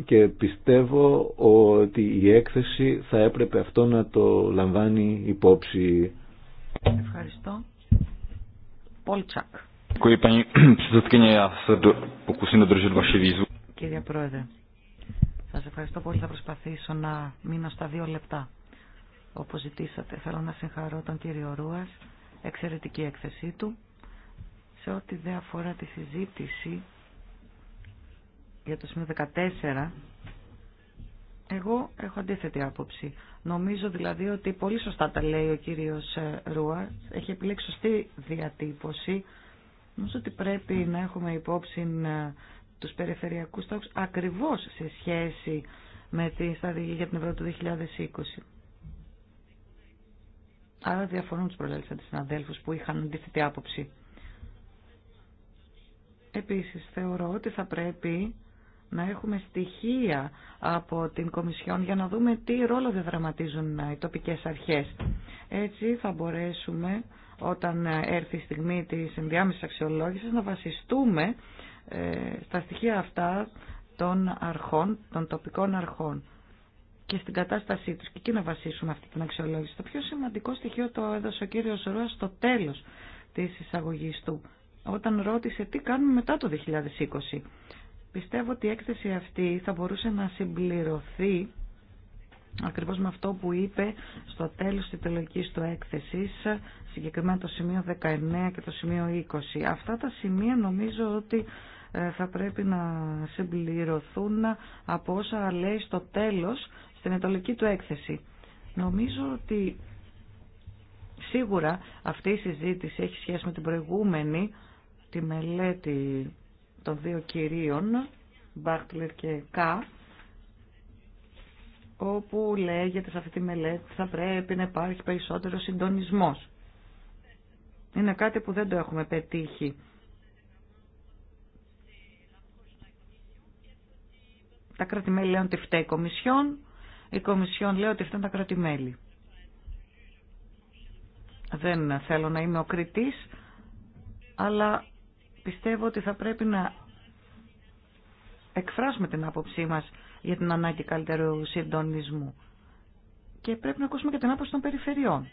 και πιστεύω ότι η έκθεση θα έπρεπε αυτό να το λαμβάνει υπόψη. Ευχαριστώ. Πολτσακ. Κύριε Πρόεδρε, σας ευχαριστώ πολύ. Θα προσπαθήσω να μείνω στα δύο λεπτά. όπω ζητήσατε, θέλω να συγχαρώ τον κύριο Ρούας. Εξαιρετική έκθεσή του. Σε ό,τι δεν αφορά τη συζήτηση για το σημείο 14, εγώ έχω αντίθετη άποψη. Νομίζω δηλαδή ότι πολύ σωστά τα λέει ο κύριος ε, Ρούα. Έχει επιλέξει σωστή διατύπωση. Νομίζω ότι πρέπει να έχουμε υπόψη ε, τους περιφερειακούς στόχους ακριβώς σε σχέση με τη στρατηγική για την Ευρώπη του 2020. Άρα διαφορούν τους προλέλησαν τους συναδέλφους που είχαν αντίθετη άποψη. Επίσης θεωρώ ότι θα πρέπει να έχουμε στοιχεία από την Κομισιόν για να δούμε τι ρόλο διαδραματίζουν οι τοπικές αρχές. Έτσι θα μπορέσουμε όταν έρθει η στιγμή της ενδιάμεσης αξιολόγησης να βασιστούμε ε, στα στοιχεία αυτά των αρχών, των τοπικών αρχών και στην κατάστασή τους και εκεί να βασίσουμε αυτή την αξιολόγηση. Το πιο σημαντικό στοιχείο το έδωσε ο κύριος Ρώας στο τέλος της εισαγωγής του όταν ρώτησε τι κάνουμε μετά το 2020. Πιστεύω ότι η έκθεση αυτή θα μπορούσε να συμπληρωθεί ακριβώς με αυτό που είπε στο τέλος της τελογικής του έκθεσης, συγκεκριμένα το σημείο 19 και το σημείο 20. Αυτά τα σημεία νομίζω ότι ε, θα πρέπει να συμπληρωθούν από όσα λέει στο τέλος στην ετολική του έκθεση. Νομίζω ότι σίγουρα αυτή η συζήτηση έχει σχέση με την προηγούμενη, τη μελέτη των δύο κυρίων, Μπάρτλερ και Κα, όπου λέγεται σε αυτή τη μελέτη θα πρέπει να υπάρχει περισσότερο συντονισμός. Είναι κάτι που δεν το έχουμε πετύχει. Τα κράτη-μέλη λένε ότι φταίει η Κομισιόν, η Κομισιόν λέει ότι φταίνουν τα κρατη Δεν θέλω να είμαι ο κριτής, αλλά πιστεύω ότι θα πρέπει να εκφράσουμε την άποψή μας για την ανάγκη καλύτερου συντονισμού. Και πρέπει να ακούσουμε και την άποψη των περιφερειών.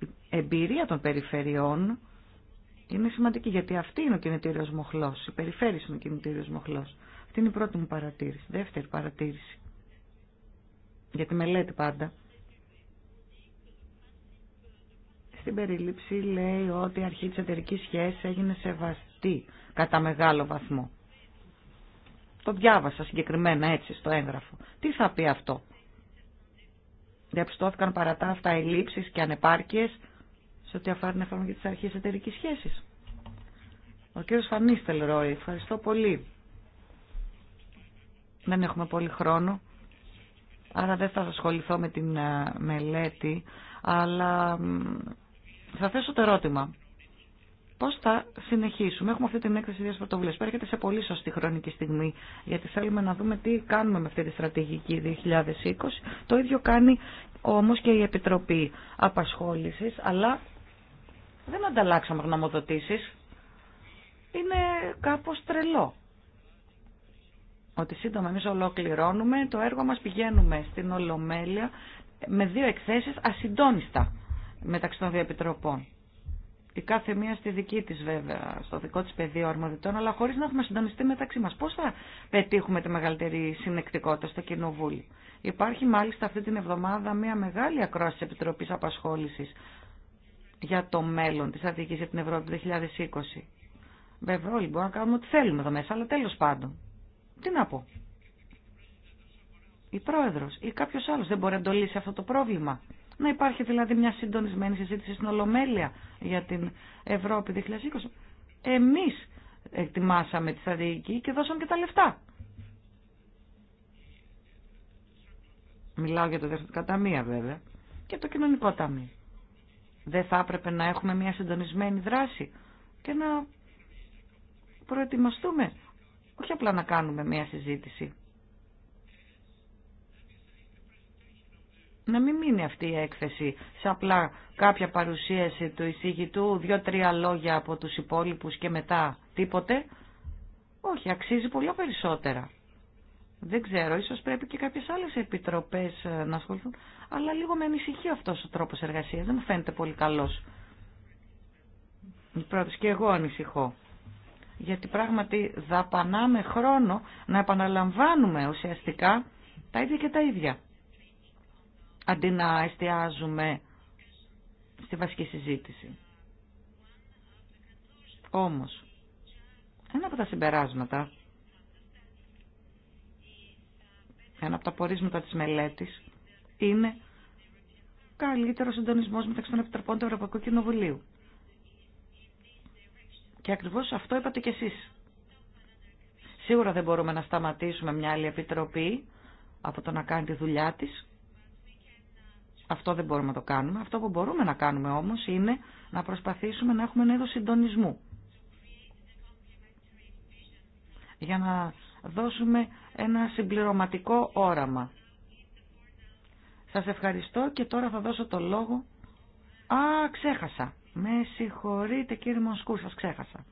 Η εμπειρία των περιφερειών είναι σημαντική γιατί αυτή είναι ο κινητήριος μοχλός, η περιφέρεια είναι ο κινητήριος μοχλός. Αυτή είναι η πρώτη μου παρατήρηση, δεύτερη παρατήρηση. Για τη μελέτη πάντα. στην περίληψη λέει ότι η αρχή της εταιρικής σχέσης έγινε σεβαστή κατά μεγάλο βαθμό. Το διάβασα συγκεκριμένα έτσι στο έγγραφο. Τι θα πει αυτό. Διαπιστώθηκαν παρά τα αυτά ελλείψεις και ανεπάρκειες σε ό,τι αφορά την εφαρμογή της αρχής εταιρικής σχέσης. Ο κύριος Φανίστελ Ρόι, ευχαριστώ πολύ. Δεν έχουμε πολύ χρόνο, άρα δεν θα ασχοληθώ με την ε, μελέτη, αλλά θα θέσω το ερώτημα. Πώ θα συνεχίσουμε. Έχουμε αυτή την έκθεση δύο πρωτοβουλία. Πέρχεται σε πολύ σωστή χρονική στιγμή, γιατί θέλουμε να δούμε τι κάνουμε με αυτή τη στρατηγική 2020. Το ίδιο κάνει όμω και η Επιτροπή Απασχόληση, αλλά δεν ανταλλάξαμε γνωμοδοτήσει. Είναι κάπω τρελό ότι σύντομα εμεί ολοκληρώνουμε το έργο μα, πηγαίνουμε στην Ολομέλεια με δύο εκθέσει ασυντόνιστα μεταξύ των δύο επιτροπών. Η κάθε μία στη δική της βέβαια, στο δικό της πεδίο αρμοδιτών, αλλά χωρίς να έχουμε συντονιστεί μεταξύ μας. Πώς θα πετύχουμε τη μεγαλύτερη συνεκτικότητα στο Κοινοβούλιο. Υπάρχει μάλιστα αυτή την εβδομάδα μια μεγάλη ακρόαση της Επιτροπής Απασχόλησης για το μέλλον της Αθήκης για την Ευρώπη 2020. Βέβαια όλοι μπορούμε να κάνουμε ό,τι θέλουμε εδώ μέσα, αλλά τέλος πάντων. Τι να πω. Η πρόεδρος ή κάποιος άλλος δεν μπορεί να το λύσει αυτό το πρόβλημα. Να υπάρχει δηλαδή μια συντονισμένη συζήτηση στην Ολομέλεια για την Ευρώπη 2020. Εμείς ετοιμάσαμε τη στρατηγική και δώσαμε και τα λεφτά. Μιλάω για το δεύτερο ταμείο βέβαια και το κοινωνικό ταμείο. Δεν θα έπρεπε να έχουμε μια συντονισμένη δράση και να προετοιμαστούμε. Όχι απλά να κάνουμε μια συζήτηση να μην μείνει αυτή η έκθεση σε απλά κάποια παρουσίαση του εισηγητού, δύο-τρία λόγια από τους υπόλοιπους και μετά τίποτε. Όχι, αξίζει πολύ περισσότερα. Δεν ξέρω, ίσως πρέπει και κάποιες άλλες επιτροπές ε, να ασχοληθούν, αλλά λίγο με ανησυχεί αυτός ο τρόπος εργασίας, δεν μου φαίνεται πολύ καλός. Πρώτος και εγώ ανησυχώ. Γιατί πράγματι δαπανάμε χρόνο να επαναλαμβάνουμε ουσιαστικά τα ίδια και τα ίδια αντί να εστιάζουμε στη βασική συζήτηση. Όμως, ένα από τα συμπεράσματα, ένα από τα πορίσματα της μελέτης, είναι καλύτερο συντονισμό μεταξύ των επιτροπών του Ευρωπαϊκού Κοινοβουλίου. Και ακριβώς αυτό είπατε κι εσείς. Σίγουρα δεν μπορούμε να σταματήσουμε μια άλλη επιτροπή από το να κάνει τη δουλειά της, αυτό δεν μπορούμε να το κάνουμε. Αυτό που μπορούμε να κάνουμε όμως είναι να προσπαθήσουμε να έχουμε ένα είδος συντονισμού. Για να δώσουμε ένα συμπληρωματικό όραμα. Σας ευχαριστώ και τώρα θα δώσω το λόγο. Α, ξέχασα. Με συγχωρείτε κύριε Μοσκού, σας ξέχασα.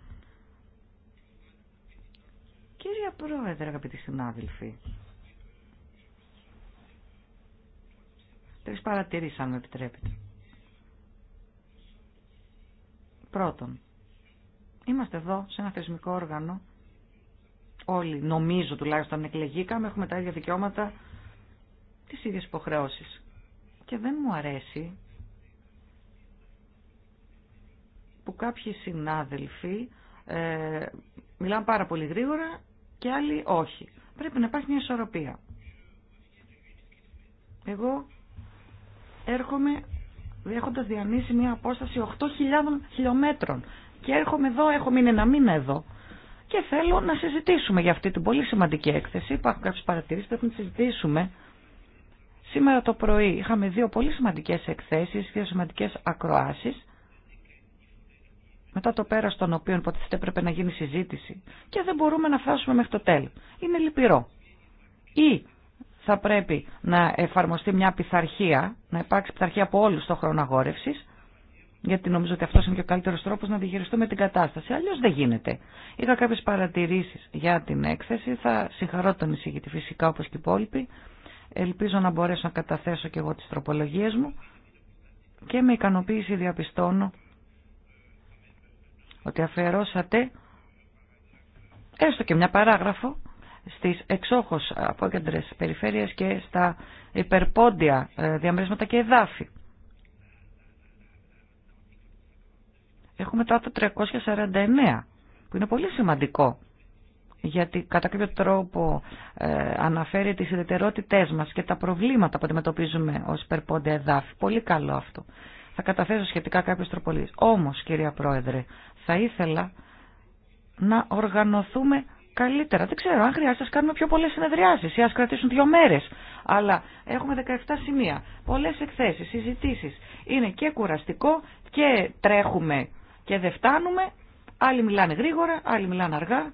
Κύριε Πρόεδρε, αγαπητοί συνάδελφοι, Τρεις παρατηρήσεις αν με επιτρέπετε. Πρώτον, είμαστε εδώ σε ένα θεσμικό όργανο. Όλοι, νομίζω τουλάχιστον, εκλεγήκαμε, έχουμε τα ίδια δικαιώματα, τις ίδιες υποχρεώσεις. Και δεν μου αρέσει που κάποιοι συνάδελφοι ε, μιλάνε πάρα πολύ γρήγορα και άλλοι όχι. Πρέπει να υπάρχει μια ισορροπία. Εγώ έρχομαι έχοντα διανύσει μια απόσταση 8.000 χιλιόμετρων και έρχομαι εδώ, έχω μείνει ένα μήνα εδώ και θέλω να συζητήσουμε για αυτή την πολύ σημαντική έκθεση. Υπάρχουν κάποιε παρατηρήσει που πρέπει να συζητήσουμε. Σήμερα το πρωί είχαμε δύο πολύ σημαντικέ εκθέσει, δύο σημαντικέ ακροάσεις μετά το πέρα των οποίων υποτίθεται πρέπει να γίνει συζήτηση και δεν μπορούμε να φτάσουμε μέχρι το τέλο. Είναι λυπηρό. Ή θα πρέπει να εφαρμοστεί μια πειθαρχία, να υπάρξει πειθαρχία από όλου στον χρόνο αγόρευση, γιατί νομίζω ότι αυτό είναι και ο καλύτερο τρόπο να διαχειριστούμε την κατάσταση. Αλλιώ δεν γίνεται. Είχα κάποιε παρατηρήσει για την έκθεση. Θα συγχαρώ τον εισηγητή φυσικά όπω και οι υπόλοιποι. Ελπίζω να μπορέσω να καταθέσω και εγώ τι τροπολογίε μου. Και με ικανοποίηση διαπιστώνω ότι αφιερώσατε έστω και μια παράγραφο στις εξόχως απόκεντρες περιφέρειες και στα υπερπόντια ε, διαμερίσματα και εδάφη. Έχουμε το άτομο 349 που είναι πολύ σημαντικό γιατί κατά κάποιο τρόπο ε, αναφέρει τις ιδιαιτερότητές μας και τα προβλήματα που αντιμετωπίζουμε ως υπερπόντια εδάφη. Πολύ καλό αυτό. Θα καταθέσω σχετικά κάποιες τροπολίες. Όμως, κυρία Πρόεδρε, θα ήθελα να οργανωθούμε καλύτερα. Δεν ξέρω αν χρειάζεται να κάνουμε πιο πολλές συνεδριάσεις ή ας κρατήσουν δύο μέρες. Αλλά έχουμε 17 σημεία, πολλές εκθέσεις, συζητήσεις. Είναι και κουραστικό και τρέχουμε και δεν φτάνουμε. Άλλοι μιλάνε γρήγορα, άλλοι μιλάνε αργά.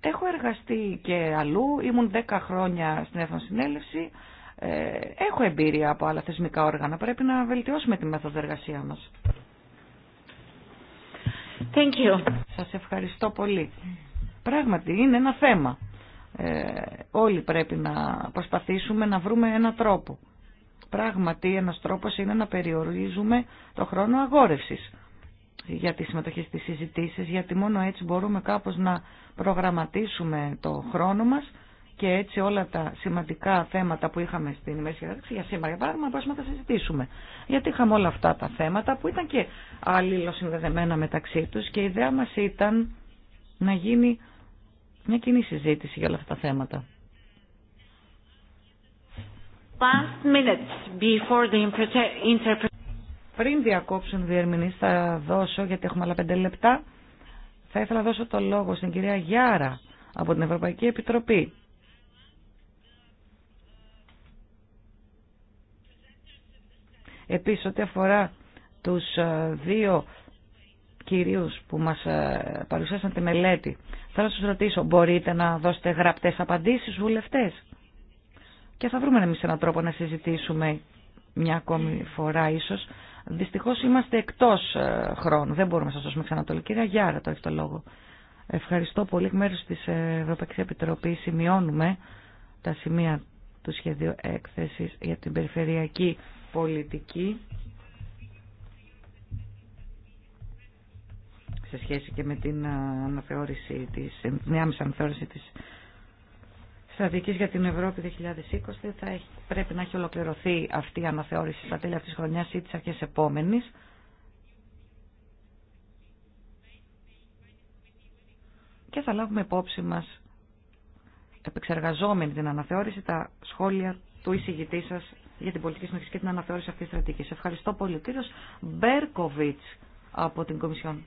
Έχω εργαστεί και αλλού, ήμουν 10 χρόνια στην Συνέλευση. Ε, έχω εμπειρία από άλλα θεσμικά όργανα. Πρέπει να βελτιώσουμε τη μέθοδο εργασία μας. Thank you. Σας ευχαριστώ πολύ. Πράγματι είναι ένα θέμα. Ε, όλοι πρέπει να προσπαθήσουμε να βρούμε ένα τρόπο. Πράγματι ένας τρόπος είναι να περιορίζουμε το χρόνο αγόρευσης για τη συμμετοχή στις συζητήσεις, γιατί μόνο έτσι μπορούμε κάπως να προγραμματίσουμε το χρόνο μας και έτσι όλα τα σημαντικά θέματα που είχαμε στην ημερήσια διάταξη για σήμερα, για παράδειγμα, μπορούμε να τα συζητήσουμε. Γιατί είχαμε όλα αυτά τα θέματα που ήταν και αλληλοσυνδεδεμένα μεταξύ τους και η ιδέα μας ήταν να γίνει μια κοινή συζήτηση για όλα αυτά τα θέματα. Πριν διακόψουν διερμηνείς θα δώσω, γιατί έχουμε άλλα πέντε λεπτά, θα ήθελα να δώσω το λόγο στην κυρία Γιάρα από την Ευρωπαϊκή Επιτροπή. Επίσης, ό,τι αφορά τους ε, δύο κυρίους που μας ε, παρουσίασαν τη μελέτη Θέλω να σας ρωτήσω, μπορείτε να δώσετε γραπτές απαντήσεις βουλευτέ. Και θα βρούμε εμεί έναν τρόπο να συζητήσουμε μια ακόμη φορά ίσως. Δυστυχώ είμαστε εκτός ε, χρόνου. Δεν μπορούμε να σα δώσουμε ξανά το λόγο. Κυρία Γιάρα το έχει το λόγο. Ευχαριστώ πολύ. Εκ τη της Ευρωπαϊκής Επιτροπής σημειώνουμε τα σημεία του σχεδίου έκθεση για την περιφερειακή πολιτική σε σχέση και με την ε, αναθεώρηση της, την ε, άμεση αναθεώρηση της στρατηγικής για την Ευρώπη 2020 θα έχει, πρέπει να έχει ολοκληρωθεί αυτή η αναθεώρηση στα τέλη αυτής της χρονιάς ή τις αρχές επόμενης. Και θα λάβουμε υπόψη μας, επεξεργαζόμενη την αναθεώρηση, τα σχόλια του εισηγητή σας για την πολιτική συνοχή και την αναθεώρηση αυτής της στρατηγικής. Ευχαριστώ πολύ. Κύριος Μπέρκοβιτς από την Κομισιόν.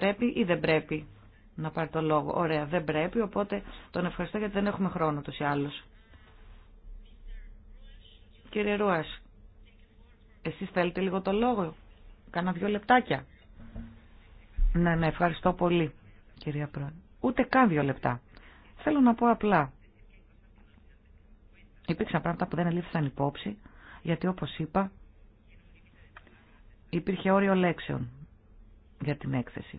Πρέπει ή δεν πρέπει να πάρει το λόγο. Ωραία, δεν πρέπει, οπότε τον ευχαριστώ γιατί δεν έχουμε χρόνο τους ή άλλους. Κύριε Ρούας, εσείς θέλετε λίγο το λόγο. Κάνα δυο λεπτάκια. Ναι, ναι, ευχαριστώ πολύ, κυρία Πρόεδρε. Ούτε καν δύο λεπτά. Θέλω να πω απλά. Υπήρξαν πράγματα που δεν ελήφθησαν υπόψη, γιατί όπως είπα, υπήρχε όριο λέξεων για την έκθεση.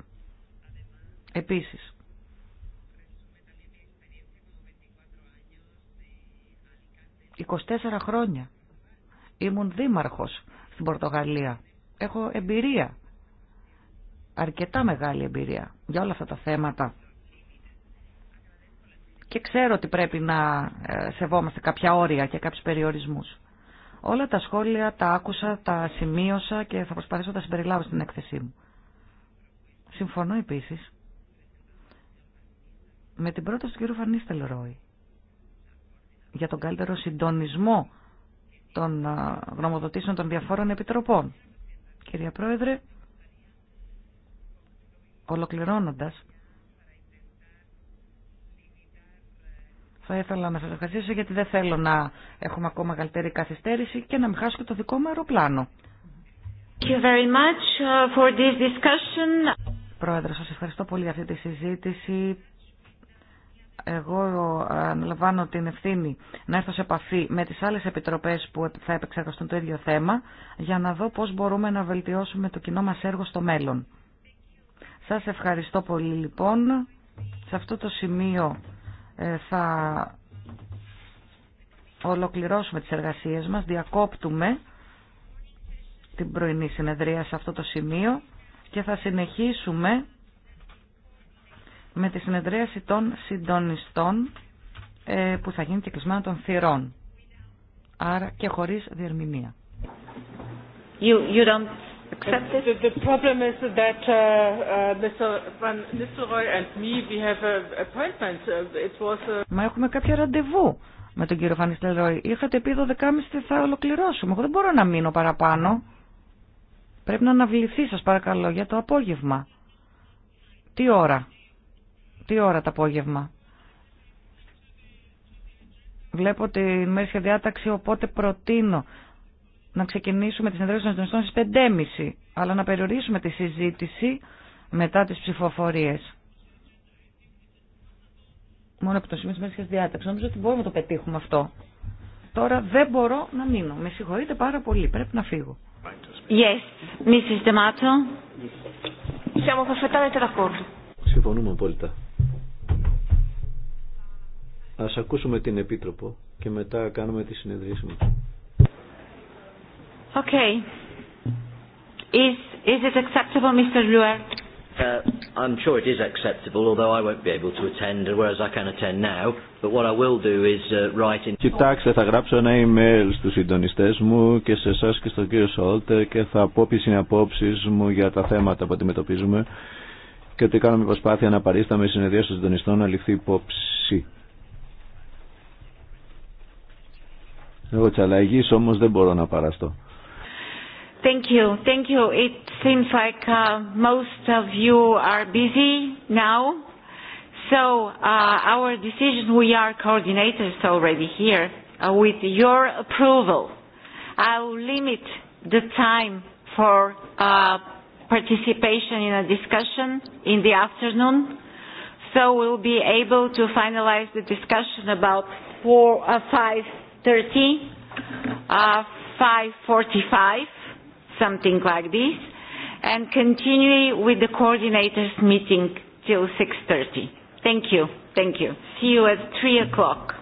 Επίσης, «24 χρόνια ήμουν δήμαρχος στην Πορτογαλία. Έχω εμπειρία, αρκετά μεγάλη εμπειρία για όλα αυτά τα θέματα» και ξέρω ότι πρέπει να ε, σεβόμαστε κάποια όρια και κάποιους περιορισμούς. Όλα τα σχόλια τα άκουσα, τα σημείωσα και θα προσπαθήσω να τα συμπεριλάβω στην έκθεσή μου. Συμφωνώ επίσης με την πρόταση του κ. Φανίστελ Ρόι για τον καλύτερο συντονισμό των γνωμοδοτήσεων των διαφόρων επιτροπών. Κυρία Πρόεδρε, ολοκληρώνοντας, θα ήθελα να σας ευχαριστήσω γιατί δεν θέλω να έχουμε ακόμα καλύτερη καθυστέρηση και να μην χάσω και το δικό μου αεροπλάνο. Thank you very much uh, for this discussion. Πρόεδρε, σας ευχαριστώ πολύ για αυτή τη συζήτηση. Εγώ ε, αναλαμβάνω την ευθύνη να έρθω σε επαφή με τις άλλες επιτροπές που θα επεξεργαστούν το ίδιο θέμα για να δω πώς μπορούμε να βελτιώσουμε το κοινό μας έργο στο μέλλον. Σας ευχαριστώ πολύ λοιπόν. Σε αυτό το σημείο ε, θα ολοκληρώσουμε τις εργασίες μας. Διακόπτουμε την πρωινή συνεδρία σε αυτό το σημείο και θα συνεχίσουμε με τη συνεδρίαση των συντονιστών ε, που θα γίνει και κλεισμένα των θυρών. Άρα και χωρίς διερμηνία. Μα έχουμε κάποια ραντεβού με τον κύριο Van Είχατε πει 12.30 θα ολοκληρώσουμε. Εγώ δεν μπορώ να μείνω παραπάνω. Πρέπει να αναβληθεί σας παρακαλώ για το απόγευμα. Τι ώρα. Τι ώρα το απόγευμα. Βλέπω τη μέση διάταξη οπότε προτείνω να ξεκινήσουμε τις συνεδρίες των συντονιστών στις 5.30 αλλά να περιορίσουμε τη συζήτηση μετά τις ψηφοφορίες. Μόνο από το σημείο της μέσης διάταξης. Νομίζω ότι μπορούμε να το πετύχουμε αυτό. Τώρα δεν μπορώ να μείνω. Με συγχωρείτε πάρα πολύ. Πρέπει να φύγω. Yes, Mrs. D'Amato. Siamo perfettamente d'accordo. Συμφωνούμε απόλυτα. Ας ακούσουμε την Επίτροπο και μετά κάνουμε τη συνεδρίαση μας. Okay. Is, is it acceptable, Uh, I'm sure it is acceptable, although I won't be able to attend, whereas I can attend now. But what I will do is uh, write in... Κοιτάξτε, θα γράψω ένα email στους συντονιστές μου και σε εσά και στον κύριο Σόλτε και θα πω ποιες είναι απόψεις μου για τα θέματα που αντιμετωπίζουμε και ότι κάνουμε προσπάθεια να παρίσταμε η συνεδρία των συντονιστών να ληφθεί υπόψη. Εγώ της αλλαγής όμως δεν μπορώ να παραστώ. Thank you. Thank you. It seems like uh, most of you are busy now. So uh, our decision, we are coordinators already here. Uh, with your approval, I will limit the time for uh, participation in a discussion in the afternoon. So we'll be able to finalize the discussion about 4, uh, 5.30, uh, 5.45 something like this, and continue with the coordinators meeting till 6.30. Thank you. Thank you. See you at 3 o'clock.